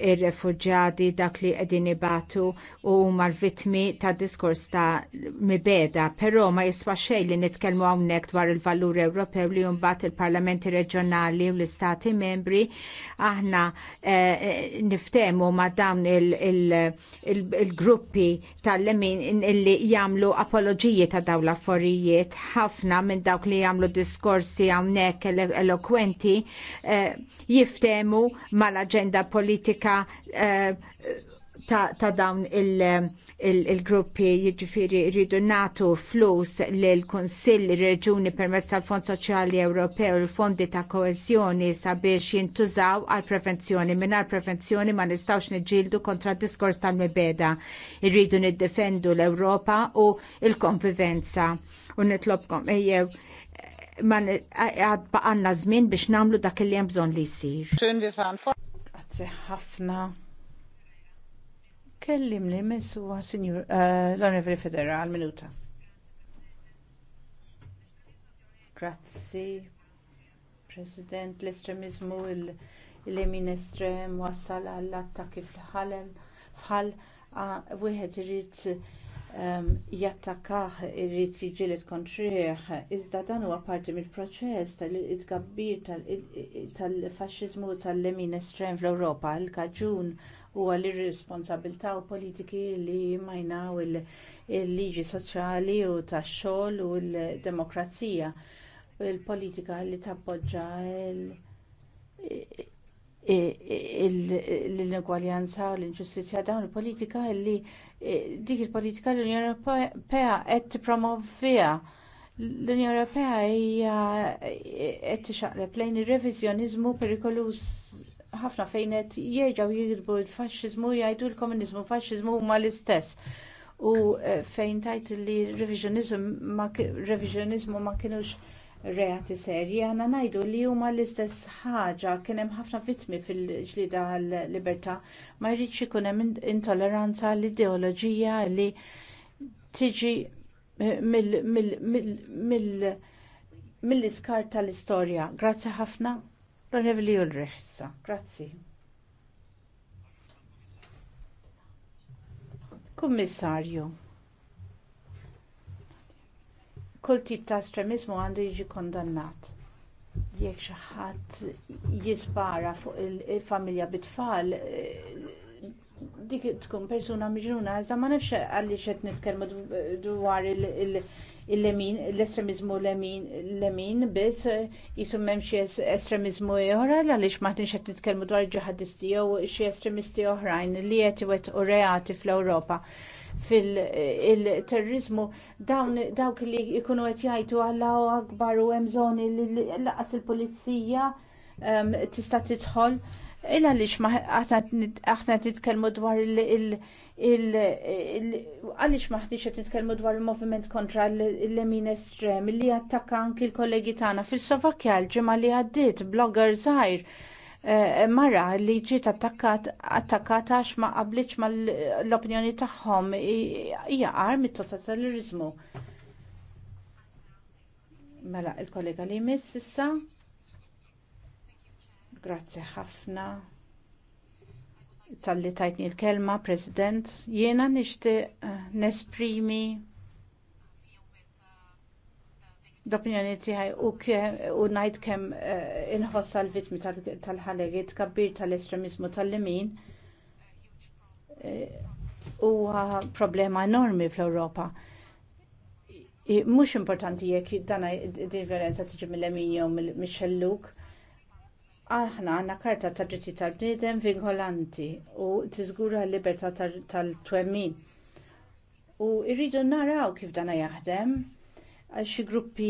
ir-refuġjati dak li qegħdin ibatu u l vittmi ta' diskors ta' mibeda, però ma jiswa xejn li nitkellmu hawnhekk dwar il-valur Ewropew li mbagħad il-parlamenti reġjonali u l-istati membri aħna niftehmu niftemu ma' dawn il-gruppi tal-lemin illi jagħmlu apoloġiji ta' dawn l-affarijiet ħafna minn dawk li jagħmlu diskorsi hawnhekk elokwenti eh, jiftemu mal-aġenda politika politika eh, ta' dawn il-gruppi jiġifieri jridu nagħtu flus lill kunsill reġuni permezz tal-Fond Soċjali Ewropew il fondi ta' koeżjoni sabiex jintużaw għal prevenzjoni. Mingħajr prevenzjoni ma nistgħux niġġieldu kontra d diskors tal-mibeda. Irridu niddefendu l-Ewropa u l-konvivenza. U nitlobkom ejjew ma għadba għanna żmien biex nagħmlu dak li hemm bżonn li jsir. Grazzi ħafna. Kellim li minsuwa Signor uh, l-Onorevoli Federa minuta. Grazzi, President, l-estremizmu il-lemin estrem wassal għall-attakki fl-ħalem fħal wieħed irid jattakaħ irrid jiġilet kontrih iżda dan huwa parti mill-proċess tal itgabbir tal-faxxiżmu tal-lemin estrem fl-Ewropa il-kaġun huwa l-irresponsabbiltà u politiki li jmajnaw il-liġi soċjali u tax-xogħol u l-demokrazija il-politika li tappoġġja l l-inegwaljanza, l-inġustizja dawn il-politika li dik il-politika l-Unjoni Ewropea qed tippromovija. L-Unjoni Ewropea hija qed tixaqleb lejn ir-reviżjoniżmu perikolus ħafna fejn qed jerġgħu jikdbu l-faxxiżmu jgħidu l-komuniżmu faxxiżmu huma l-istess. U eh, fejn tajt li reviżjoniżmu ma kienux reati serji għandna ngħidu li huma l-istess ħaġa kien hemm ħafna vittmi fil-ġlieda għall-libertà ma jridx ikun hemm intolleranza għall ideoloġija li tiġi eh, mill-iskar tal-istorja. Grazzi ħafna. L-Onorevoli Ulrich issa. Grazzi. Kummissarju. Kull tip ta' estremiżmu għandu jiġi kondannat. Jekk xi ħadd jispara fuq il-familja bit-tfal, dik tkun persuna miġnuna, iżda ma nafx għaliex qed nitkellmu dwar il-lemin, l-estremizmu lemin, biss jisum hemm xi estremizmu oħra għaliex ma qed nitkellmu dwar ġihadisti jew xi estremisti oħrajn li qed iwettqu reati fl-Ewropa fil-terrorizmu dawn dawk li jkunu qed jgħidu u akbar u hemm żoni li laqas il-pulizija um, tista' tidħol. Illa lix aħna titkellmu dwar il- għalix maħtiċ qed nitkellmu dwar il-moviment kontra l-lemin estrem li attakka anki l-kollegi tagħna fil sovakja l-ġimgħa li għaddiet blogger żgħir Eh, mara li ġiet attakkata għax ma qablitx mal-opinjoni tagħhom hija qar mit-totalitarizmu. Mela, il-kollega li jmiss issa. Grazzi ħafna tal-li tajtni l-kelma, President. Jiena nixtieq eh, nesprimi d-opinjoni tiegħi u ngħid kemm eh, inħossa l-vittmi tal-ħalegi tkabbir tal-estremizmu tal-lemin eh, huwa problema enormi fl-Ewropa. Mhux importanti jekk dan differenza tiġi mill-lemin jew mill-xelluk. Aħna għandna karta ta' dritti tal-bniedem vinkolanti u tiżgura l-libertà tal-twemmin. U rridu naraw kif dana jaħdem għal xi gruppi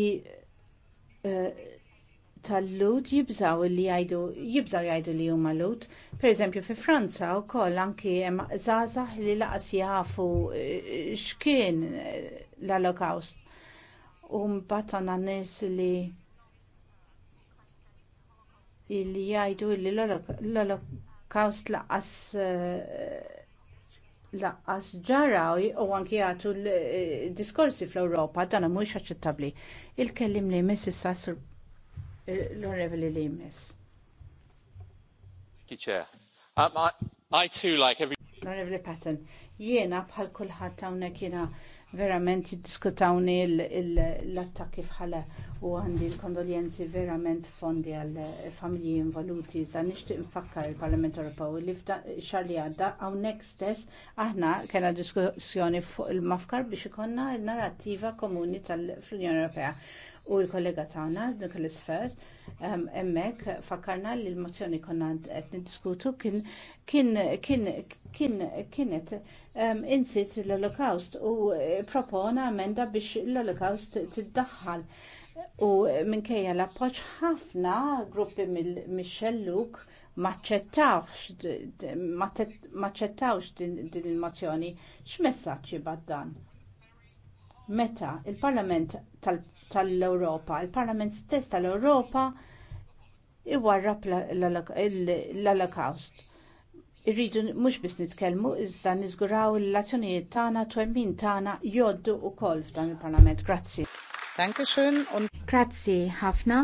eh, tal-lut jibżaw li jgħidu jibżaw jgħidu li huma lut. pereżempju fi Franza wkoll anki hemm żgħażagħ li laqas jafu eh, x'kien eh, l-Holocaust. U mbagħad għandna nies li li jgħidu li l-Holocaust laqas laqqas ġaraw u anki għatu l-diskorsi e, fl-Europa dan mhux aċċettabbli. Il-kellim li jmiss issa e, l-onorevoli li jmiss. Um, l-onorevoli Patton, jiena bħal kulħadd hawnhekk jiena verament jiddiskutawni l-attakki fħala u għandi l-kondoljenzi verament fondi għal familji involuti. Iżda nixtieq nfakkar il-Parlament Ewropew li xar li għadda hawnhekk stess aħna kena diskussjoni fuq il-mafkar biex ikonna il narrattiva komuni tal-Unjoni Ewropea u l-kollega tagħna dak l-isfer ehm, hemmhekk fakkarna li l-mozzjoni konna qed niddiskutu kien kienet ehm, insit l olokaust u propona emenda biex l olokaust tiddaħħal u minkejja l-appoġġ ħafna gruppi mix-xelluk maċċettawx din il-mozzjoni x'messaġġ jibgħat dan meta l parlament tal-Plu tal-Ewropa. Il-Parlament stess tal-Ewropa iwarrab l-Holocaust. Irridu mhux biss nitkellmu iżda niżguraw l-azzjonijiet tagħna twemmin tagħna jgħoddu wkoll f'dan il-Parlament. Grazzi. und Grazzi ħafna.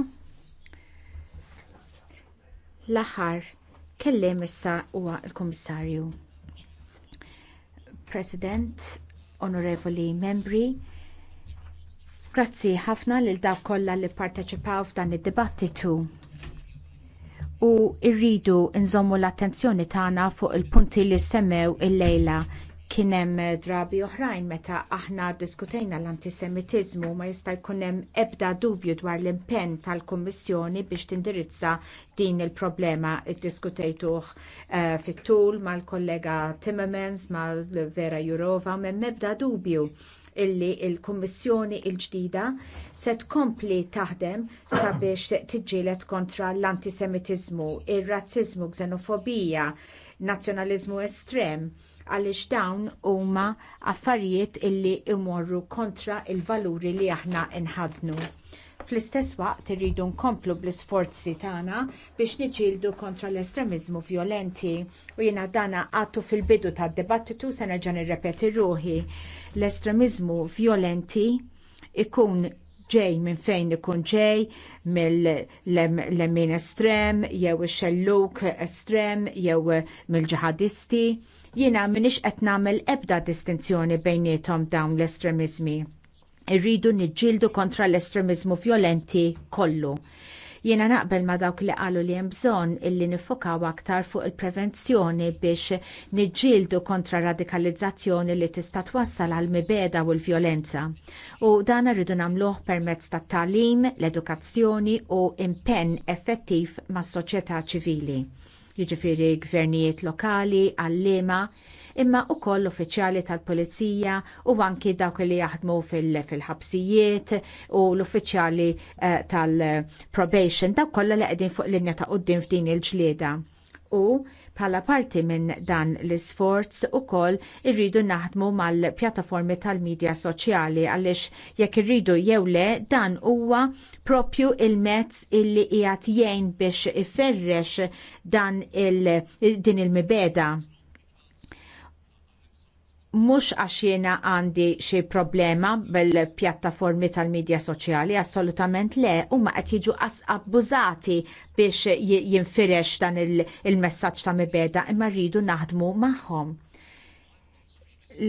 L-aħħar kellem issa huwa l-Kummissarju. President, Onorevoli Membri, Grazzi ħafna lil dawk kollha li pparteċipaw f'dan id-dibattitu. U rridu nżommu l-attenzjoni tagħna fuq il-punti li semmew illejla kien hemm drabi oħrajn meta aħna ddiskutejna l-antisemitiżmu ma jista' jkun hemm ebda dubju dwar l-impenn tal-Kummissjoni biex tindirizza din il-problema iddiskutejtuh uh, fit-tul mal-kollega Timmermans mal-Vera Jurova m'hemm ebda dubju illi il-Kummissjoni il-ġdida se tkompli taħdem sabiex tiġġieled kontra l-antisemitiżmu, ir razzizmu xenofobija, nazzjonaliżmu estrem għaliex dawn huma affarijiet illi imorru kontra l il valuri li aħna inħadnu Fl-istess waqt irridu nkomplu bl-isforzi tagħna biex niġġieldu kontra l-estremiżmu vjolenti u jiena dana għattu fil-bidu tad-dibattitu se nerġa' nirrepeti ruħi. L-estremiżmu vjolenti ikun ġej minn fejn ikun ġej, mill-lemmin estrem, jew xelluk estrem, jew mill-ġihadisti. Jiena minix qed nagħmel ebda distinzjoni bejnietom dawn l-estremizmi irridu niġġieldu kontra l-estremizmu vjolenti kollu. Jiena naqbel ma dawk li qalu li hemm bżonn illi nifokaw aktar fuq il-prevenzjoni biex niġġieldu kontra radikalizzazzjoni li tista' twassal għal mibeda u l-vjolenza. U dan rridu nagħmluh permezz tat talim, l-edukazzjoni u impenn effettiv mas-soċjetà ċivili. Jiġifieri gvernijiet lokali, għallima, imma wkoll uffiċjali tal-Pulizija u anki dawk li jaħdmu fil-ħabsijiet u l-uffiċjali eh, tal-probation dawk kollha li qegħdin fuq linja ta' qudiem f'din il-ġlieda. U bħala parti minn dan l-isforz ukoll irridu naħdmu mal-pjattaformi tal-medja soċjali għaliex jekk irridu jew le dan huwa propju il-mezz illi qiegħed jgħin biex iferrex dan il din il-mibeda mux għax jena għandi xi problema bil-pjattaformi tal-medja soċjali, assolutament le, huma qed jiġu abbużati biex jinfirex dan il-messaġġ ta' mibeda imma rridu naħdmu magħhom.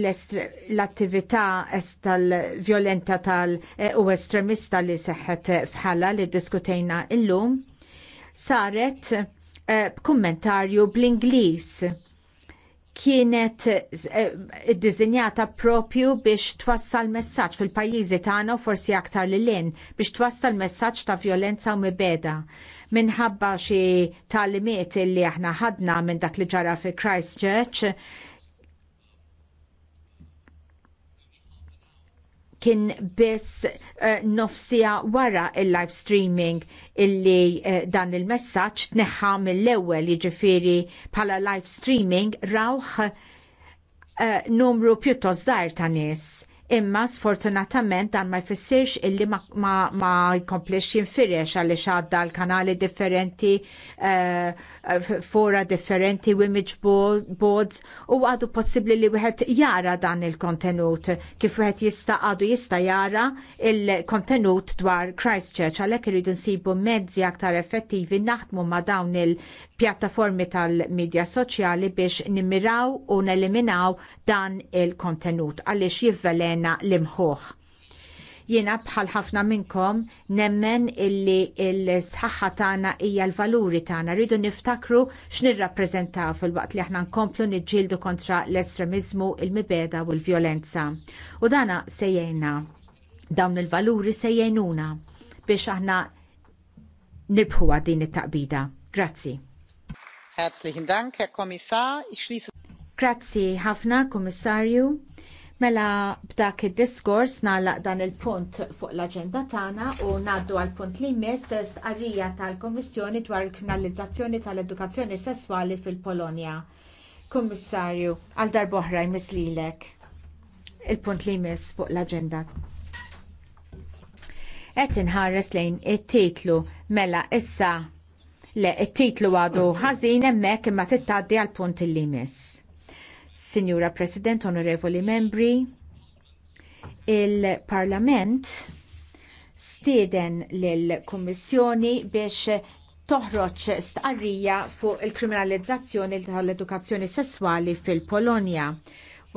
L-attività tal-violenta tal- e, u estremista li seħħet fħalla li diskutejna illum saret uh, b'kummentarju bl-Ingliż kienet eh, ddizinjata propju biex twassal messaġġ fil-pajjiżi tagħna forsi aktar li lin biex twassal messaġġ ta' violenza u mibeda. Minħabba xi talimiet li aħna ħadna minn dak li ġara fi Christchurch, kien biss uh, nofsija wara il-live streaming illi uh, dan il-messaġġ tneħħa mill-ewwel jiġifieri bħala live streaming rawħ uh, numru pjuttost żgħar ta' nis. Imma sfortunatament dan ma jfissirx illi ma, ma, ma jkomplix jinfirex għaliex għadda l-kanali differenti uh, Eh, fora differenti image boards u għadu possibbli li wieħed jara dan il-kontenut kif wieħed jista' għadu jista' jara il-kontenut dwar Christchurch għalhekk iridu nsibu mezzi aktar effettivi naħdmu ma' dawn il-pjattaformi tal-medja soċjali biex nimmiraw u neliminaw dan il-kontenut għaliex jivvelena l-imħuħ. Jiena bħal ħafna minnkom nemmen illi l-sħaħħa tagħna hija l-valuri tagħna. Rridu niftakru x'nirrappreżentaw fil-waqt li aħna nkomplu niġġieldu kontra l-estremizmu, il-mibeda u l-vjolenza. U dana sejjejna dawn il-valuri sejjejnuna biex aħna nibħu din it-taqbida. Grazzi. Herzlichen Dank, Herr Kommissar. Ich schließe Grazzi ħafna, Kommissarju. Mela b'dak id-diskors nagħlaq dan il-punt fuq l-aġenda tagħna u ngħaddu għal punt li jmiss arrija tal kummissjoni dwar il-kriminalizzazzjoni tal-edukazzjoni sesswali fil-Polonja. Kummissarju, għal darboħra jmiss lilek il-punt li jmiss fuq l-aġenda. Qed inħares lejn it-titlu mela issa le it-titlu għadu ħażin hemmhekk imma tittaddi għal punt illi limis Sinjura President, Onorevoli Membri, il-Parlament stieden lill-Kummissjoni biex toħroġ stqarrija fuq il-kriminalizzazzjoni tal-edukazzjoni sesswali fil-Polonja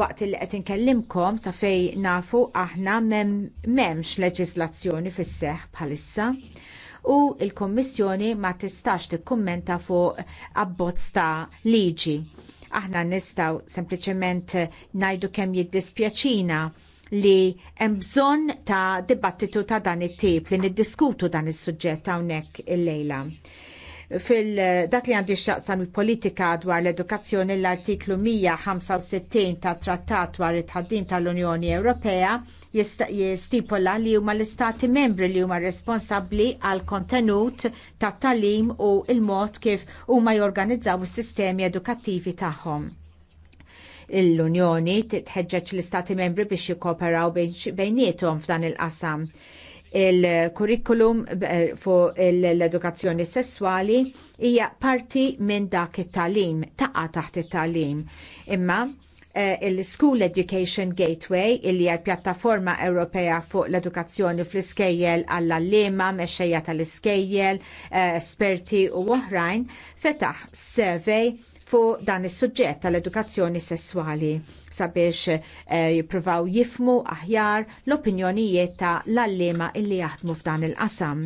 waqt li qed inkellimkom sa fej nafu aħna m'hemmx leġiżlazzjoni fis-seħħ bħalissa u l kummissjoni ma tistax tikkummenta fuq abbozz ta' liġi. Aħna nistgħu sempliċement eh, ngħidu kemm jiddispjaċina li hemm bżonn ta' dibattitu ta' dan it-tip li niddiskutu dan is-suġġett hawnhekk illejla fil-dak li għandi xaqsam il-politika dwar l-edukazzjoni l-artiklu 165 ta' trattat dwar it-ħaddim tal-Unjoni Ewropea jistipula li huma l-istati membri li huma responsabbli għal kontenut ta' talim u il-mod kif huma jorganizzaw is-sistemi edukattivi tagħhom l-Unjoni titħeġġeġ l-Istati membri biex jikoperaw bejnietom f'dan il-qasam. Il-kurrikulum eh, fuq l-edukazzjoni sessuali hija parti minn dak it-talim, taqa taħt it-talim. Imma eh, il-School Education Gateway illi għal pjattaforma Ewropea fuq l-edukazzjoni fl-iskejjel għall-allima, mexxejja tal-iskejjel, eh, esperti u oħrajn, fetaħ survey fuq dan is-suġġett tal-edukazzjoni sesswali sabiex eh, jippruvaw jifmu aħjar l-opinjonijiet ta' l-allima illi jaħdmu f'dan il-qasam.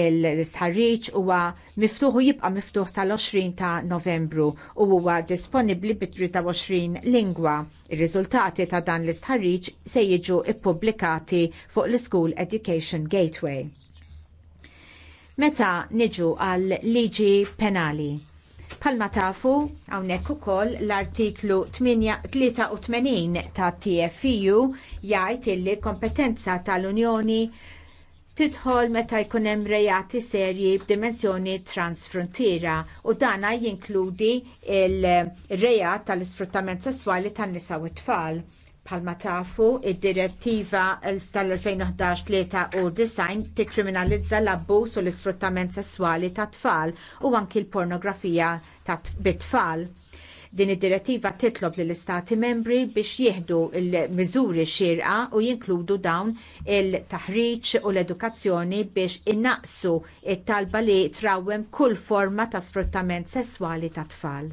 Il-sħarriċ huwa miftuħ u jibqa' miftuħ sal-20 ta' Novembru u huwa disponibbli bi 23 lingwa. Ir-riżultati ta' dan l-istħarriċ se jiġu ippubblikati fuq l-School Education Gateway. Meta niġu għal liġi penali, Palma tafu, hawnhekk ukoll l-artiklu 83 ta' TFU e jgħid illi kompetenza tal-Unjoni tidħol meta jkun hemm rejati serji b'dimensjoni transfrontiera u dana jinkludi il-rejat tal-isfruttament sesswali tan-nisa u t-tfal. Palma tafu, id-direttiva tal-2011 u design tikkriminalizza l-abbuż u l-isfruttament sesswali ta' tfal u anki l-pornografija ta' bit-tfal. Din id-direttiva titlob lill istati membri biex jieħdu l-miżuri xirqa u jinkludu dawn il-taħriġ u l-edukazzjoni biex innaqsu t talba li trawwem kull forma ta' sfruttament sesswali ta' tfal.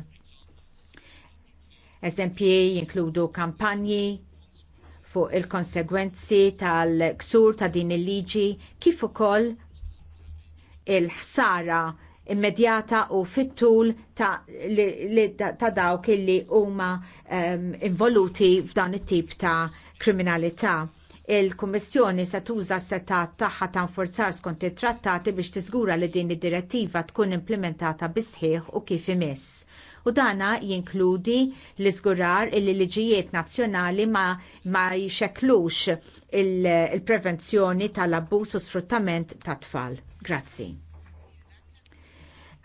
Eżempji jinkludu kampanji fuq il-konsegwenzi tal-ksur ta' din il-liġi kif ukoll il-ħsara immedjata u fit-tul ta', ta dawk illi huma um, involuti f'dan it-tip ta' kriminalità il-Kummissjoni se tuża seta tagħha ta' nforzar skont it-trattati biex tiżgura li din id-direttiva tkun implementata bi sħiħ u kif imiss u dana jinkludi l-iżgurar li liġijiet nazzjonali ma, ma jxeklux il-prevenzjoni il tal-abbuż u sfruttament tat tfal. Grazzi.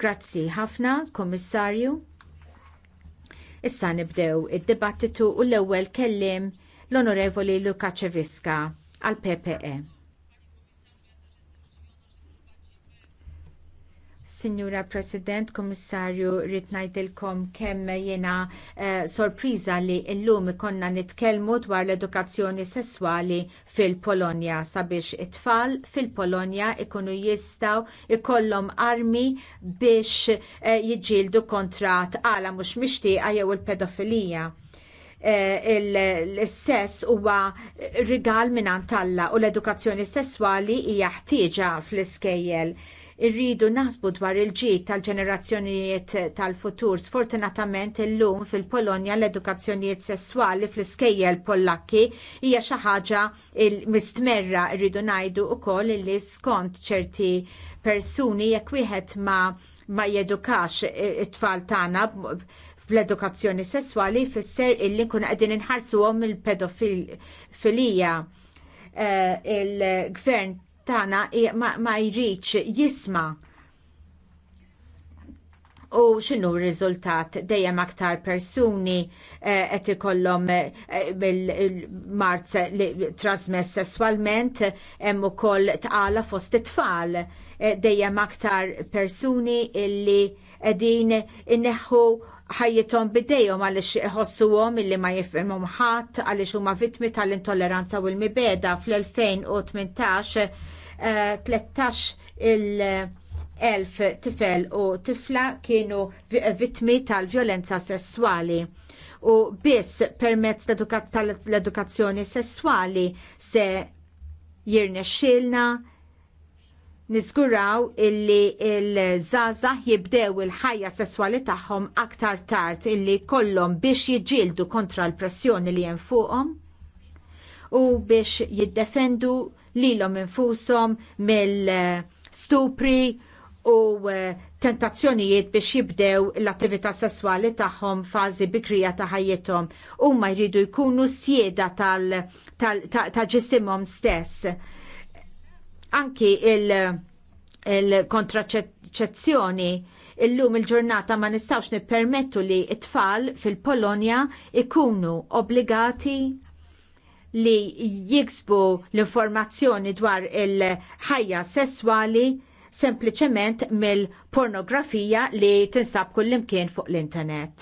Grazzi ħafna, Kommissarju. Issa nibdew id-dibattitu u l-ewwel kelliem l-Onorevoli Luka Ċeviska għal PPE. Sinjura President, Komissarju, rrit ngħidilkom kemm jiena uh, sorpriża li llum konna nitkellmu dwar l-edukazzjoni sesswali fil-Polonja sabiex it-tfal fil-Polonja ikunu jistgħu ikollhom armi biex uh, jiġġieldu kontrat għala mhux mixtieqa jew il-pedofilija eh, il-sess huwa rigal minn Antalla u l-edukazzjoni sesswali hija ħtieġa fl-iskejjel irridu naħsbu dwar il-ġid tal-ġenerazzjonijiet tal-futur. Sfortunatament illum fil-Polonja l-edukazzjonijiet sesswali fl-iskejjel Pollakki hija xi ħaġa mistmerra rridu ngħidu wkoll li skont ċerti persuni jekk wieħed ma ma jedukax it-tfal tagħna fl edukazzjoni sesswali jfisser illi nkunu qegħdin inħarsuhom il-pedofilija. Uh, il-gvern Tana ma jridx jisma' u xinu r-riżultat dejjem aktar persuni eh, qed ikollhom eh, bil-marz li trasmess sesswalment hemm ukoll tqala fost it-tfal eh, dejjem aktar persuni illi qegħdin inneħħu ħajjithom bidejhom għaliex iħossuhom illi ma jifhimhom ħadd għaliex huma vittmi tal-intolleranza u l-mibeda fl-2018 13 eh, il elf tifel u tifla kienu vittmi tal-vjolenza sesswali u biss permezz tal-edukazzjoni sesswali se jirnexxilna niżguraw illi il-żaza jibdew il-ħajja sesswali tagħhom aktar tard illi kollhom biex jiġġieldu kontra l-pressjoni li hemm fuqhom u biex jiddefendu lilhom infushom mill-stupri u eh, tentazzjonijiet biex jibdew l-attività sesswali tagħhom fażi bikrija ta' ħajjithom huma jridu jkunu sjeda tal-ġisimhom stess Anki il-kontraċezzjoni il lum il-ġurnata ma nistawx nippermettu li t tfal fil-Polonja ikunu obbligati li jiksbu l-informazzjoni dwar il-ħajja sesswali sempliċement mill-pornografija li tinsab kullimkien fuq l-internet.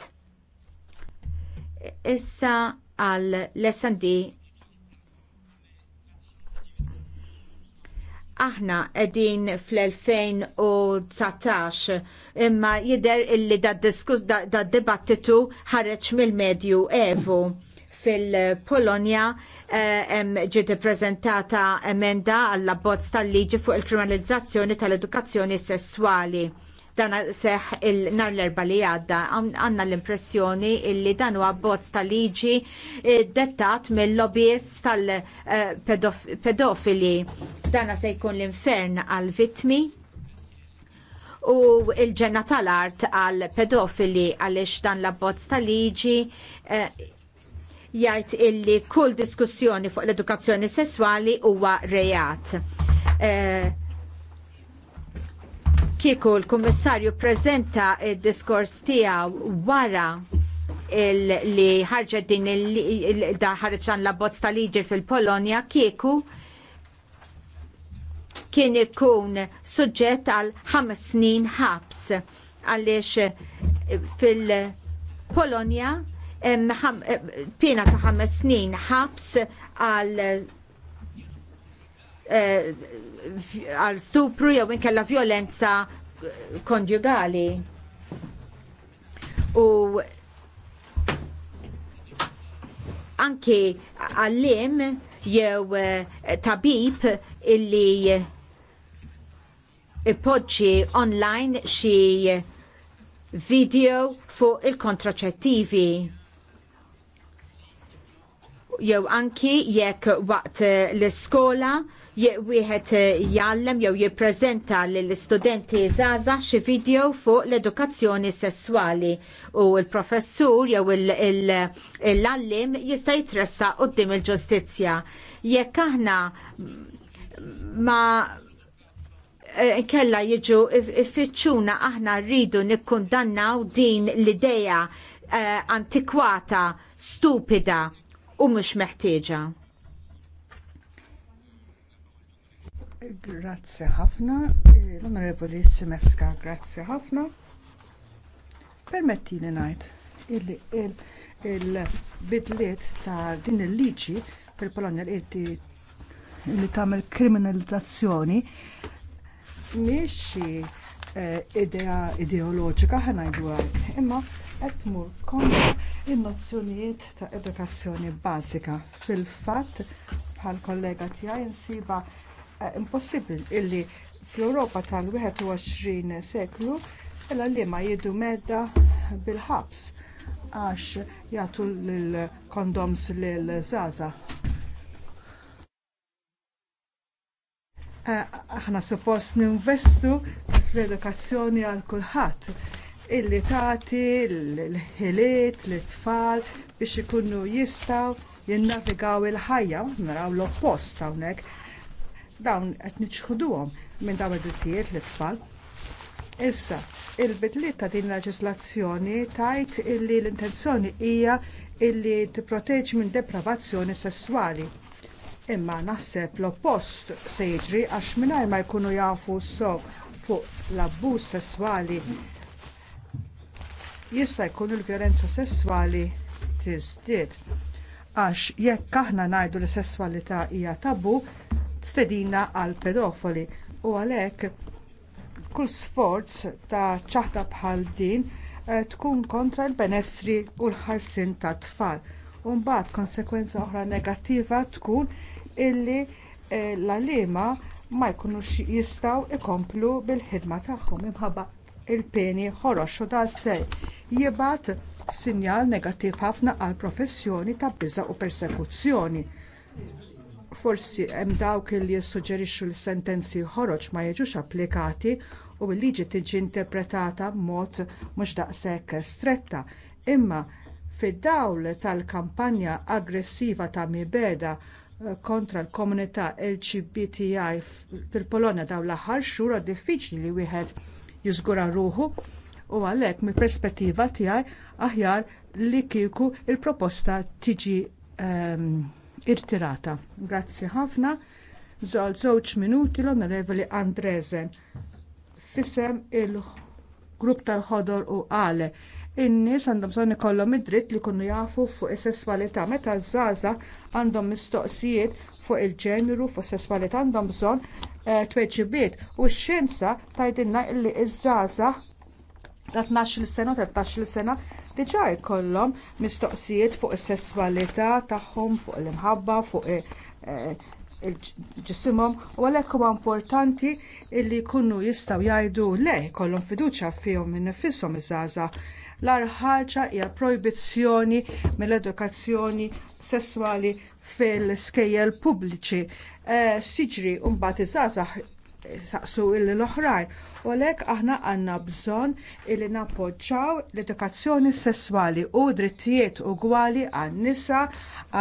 Issa għal l-SND aħna edin fl-2019 imma jider illi da, diskus, da, dibattitu ħareċ mill-medju evu fil-Polonja eh, ġiet ippreżentata prezentata emenda għall-abbozz tal-liġi fuq il-kriminalizzazzjoni tal-edukazzjoni sessuali dan seħ il-nar l-erba li għadda għanna l-impressjoni illi dan huwa bozz tal-liġi eh, dettat mill-lobbies tal-pedofili. Eh, Dana se jkun l-infern għal-vitmi u il-ġenna tal-art għal-pedofili għalix dan l-abbozz tal-liġi eh, jgħid illi kull diskussjoni fuq l-edukazzjoni sesswali huwa rejat kieku l-Kummissarju prezenta il diskors tiegħu wara li ħarġet din il ħarġan la bozz ta' liġi fil-Polonja kieku kien ikun suġġett għal ħames snin ħabs għaliex eh, fil-Polonja eh, pina ta' ħames snin ħabs għal eh, għal stupru jew inkella violenza konjugali. U anke għallim jew eh, tabib illi ipoġġi online xi video fuq il-kontraċettivi jew anki jekk waqt l-iskola wieħed eh, jgħallem jew jippreżenta lill-istudenti żgħażagħ xi video fuq l-edukazzjoni sesswali u l-professur jew l-allim jista' jitressa quddiem il-ġustizzja. Jekk aħna ma eh, kella jiġu iffiċċuna aħna rridu nikkundannaw din l-idea eh, antikwata, stupida u mhux meħtieġa. Grazzi ħafna, l-Onorevoli Simeska, grazzi ħafna. Permettini ngħid illi il-bidliet ta' din il-liġi fil-Polonja li tagħmel kriminalizzazzjoni miexi eh, idea ideoloġika ħanajdu għal imma qed tmur kontra in-nozzjonijiet ta' edukazzjoni bażika. Fil-fatt bħal kollega tiegħi insiba impossibbli illi fl-Ewropa tal-21 seklu l liema jiedu medda bil-ħabs għax jagħtu l-kondoms lil żgħażagħ. Eh, aħna suppost ninvestu fl-edukazzjoni għal kulħadd illi tagħti l-ħiliet lit-tfal biex ikunu jistgħu jinnavigaw il-ħajja naraw l-oppost hawnhekk dawn qed niċħduhom minn dawn id-drittijiet l itfal Issa, il-bidliet ta' din leġislazzjoni tajt illi l-intenzjoni hija illi tipproteġi minn depravazzjoni sesswali. Imma naħseb l-oppost se jiġri għax mingħajr ma jkunu jafu s so fuq l-abbuż sesswali jista' jkun il-vjolenza sesswali tiżdied għax jekk aħna ngħidu li sesswalità hija tabu, stedina għal pedofoli u għalhekk kull sforz ta' ċaħda bħal din eh, tkun kontra l-benessri u l-ħarsien tat-tfal. U mbagħad konsegwenza oħra negattiva tkun illi eh, l-għalliema ma jkunux jistgħu jkomplu bil-ħidma tagħhom imħabba il-peni ħorox u dal jibgħat sinjal negattiv ħafna għall professjoni ta' biża' u persekuzzjoni forsi hemm dawk li jissuġġerixxu li sentenzi ħoroġ ma jiġux applikati u l-liġi tiġi interpretata b'mod mhux daqshekk stretta. Imma fid-dawl tal-kampanja aggressiva ta' mibeda eh, kontra l-komunità LGBTI fil-Polonja dawn l-aħħar xhur diffiċli li wieħed jiżgura ruħu u għalhekk mill-perspettiva tiegħi aħjar li kieku l proposta tiġi um, irtirata. Grazzi ħafna. Żol żewġ minuti l-Onorevoli Andrezen. Fisem il-grupp tal-ħodor u għale in-nies għandhom bżonn ikollhom id-dritt li jkunu jafu fuq is-sesswalità meta żgħażagħ għandhom mistoqsijiet fuq il-ġeneru fuq is-sesswalità għandhom bżonn eh, tweġibiet u x-xjenza tgħidilna li ż-żgħażagħ ta' 12-il sena u 13-il sena diġà jkollhom mistoqsijiet fuq is-sesswalità tagħhom, fuq l-imħabba, fuq eh, eh, il-ġisimhom u għalhekk huwa importanti li jkunu jistgħu jgħidu le jkollhom fiduċja fihom innifishom iż-żgħażagħ l-ar ħaġa hija projbizzjoni mill-edukazzjoni sesswali fil-skejjel pubbliċi. Eh, siġri mbagħad iż-żgħażagħ saqsu l-oħrajn. U għalhekk aħna għandna bżonn li nappoġġjaw l-edukazzjoni sesswali u drittijiet ugwali għan-nisa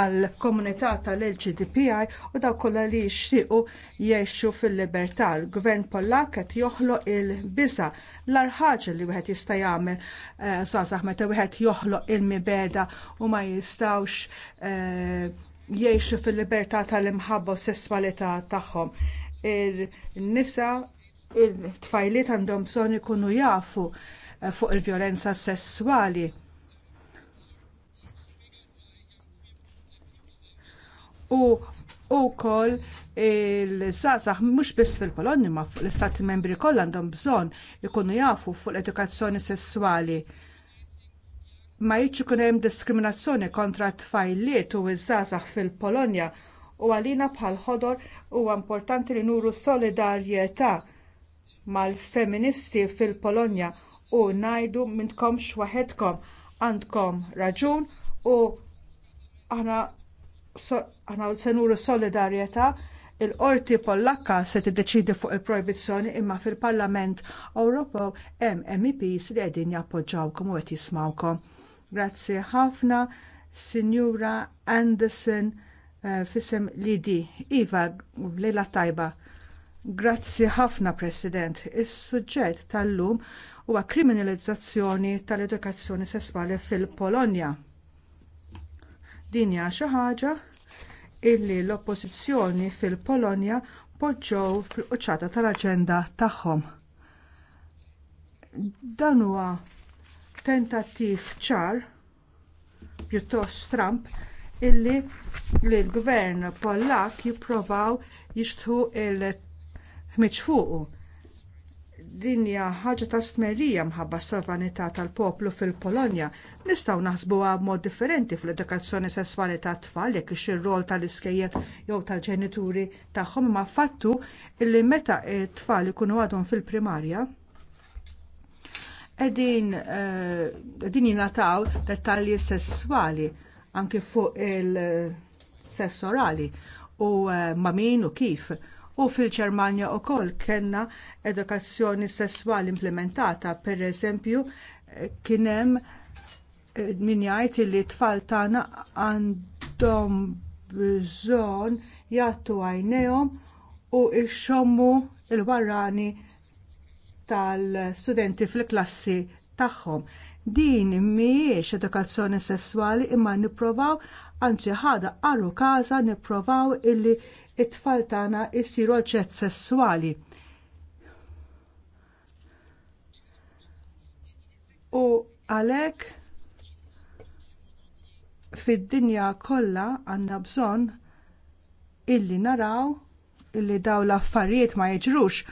għall komunità tal-LGDPI u dawk kollha li jixtiequ jgħixu fil-libertà. Il-Gvern Pollak qed joħloq il-biża l-ar ħaġa li wieħed jista' jagħmel eh, żgħażagħ meta wieħed joħloq il-mibeda u ma jistgħux eh, jgħixu fil-libertà tal-imħabba u sesswalità tagħhom il-nisa il-tfajliet għandhom bżonn ikunu jafu eh, fuq il-vjolenza sesswali. U wkoll il-sasaħ mhux biss fil-Polonja ma fuq l-istati membri kollha għandhom bżonn ikunu jafu fuq l-edukazzjoni sesswali. Ma jiġ ikun hemm diskriminazzjoni kontra t-tfajliet u iż-żgħażagħ fil-Polonja u għalina bħal ħodor huwa importanti li nuru solidarjetà mal-feministi fil-Polonja u ngħidu minnkomx waħedkom għandkom raġun u aħna so, se nuru solidarjetà il-qorti pollakka se tiddeċiedi fuq il-projbizzjoni imma fil-Parlament Ewropew hemm MEPs li qegħdin jappoġġawkom u qed jismawkom. Grazzi ħafna, Sinjura Anderson Eh, fisem li di. Iva, lejla tajba. Grazzi ħafna, President. Is-suġġett tal-lum huwa kriminalizzazzjoni tal-edukazzjoni sesswali fil-Polonja. Din hija xi ħaġa illi l-oppożizzjoni fil-Polonja poġġew fil-quċċata tal-aġenda tagħhom. Dan huwa tentattiv ċar pjuttost Trump illi l-gvern Pollak jippruvaw jixtħu il-ħmiċ fuqu. Din hija ħaġa ta' stmerija mħabba s sovranità tal-poplu fil-Polonja nistgħu naħsbuha b'mod differenti fl-edukazzjoni sesswali tat tfal jekk ix ir-rol tal-iskejjel jew tal-ġenituri tagħhom ma fattu illi meta t-tfal ikunu għadhom fil-primarja qegħdin eh, jingħataw dettalji sesswali anke fuq il-sess orali u eh, ma' min u kif. U fil-Ġermanja wkoll kellna edukazzjoni sesswali implementata, pereżempju eh, kien hemm eh, min jgħid li t tfal tagħna għandhom bżonn jagħtu għajnejhom u xommu l warrani tal-studenti fil-klassi tagħhom. Din mhijiex edukazzjoni sesswali imma nippruvaw anzi ħada qalu każa nippruvaw illi it-tfal tagħna jsiru oġġett sesswali. U għalhekk fid-dinja kollha għandna bżonn illi naraw illi dawn l-affarijiet ma jiġrux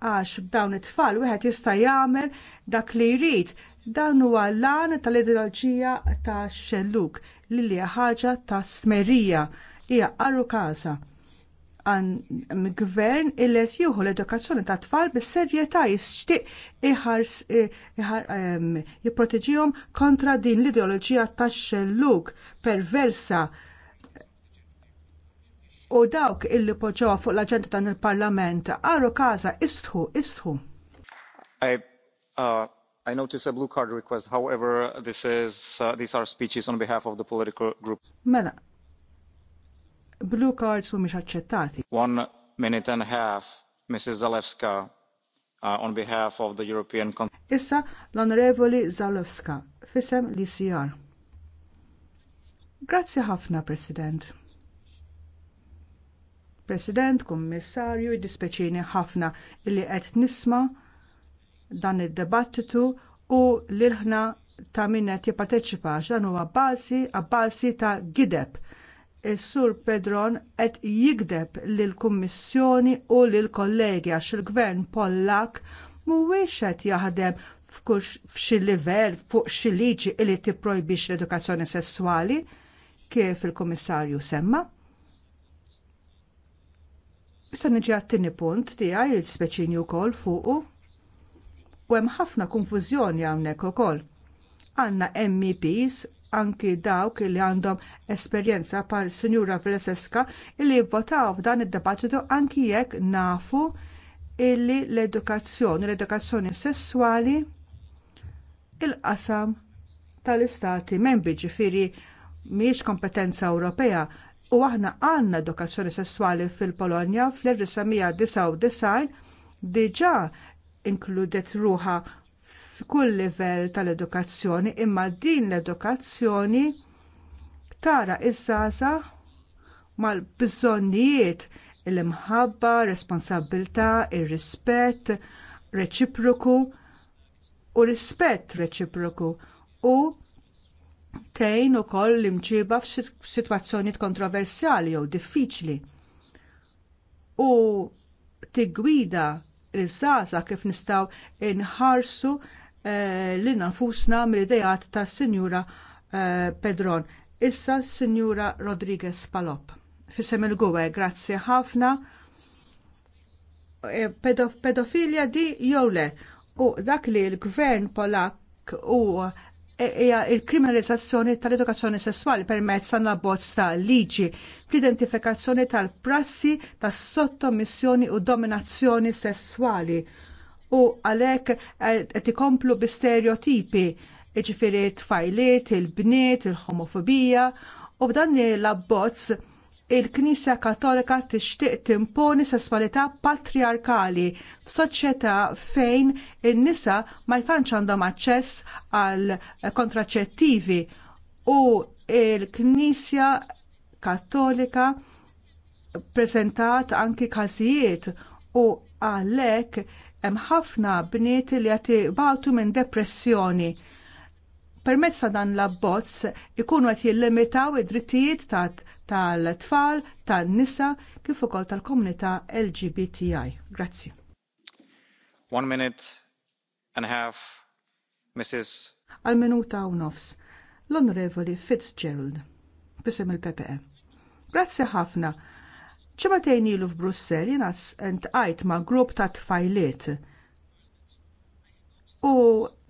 għax b'dawn it-tfal wieħed jista' jagħmel dak li jrid Dan huwa l-għan tal-ideoloġija ta' xelluk li li ħaġa ta' smerija hija qarru kasa għan gvern illi jieħu l-edukazzjoni ta' tfal bis-serjetà jixtieq iħars jipproteġihom kontra din l-ideoloġija tax-xelluk perversa u dawk illi poġġew fuq l-aġenda dan il-Parlament għaru każa istħu istħu. Uh, I notice a blue card request. However, this is, uh, these are speeches on behalf of the political group. Mela, blue cards mhumiex aċċettati. One minute and a half, Mrs. Zalewska, uh, on behalf of the European Issa l-Onorevoli Zalewska, fisem l-ICR. Grazzi ħafna, President. President, Kummissarju, dispeċini ħafna illi qed nisma' dan id-debattitu u l ħna ta' min qed jipparteċipa dan huwa bażi ta' gideb. Is-Sur Pedron qed jigdeb lill kummissjoni u lill kollegi għax il-Gvern Pollak mhuwiex qed jaħdem f'xi livell fuq xi liġi li tipprojbix l-edukazzjoni sesswali kif il-Kummissarju semma. Issa niġi għat-tieni punt tiegħi li speċini wkoll fuqu u hemm ħafna konfużjoni hawnhekk ukoll. Għandna MEPs anki dawk li għandhom esperjenza par Sinjura Veleseska li votaw f'dan id-dibattitu anki jekk nafu illi l-edukazzjoni, l-edukazzjoni sesswali il-qasam tal-istati membri ġifiri miex kompetenza Ewropea u aħna għandna edukazzjoni sesswali fil-Polonja fl-1999 diġà inkludet ruha f'kull livell tal-edukazzjoni imma din l-edukazzjoni tara iż żgħażagħ mal-bżonnijiet l-imħabba, responsabilità, ir-rispett reċiproku u rispett reċiproku u tgħin ukoll l-imġiba f'sitwazzjonijiet kontroversjali jew diffiċli u tiggwida il żaza kif nistgħu nħarsu lil eh, li nafusna mill-idejat tas Sinjura eh, Pedron. Issa Sinjura Rodriguez Palop. Fisem il-gwe, grazzi ħafna. Eh, pedofilja di jew le. U dak li l-gvern Polak u hija il-kriminalizzazzjoni tal-edukazzjoni sesswali permezz tan abbozz ta' liġi fl-identifikazzjoni tal-prassi tas sottomissjoni u dominazzjoni sesswali u għalhekk qed ikomplu bi stereotipi ġifieri tfajliet, il-bniet, il-homofobija u b'dan l-abbozz il-Knisja Katolika tixtieq timponi sesswalità patriarkali f'soċjetà fejn in-nisa ma jkunx għandhom aċċess għal kontraċettivi u l knisja Katolika ppreżentat anki każijiet u għalhekk hemm ħafna bniet li qed jibgħatu minn depressjoni permezz ta' dan l-abbozz ikunu qed jillimitaw id-drittijiet tal-tfal, tan-nisa kif ukoll tal-komunità LGBTI. Grazzi. One minute and a half, Mrs. Għal minuta u nofs, l-Onorevoli Fitzgerald, bisem il-PPE. Grazzi ħafna. ċimatejn ilu f'Brussel jina ntqajt ma' grupp ta' tfajliet U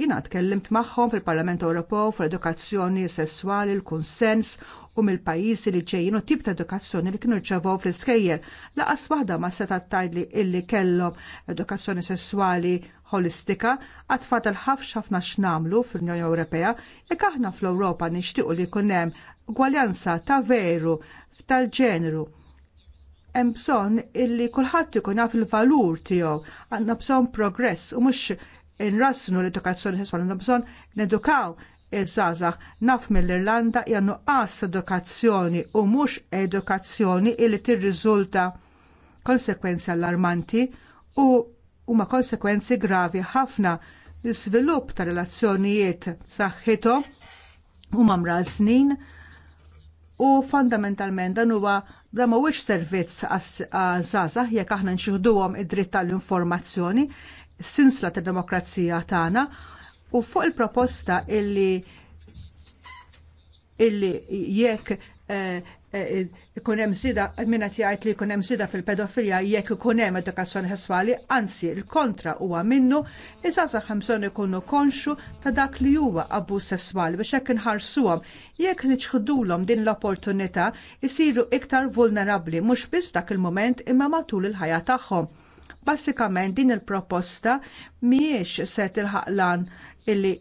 jina tkellimt magħhom fil-Parlament Ewropew fuq edukazzjoni sessuali, l-kunsens u mill-pajjiżi li ġejjin u tip ta' edukazzjoni li kienu rċevaw fl-iskejjel. Laqas waħda ma seta' tajli illi kellhom edukazzjoni sessuali holistika għad fadal ħafx ħafna x'namlu fl-Unjoni Ewropea jekk aħna fl-Ewropa nixtiequ li jkun hemm gwaljanza ta' veru tal-ġeneru hemm bżonn illi kulħadd ikun jaf il-valur tiegħu, għandna bżonn progress u mhux inrassnu l-edukazzjoni sessuali għandhom bżonn nedukaw il żgħażagħ naf mill-Irlanda hija nuqqas edukazzjoni u mhux edukazzjoni li tirriżulta konsekwenzi allarmanti u huma konsekwenzi gravi ħafna l-iżvilupp ta' relazzjonijiet saħħithom huma mral snin u fondamentalment dan huwa dan mhuwiex servizz għaż-żgħażagħ jekk aħna nxieħduhom id-dritt tal-informazzjoni, sinsla tad demokrazija tagħna u fuq il-proposta illi illi jekk eh, eh, ikun hemm sida qed jgħid li jkun hemm sida fil-pedofilja jekk ikun hemm edukazzjoni sesswali, anzi il-kontra huwa minnu, iżda saħħem bżonn ikunu konxu ta' dak li huwa abbuż sesswali biex hekk inħarsuhom jekk niċħdulhom din l-opportunità isiru iktar vulnerabbli mhux biss f'dak il-mument imma matul il-ħajja tagħhom Basikament din il-proposta mhijiex se tilħaq lan illi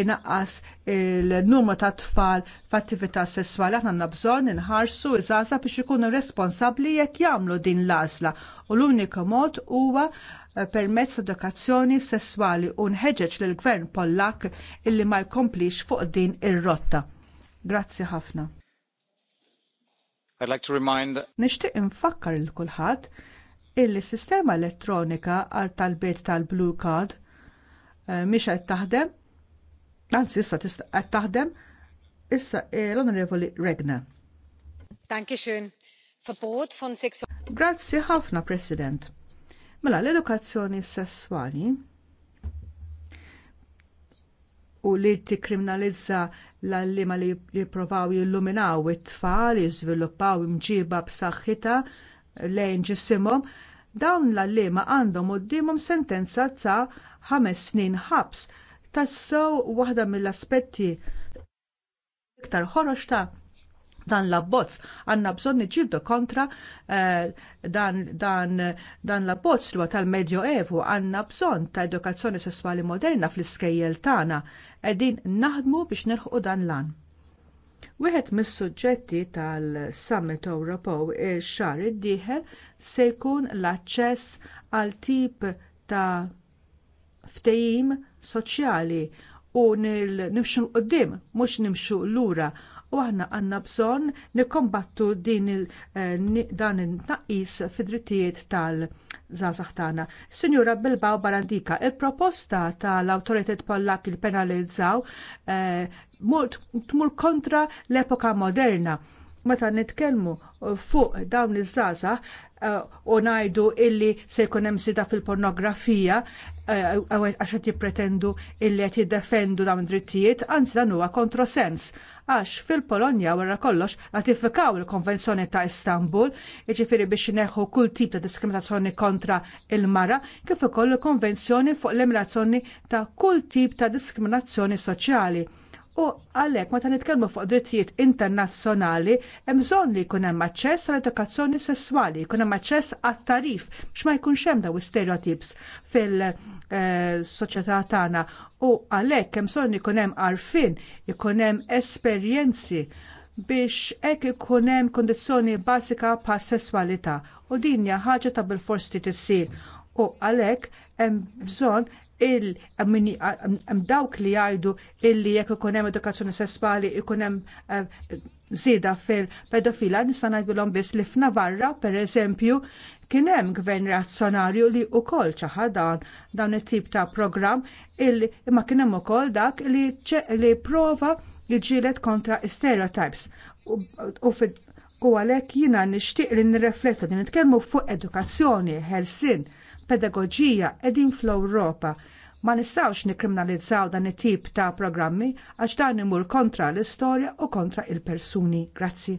inaqqas il-numru ta' tfal f'attività sesswali aħna għandna bżonn inħarsu iżgħażla biex ikunu responsabbli jekk jagħmlu din l-għażla u l-uniku mod huwa eh, permezz edukazzjoni sesswali u nħeġġeġ lill gvern Pollak illi ma jkomplix fuq din ir-rotta. Grazzi ħafna. I'd like to remind Nixtieq infakkar lil kulħadd il sistema elettronika għal talbiet tal-Blue Card eh, mhix qed taħdem, anzi issa qed taħdem, issa eh, l-Onorevoli Regna. Dankeschön. Verbot von sexual. Grazzi ħafna, President. Mela l-edukazzjoni sesswali u li tikkriminalizza l-allima li jippruvaw jilluminaw it-tfal, jiżviluppaw imġiba b'saħħitha lejn ġisimhom Dawn l-allima għandhom quddiemhom sentenza ta' ħames snin ħabs tassew waħda mill-aspetti iktar ħorox ta' dan l-abbozz għandna bżonn niġġieldu kontra eh, dan, dan, dan l-abbozz li huwa tal Evu, għandna bżonn ta' edukazzjoni sesswali moderna fl-iskejjel tagħna qegħdin naħdmu biex nilħqu dan lan. Wieħed mis-suġġetti tal-Summit Ewropew ix-xahar id-dieħel se jkun l-aċċess għal tip ta' ftehim soċjali u nimxu l-qoddim, mhux nimxu lura u aħna għandna bżonn nikkombattu din eh, dan in-tnaqqis fid-drittijiet tal-żgħażagħ tagħna. Sinjura Bilbao Barandika, il-proposta tal-awtoritajiet Pollak il-penalizzaw tmur kontra l-epoka moderna. Meta nitkellmu fuq dawn iż-żaza uh, u ngħidu illi se jkun hemm sida fil-pornografija uh, għax qed jippretendu illi qed jiddefendu dawn id-drittijiet, anzi dan huwa kontrosens għax fil-Polonja wara kollox ratifikaw il-Konvenzjoni ta' Istanbul, jiġifieri biex neħu kull tip ta' diskriminazzjoni kontra il-mara, kif ukoll il-Konvenzjoni fuq l eliminazzjoni ta' kull tip ta' diskriminazzjoni soċjali. U għalhekk meta nitkellmu fuq drittijiet internazzjonali, hemm bżonn li jkun hemm aċċess għall edukazzjoni sesswali, jkun hemm aċċess għat-tarif biex ma jkunx xem daw stereotips fil-soċjetà eh, tagħna. U għalhekk hemm bżonn ikun hemm għarfien, ikun hemm esperjenzi biex ek ikun hemm kundizzjoni bażika pa' sesswalità u dinja hija ħaġa ta' forsti tissir. U għalhekk hemm bżonn il-dawk li jgħidu illi jekk ikun hemm edukazzjoni sessuali ikun hemm eh, żieda fil-pedofila nista' ngħidulhom biss li f'Navarra pereżempju kien hemm gvern reazzjonarju li wkoll ċaħa dan dawn it-tip ta' programm illi imma kien hemm ukoll dak li li prova jiġġieled kontra stereotypes u u għalhekk jiena nixtieq li nirreflettu li nitkellmu fuq edukazzjoni ħelsien pedagoġija qegħdin fl-Ewropa. Ma nistawx nikkriminalizzaw dan it-tip ta' programmi għax dan imur kontra l-istorja u kontra il-persuni. Grazzi.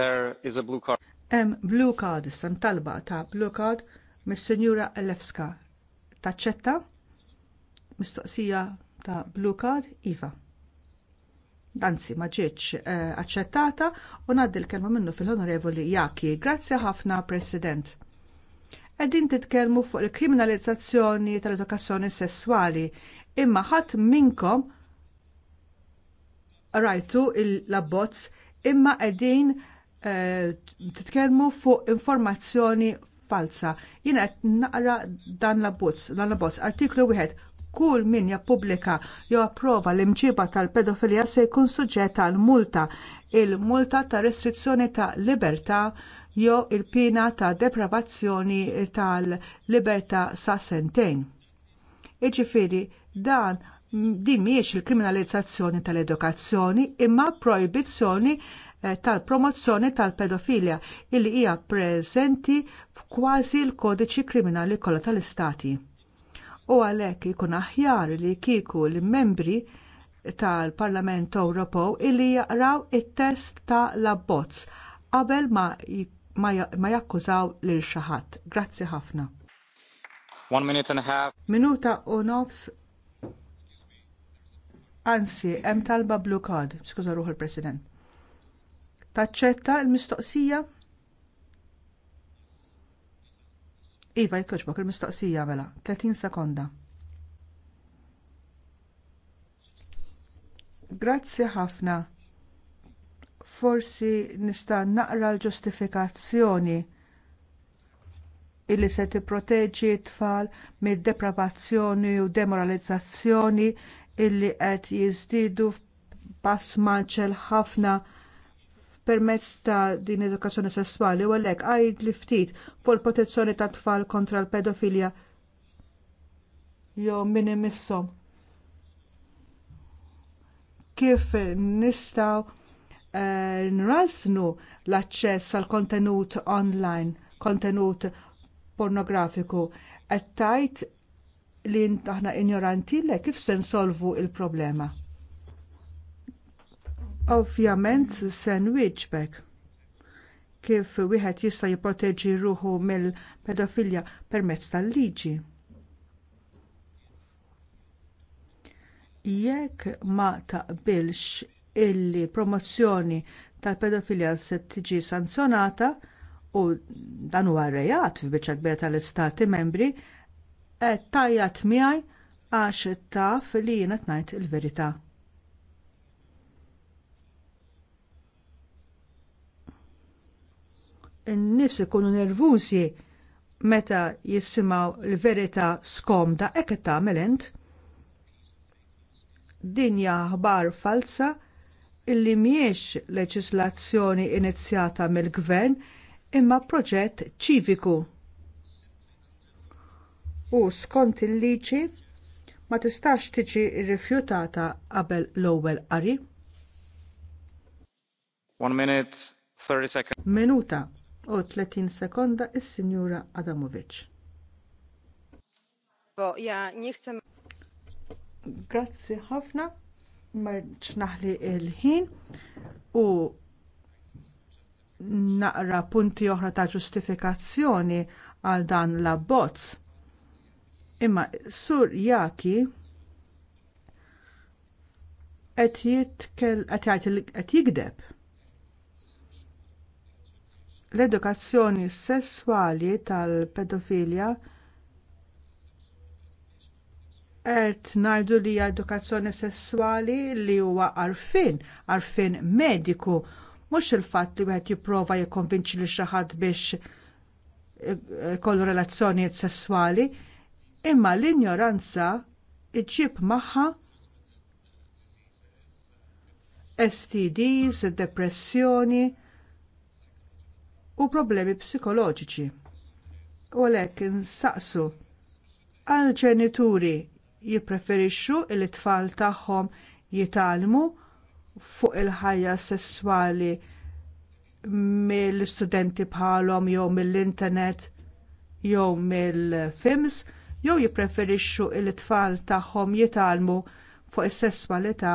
There is a blue card. Hemm blue card, issa talba ta' blue card mis-Sinjura Elefska. Taċċetta? Mistoqsija ta' blue card, Iva anzi ma ġietx eh, aċċettata u ngħaddi l-kelma minnu fil-Onorevoli Jaki. Grazzi ħafna, President. Qegħdin titkellmu fuq il-kriminalizzazzjoni tal-edukazzjoni sesswali, imma ħadd minnkom rajtu l-abbozz imma qegħdin eh, titkellmu fuq informazzjoni falsa. Jiena qed naqra dan l-abbozz, dan l-abbozz, artiklu wieħed kull min jappubblika jew approva l-imġiba tal-pedofilija se jkun suġġett għal multa il-multa ta' restrizzjoni ta' libertà jew il-pina ta' depravazzjoni tal-libertà sa' sentejn. Jiġifieri dan din mhijiex il-kriminalizzazzjoni tal-edukazzjoni imma projbizzjoni eh, tal-promozzjoni tal-pedofilja illi hija preżenti f'kważi l-kodiċi kriminali kollha tal-istati u għalhekk ikun aħjar li kieku l-membri tal-Parlament Ewropew illi jaqraw it-test ta' l-abbozz qabel ma, ma jakkużaw lil xi ħadd. Grazzi ħafna. One minute and a half. Minuta u nofs. Anzi, hemm talba blue card, skuża ruħ il-President. Taċċetta l-mistoqsija? Iva jkoċbok il-mistoqsija mela, 30 sekonda. Grazzi ħafna. Forsi nista' naqra l-ġustifikazzjoni illi se tipproteġi t-tfal mid-depravazzjoni u demoralizzazzjoni illi qed jiżdiedu pass manċel ħafna permezz ta' din edukazzjoni sesswali u għalhekk għajd li ftit fuq il-protezzjoni tat tfal kontra l-pedofilja jew min Kif nistgħu eh, nrasnu l-aċċess għal kontenut online, kontenut pornografiku, qed tgħid li aħna ignoranti le kif se nsolvu l problema Ovvjament se nwieġbek kif wieħed jista' jipproteġi ruħu mill-pedofilja permezz tal-liġi. Jekk ma taqbilx illi promozzjoni tal-pedofilja se tiġi sanzjonata u dan huwa rejat fil-biċċa kbira tal-istati membri, qed eh, tajjat miegħi għax taf li jiena ngħid il-verità. n-nies ikunu nervużi meta jissimgħu l-verità skomda hekk qed tagħmel int. Din hija aħbar falsa illi mhijiex leġislazzjoni inizjata mill-gvern imma proġett ċiviku. U skont il-liġi ma tistax tiġi rrifjutata qabel l-ewwel qari. One minute, 30 seconds. Minuta u 30 sekonda is-Sinjura Adamovic. Grazzi ħafna, marċ naħli il-ħin u naqra punti oħra ta' ġustifikazzjoni għal dan l-abbozz. Imma sur jaki qed jitkel qed jgħid jikdeb l-edukazzjoni sesswali tal-pedofilja qed ngħidu li hija edukazzjoni sesswali li huwa għarfien, għarfien mediku, mhux il-fatt li wieħed jipprova jikkonvinċi lil xi ħadd biex eh, kollu relazzjonijiet sesswali, imma l-ignoranza iġib magħha STDs, depressjoni, u problemi psikoloġiċi. U għalhekk insaqsu għal ġenituri jippreferixxu li t tfal tagħhom jitalmu fuq il-ħajja sesswali mill-istudenti bħalhom jew mill-internet jew mill-films jew jippreferixxu li t tfal tagħhom jitalmu fuq is-sesswalità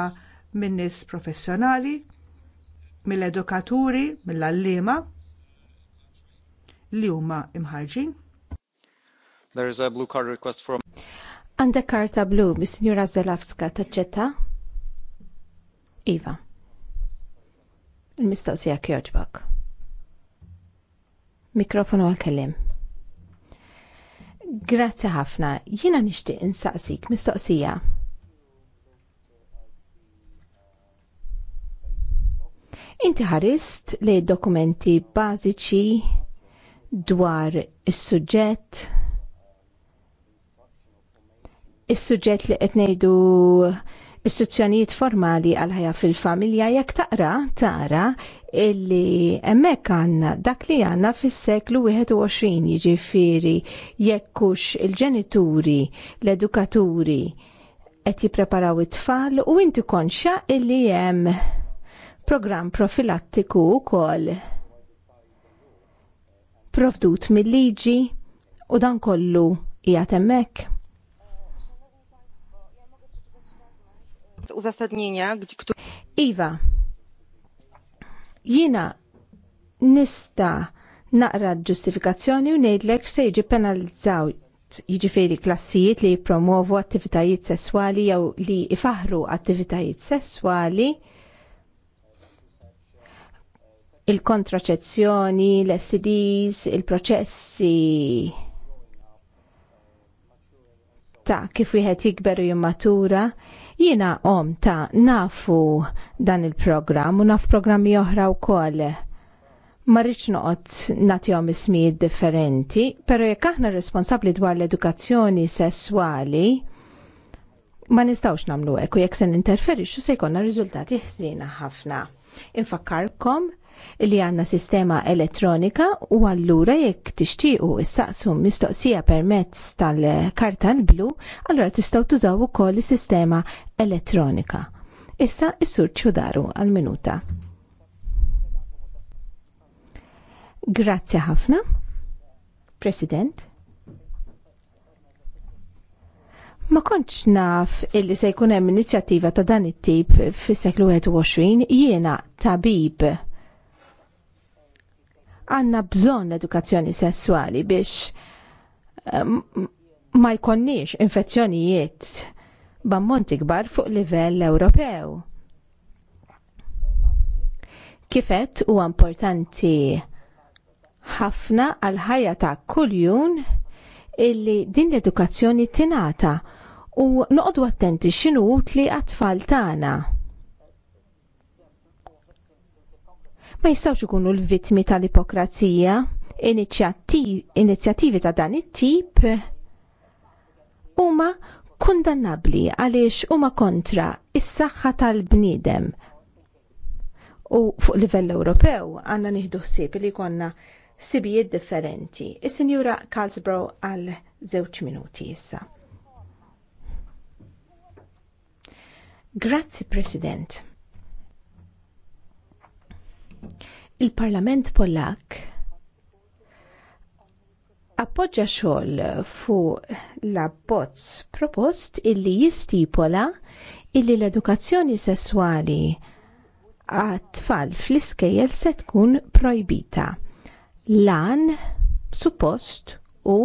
min nies professjonali, mill-edukaturi, mill-allima, li huma imħarġin. There is a blue card request from Għandek karta blu mis-Sinjura Zelavska taċċetta? Iva. Il-mistoqsija kjoġbok. Mikrofonu għal-kellim. Grazzi ħafna, jiena nixtieq insaqsik mistoqsija. Inti ħarist li dokumenti bażiċi dwar is-suġġett is-suġġett li qed ngħidu istituzzjonijiet formali għal ħajja fil-familja jekk taqra tara illi hemmhekk għandna dak li għandna fis-seklu 21 jiġifieri jekk hux il-ġenituri l-edukaturi qed jippreparaw it-tfal u inti konxja illi hemm programm profilattiku wkoll provdut mill-liġi u dan kollu qiegħed hemmhekk. Iva, jina nista naqra ġustifikazzjoni u ngħidlek se jiġi penalizzaw jiġifieri klassijiet li jippromovu attivitajiet sesswali jew li ifaħru attivitajiet sesswali il-kontraċezzjoni, l-STDs, il-proċessi ta' kif wieħed jikber u jimmatura, jiena om ta' nafu dan il-programm u naf programmi oħra wkoll. Ma rridx noqgħod nagħtihom ismijiet differenti, però jekk aħna responsabbli dwar l-edukazzjoni sesswali, ma nistgħux nagħmlu hekk u jekk se ninterferixxu se jkollna riżultati ħsiena ħafna. Infakkarkom li għandna sistema elettronika u allura jekk tixtiequ issaqsu mistoqsija permezz tal-karta l-blu, allura tistgħu tużaw ukoll is-sistema elettronika. Issa issur sur ċudaru għal-minuta. Grazzi ħafna, President. Ma konċ naf illi se jkun hemm inizjattiva ta' dan it-tip fis-seklu 21 jiena tabib għanna bżon edukazzjoni sessuali biex eh, ma jkonniex infezzjonijiet b'ammont ikbar fuq livell Ewropew. Kifet huwa importanti ħafna għal ħajja ta' kuljum illi din l-edukazzjoni tingħata u noqogħdu attenti x'inhu utli għat-tfal tagħna. ma jistawx ikunu l-vittmi tal-ipokrazija. Inizjattivi ta' dan it-tip huma kundannabbli għaliex huma kontra is-saħħa tal-bniedem. U fuq livell Ewropew għandna nieħdu ħsieb li konna sibijiet differenti. Is-Sinjura Kalsbro għal żewġ minuti issa. Grazzi President. Il-Parlament Pollak appoġġa xogħol fuq l-abbozz propost illi jistipola illi l-edukazzjoni sesswali għat-tfal fl-iskejjel se tkun projbita. Lan suppost u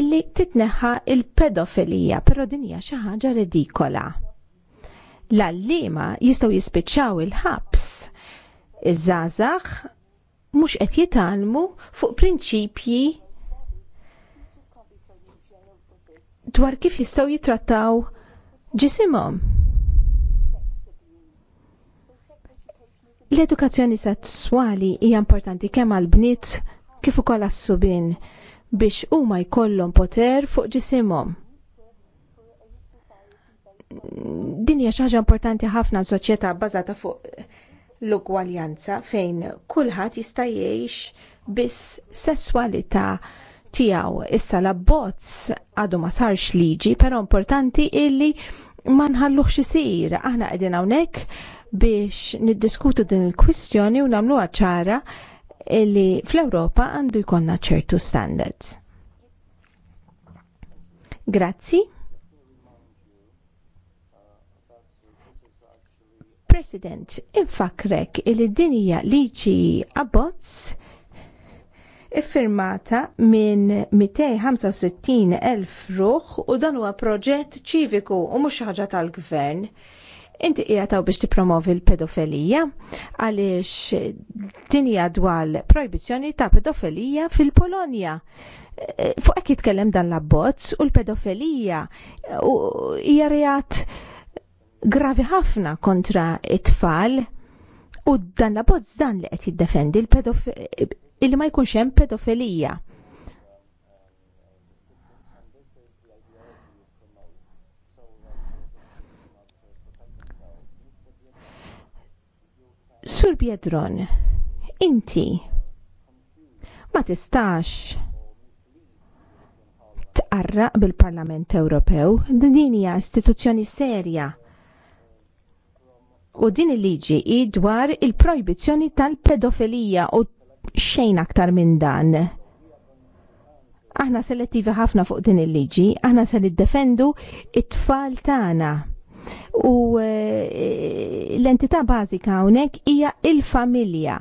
illi titneħħa il-pedofilija, però din hija xi ħaġa ridikola. L-allima jistgħu jispiċċaw il-ħabs iż-żgħażagħ mhux qed jitgħallmu fuq prinċipji dwar kif jistgħu jitrattaw ġisimhom. L-edukazzjoni sesswali hija importanti kemm għall bniet kif ukoll għas subien biex huma jkollhom poter fuq ġisimhom. Din hija xi ħaġa importanti ħafna soċjetà bbażata fuq l-ugwaljanza fejn kulħadd jista' jgħix biss sesswalità tiegħu. Issa l-abbozz għadu ma sarx liġi, però importanti illi ma nħallux isir. Aħna qegħdin hawnhekk biex niddiskutu din il-kwistjoni u nagħmluha ċara illi fl-Ewropa għandu jkollna ċertu standards. Grazzi. President, infakrek li din hija liġi abbozz iffirmata minn 265,000 ruħ u dan huwa proġett ċiviku u mhux ħaġa tal-gvern. Inti ta'w biex tippromovi l-pedofilija għaliex din hija dwar projbizzjoni ta' pedofilija fil-Polonja eh, fuq hekk jitkellem dan l-abbozz u l-pedofilija hija reat gravi ħafna kontra it-tfal u dan la bozz dan li qed jiddefendi il ma jkunx hemm pedofilija. Sur Biedron, inti ma tistax tqarraq bil-Parlament Ewropew din hija istituzzjoni serja u din il-liġi dwar il-projbizzjoni tal-pedofilija u xejn aktar minn dan. Aħna selettivi ħafna fuq din il-liġi, aħna se niddefendu it-tfal tagħna. U e, l-entità bażika hawnhekk hija il-familja.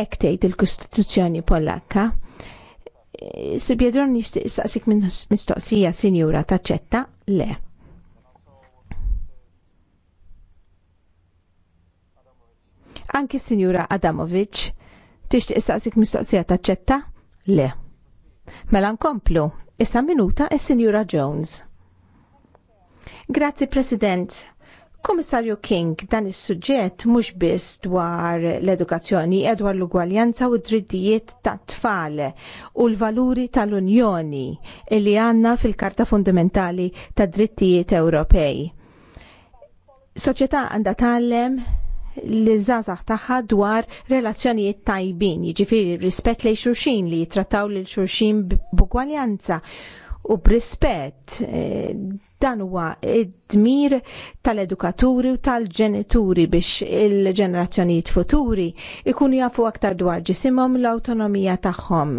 Hekk tgħid il-Kostituzzjoni Pollakka. E, Sibjedron nixtieq saqsik minn mistoqsija sinjura taċċetta le. Anki Sinjura Adamovic, tixtieq istaqsik mistoqsija taċċetta? Le. Mela nkomplu, issa minuta is-Sinjura Jones. Grazzi President. Komissarju King, dan is-suġġett mhux biss dwar l-edukazzjoni, e dwar l-ugwaljanza u d-driddijiet tat tfal u l-valuri tal-Unjoni li għandna fil-Karta Fundamentali tad Drittijiet Ewropej. Soċjetà għandha tgħallem l-żazax tagħha dwar relazzjonijiet tajbin, jiġifieri rispett lejn xulxin li jitrattaw lil xulxin b'ugwaljanza u b'rispett e, dan huwa id-dmir tal-edukaturi u tal-ġenituri biex il-ġenerazzjonijiet futuri ikunu jafu aktar dwar ġisimhom l-awtonomija tagħhom.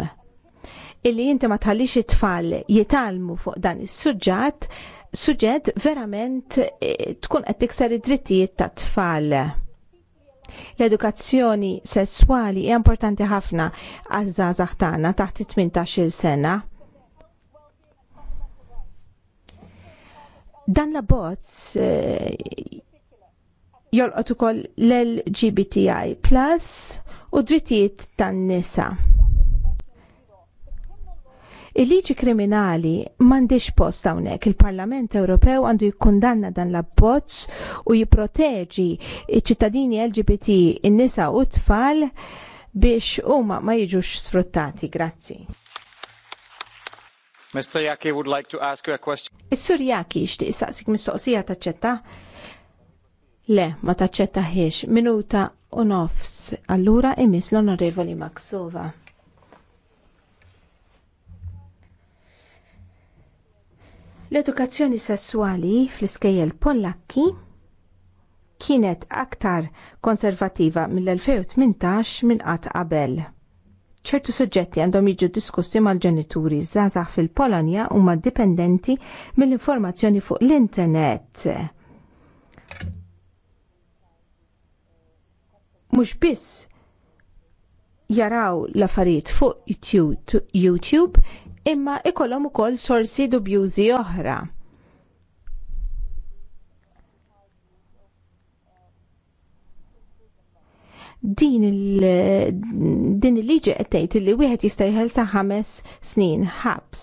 Illi inti ma tħallix it-tfal jitalmu fuq dan is suġġat suġġett verament e, tkun qed tikser id-drittijiet tat-tfal L-edukazzjoni sesswali hija importanti ħafna għaż-żgħażagħ tagħna taħt it 18-il sena. Dan l abbozz eh, jolqot ukoll l-LGBTI plus u drittijiet tan-nisa. Il-liġi kriminali m'għandix post hawnhekk. Il-Parlament Ewropew għandu jikkundanna dan l-abbozz u jipproteġi iċ-ċittadini LGBT, in-nisa u t-tfal biex huma ma jiġux sfruttati. Grazzi. Mr. Yaki would like to ask you a question. Is-Sur Yaki xtieq saqsik mistoqsija taċċetta? Le, ma taċċettaħiex. Minuta u nofs. Allura imis l-Onorevoli Maksova. L-edukazzjoni sessuali fl-iskejjel Pollakki kienet aktar konservativa mill-2018 minn qatt qabel. ċertu suġġetti għandhom jiġu diskussi mal-ġenituri żgħażagħ fil-Polonja huma dipendenti mill-informazzjoni fuq l-internet. Mhux biss jaraw l-affarijiet fuq YouTube, YouTube imma ikollhom ukoll sorsi dubjużi oħra. din din il-liġi qed tgħid li wieħed jista' jeħel sa ħames snin ħabs.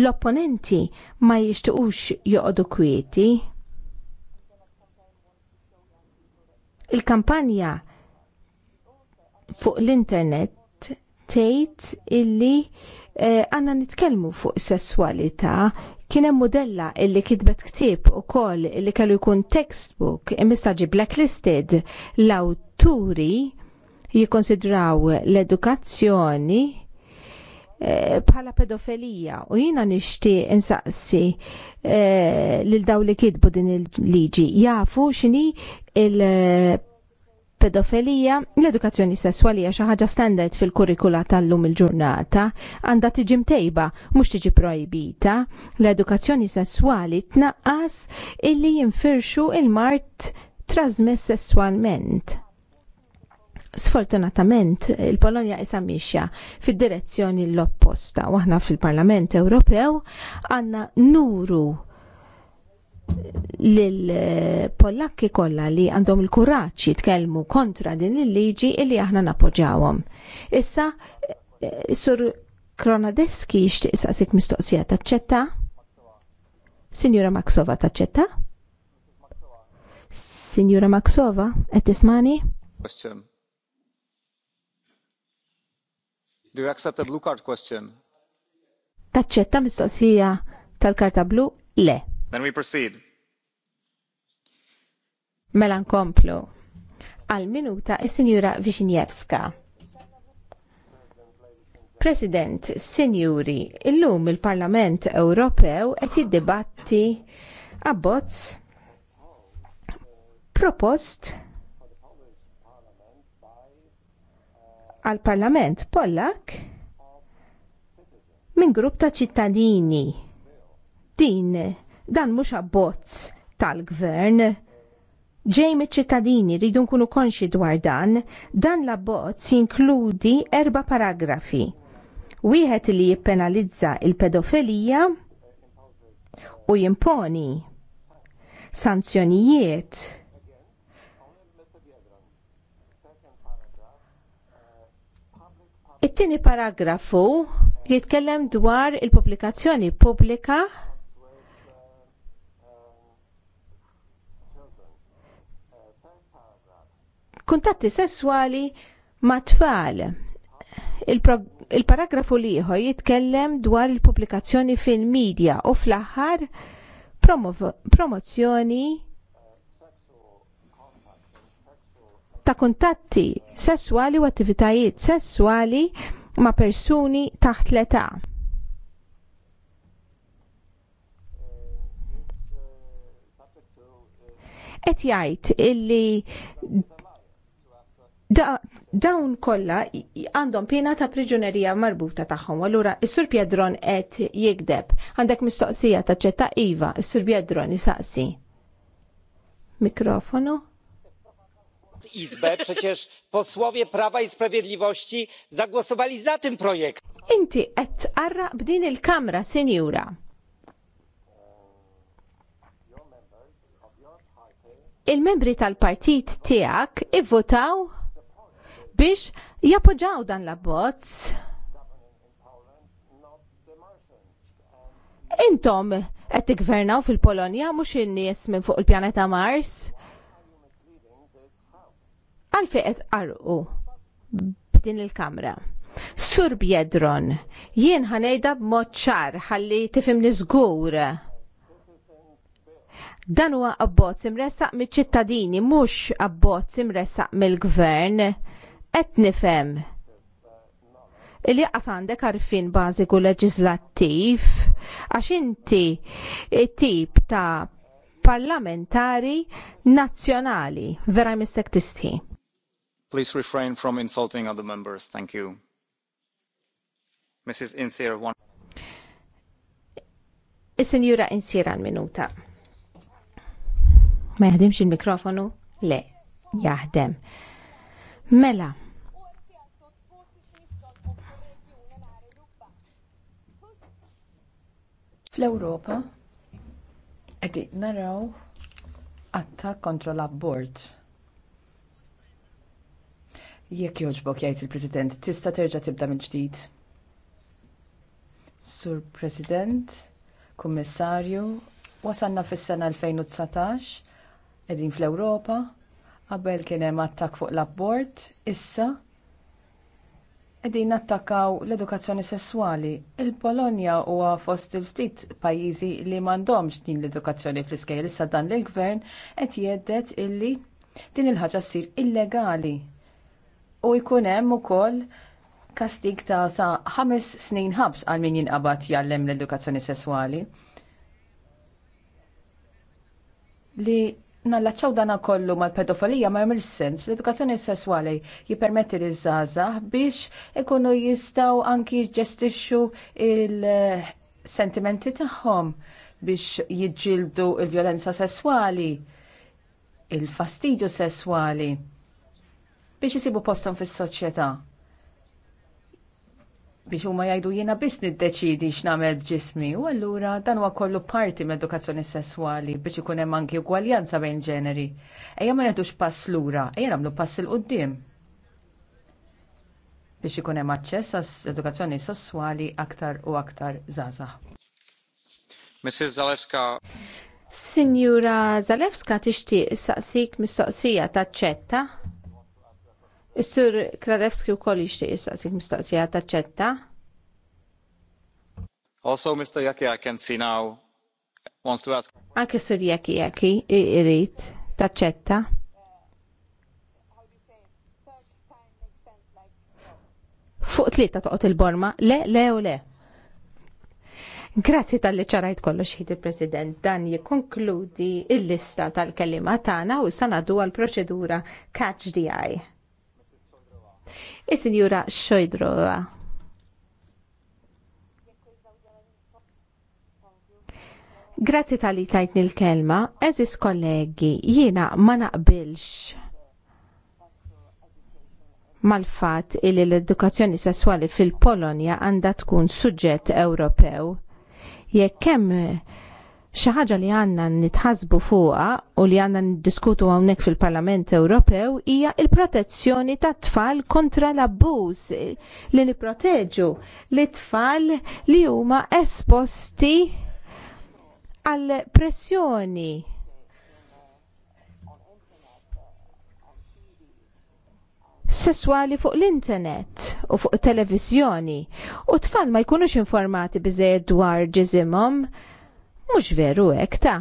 L-opponenti ma jixtiqux joqogħdu kwieti. Il-kampanja fuq l-internet tgħid illi Eh, għanna e, nitkellmu fuq sessualita kien hemm modella illi kitbet ktieb ukoll li kellu jkun textbook imissa eh, ġi blacklisted l-awturi jikkonsidraw l-edukazzjoni eh, bħala pedofilija u jina nixtieq insaqsi lil daw li kitbu din il-liġi jafu x'inhi l pedofilija, l-edukazzjoni sesswali għaxa xi ħaġa standard fil-kurrikula tal-lum il-ġurnata, għandha tiġi mtejba mhux tiġi projbita. L-edukazzjoni sesswali tnaqqas illi jinfirxu il-mart trasmess sesswalment. Sfortunatament, il polonia isa mixja fid-direzzjoni l-opposta, Waħna fil-Parlament Ewropew għandna nuru lill-Pollakki kollha li għandhom il-kuraġġ jitkellmu kontra din il-liġi illi aħna nappoġġawhom. Issa eh, sur Kronadeski jixtieq saqsik mistoqsija taċċetta? Sinjura Maksova taċċetta? Sinjura Maksova, qed tismani? Question. Do you accept a blue card question? Taċċetta mistoqsija tal-karta blu? Le. Then we proceed. Mela nkomplu. Għal minuta is-Sinjura Vixinjevska. President, Sinjuri, illum il-Parlament Ewropew qed jiddibatti abbozz propost għall parlament Pollak minn grupp ta' ċittadini. Din Dan mhux abbozz tal-gvern ġej miċ-ċittadini rridu nkunu konxi dwar dan, dan l-abbozz jinkludi erba' paragrafi. Wieħed li jippenalizza il-pedofilija u jimponi sanzjonijiet It-tieni paragrafu jitkellem dwar il-pubblikazzjoni pubblika kuntatti sesswali ma' tfal. Il-paragrafu il liħo jitkellem dwar il-publikazzjoni fil-medja u fl-aħħar promozzjoni ta' kuntatti sesswali u attivitajiet sesswali ma' persuni taħt l-età. qed jgħid illi dawn kollha għandhom pena ta' priġunerija marbuta tagħhom. Allura is-Sur Piedron qed jikdeb. Għandek mistoqsija ta' ċetta iva, is-Sur Piedron isaqsi. Mikrofonu. Izbę przecież posłowie Prawa i Sprawiedliwości zagłosowali za tym projekt Inti qed arra b'din il-kamra, sinjura. Il-membri tal-partit tiegħek ivvotaw biex jappoġġaw dan l-abbozz. Intom qed tiggvernaw fil-Polonja mhux in-nies minn fuq il-pjaneta Mars. Għalfejn qed qarqu b'din il-kamra. Sur Biedron, jien ħanejda b'mod ċar ħalli tifimni żgur. Dan huwa abbozz imressaq mill-ċittadini mhux abbozz imressaq mill-gvern qed nifhem li għandek għarfien bażiku leġislattiv għax inti tip ta' parlamentari nazzjonali vera jmissek tistħi. Please refrain from insulting other members. Thank you. Mrs. Insir, one. Is-senjura Insir għal-minuta. Ma jahdimx il-mikrofonu? Le, jaħdem. Mela. Fl-Ewropa qed naraw attak kontra l-abbord. Jekk jogħġbok jgħid il-President, tista' terġa' tibda minn ġdid. Sur President, Kummissarju, wasanna fis-sena 2019 qegħdin fl-Ewropa Qabel kien hemm attakk fuq l-abbord, issa qegħdin attakkaw l-edukazzjoni sesswali. Il-Polonja huwa fost il-ftit pajjiżi li m'għandhomx din l-edukazzjoni fl-iskejjel issa dan il-gvern qed jgħeddet illi din il-ħaġa ssir illegali. U jkun hemm ukoll kastik ta' sa ħames snin ħabs għal min jinqabad jgħallem l-edukazzjoni sesswali. Li nallaċċaw dana kollu mal-pedofilija ma jmir sens l-edukazzjoni sesswali jippermetti li żgħażagħ biex ikunu jistgħu anki jġestixxu il-sentimenti tagħhom biex jiġġieldu l vjolenza sesswali, il-fastidju sesswali biex isibu posthom fis-soċjetà biex huma jgħidu jiena biss niddeċidi x'nagħmel b'ġismi u allura dan huwa kollu parti mill-edukazzjoni sesswali biex ikun hemm anki ugwaljanza bejn ġeneri. Ejja ma jagħtux pass lura, ejja nagħmlu pass il qudiem biex ikun hemm aċċess għall edukazzjoni sesswali aktar u aktar żgħażagħ. Mrs. Zalewska. Sinjura Zalewska tixtieq saqsik mistoqsija taċċetta? Is-sur Kradevski wkoll jixtieq jistaqsik mistoqsija taċċetta. Also, Mr. Jaki, I can see now wants to ask. Anke sur Jaki Yaki, irrid taċċetta. Fuq tlieta toqgħod il-borma, le, le u le. Grazzi tal-li ċarajt kollox xħid il-President dan jikkonkludi il-lista tal-kellima tagħna u sanadu għal proċedura catch the eye. Is-Sinjura Xojdrova. Grazzi tal-li tajtni l-kelma, eżis kollegi, jiena ma naqbilx mal-fat li l-edukazzjoni sessuali fil-Polonja għandha tkun suġġett Ewropew. Jekk kemm xi ħaġa li għandna nitħasbu fuqha u li għandna niddiskutu hawnhekk fil-Parlament Ewropew hija l-protezzjoni tat-tfal kontra l-abbuż li nipproteġu li tfal li huma esposti għal pressjoni sesswali fuq l-internet u fuq televizjoni u tfal ma jkunux informati biżejjed dwar ġizimom Mhux veru hekk ta'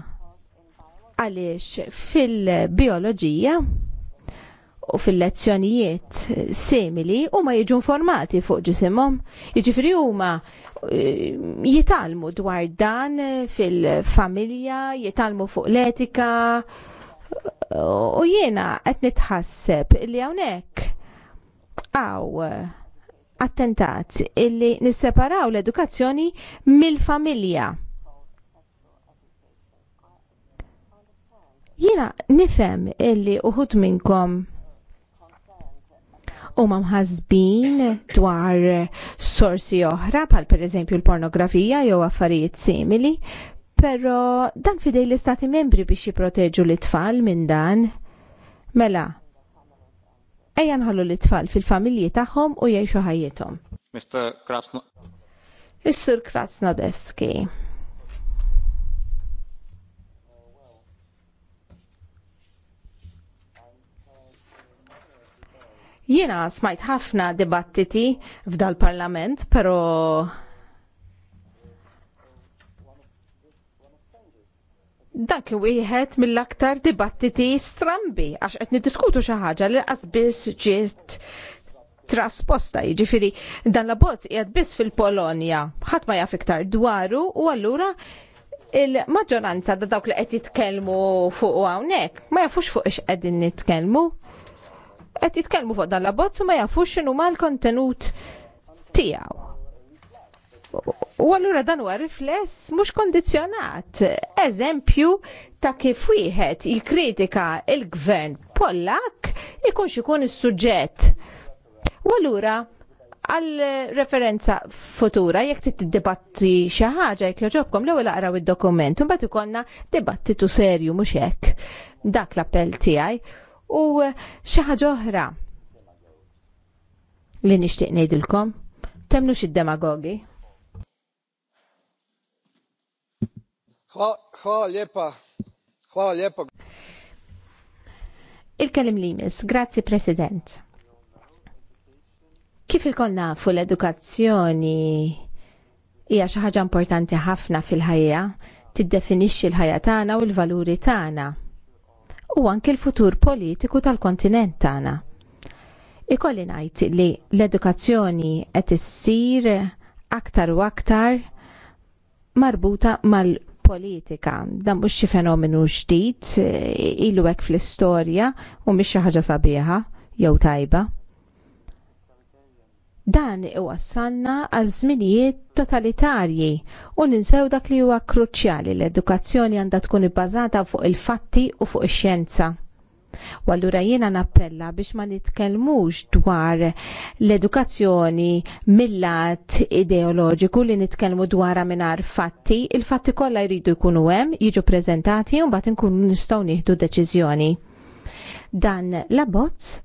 għaliex fil-bioloġija u fil-lezzjonijiet simili u ma jiġu informati fuq ġisimhom. Jiġifieri huma eh, jitalmu dwar dan fil-familja, jitalmu fuq l-etika u jiena qed nitħasseb li hawnhekk għaw attentat illi nisseparaw l-edukazzjoni mill-familja Jiena nifhem illi uħud minnkom huma mħazbin dwar sorsi oħra per eżempju l-pornografija jew affarijiet simili, pero dan fidej l-istati membri biex jipproteġu l-tfal minn dan. Mela, ejja nħallu l-tfal fil-familji tagħhom u jgħixu ħajjithom. Mr. Krasno. is Krasnodevski. Krasnodewski. Jiena smajt ħafna dibattiti f'dal parlament, pero dan kien wieħed mill-aktar dibattiti strambi għax qed niddiskutu xi ħaġa li biss ġiet trasposta, jiġifieri dan l-abbozz qiegħed biss fil-Polonja, ħadd ma jaf iktar dwaru u allura il-maġġoranza da dawk li qed jitkellmu fuq hawnhekk ma jafux fuq ix qegħdin nitkellmu qed jitkellmu fuq dan l-abbozz u ma jafux x'inhuma l-kontenut tiegħu. U allura dan huwa rifless mhux kondizzjonat. Eżempju ta' kif wieħed jikkritika il-gvern Pollak ikunx ikun is-suġġett. U allura għal referenza futura jekk tiddibatti xi ħaġa jekk joġobkom l-ewwel aqraw id-dokument mbagħad ikollna dibattitu serju mhux hekk. Dak l-appell tiegħi u xi ħaġa oħra li nixtieq ngħidilkom temnu xid demagogi. Hvala lijepa. Il-kelim limis, grazzi President. Kif il konna nafu l-edukazzjoni hija xi ħaġa importanti ħafna fil-ħajja, tiddefinixxi l-ħajja tagħna u l-valuri tagħna u anke l-futur politiku tal-kontinent tagħna. Ikolli ngħid li l-edukazzjoni qed issir aktar u aktar marbuta mal-politika. Dan mhux xi fenomenu ġdid, ilu hekk fl-istorja u mhix xi ħaġa sabiħa jew tajba. Dan iwassalna għal żminijiet totalitarji u ninsew dak li huwa kruċjali l-edukazzjoni għandha tkun ibbażata fuq il-fatti u fuq ix-xjenza. U allura jiena nappella biex ma nitkellmux dwar l-edukazzjoni mill-lat ideoloġiku li nitkellmu dwarha minar fatti, il-fatti kollha jridu jkunu hemm, jiġu preżentati u mbagħad inkunu nistgħu nieħdu deċiżjoni. Dan l-abbozz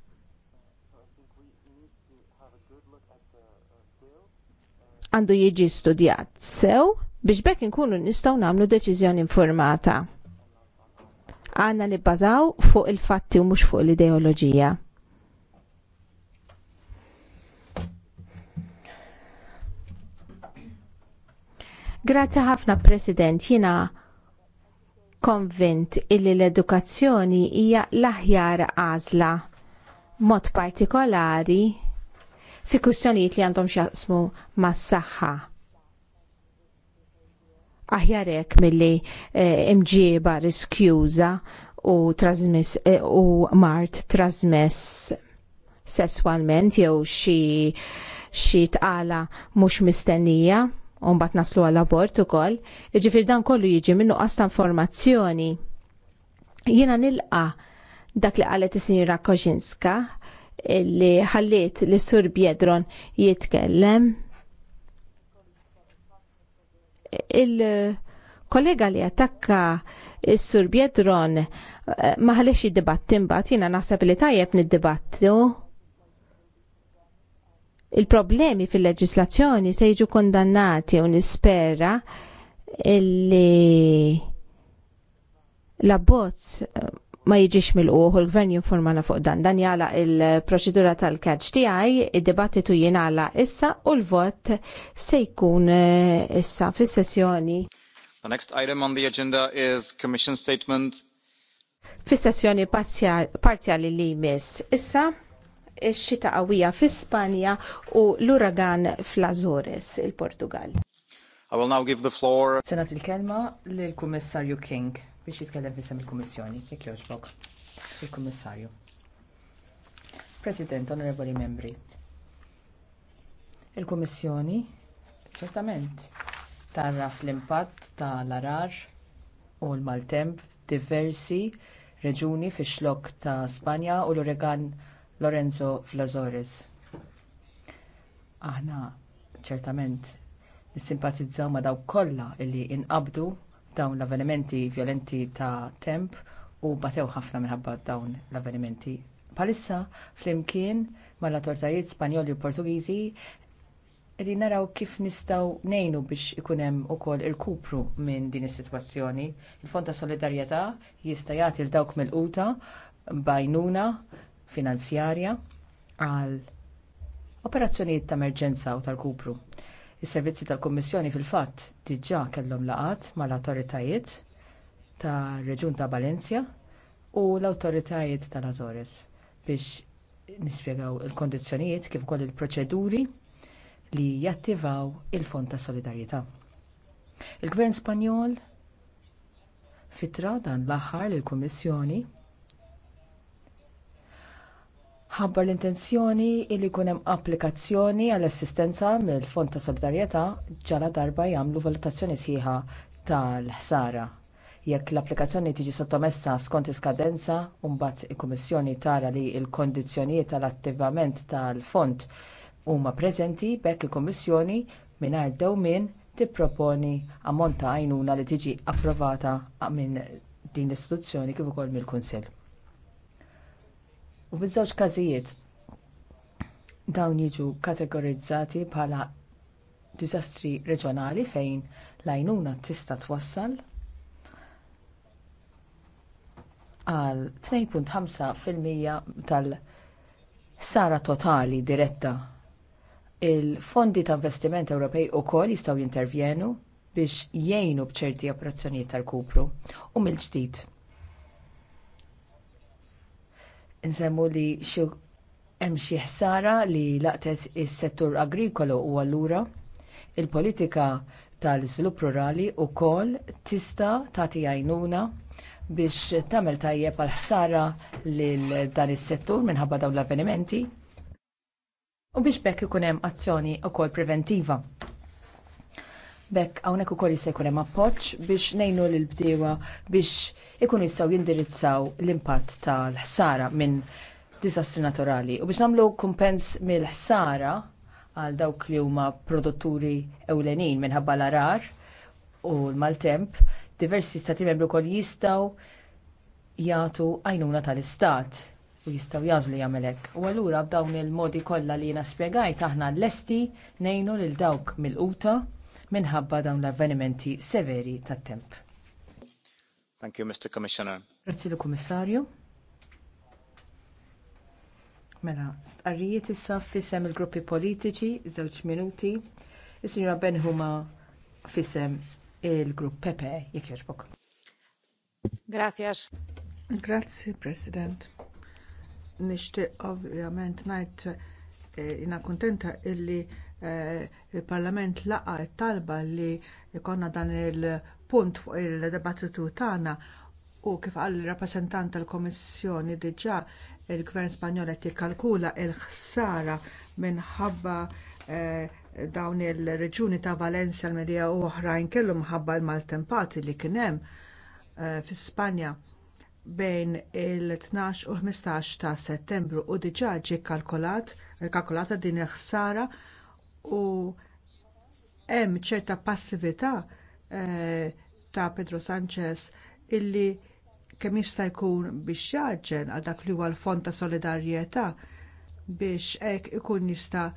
għandu jiġi studjat sew biex bekk inkunu nistgħu nagħmlu deċiżjoni informata. Għanna li bbażaw fuq il-fatti u mhux fuq l-ideoloġija. Grazzi ħafna President, jiena konvint illi l-edukazzjoni hija l-aħjar għażla mod partikolari fi kwistjonijiet li għandhom xjaqsmu mas-saħħa. Aħjar hekk milli li eh, imġieba riskjuza u trasmess eh, u mart trasmess sesswalment jew xi xi tqala mhux mistennija u mbagħad naslu għal abort ukoll, jiġifier dan kollu jiġi minnu ta' informazzjoni. Jiena nilqa' dak li qalet is-sinjura Kożinska li ħalliet li sur Biedron jitkellem. Il-kollega li attakka s-sur Biedron eh, ma ħalix id-dibatt imbagħad jiena naħseb li tajjeb niddibattu. Il-problemi fil-leġislazzjoni se jiġu kondannati u nispera li l-abbozz eh, ma jiġix mill u l-gvern jinformana fuq dan. Dan jala il-proċedura tal catch tiegħi, id-dibattitu jingħala issa u l-vot se jkun eh, issa fis-sessjoni. The next item on the agenda is Commission Statement. Fis-sessjoni parzjali li jmiss issa ix-xita qawwija fi-Spanja u l-uragan fl-Azores, il-Portugal. I will now give the floor. Senat il-kelma lill-Kummissarju King biex jitkellem fisem il-Kummissjoni, jekk jogħġbok, il-Kummissarju. President, onorevoli membri, il-Kummissjoni ċertament tarraf l-impatt tal-arar u l-maltemp diversi reġuni fix-xlokk ta' Spanja u l-uregan Lorenzo fl-Azores. Aħna ċertament nissimpatizzaw ma' dawk kollha li inqabdu dawn l-avvenimenti vjolenti ta' temp u batew ħafna minħabba dawn l-avvenimenti. Bħalissa flimkien mal-autoritajiet Spanjoli u Portugiżi qegħdin naraw kif nistgħu ngħinu biex ikun hemm ukoll kupru minn din is-sitwazzjoni. Il-Fond ta' Solidarjetà jista' jagħti l dawk mill-quta bajnuna finanzjarja għal operazzjonijiet ta' emerġenza u tal-kupru. Is-servizzi tal-Kummissjoni fil-fatt diġà kellhom laqat mal-awtoritajiet tar-Reġjun ta' Valencia u l-awtoritajiet tal-Azores biex nispjegaw il-kondizzjonijiet kif ukoll il-proċeduri li jattivaw il-Fond ta' Solidarjetà. Il-Gvern Spanjol fitra dan l-aħħar lill-Kummissjoni ħabbar l-intenzjoni li jkun hemm applikazzjoni għall-assistenza mill-Fond ta' Solidarjetà ġala darba jagħmlu valutazzjoni sħiħa tal-ħsara. Jekk l-applikazzjoni tiġi sottomessa skont iskadenza u mbagħad il-Kummissjoni tara li l-kondizzjonijiet tal-attivament tal-fond huma preżenti b'hekk il-Kummissjoni mingħajr dewmien tipproponi ammont ta' għajnuna li tiġi approvata minn din l-istituzzjoni kif ukoll mill-Kunsill. U fiż żewġ każijiet dawn jiġu kategorizzati bħala diżastri reġjonali fejn l-għajnuna tista' twassal għal 2.5% tal-ħsara totali diretta. Il-fondi ta' investiment Ewropej ukoll jistgħu jintervjenu biex jgħinu b'ċerti operazzjonijiet tal-kupru u mill-ġdid nsemmu li xi hemm xi ħsara li laqtet is-settur agrikolu u allura il-politika tal-iżvilupp rurali wkoll tista' tagħti għajnuna biex tagħmel tajjeb għal ħsara lil dan is-settur minħabba dawn l-avvenimenti u biex bekk ikun hemm azzjoni wkoll preventiva. Bekk hawnhekk ukoll kolli jkun hemm appoġġ biex ngħinu lil bdiewa biex ikunu jistgħu jindirizzaw l-impatt tal-ħsara minn disastri naturali u biex nagħmlu kumpens mill-ħsara għal dawk li huma produtturi ewlenin minħabba l-arar u l-maltemp, diversi stati membri wkoll jistgħu jagħtu għajnuna tal-istat u jistgħu jażlu jagħmelek. U allura b'dawn il-modi kollha li jiena spjegajt aħna lesti ngħinu lil dawk mill-quta minħabba dawn l-avvenimenti severi tat-temp. Thank you, Mr. Commissioner. Grazzi l kummissarju Mela, stqarrijiet issa fisem il-gruppi politiċi, żewġ minuti, is-sinjora Huma fisem il-grupp Pepe, jekk jħoġbok. Grazzjas. Grazzi, President. Nixtieq ovvjament ngħid eh, jina kontenta illi Eh, il-Parlament laqa t talba li jkollna dan il-punt fuq il-debattitu tagħna u kif qal il-rappresentant tal-Komissjoni diġà il-Gvern Spanjol qed jikkalkula l-ħsara minħabba eh, dawn ir-reġjuni ta' Valencia l-Medija u oħrajn kellu minħabba l-maltempati li kien hemm eh, fi Spanja bejn il-12 u 15 ta' Settembru u diġà ġie kkalkulata din il-ħsara u hemm ċerta passività eh, ta' Pedro Sanchez illi kemm jista' jkun biex jaġġel għal dak li huwa l-fond ta' solidarjetà biex hekk ikun jista'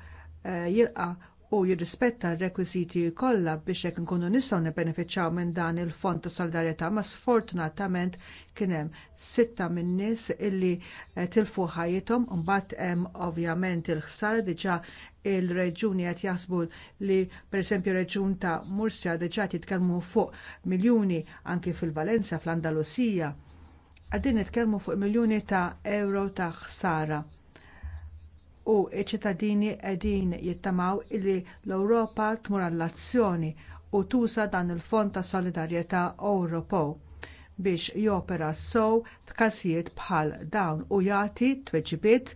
eh, jilqa' u jirrispetta r-rekwiżiti kollha biex hekk inkunu nistgħu nibbenefiċċjaw minn dan il-fond ta' solidarjetà ma sfortunatament kien hemm sitta minn nies illi eh, tilfu ħajjithom u mbagħad hemm ovvjament il-ħsara diġà il-reġuni qed jaħsbu li pereżempju reġun ta' Mursja diġà jitkellmu fuq miljuni anki fil-Valenza fl-Andalusija. Għaddin nitkellmu fuq miljuni ta' euro ta' ħsara. U ċ ċittadini qegħdin jittamaw li l-Ewropa tmur għall-azzjoni u tuża dan il-Fond ta' Solidarjetà Ewropew biex jopera sew f'każijiet bħal dawn u jagħti tweġibiet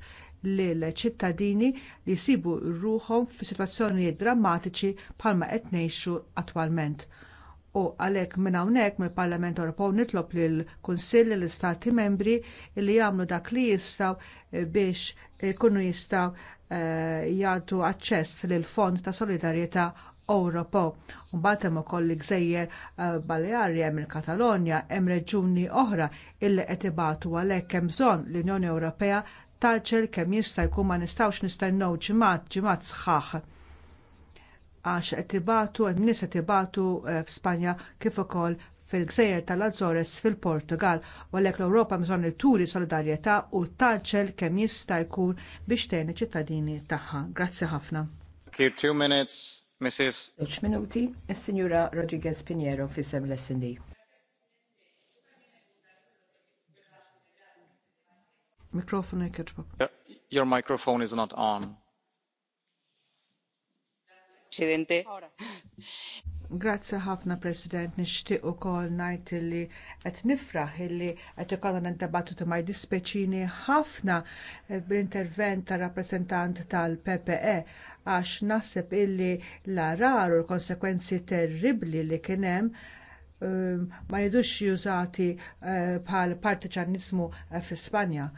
lil ċittadini li jsibu ruħhom fi sitwazzjonijiet drammatiċi bħalma qed ngħixu attwalment. U għalhekk minn hawnhekk mill-Parlament Ewropew nitlob lill kunsill l istati membri li jagħmlu dak li jistgħu eh, biex ikunu jistgħu eh, jagħtu aċċess lill Fond ta' Solidarjetà Ewropew. Mbagħad hemm ukoll gżejjer Balearja eh, Baleari hemm il-Katalonja hemm reġuni oħra illi qed ibatu għalhekk hemm bżonn l-Unjoni Ewropea taġġel kemm jista' jkun ma nistgħux nistennew ġimgħat ġimgħat sħaħ għax qed ibatu n-nies qed ibatu eh, f'Spanja kif ukoll fil-Gżejjer tal-Azzores fil-Portugal u għalhekk l-Ewropa bżonn turi solidarjetà u taġġel kemm jista' jkun biex tgħin iċ-ċittadini tagħha. Grazzi ħafna. Two minutes, Mrs. Minuti, is-Sinjura Rodriguez Pinheiro fisem l-SND. Mikrofonu jkeġbok. Your microphone is not on. Presidente. Grazzi ħafna President, nixtieq ukoll ngħid illi qed nifraħ illi qed ikollna ntabattu ma dispeċini ħafna bl-intervent tar rappreżentant tal-PPE għax naħseb illi l-arar u l-konsekwenzi terribbli li kien hemm um, ma jidux jużati uh, bħal uh, partiċanizmu fi Spanja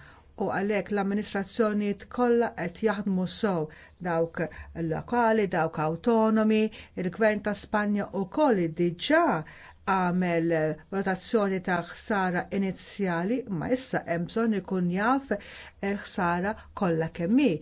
u għalhekk l-amministrazzjoni kollha qed jaħdmu sew dawk lokali, dawk awtonomi, il-Gvern ta' Spanja wkoll diġà għamel rotazzjoni ta' ħsara inizjali ma issa hemm bżonn ikun jaf il-ħsara kollha kemm hi.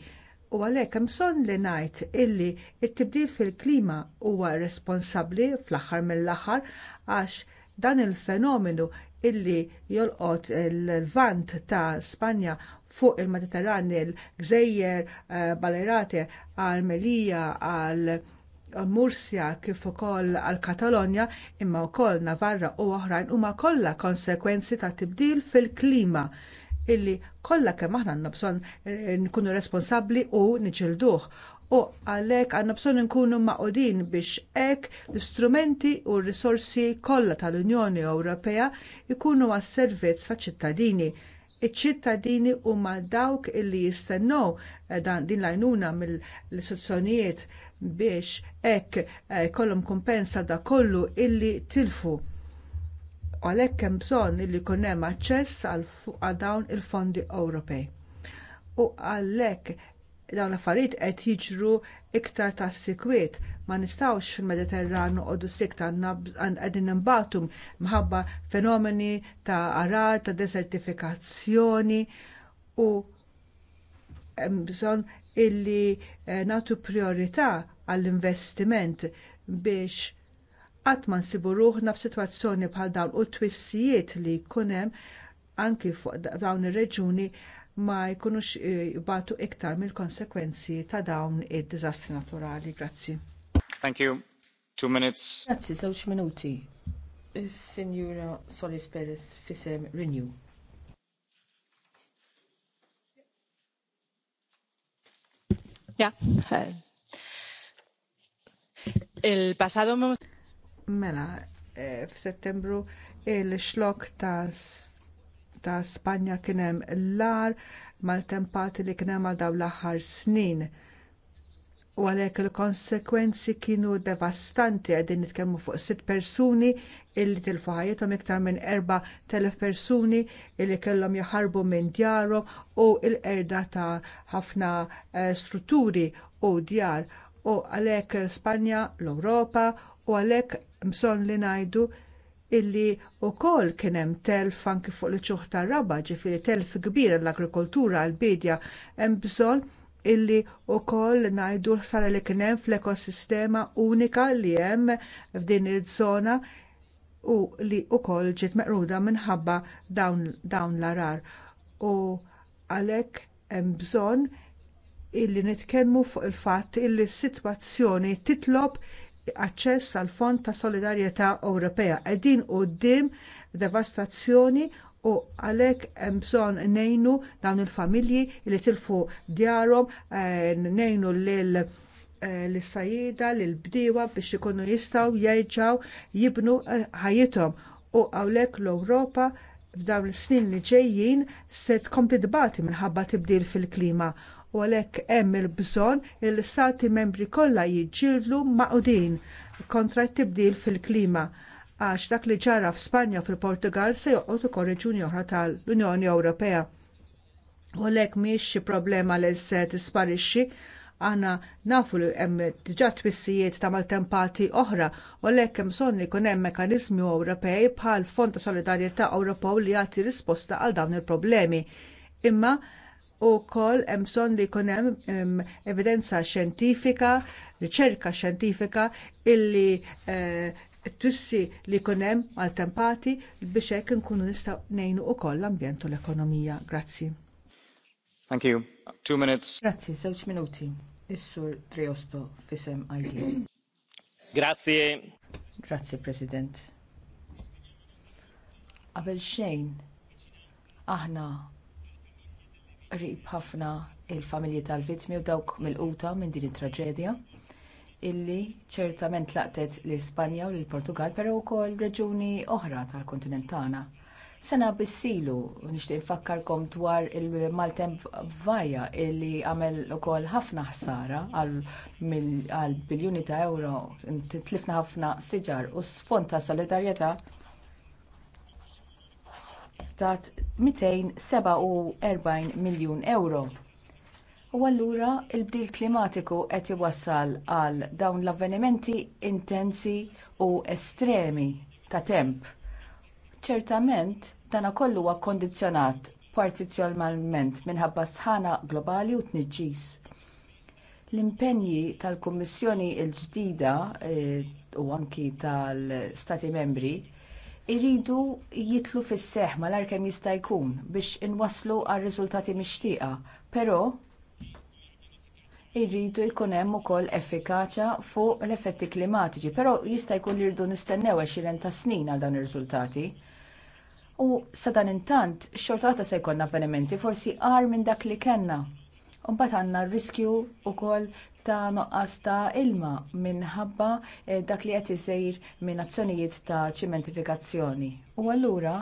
U għalhekk hemm bżonn li ngħid illi t tibdil fil-klima huwa responsabbli fl-aħħar mill-aħħar għax dan il-fenomenu illi jolqot il-vant ta' Spanja fuq il-Mediterran il-Gżejjer, eh, Balerate, għal Melija, għal Mursja kif ukoll għal Katalonja imma wkoll Navarra u oħrajn huma kollha konsegwenzi ta' tibdil fil-klima illi kollha kemm aħna bżonn eh, nkunu responsabbli u niġilduh u għalhekk għandna bżonn inkunu maqudin biex hekk l-istrumenti u r-risorsi kollha tal-Unjoni Ewropea jkunu għas-servizz taċ-ċittadini. Iċ-ċittadini huma dawk illi jistennew eh, din l-għajnuna mill-istituzzjonijiet biex hekk jkollhom eh, kumpensa da kollu illi tilfu għalhekk hemm bżonn li jkun hemm aċċess għal dawn il-fondi Ewropej. U għalhekk dawn l-affarijiet qed jiġru iktar ta' sikwiet. Ma nistgħux fil-Mediterran noqogħdu sik ta' qegħdin nimbatum mħabba fenomeni ta' arar, ta' desertifikazzjoni u bżonn illi eh, nagħtu priorità għall-investiment biex qatt ma nsibu ruħna f'sitwazzjoni bħal dawn u t-twissijiet li jkun hemm anki fuq dawn ir-reġuni ma jkunux eh, jibatu iktar mill-konsekwenzi ta' dawn id-diżastri naturali. Grazzi. Thank you. Two minutes. Grazzi, żewġ minuti. Solis Perez Renew. Ja, il-pasado eh, mela eh, f'Settembru il-xlok ta' ta' Spanja kien hemm l-ar mal-tempati li kien hemm għal dawn l-aħħar snin. U għalhekk il-konsekwenzi kienu devastanti qegħdin nitkellmu fuq sitt persuni illi tilfu ħajjithom iktar minn erba' telef persuni illi kellhom jaħarbu minn djarhom u l-qerda ta' ħafna eh, strutturi u djar u għalhekk Spanja, l-Ewropa u għalhekk bżonn li ngħidu illi wkoll kien hemm telf anki fuq il-ċuħ tar-raba ġifieri telf kbir l-agrikoltura għall-bidja hemm bżonn illi wkoll ngħidu l-ħsara li kien hemm fl-ekosistema unika li hemm f'din iż-żona u li wkoll ġiet meqruda minħabba dawn, dawn l-arar. U għalhekk hemm bżonn illi nitkellmu fuq il-fatt illi s-sitwazzjoni titlob aċċess għal Fond ta' Solidarjetà Ewropea. Qegħdin quddiem devastazzjoni u għalhekk hemm bżonn ngħinu dawn il-familji li tilfu djarhom, eh, ngħinu lil eh, l-sajida, l-bdiewa biex ikunu jistgħu jerġgħu jibnu eh, ħajjithom. U hawnhekk l-Ewropa f'dawn is snin li ġejjin se tkompli dbati minħabba tibdil fil-klima u għalhekk hemm il-bżonn il-stati membri kollha jiġġieldu maqdin kontra t-tibdil fil-klima għax dak li ġara f'Spanja u fil-Portugal se joqgħod ukoll reġuni oħra tal-Unjoni Ewropea. U għalhekk mhix xi problema li se tisparixxi għana nafu li hemm diġà twissijiet ta' maltempati oħra u għalhekk hemm bżonn li jkun hemm mekanizmi Ewropej bħal Fond ta' Solidarjetà Ewropew li jagħti risposta għal dawn il-problemi. Imma u wkoll hemm bżonn li jkun hemm evidenza xjentifika, riċerka xjentifika illi eh, tussi li jkun hemm maltempati biex hekk inkunu nistgħu ngħinu wkoll l-ambjent u l-ekonomija. Grazzi. Thank you. Two minutes. Grazzi, żewġ minuti. Is-sur Triosto fisem ID. Grazie. Grazie, President. Qabel xejn, aħna qrib ħafna il-familji tal-vittmi u dawk mill-quta minn din it-traġedja illi ċertament laqtet l-Ispanja u l-Portugal però wkoll reġuni oħra tal-kontinent tagħna. Sena bissilu nixtieq infakkarkom dwar il-maltemp vaja illi għamel ukoll ħafna ħsara għal biljuni ta' euro, titlifna ħafna siġar u sfond ta' solidarjetà tat 247 miljun euro. U allura l bdil klimatiku qed iwassal għal dawn l-avvenimenti intensi u estremi ta' temp. Ċertament dan kollu huwa kkondizzjonat partizjonalment minħabba sħana globali u tniġġis. L-impenji tal-Kummissjoni l-ġdida eh, u anki tal-Stati membri iridu jitlu fis seħħ mal kemm jista' jkun biex inwasslu għal riżultati mixtieqa, però irridu jkun hemm ukoll effikaċa fuq l-effetti klimatiċi, però jista' jkun li rridu nistennew għexieren ta' snin għal dan ir-riżultati. U sa dan intant, xortata se jkollna avvenimenti forsi qar minn dak li kellna U mbagħad għandna r-riskju wkoll ta' noqqas ta' ilma minħabba eh, dak li qed isir minn azzjonijiet ta' ċimentifikazzjoni. U allura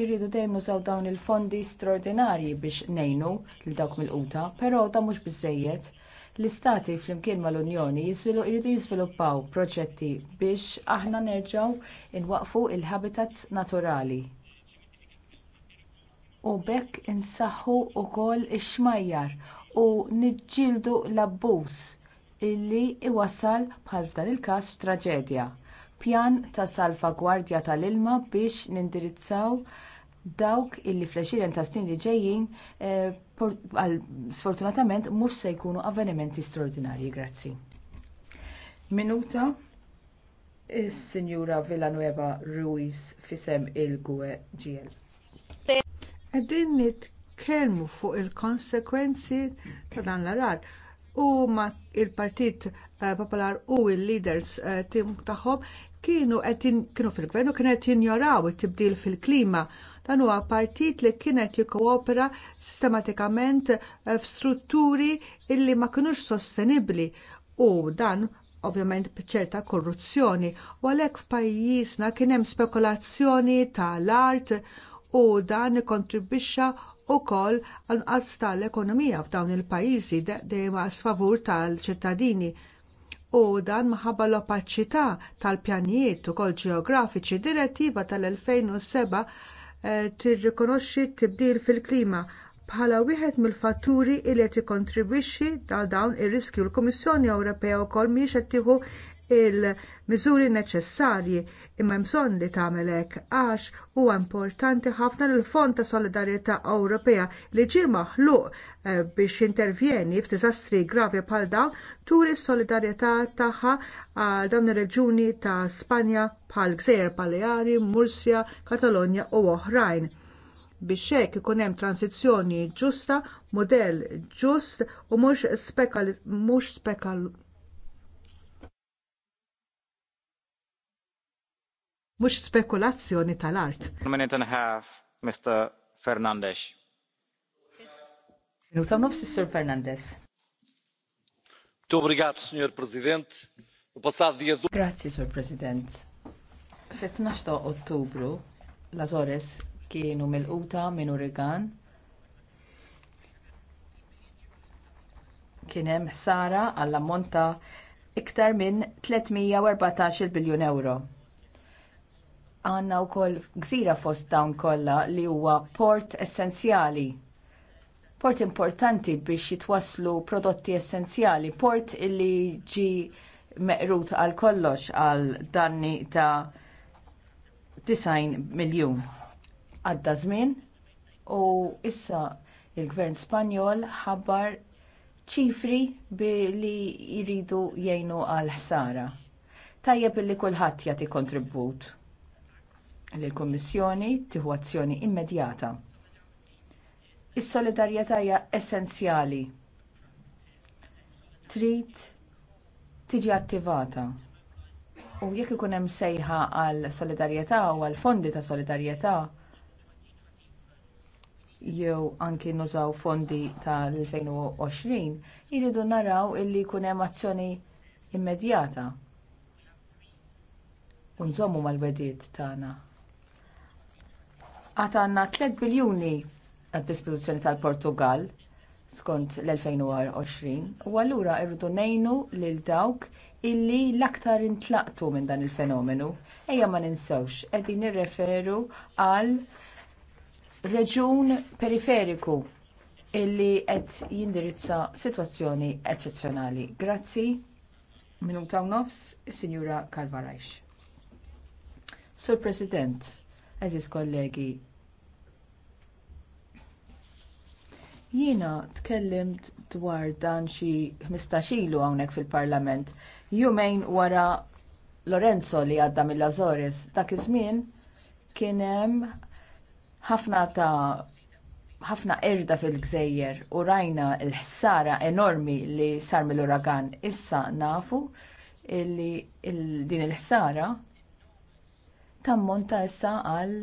irridu dejjem nużaw dawn il-fondi straordinarji biex ngħinu lil dawk mill-quta, però dan mhux biżżejjed. L-istati flimkien mal-Unjoni jridu jiżviluppaw proġetti biex aħna nerġgħu nwaqfu l habitats naturali. U b'hekk insaħħu wkoll ix-xmajjar u niġġieldu l-abbuż illi iwassal bħal f'dan il-każ f'traġedja pjan ta' salvagwardja tal-ilma biex nindirizzaw dawk illi fl ta' snin li ġejjin eh, sfortunatament mhux se jkunu avvenimenti straordinarji. Grazzi. Minuta is-Sinjura Villanueva Ruiz fisem il-Gue GL. Kellmu fuq il-konsekwenzi ta' dan l-arar. Eh, u ma il-Partit Popolar u l leaders eh, tim tagħhom kienu kienu fil-gvernu kienu qed jinjoraw it-tibdil fil-klima. Dan huwa partit li kienet jikkoopera sistematikament eh, f'strutturi illi ma kinux sostenibbli u dan ovvjament b'ċerta korruzzjoni u għalhekk f'pajjiżna kien hemm spekulazzjoni tal-art u dan ikkontribwixxa ukoll għal tal-ekonomija f'dawn il-pajjiżi dejjem sfavur tal-ċittadini u dan minħabba l-opaċità tal-pjanijiet ukoll ġeografiċi direttiva tal-2007 eh, tirrikonoxxi t-tibdil fil-klima bħala wieħed mill-fatturi li qed jikkontribwixxi għal dawn ir-riskju. L-Kummissjoni Ewropea wkoll mhijiex qed tieħu il-miżuri neċessarji imma bżonn li tagħmel hekk għax huwa importanti ħafna l fond ta' Solidarjetà Ewropea li ġie maħluq eh, biex intervjeni f'diżastri gravi bħal dawn turi s-solidarjetà tagħha għal dawn ir-reġuni ta' Spanja bħal Gżejjer Baleari, Mursja, Katalonja u oħrajn biex hekk ikun hemm transizzjoni ġusta, mudell ġust u mhux spekal mhux spekal mhux spekulazzjoni tal-art. Minute and a half, Mr. Fernandez. Minuta nofs is-Sur Fernandez. Obrigado, Sr. President. Grazzi, Sur President. Fit-12 ta' Ottubru, l-Azores kienu milquta minn urigan kien hemm sara għall ammont iktar minn 314 biljun euro għandna wkoll gżira fost dawn kollha li huwa port essenzjali. Port importanti biex jitwasslu prodotti essenzjali, port li ġie meqrut għal kollox għal danni ta' 90 miljun. Għadda żmien u issa l gvern Spanjol ħabbar ċifri billi jridu jgħinu għal ħsara. Tajjeb billi kulħadd jagħti kontribut li l-Kummissjoni tieħu azzjoni immedjata. Is-solidarjetà hija essenzjali. Trid tiġi attivata. U jekk ikun hemm sejħa għal solidarjetà u għal fondi ta' solidarjetà jew anki nużaw fondi tal-2020, jridu naraw illi jkun hemm azzjoni immedjata. U nżommu mal-wedid tagħna għatanna 3 biljuni għad-dispozizjoni tal-Portugal skont l-2020 u allura irridu nejnu lil dawk illi l-aktar intlaqtu minn dan il-fenomenu. Ejja ma ninsewx, qegħdin nirreferu għal reġun periferiku illi qed jindirizza sitwazzjoni eċċezzjonali. Grazzi, Minnu ta' nofs, Sinjura Kalvarajx. Sur President, eżis kollegi, Jiena tkellimt dwar dan xi 15 ilu hawnhekk fil-Parlament. Jumejn wara Lorenzo li għadda mill-Azores, dak iż-żmien kien hemm ħafna ta' ħafna erda fil-gżejjer u rajna l-ħsara enormi li sar mill-uragan. Issa nafu li il din il-ħsara tammonta issa għal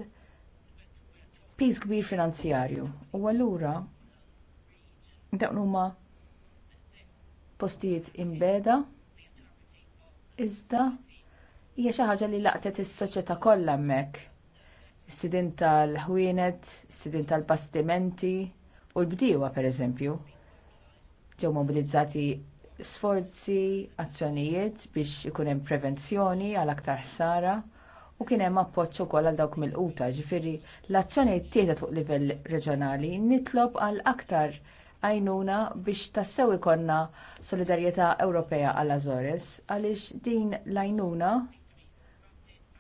piż kbir finanzjarju. U allura Dawn huma postijiet imbeda iżda hija xi ħaġa li laqtet is-soċjetà kollha hemmhekk. Is-sidin tal-ħwienet, is-sidin tal-bastimenti u l-bdiewa pereżempju ġew mobilizzati sforzi, azzjonijiet biex ikun hemm prevenzjoni għal aktar ħsara u kien hemm appoġġ ukoll għal dawk mill-quta, ġifieri l-azzjonijiet tieħed fuq livell reġjonali nitlob għal aktar għajnuna biex tassew ikollna solidarjetà Ewropea għal Azores għaliex din l-għajnuna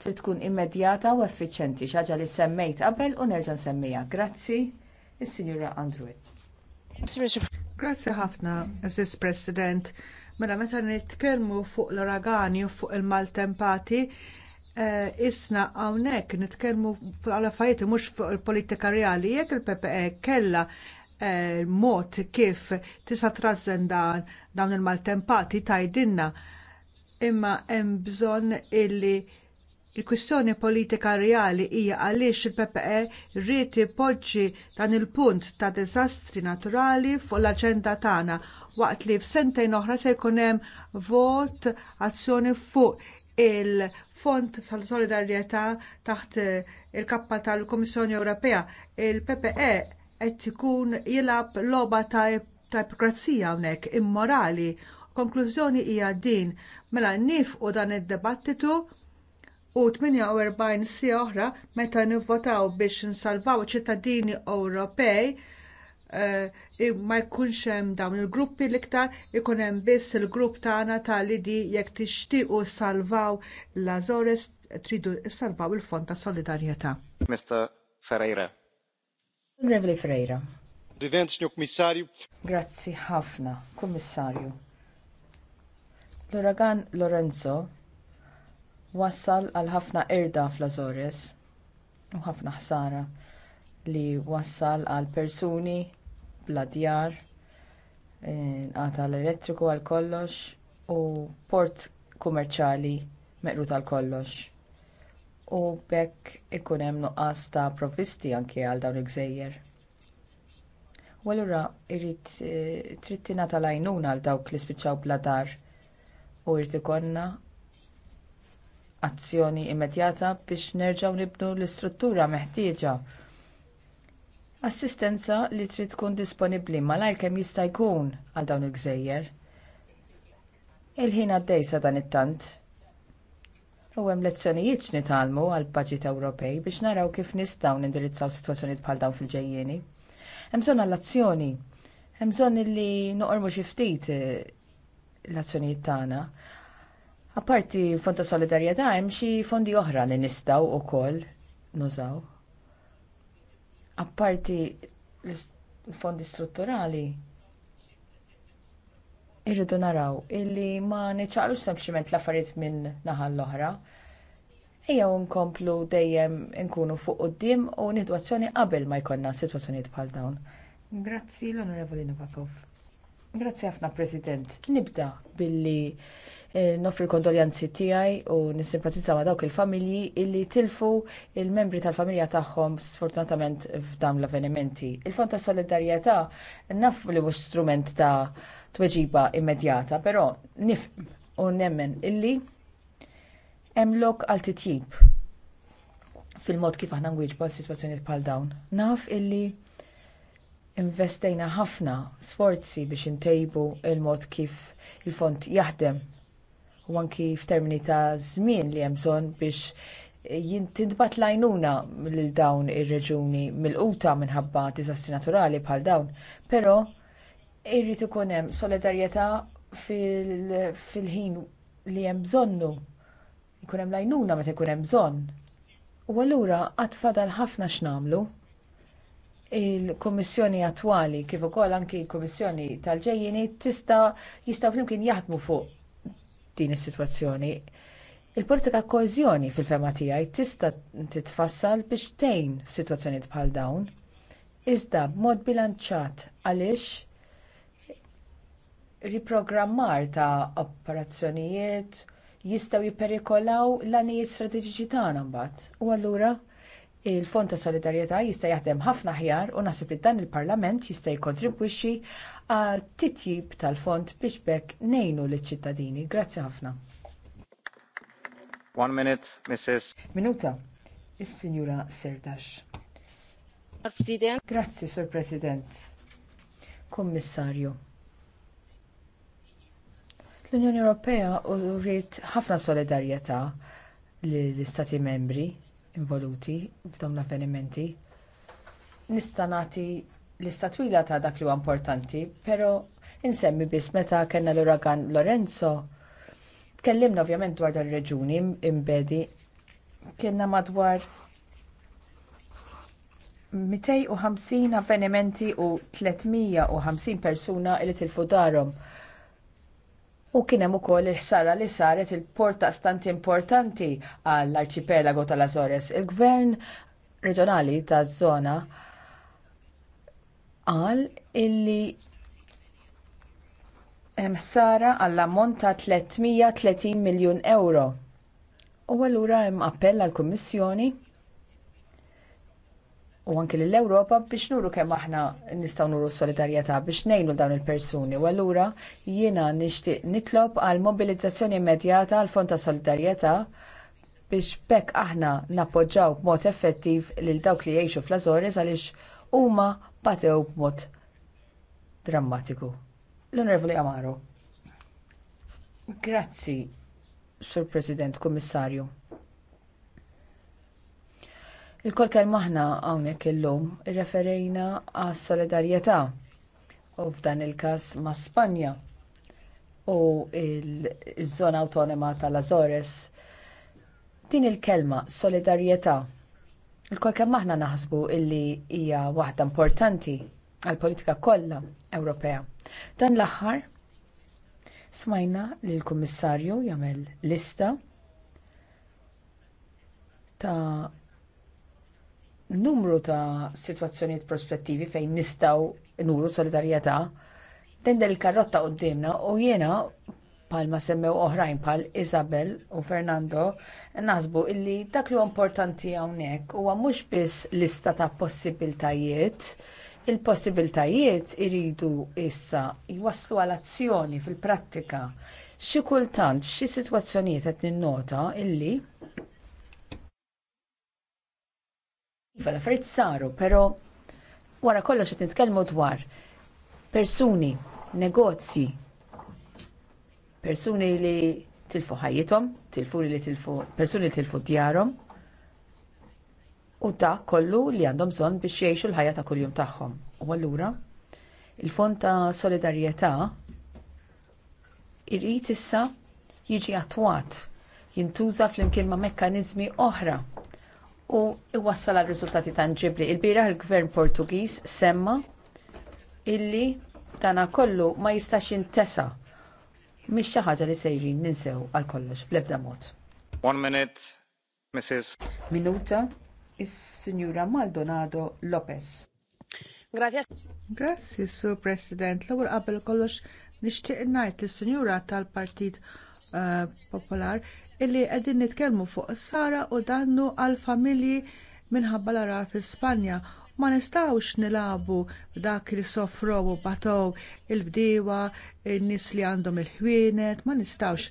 trid tkun immedjata u effiċjenti xi ħaġa li semmejt qabel u nerġa' nsemmiha. Grazzi, is-Sinjura Andrew. Grazzi ħafna, Aziz President. Mela meta nitkellmu fuq l-uragani u fuq il-maltempati, eh, isna hawnhekk nitkellmu fuq affarijiet mhux fuq il-politika reali jekk il-PPE kellha Eh, mod kif tista' trażżenda dawn il-maltempati tgħidilna imma hemm bżonn illi l kwistjoni politika reali hija għaliex il-PPE rrid ipoġġi dan il-punt ta' diżastri naturali fuq l-aġenda tagħna waqt li f'sentejn oħra se jkun hemm vot azzjoni fuq il-Fond tal-Solidarjetà taħt il-kappa tal-Kummissjoni Ewropea. Il-PPE qed ikun jilab logħba ta' ipokrazija hawnhekk immorali. Konklużjoni hija din mela nniefqu dan id-dibattitu u 48 sija oħra meta nivvotaw biex nsalvaw ċittadini Ewropej eh, ma jkunx hemm dawn il-gruppi l-iktar ikun hemm biss il-grupp tagħna tal-idi jekk tixtiequ salvaw l-Azores tridu salvaw il-Fond ta' Solidarjetà. Mr. Ferreira. Onorevoli Freira. Divent, Signor Kommissarju. Grazzi ħafna, Kommissarju. L-uragan Lorenzo wassal għal ħafna erda fl-Azores u ħafna ħsara li wassal għal persuni bladjar, eh, għata l-elettriku għal kollox u port kummerċali meqrut għal kollox u b'hekk ikun hemm nuqqas ta' provvisti anke għal dawn il-gżejjer. U allura irrid eh, trid tingħata l-għajnuna għal dawk li spiċċaw bla dar u jrid ikollna azzjoni immedjata biex nerġgħu nibnu l-istruttura meħtieġa assistenza li trid tkun disponibbli malajr kemm jista' jkun għal dawn il-gżejjer. Il-ħin għaddej sa dan it-tant U hemm lezzjonijiet x'nitalmu għall baġit Ewropej biex naraw kif nistgħu nindirizzaw sitwazzjonijiet bħal dawn fil-ġejjieni. Hemm bżonn għall-azzjoni. Hemm bżonn li noqormu xi ftit eh, l-azzjonijiet tagħna. Apparti fond ta' solidarjetà hemm xi fondi oħra li nistgħu wkoll nużaw. Apparti l-fondi strutturali irridu naraw illi ma niċċaqlux sempliċement l-affarijiet minn naħa l-oħra. Ejja nkomplu dejjem nkunu fuq quddiem u nieħdu azzjoni qabel ma jkollna sitwazzjonijiet bħal dawn. Grazzi l-Onorevoli Novakov. Grazzi ħafna President. Nibda billi eh, nofri kondoljanzi tiegħi u nissimpatizza ma' dawk il-familji illi tilfu il-membri tal-familja tagħhom sfortunatament f'dawn l-avvenimenti. Il-Fond ta' Solidarjetà naf li mhux strument ta' tweġiba immedjata, però nifhem u nemmen illi hemm lok għal titjib fil-mod kif aħna nwieġba għas-sitwazzjonijiet bħal dawn. Naf illi investejna ħafna sforzi biex intejbu l mod kif il font jaħdem u anki f'termini ta' żmien li hemm bżonn biex jintidbat lajnuna lil dawn ir-reġuni mill minħabba diżastri naturali bħal dawn, però Irrid ikun hemm solidarjetà fil-ħin li hemm bżonnu. Ikun hemm lajnuna meta ikun hemm bżonn. U allura għad fadal ħafna x'namlu il-Kummissjoni attwali kif ukoll anki l-Kummissjoni tal-ġejjini tista' jistgħu flimkien jaħdmu fuq din is-sitwazzjoni. Il-politika koeżjoni fil-fema tiegħi tista' titfassal biex tgħin f'sitwazzjonijiet bħal dawn. Iżda b'mod bilanċat għaliex riprogrammar ta' operazzjonijiet jistgħu jipperikolaw l-għanijiet strateġiċi tagħna mbagħad. U allura il-Fond ta' Solidarjetà jista' jaħdem ħafna aħjar u naħseb li dan il-Parlament jista' jikkontribwixxi għal titjib tal-fond biex bekk ngħinu liċ-ċittadini. Grazzi ħafna. One minute, Mrs. Minuta, is-Sinjura Serdax. Grazzi, Sur President. Kommissarju L-Unjoni Ewropea uriet ħafna solidarjetà lill-Istati membri involuti f'dawn l-avvenimenti. Nista' nagħti l twila ta' dak li huwa importanti, però insemmi biss meta kellna l-uragan Lorenzo. Tkellimna ovvjament dwar dan reġuni imbedi kienna madwar 250 avvenimenti u 350 persuna li tilfu darhom U kien hemm ukoll il-ħsara li saret il-porta stanti importanti għall-arċipelago tal-Azores. Il-gvern reġjonali taż-żona qal illi hemm ħsara għall ammont ta' 330 miljun euro. U allura hemm appell għall-Kummissjoni u anki lill ewropa biex nuru kemm aħna nistgħu nuru solidarjetà biex ngħinu dawn il-persuni. U allura jiena nixtieq nitlob għal mobilizzazzjoni immedjata għal fond ta' solidarjetà biex bekk aħna nappoġġaw b'mod effettiv lil dawk li jgħixu fl-Azores għaliex huma batew b'mod drammatiku. L-Onorevoli Amaro. Grazzi, Sur President, Kummissarju. Il-kol kell maħna hawnhekk illum irreferejna għas solidarjetà u f'dan il-każ ma' Spanja u il żona autonoma tal-Azores. Din il-kelma solidarjetà il-kol kemm aħna naħsbu illi hija waħda importanti għall politika kollha Ewropea. Dan l-aħħar smajna li l-Kummissarju jagħmel lista ta' numru ta' sitwazzjonijiet prospettivi fejn nistgħu nuru solidarjetà tendel il-karrotta qudiemna u jiena bħalma semmew oħrajn bħal Isabel u Fernando naħsbu illi dak li importanti hawnhekk huwa mhux biss lista ta' possibiltajiet il-possibiltajiet iridu issa jwasslu għal azzjoni fil-prattika xi kultant f'xi sitwazzjonijiet qed ninnota illi Iva, l-affarijiet saru, però wara kollox qed nitkellmu dwar persuni, negozji, persuni li tilfu ħajjithom, tilfu li tilfu, persuni li tilfu djarhom, u ta' kollu li għandhom bżonn biex jgħixu l-ħajja ta' kuljum tagħhom. U allura il-Fond ta' Solidarjetà irrid issa jiġi attwat jintuża flimkien ma' mekkaniżmi oħra u iwassal għal riżultati tangibbli. Il-biraħ il-Gvern Portugiż semma illi dana kollu ma jistax intesa' mhix xi ħaġa li sejrin ninsew għal kollox bl-ebda mod. One minute, Mrs. Minuta, is-Sinjura Maldonado Lopez. Grazie. Grazzi, Sur President. L-ewwel qabel kollox nixtieq ngħid lis-Sinjura tal-Partit eh, Popolar illi qegħdin nitkellmu fuq sara u dannu għal familji minħabba l-arar fi Spanja. Ma nistgħux nilagħbu b'dak li sofrow u batow il-bdiewa, in-nies li għandhom il-ħwienet, ma nistgħux.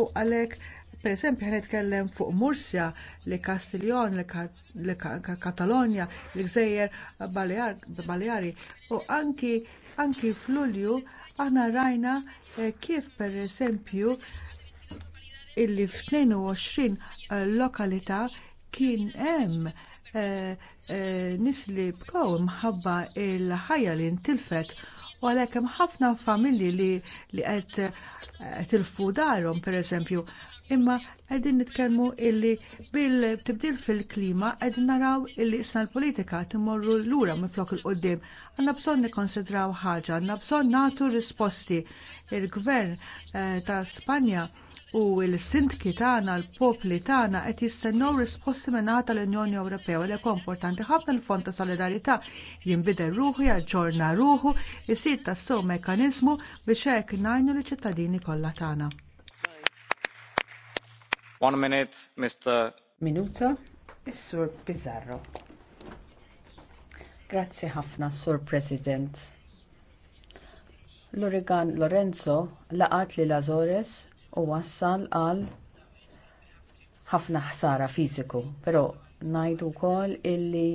U għalhekk pereżempju ħan nitkellem fuq Mursja, li Kastiljon, li Katalonja, li Gżejjer Baleari u anki anki f'Lulju aħna rajna eh, kif pereżempju illi f'22 eh, lokalità kien hemm eh, eh, nisli li bkow mħabba l ħajja li ntilfet u għalhekk hemm ħafna familji li qed tilfu darhom pereżempju imma qegħdin nitkellmu illi bil-tibdil fil-klima qegħdin naraw illi isna l-politika timmorru lura minflok il-qoddim. Għandna bżonn nikkonsidraw ħaġa, għandna bżonn nagħtu risposti. Il-gvern ta' Spanja u l-sindki tagħna l-popli tagħna qed jistennew risposti mingħata l-Unjoni Ewropea għalhekk importanti ħafna l-Fond ta' Solidarità jinbidel ruħu, jaġġorna ruħu, isir tassew mekkaniżmu biex hekk ngħinu liċ-ċittadini kollha tagħna. One minute, Mr. Minuta, is-Sur Pizarro. Grazzi ħafna, Sur President. l Lurigan Lorenzo laqat li Lazores u wassal għal ħafna ħsara fiżiku, però ngħidu wkoll illi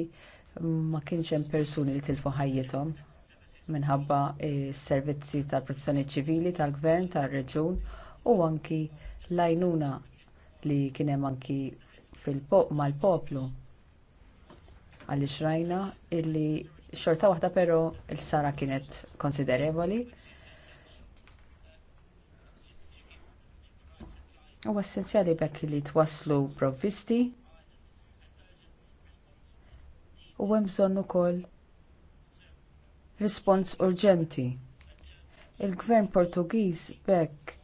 ma kienx hemm persuni li tilfu ħajjithom minħabba s-servizzi tal-protezzjoni ċivili tal-gvern tar-reġjun u anki l-għajnuna li kien hemm anki mal-poplu għaliex rajna illi xorta waħda però il sara kienet konsiderevoli U essenzjali bekk li twasslu provvisti u hemm bżonn ukoll rispons urġenti. Il-Gvern Portugiż b'hekk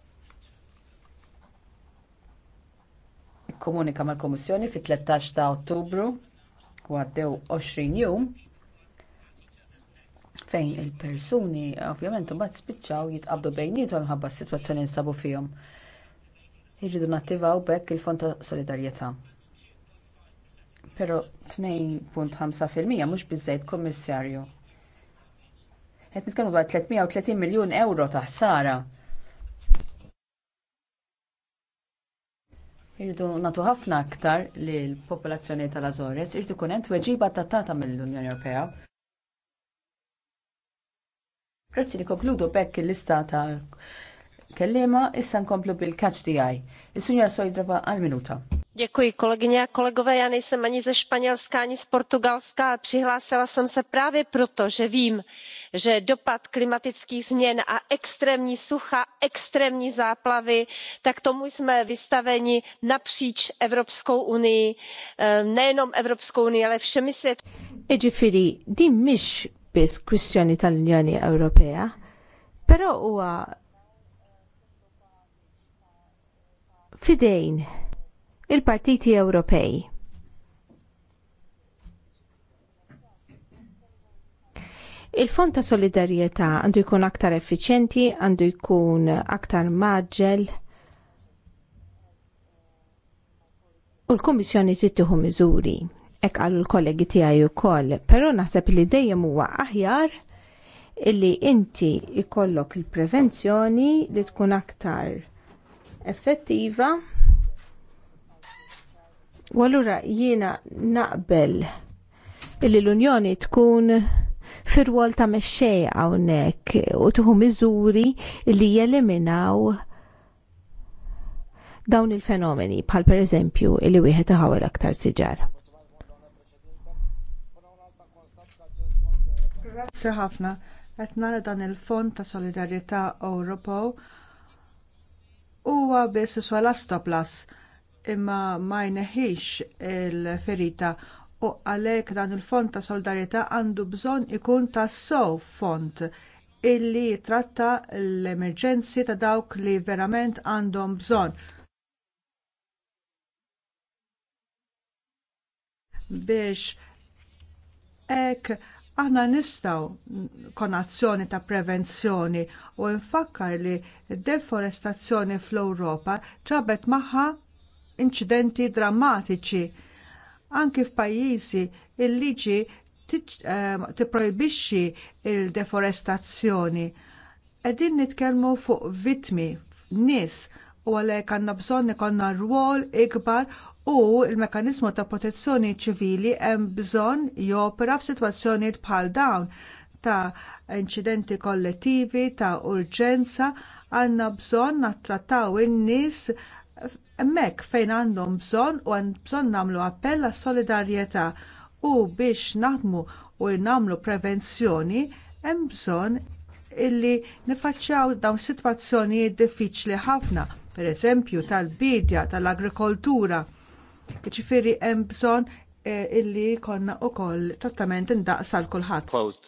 ikkomunika mal-Kummissjoni fit-13 ta' Ottubru u għaddew 20 jum fejn il-persuni ovvjament imbagħad spiċċaw jitqabdu bejniethom ħabba s-sitwazzjoni nsabu fihom. Irridu nattivaw bekk il-Fond ta' Solidarjetà. Però 2.5% mhux biżejt Kummissarju. Qed nitkellmu dwar 330 miljun euro ta' ħsara. Irridu nagħtu ħafna aktar lill popolazzjoni tal-Azores, irridu kun hemm tweġiba tattata mill-Unjoni Ewropea. Grazzi li konkludu bekk il-lista ta' kellima, issa nkomplu bil-catch di għaj. Il-Sinjora Sojdrova għal-minuta. Děkuji kolegyně a kolegové, já nejsem ani ze Španělska, ani z Portugalska, ale přihlásila jsem se právě proto, že vím, že dopad klimatických změn a extrémní sucha, extrémní záplavy, tak tomu jsme vystaveni napříč Evropskou unii, eh, nejenom Evropskou unii, ale všemi svět. Ejifiri, din mhix biss kwistjoni tal-Unjoni Ewropea, però fidejn il-partiti Ewropej. Il-fond ta' solidarjetà għandu jkun aktar effiċenti, għandu jkun aktar maġġel. U l-Kummissjoni tittieħu miżuri, hekk qalu l-kollegi tiegħi wkoll, però naħseb li dejjem huwa aħjar illi inti ikollok il-prevenzjoni li tkun aktar effettiva. U allura jiena naqbel illi l-Unjoni tkun fir-rwol ta' mexxejja hawnhekk u tieħu miżuri li jeliminaw dawn il-fenomeni bħal pereżempju li wieħed iħawel aktar siġar. Grazzi ħafna qed nara dan il-Fond ta' Solidarjetà Ewropew huwa biss iswalastoplas imma ma jneħħix il-ferita u għalhekk dan il-fond ta' solidarjetà għandu bżonn ikun ta' sow fond illi jitratta l-emerġenzi ta' dawk li verament għandhom bżonn. Biex hekk aħna nistgħu konazzjoni ta' prevenzjoni u nfakkar li d deforestazzjoni fl-Ewropa ġabet magħha inċidenti drammatiċi. Anki f'pajjiżi il-liġi eh, tipprojbixxi l deforestazzjoni Qegħdin nitkellmu fuq vittmi, nies, u għalhekk għandna bżonn ikollna rwol ikbar u l-mekkaniżmu ta' protezzjoni ċivili hemm bżonn jopera f'sitwazzjonijiet bħal dawn ta' inċidenti kollettivi, ta' urġenza, għandna bżonn nattrattaw in-nies hemmhekk fejn għandhom bżonn u għand bżonn nagħmlu appell għas solidarjetà u biex naħdmu u nagħmlu prevenzjoni hemm bżonn illi nifaċċjaw dawn sitwazzjonijiet diffiċli ħafna, pereżempju tal-bidja, tal-agrikoltura. Ġifieri hemm bżonn eh, illi jkollna wkoll trattament indaqs għal kulħadd.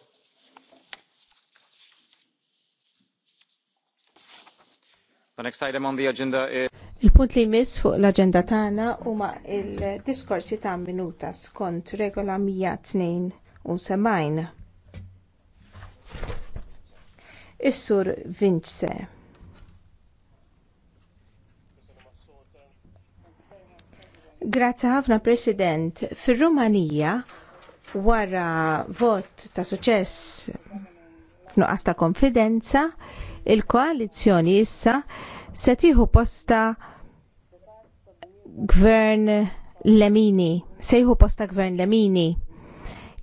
The next item on the agenda is Il-punt li jmiss fuq l-agenda tagħna huma il-diskorsi ta' minuta skont regola 102 u Is-sur Vince. Grazzi ħafna President. Fir-Rumanija wara vot ta' suċess f'nuqqas ta' konfidenza, il-koalizzjoni issa se tieħu posta gvern Lemini, jħu posta gvern Lemini.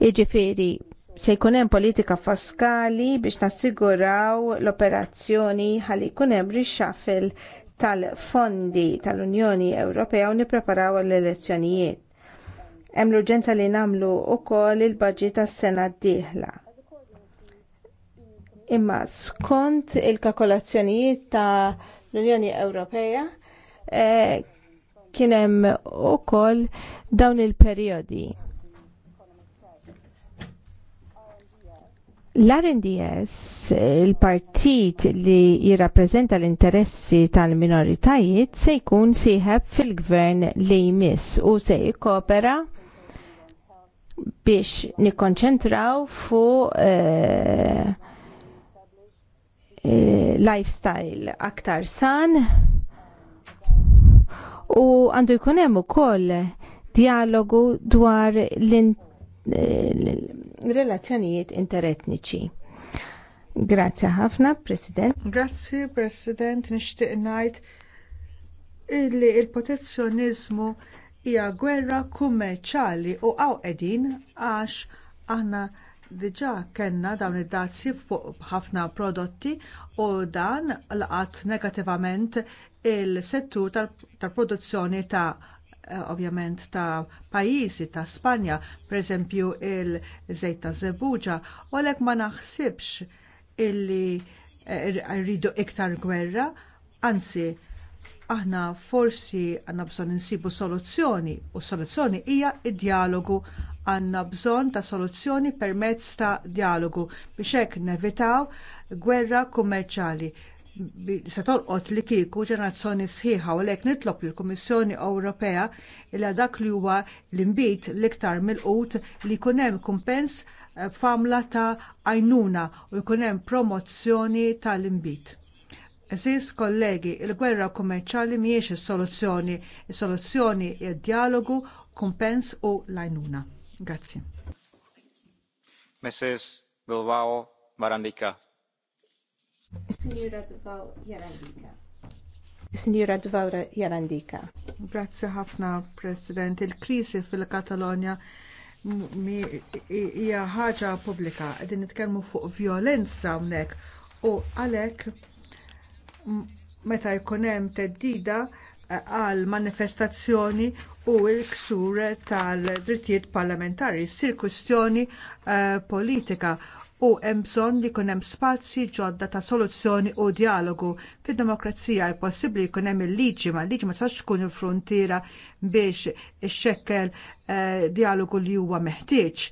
Iġifieri se jkun hemm politika fiskali biex nassiguraw l-operazzjoni ħalli jkun hemm rixxafil tal-fondi tal-Unjoni Ewropea u nippreparaw l-elezzjonijiet. Hemm l-urġenza li nagħmlu wkoll il baġġi tas-sena d-dieħla. Imma skont il-kalkolazzjonijiet ta' l-Unjoni Ewropea eh, kien hemm ukoll dawn il-perjodi L-RNDS, il-partit li jirrappreżenta l-interessi tal-minoritajiet, se jkun sieħeb fil-gvern li jmiss u se jikopera biex nikkonċentraw fuq eh, eh, lifestyle aktar san u għandu jkun hemm ukoll dialogu dwar eh, l relazzjonijiet interetniċi. Grazzi ħafna, President. Grazzi, President, nixtieq ngħid illi l il protezzjonizmu hija gwerra kummerċali u għaw għax aħna diġà kellna dawn id-dazzi fuq ħafna prodotti u dan laqat negativament il-settur tal-produzzjoni ta' Eh, ovvjament ta' pajjiżi ta' Spanja, pereżempju il-żejt ta' Zebuġa, u għalhekk ma naħsibx illi eh, rridu iktar gwerra, anzi aħna forsi għandna bżonn insibu soluzzjoni u soluzzjoni hija d dialogu għandna bżonn ta' soluzzjoni permezz ta' dialogu biex hekk nevitaw gwerra kummerċjali se torqod li kieku ġenerazzjoni sħiħa u lek nitlob lill kummissjoni Ewropea il dak li huwa l-imbit l-iktar mill li jkun hemm kumpens eh, famla ta' għajnuna u jkun hemm promozzjoni tal-imbit. Eżis kollegi, il-gwerra kummerċjali mhijiex is-soluzzjoni, is-soluzzjoni d dialogu kumpens u l-għajnuna. Grazzi. Mrs. Bilbao Marandika Signora Dvawra Jarandika. Signora Dvaw Jarandika. Grazie ħafna, President. Il-krisi fil-Katalonja hija ħaġa pubblika. Għedin nitkellmu fuq violenza hawnhekk u għalek meta jkun hemm teddida eh, għal manifestazzjoni u l-ksur tal-drittijiet parlamentari ssir kwistjoni uh, politika u hemm bżonn li jkun hemm spazji ġodda ta' soluzzjoni u dijalogu. Fid-demokrazija è possibbli jkun hemm il-liġi ma l-liġi ma tistax tkun il-frontiera biex ixxekkel eh, dijalogu li huwa meħtieġ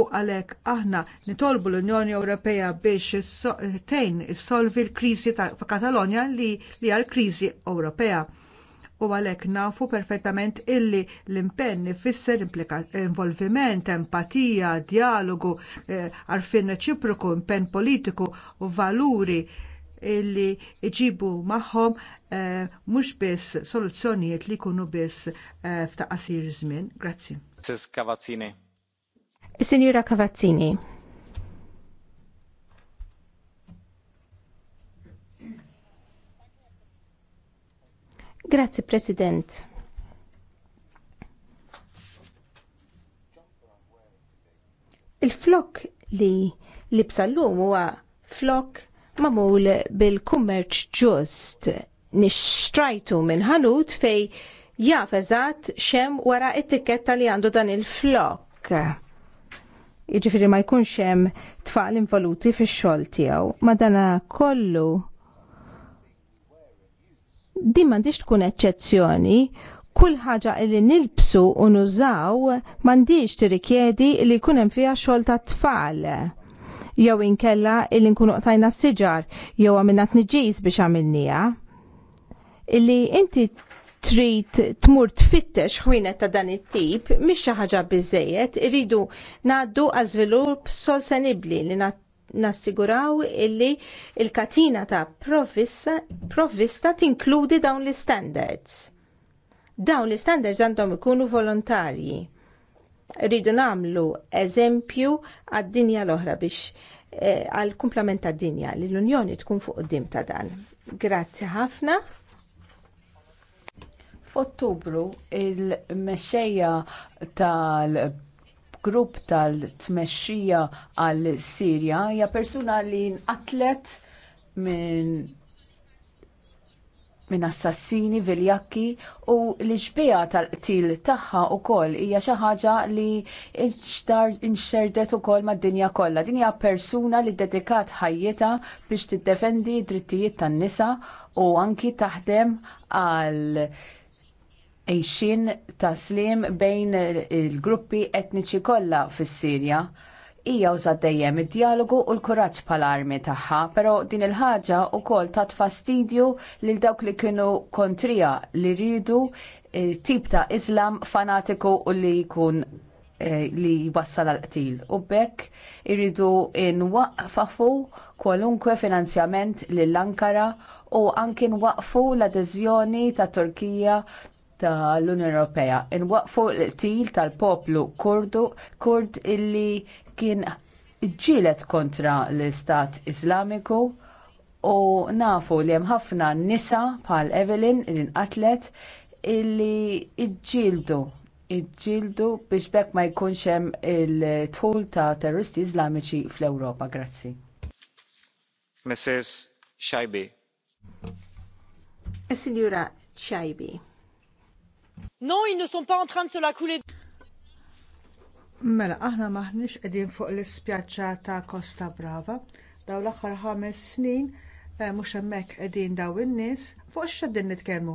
u għalhekk aħna nitolbu l-Unjoni Ewropea biex so tejn issolvi l-kriżi ta' Katalonja li hija l-kriżi Ewropea u għalhekk nafu perfettament illi l-impenn ifisser involviment, empatija, dialogu, għarfien eh, reċiproku, impenn politiku u valuri illi jġibu magħhom eh, mhux biss soluzzjonijiet li jkunu biss eh, f'taqasir żmien. Grazzi. Sinjura Kavazzini. Grazzi, President. Il-flok li li bsallum huwa flok mamul bil-kummerċ ġust nixtrajtu minn ħanut fej jaf xem wara etiketta li għandu dan il-flok. Jiġifieri ma jkunx hemm tfal involuti fix-xogħol tiegħu. Madana kollu din m'għandix tkun eċċezzjoni kull ħaġa li nilbsu u nużaw m'għandix tirrikjedi li jkun hemm fiha xogħol ta' tfal. Jew inkella illi nkunu qtajna s-siġar jew għamilna tniġis biex għamilnija. Illi inti trid tmur tfittex ħwienet ta' dan it-tip mhix xi ħaġa biżejjed, irridu ngħaddu għażvilupp sostenibbli li nat nassiguraw illi l katina ta' provvista tinkludi dawn l istandards Dawn l istandards għandhom ikunu volontarji. Rridu nagħmlu eżempju għad-dinja l-oħra biex eh, għal kumplament tad dinja li l-Unjoni tkun fuq qudiem ta' dan. Grazzi ħafna. F'Ottubru il-mexxejja tal grupp tal-tmexxija għal Sirja hija persuna li nqatlet minn minn assassini viljakki u l-ġbija tal-qtil tagħha wkoll hija xi ħaġa li inxerdet ukoll mad-dinja kollha. Din hija persuna li dedikat ħajjita biex tiddefendi d-drittijiet tan-nisa u anki taħdem għal għejxin ta' sliem bejn il-gruppi etniċi kollha fis-Sirja. Hija użat dejjem id-dialogu u l-kuraġġ bħala armi tagħha, però din il-ħaġa wkoll tat fastidju lil dawk li kienu kontrija li rridu eh, tip ta' Islam fanatiku u li jkun eh, li jwassal għal qtil u bekk irridu nwaqfafu kwalunkwe finanzjament lill-Ankara u anki nwaqfu l-adeżjoni ta' Turkija tal-Unjoni Ewropea. Inwaqfu l qtil tal-poplu kurdu, kurd illi kien ġilet kontra l-Istat Islamiku u nafu li hemm ħafna nisa bħal Evelyn li inqatlet illi iġġieldu iġġieldu biex bekk ma jkunx hemm il-tħul ta' terroristi Islamiċi fl-Ewropa. Grazzi. Mrs. Shaibi. Is-Sinjura Non, ils ne sont pas en train de se la couler. Mela, aħna maħniex qegħdin fuq l-ispjaċċa ta' Costa Brava. Daw l-aħħar ħames snin eh, mhux hemmhekk qegħdin daw in-nies fuq x'qegħdin nitkellmu.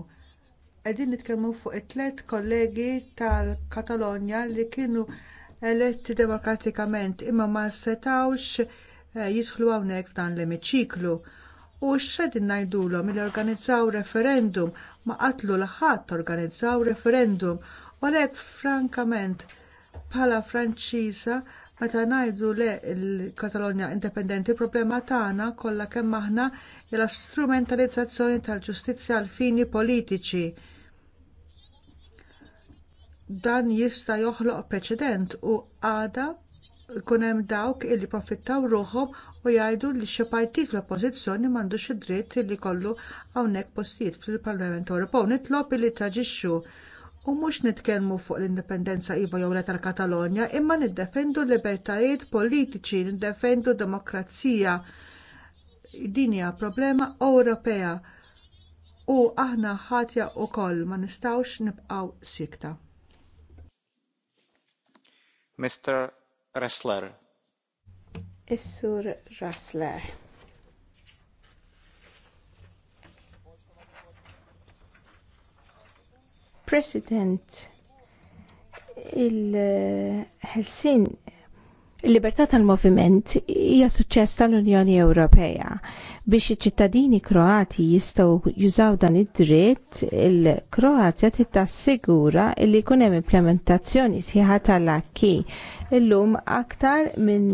Qegħdin nitkellmu fuq it tlet kollegi tal-Katalonja li kienu eletti demokratikament imma ma setawx eh, jidħlu hawnhekk f'dan l-emiċiklu u x-xedin najdulom il organizzaw referendum ma qatlu l ħadd organizzaw referendum u għalhekk frankament bħala Franċiża meta ngħidu le l-Katalonja indipendenti problema tagħna kollha kemm aħna hija strumentalizzazzjoni tal-ġustizzja għal fini politiċi. Dan jista' joħloq preċedent u għada jkun hemm dawk illi profittaw ruħhom u jgħidu li xi partit fl-oppożizzjoni m'għandux id-dritt li jkollu hawnhekk postijiet fil-Parlament Ewropew. Nitlob li taġixxu u mhux nitkellmu fuq l-indipendenza iva jew le tal-Katalonja, imma niddefendu libertajiet politiċi, niddefendu demokrazija. Din hija problema Ewropea u aħna ħatja wkoll ma nistgħux nibqgħu sikta. Mr. Ressler. Is-sur Rassler. President, il ħelsien Il-libertà tal-moviment hija suċċess tal-Unjoni Ewropea. Biex iċ-ċittadini Kroati jistgħu jużaw dan id-dritt, il-Kroazja tittassigura li jkun hemm implementazzjoni sħiħa tal-akki illum aktar minn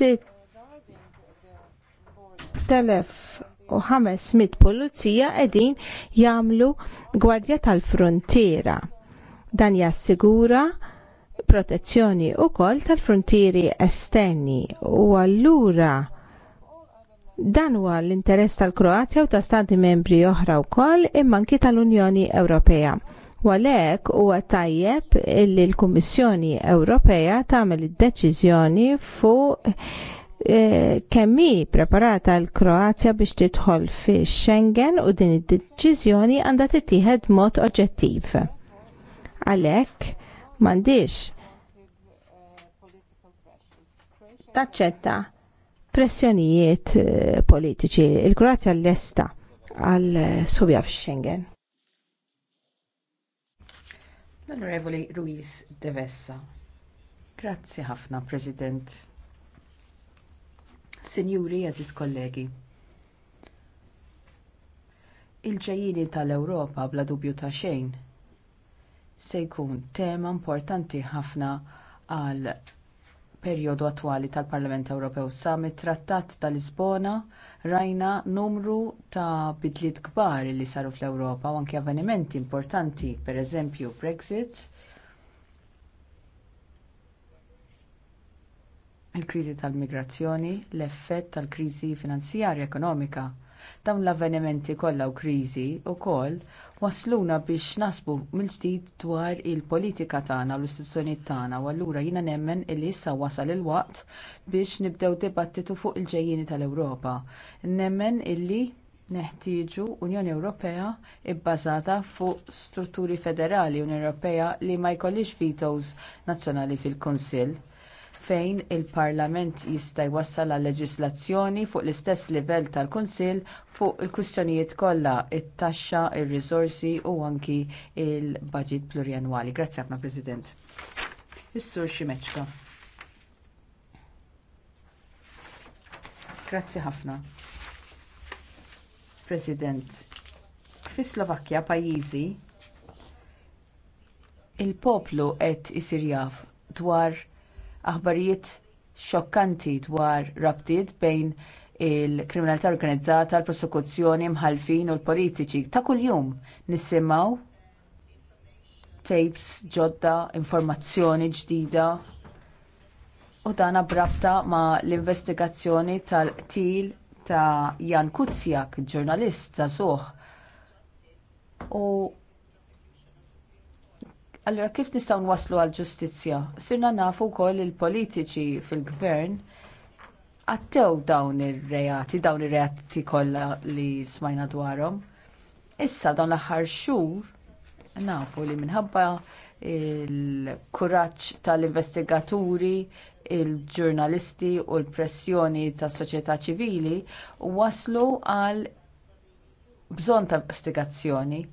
6500 pulizija qegħdin jagħmlu gwardja tal-frontiera. Dan jassigura protezzjoni wkoll tal-frontieri esterni u allura dan huwa l-interess tal-Kroazja u ta' stati membri oħra wkoll imma anki tal-Unjoni Ewropea. U għalhekk huwa tajjeb li l-Kummissjoni Ewropea tagħmel id-deċiżjoni fuq eh, kemm hi preparata l-Kroazja biex tidħol fi Schengen u din id-deċiżjoni għandha tittieħed mod oġġettiv. Għalhekk m'għandix taċċetta pressjonijiet eh, politiċi. Il-Kroazja l-lesta għal subja fi Schengen. L-Onorevoli Ruiz de Vessa. Grazzi ħafna, President. Sinjuri, jaziz kollegi. il ġajjini tal-Ewropa bla dubju ta' xejn se jkun tema importanti ħafna għal perjodu attwali tal-Parlament Ewropew sa mit-Trattat tal-Lisbona rajna numru ta' bidliet kbar li saru fl-Ewropa u anke avvenimenti importanti, pereżempju Brexit, il-kriżi tal-migrazzjoni, l-effett tal-kriżi finanzjarja ekonomika. Dawn l-avvenimenti kollha u kriżi wkoll wasluna biex naħsbu mill-ġdid dwar il-politika tagħna u l-istituzzjonijiet tagħna u allura jiena nemmen li issa wasal il-waqt biex nibdew dibattitu fuq il-ġejjieni tal-Ewropa. Nemmen illi neħtieġu Unjoni Ewropea bbażata fuq strutturi federali Unjoni Ewropea li ma jkollix vetoes nazzjonali fil-Kunsill fejn il-Parlament jista' jwassal għal leġiżlazzjoni fuq l-istess livell tal-Kunsill fuq il-kwistjonijiet kollha it-taxxa, ir-riżorsi u anki l baġit plurianwali. Grazzi ħafna President. Is-Sur Ximeċka. Grazzi ħafna. President, fis Slovakkja pajjiżi il-poplu qed isir jaf dwar aħbarijiet xokkanti dwar rabtiet bejn il-kriminalità organizzata, l-prosekuzzjoni, mħalfin u l-politiċi. Ta' kuljum nisimgħu tapes ġodda, informazzjoni ġdida u dan brabta ma' l-investigazzjoni tal-qtil ta' Jan Kuzjak, ġurnalist ta' soħ. U Allora kif nistgħu waslu għal ġustizzja? Sirna nafu wkoll il-politiċi fil-gvern għattew dawn ir-reati, dawn ir-reati kollha li smajna dwarhom. Issa dawn l-aħħar xhur nafu li minħabba il-kuraġġ tal-investigaturi, il-ġurnalisti u l-pressjoni tas soċjetà ċivili waslu għal bżonn ta' investigazzjoni.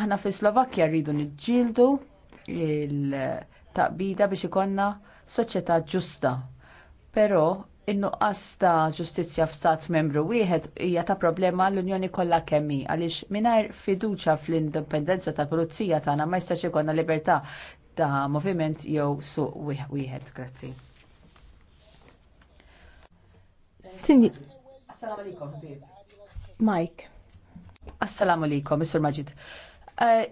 Aħna fi Slovakkja rridu niġġieldu il-taqbida biex ikonna soċjetà ġusta. Però in-nuqqas ta' ġustizzja f'stat membru wieħed hija ta' problema l-Unjoni kollha kemm hi għaliex mingħajr fiduċja fl-indipendenza tal-Pulizija tagħna ma jistax ikollna libertà ta' moviment jew suq wieħed. Grazzi. Assalamu alaikum. Mike. Assalamu alaikum, Mr. Majid. Eh,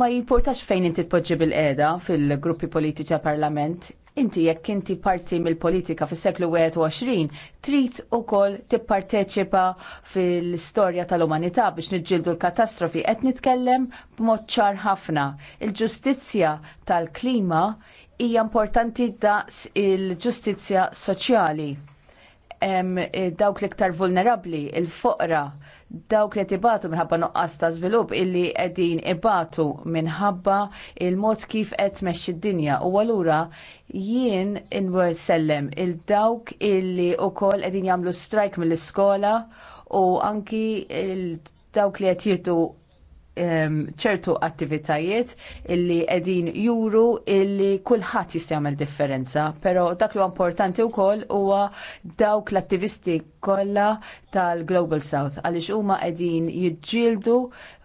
ma jimportax fejn inti tpoġġi bil-qeda fil-gruppi politiċi parlament, inti jekk inti parti mill-politika fis-seklu 21 trid ukoll tipparteċipa fil-istorja tal-umanità biex niġġieldu l-katastrofi qed nitkellem b'mod ċar ħafna. Il-ġustizzja tal-klima hija importanti daqs il-ġustizzja soċjali. Eh, dawk l-iktar vulnerabbli, il-foqra, dawk li tibatu minħabba nuqqas ta' żvilupp illi qegħdin ibatu minħabba il-mod kif qed tmexxi d-dinja u allura jien inward sellem il-dawk illi wkoll qegħdin jagħmlu strike mill-iskola u anki dawk li qed jieħdu ċertu attivitajiet illi qegħdin juru illi kulħadd jista' jagħmel differenza, pero dak li importanti importanti wkoll huwa dawk l-attivisti kollha tal-Global South għaliex huma qegħdin jiġġieldu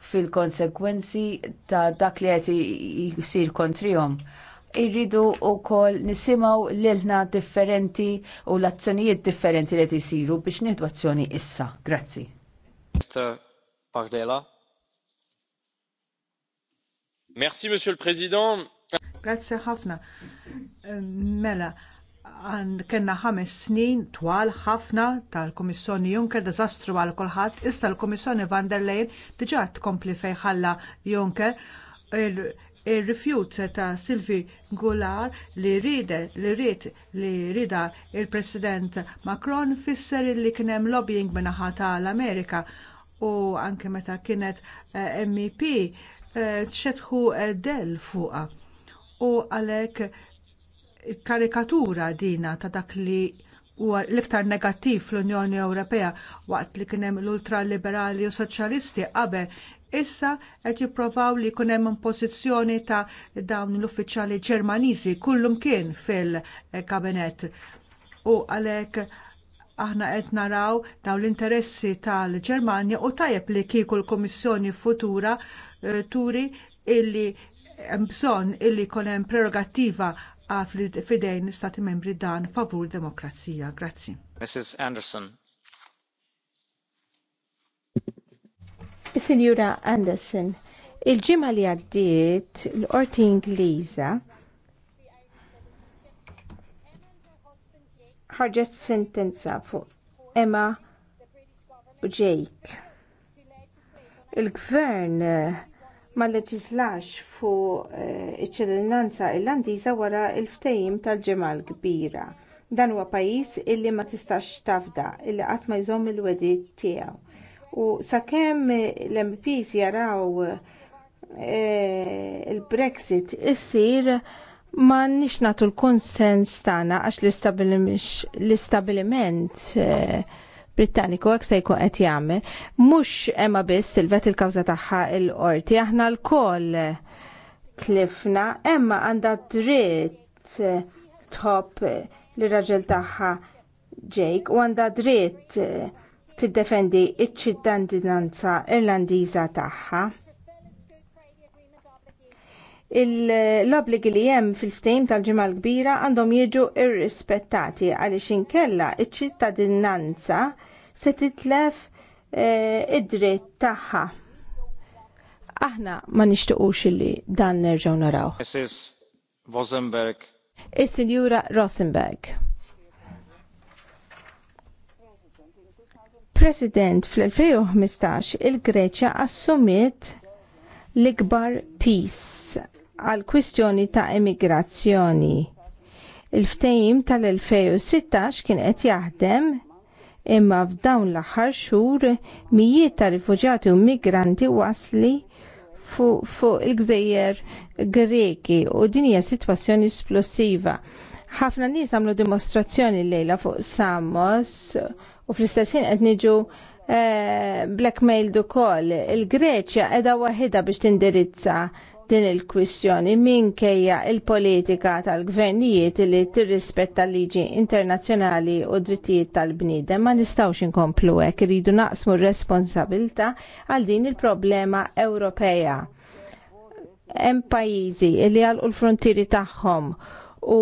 fil-konsekwenzi ta' dak li qed jisir kontrihom irridu wkoll nisimgħu lilna differenti u l-azzjonijiet differenti li qed isiru biex nieħdu azzjoni issa. Grazzi. Mr. Pagdela. Merci, Monsieur le Président. Grazie ħafna. Mela, kena ħames snin twal ħafna tal-Komissjoni Juncker dizastru għal kulħadd, issa l-Komissjoni van der Leyen diġà tkompli fejħalla Juncker ir-rifjut ta' Silvi Goulart li ride li rrid li rida l president Macron fisser li kien hemm lobbying minaħa l amerika u anke meta kienet eh, MEP ċetħu eh, del fuqha. U għalhekk karikatura dina ta' dak li huwa l-iktar negattiv fl-Unjoni Ewropea waqt li kien hemm l-ultraliberali u soċjalisti qabel issa qed jippruvaw li jkun hemm impożizzjoni ta' dawn l-uffiċjali Ġermaniżi kullum kien fil kabinet U għalhekk aħna qed naraw dawn l-interessi tal-Ġermanja u tajjeb li kieku l-Kummissjoni futura Eh, turi illi hemm bżonn illi jkun hemm prerogattiva fidejn stati membri dan favur demokrazija. Grazzi. Mrs. Anderson. Signora Anderson, il-ġimgħa li għaddiet l-qorti Ingliża ħarġet sentenza fuq Emma Jake il-gvern eh, ma leġislax fuq eh, iċ-ċittadinanza irlandiża wara l-ftehim tal-ġimgħa l-kbira. Dan huwa pajjiż illi ma tistax tafda illi qatt ma jżomm il-wedid tiegħu. U sakemm l-MPs jaraw eh, il-Brexit issir ma nix nagħtu l-konsens tagħna għax l-istabiliment Britanniku hekk se jkun qed jagħmel. Mhux Emma biss tilvet il-kawża tagħha l-qorti, aħna wkoll tlifna, Emma għandha dritt tħobb li raġel tagħha Jake u għandha dritt tiddefendi ċ ċittadinanza Irlandiża tagħha l-obligi li hemm fil-ftejm tal-ġimgħa l-kbira għandhom jiġu irrispettati għaliex inkella iċ-ċittadinanza se titlef eh, id-dritt tagħha. Aħna ma nixtiequx li dan nerġgħu naraw. Mrs. Rosenberg. Is-Sinjura Rosenberg. President fl-2015 il-Greċja assumiet l-ikbar peace għal kwistjoni ta' emigrazzjoni. Il-ftejim tal-2016 kien qed jaħdem imma f'dawn l-aħħar xhur mijiet ta' rifuġjati u migranti wasli fuq fu il-gżejjer Greki u din hija sitwazzjoni esplosiva. Ħafna nies għamlu dimostrazzjoni lejla fuq Samos u fl-istessin qed niġu eh, blackmailed ukoll. Il-Greċja qiegħda waħedha biex tindirizza din il-kwistjoni minkejja il-politika tal-gvernijiet li tirrispetta l-liġi internazzjonali u drittijiet tal-bniedem ma nistgħux inkomplu hekk iridu naqsmu r-responsabilta għal din il-problema Ewropea. Hemm pajjiżi li għalqu l-frontieri tagħhom u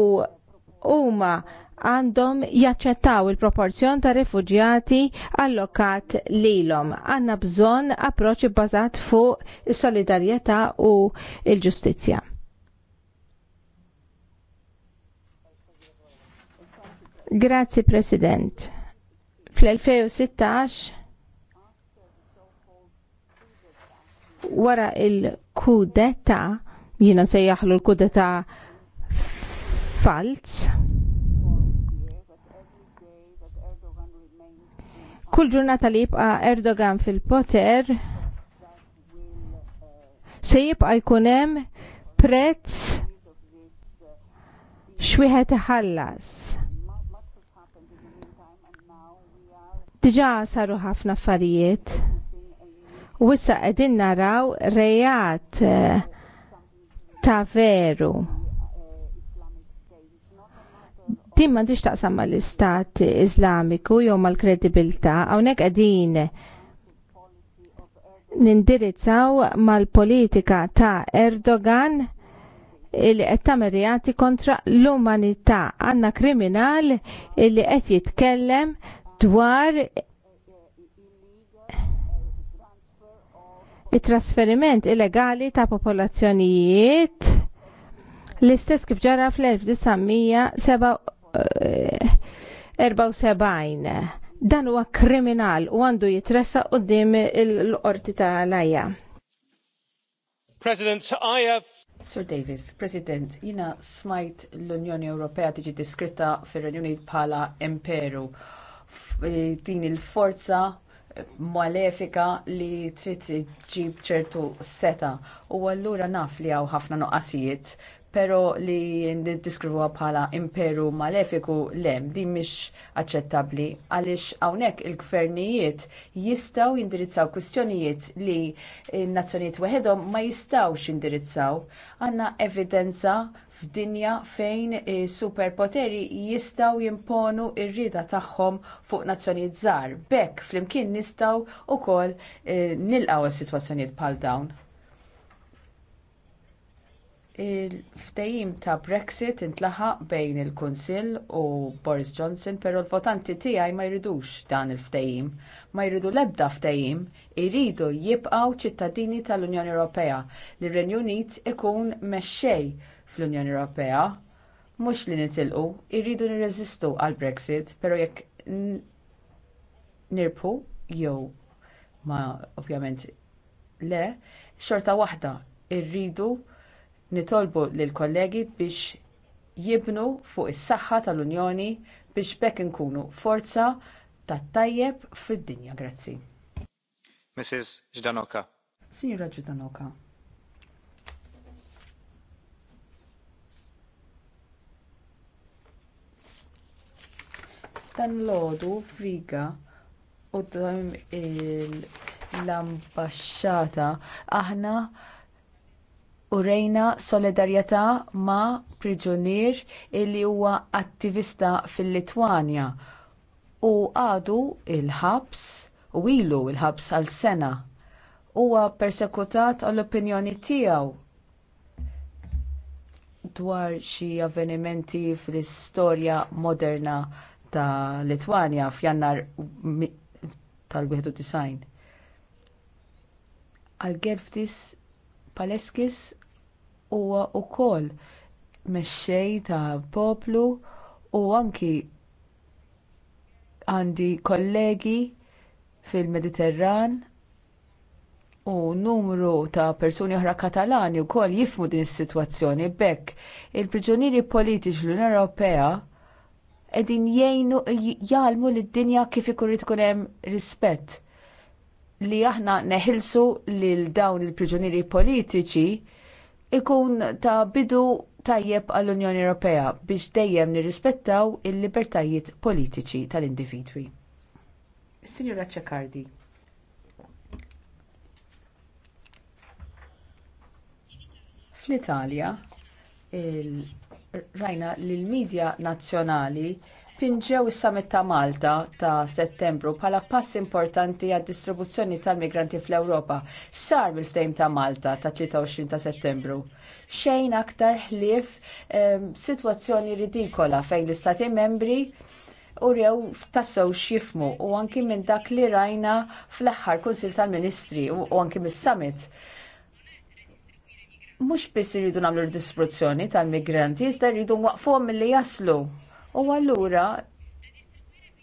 huma għandhom jaċċettaw il-proporzjon ta' rifugjati allokat lilhom. Għandna bżonn approċċ bbażat fuq is-solidarjetà u l-ġustizzja. Grazzi President. Fl-2016 wara il-kudeta, jina sejjaħlu l-kudeta falz, kull ġurnata li jibqa Erdogan fil-poter se jibqa jkun hemm prezz xwieħed ħallas. Diġà saru ħafna affarijiet. U issa qegħdin naraw rejat eh, ta' veru ma m'għandix taqsam mal-Istat Iżlamiku jew mal-kredibilità hawnhekk qegħdin nindirizzaw mal-politika ta' Erdogan illi qed tagħmel reati kontra l-umanità għandna kriminal illi qed jitkellem dwar it-trasferiment illegali ta' popolazzjonijiet l-istess kif ġara fl-1997 74 eh, dan huwa kriminal u għandu jitressa qudiem il-qorti ta' lajja. President, I have... Sir Davis, President, jina smajt l-Unjoni Ewropea tiġi diskritta fir-Renju pala bħala imperu. Eh, din il-forza malefika li trid ġib ċertu seta u allura naf li hawn ħafna noqqasijiet pero li diskrivuha bħala imperu malefiku lem di mhix aċċettabbli għaliex hawnhekk il-gvernijiet jistgħu jindirizzaw kwistjonijiet li n-nazzjonijiet ma jistgħux jindirizzaw. Għandna evidenza f'dinja fejn superpoteri jistgħu jimponu r-rieda tagħhom fuq nazzjonijiet żgħar. B'hekk flimkien nistgħu wkoll eh, nilqgħu s-sitwazzjonijiet bħal dawn il-ftehim ta' brexit intlaħaq bejn il-kunsill u boris johnson pero l-votanti tiegħi ma jridux dan il-ftehim ma jridu l-ebda ftehim iridu jibqgħu ċittadini tal-unjoni ewropea li r-renju unit ikun mexxej fl-unjoni ewropea mhux li nitilqu irridu nirreżistu għall brexit però jekk nirbħu jew ma ovvjament le xorta waħda rridu nitolbu lill-kollegi biex jibnu fuq is-saħħa tal-Unjoni biex b'hekk inkunu forza tat-tajjeb fid-dinja. Grazzi. Mrs. Ġdanoka. Signora Ġdanoka. Dan l friga u il-ambasċata aħna u rejna solidarjetà ma' priġunier li huwa attivista fil-Litwanja u għadu l ħabs u ilu l ħabs għal sena huwa persekutat għall opinjoni tiegħu dwar xi avvenimenti fl-istorja moderna ta' Litwanja f'jannar tal-91. Għal-Gelftis Paleskis huwa wkoll mexxej ta' poplu u anki għandi kollegi fil-Mediterran u numru ta' persuni oħra Katalani wkoll jifhmu din is-sitwazzjoni b'hekk il-priġunieri politiċi fl-Unjoni Ewropea qegħdin jgħinu jgħalmu lid-dinja kif ikun ikun hemm rispett li aħna neħilsu lil dawn il-priġunieri politiċi ikun ta' bidu tajjeb għall-Unjoni Ewropea biex dejjem nirrispettaw il-libertajiet politiċi tal-individwi. Signora Ceccardi. Fl-Italja, rajna li l-medja nazzjonali pinġew is-summit ta' Malta ta' Settembru bħala pass importanti għad distribuzzjoni tal-migranti fl-Ewropa. X'sar mill-ftehim ta' Malta ta' 23 ta' Settembru? Xejn aktar ħlief sitwazzjoni ridikola fejn l-Istati membri u rew tassew xifmu u anki minn dak li rajna fl-aħħar Kunsil tal-Ministri u anki mis-summit. Mhux biss irridu nagħmlu redistribuzzjoni tal-migranti, iżda rridu waqfuhom milli jaslu U allura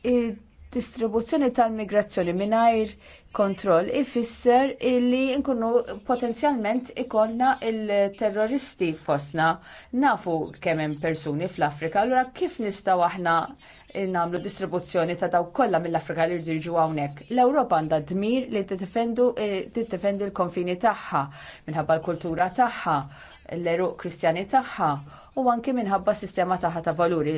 id-distribuzzjoni tal-migrazzjoni mingħajr kontroll ifisser illi nkunu potenzjalment ikollna il-terroristi fostna nafu kemm hemm persuni fl-Afrika. Allura kif nistgħu aħna nagħmlu distribuzzjoni ta' dawk kollha mill-Afrika li jiġu hawnhekk. L-Ewropa għandha dmir li tiddefendu eh, tiddefendi l-konfini tagħha minħabba l-kultura tagħha l-eruq kristjani tagħha u anki minħabba sistema taħħa ta' valuri.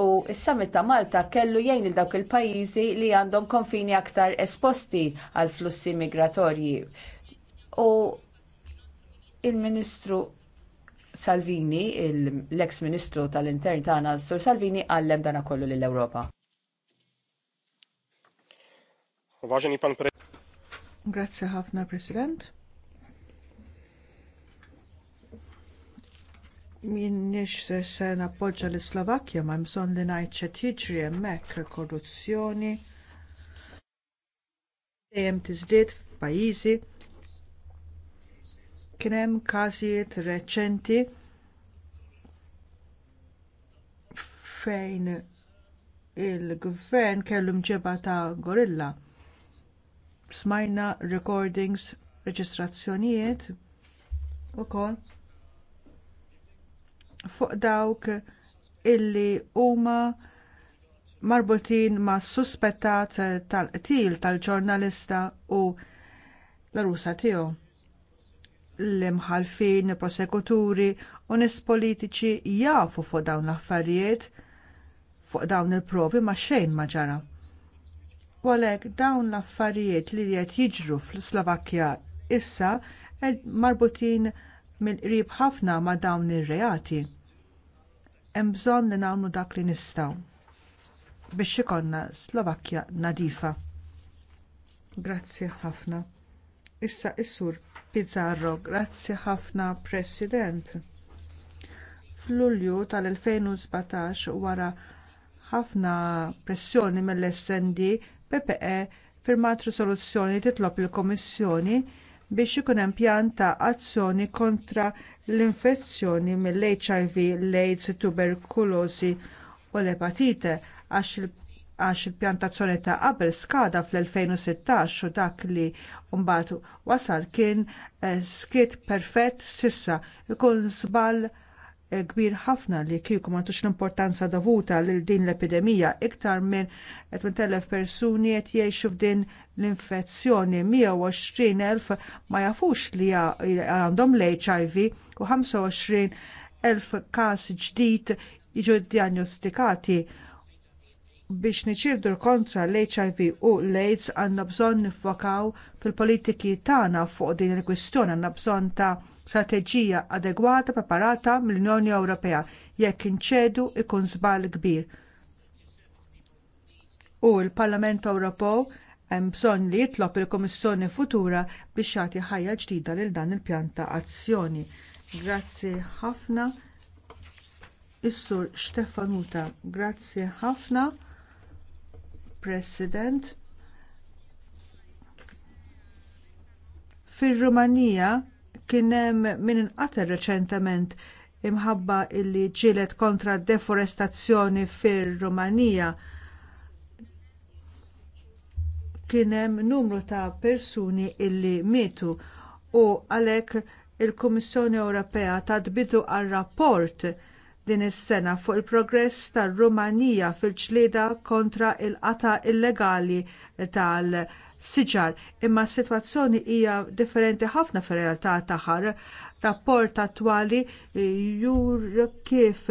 U s-summit ta' Malta kellu jgħin il dawk il-pajjiżi li għandhom konfini aktar esposti għal flussi migratorji. U il-Ministru Salvini, l-ex ministru tal-intern tagħna, Sur Salvini għallem dana kollu lill-Ewropa. Grazie ħafna, President. Minnix se nappoġġa l slovakkja ma bżonn li ngħid xed jiġri hemmhekk korruzzjoni dejjem tiżdied f'pajjiżi. Kien hemm każijiet reċenti fejn il-gvern kellu mġeba ta' gorilla. Smajna recordings, reġistrazzjonijiet ukoll fuq dawk illi huma marbutin ma' suspettat tal-qtil tal-ġurnalista u l-rusa tiegħu l-imħalfin, prosekuturi u nis politiċi jafu fuq dawn l-affarijiet fuq dawn il-provi ma xejn ma ġara. U għalhekk dawn l-affarijiet li qed jiġru fl-Slovakkja issa marbutin mill-qrib ħafna ma' dawn ir-reati. Hemm bżonn li nagħmlu dak li nistgħu biex ikollna Slovakkja nadifa. Grazzi ħafna. Issa issur Pizzarro, grazzi ħafna President. F'Lulju tal-2017 wara ħafna pressjoni mill-SND PPE firmat risoluzzjoni titlob il-Komissjoni biex ikun hemm pjan ta' azzjoni kontra l-infezzjoni mill-HIV, l-AIDS, tuberkulosi u l-epatite għax il-pjantazzjoni ta' qabel skada fl-2016 u dak li mbagħad wasal kien eh, skiet perfett sissa ikun żball kbir ħafna li kieku ma tux l-importanza dovuta lil din l-epidemija iktar minn 8000 persuni qed jgħixu f'din l-infezzjoni 120,000 ma jafux li għandhom l-HIV u 25,000 każ ġdid jiġu ddjanjostikati biex niċirdu kontra l-HIV u l-AIDS għandna bżonn nifokaw fil-politiki tagħna fuq din il-kwistjoni għandna bżonn ta' strateġija adegwata preparata mill-Unjoni Ewropea jekk inċedu ikun żball kbir. U l-Parlament Ewropew hemm bżonn li jitlob il-Kummissjoni Futura biex jagħti ħajja ġdida lil dan il-pjan ta' azzjoni. Grazzi ħafna. Is-Sur Stefanuta, grazzi ħafna. President. Fir-Rumanija Kien hemm min inqatel riċentement imħabba illi ġilet kontra d deforestazzjoni fir-Rumanija. Kien hemm numru ta' persuni illi mietu u għalhekk il-Kummissjoni Ewropea tat bidu għal rapport din is-sena fuq il-progress tar-Rumanija fil-ġlieda kontra l qata illegali tal- siġar, imma s-sitwazzjoni hija differenti ħafna fir-realtà taħar. Rapport attwali eh, jur kif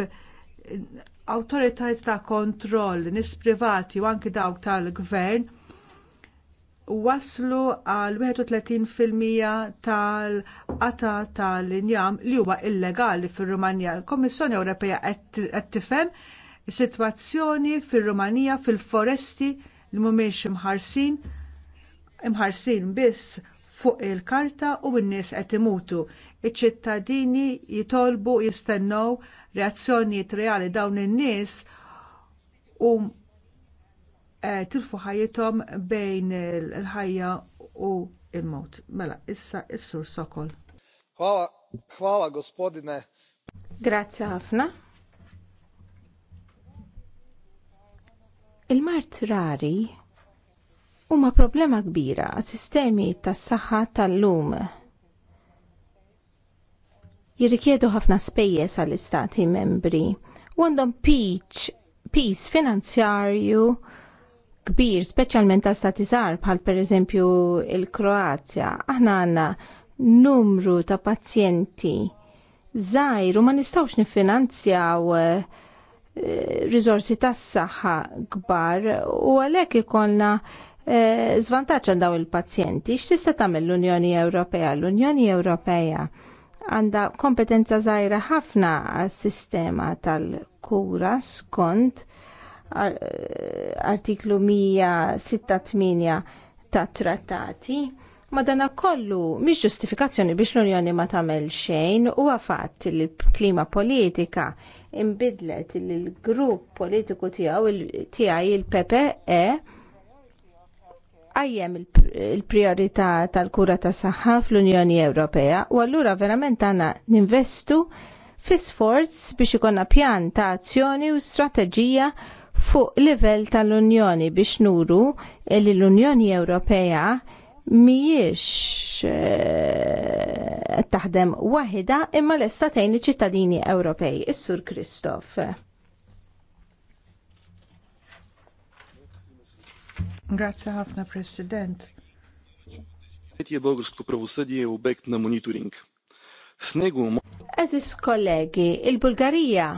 awtoritajiet ta' kontroll, nis privati u anki dawk tal-gvern waslu għal 31% tal-qata tal-injam li huwa illegali fir-Rumanija. Il-Kommissjoni Ewropea qed tifhem is-sitwazzjoni fir-Rumanija fil-foresti li mhumiex imħarsin imħarsin biss fuq il-karta u n-nies qed imutu. Iċ-ċittadini jitolbu jistennew reazzjonijiet reali dawn in-nies u eh, tilfu ħajjithom bejn il-ħajja u l mewt Mela, issa s-sur sokol. Hvala, gospodine. Grazie ħafna. Il-Mart Rari huma problema kbira sistemi tas-saħħa tal-lum jirrikjedu ħafna spejjeż għall-istati membri u għandhom piż finanzjarju kbir, speċjalment ta' stati żgħar bħal pereżempju l kroazja Aħna għandna numru ta' pazjenti żgħir u ma nistgħux niffinanzjaw eh, eh, riżorsi tas-saħħa kbar u għalhekk ikollna Eh, zvantaġġ daw il-pazjenti. X'tista' tagħmel l-Unjoni Ewropea? L-Unjoni Ewropea għandha kompetenza żgħira ħafna għas-sistema tal-kura skont artiklu 186 ta' trattati. Madana kollu mhix ġustifikazzjoni biex l-Unjoni ma tagħmel xejn huwa fatt il l-klima politika imbidlet il grupp politiku tiegħu tiegħi il-PPE għajjem il-priorità tal-kura ta' saħħa fl-Unjoni Ewropea u allura verament għanna ninvestu fi sforz biex ikonna pjan ta' azzjoni u strateġija fuq livell tal-Unjoni biex nuru li l-Unjoni Ewropea mhijiex eh, taħdem waħida imma l-istatejn ċittadini Ewropej, is-Sur Kristof. Grazie ħafna, President. Għetje President.Etje Bogrsku Pravosudje u e bekt na monitoring. Snegu. Eżis kollegi, il-Bulgarija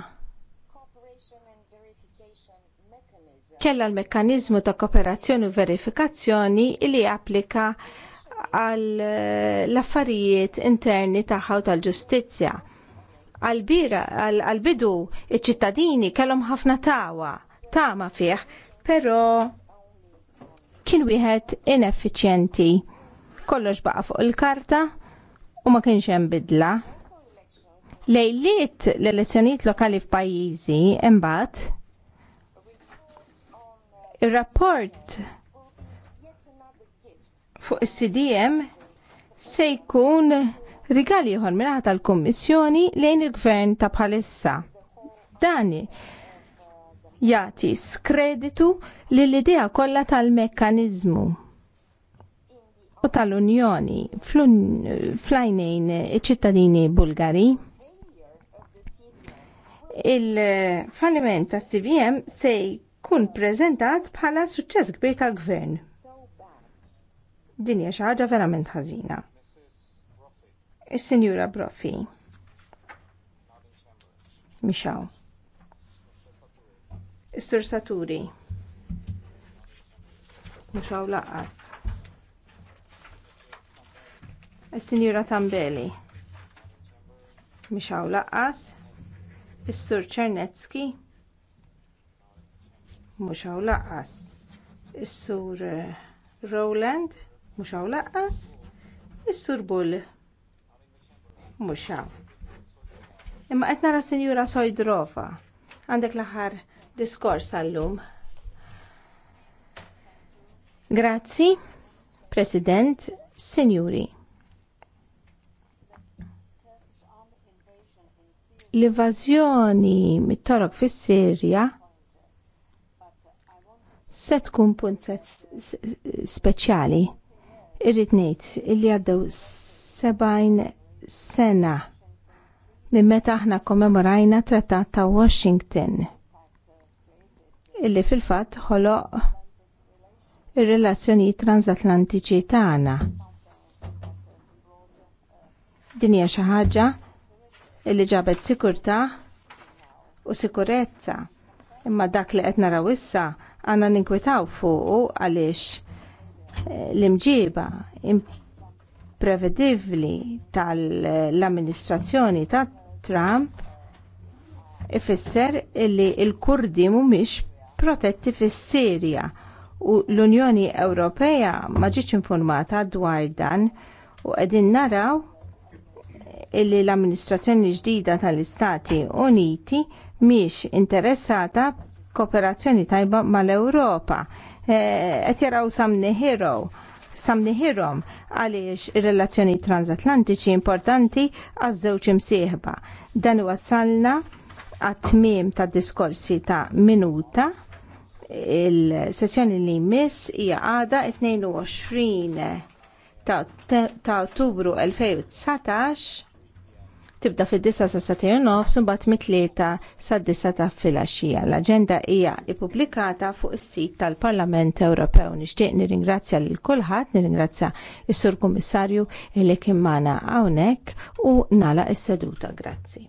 kella l mekanizmu ta' kooperazzjoni u verifikazzjoni li applika għal eh, l-affarijiet interni tagħha u tal ġustizja Għal bidu il ċittadini kellhom ħafna tawa, tama fih, pero kien wieħed ineffiċjenti. Kollox baqa fuq il-karta u ma kienx hemm bidla. Lejliet l-elezzjonijiet lokali f'pajjiżi imbagħad ir-rapport fuq is-CDM se jkun rigali ieħor mingħata tal-Kummissjoni lejn il-Gvern ta' bħalissa. Dan jagħti skreditu li l idea kollha tal-mekkaniżmu u tal-Unjoni fl ajnejn iċ-ċittadini Bulgari il-falliment tas CVM se jkun prezentat bħala suċċess kbir tal-gvern. Din hija xi ħaġa verament ħażina. Is-Sinjura Brofi. Michelle. Is-Sur Saturi. Mhux hawn lanqas. Is-Sinjura Tambeli. Mhux hawn lanqas. Is-Sur Czernetski. Mhux hawn lanqas. Is-Sur eh, Rowland. Mhux hawn lanqas. Is-Sur Bull. Mhux hawn. Imma qed nara Sinjura Sojdrova għandek l-aħħar diskors għallum. Grazzi, President, Sinjuri. L-invażjoni mit-torok fis-Sirja se tkun punt speċjali. Irrid ngħid illi għaddew sebgħin sena minn meta aħna kommemorajna Trattat ta' Washington illi fil-fatt ħoloq ir-relazzjonijiet transatlantiċi tagħna. Din hija xi ħaġa illi ġabet sikurtà u sikurezza. Imma dak li qed naraw issa għandna ninkwitaw fuqu għaliex eh, l-imġiba imprevedibbli tal-amministrazzjoni ta' Trump ifisser illi l il kurdi mhumiex protetti fis-Sirja u l-Unjoni Ewropea ma ġietx infurmata dwar dan u qegħdin naraw illi l-amministrazzjoni ġdida tal-Istati Uniti mhix interessata kooperazzjoni tajba mal-Ewropa. Eh, qed jaraw samniħirhom samniħirom għaliex ir-relazzjoni transatlantiċi importanti għaż-żewġ imsieħba. Dan wassalna għat-tmiem tad diskorsi ta' minuta Il-sessjoni li jmiss hija għada 22 ta', ta Ottubru 2019 tibda fid-9 sa' satiju nofs imbagħad mit-tlieta sa' disa ta' filgħaxija. L-aġenda hija ippubblikata fuq is-sit tal-Parlament Ewropew. Nixtieq nirringrazzja lil kulħadd, nirringrazzja is-Sur Kummissarju li kien magħna hawnhekk u nala s-seduta. Grazzi.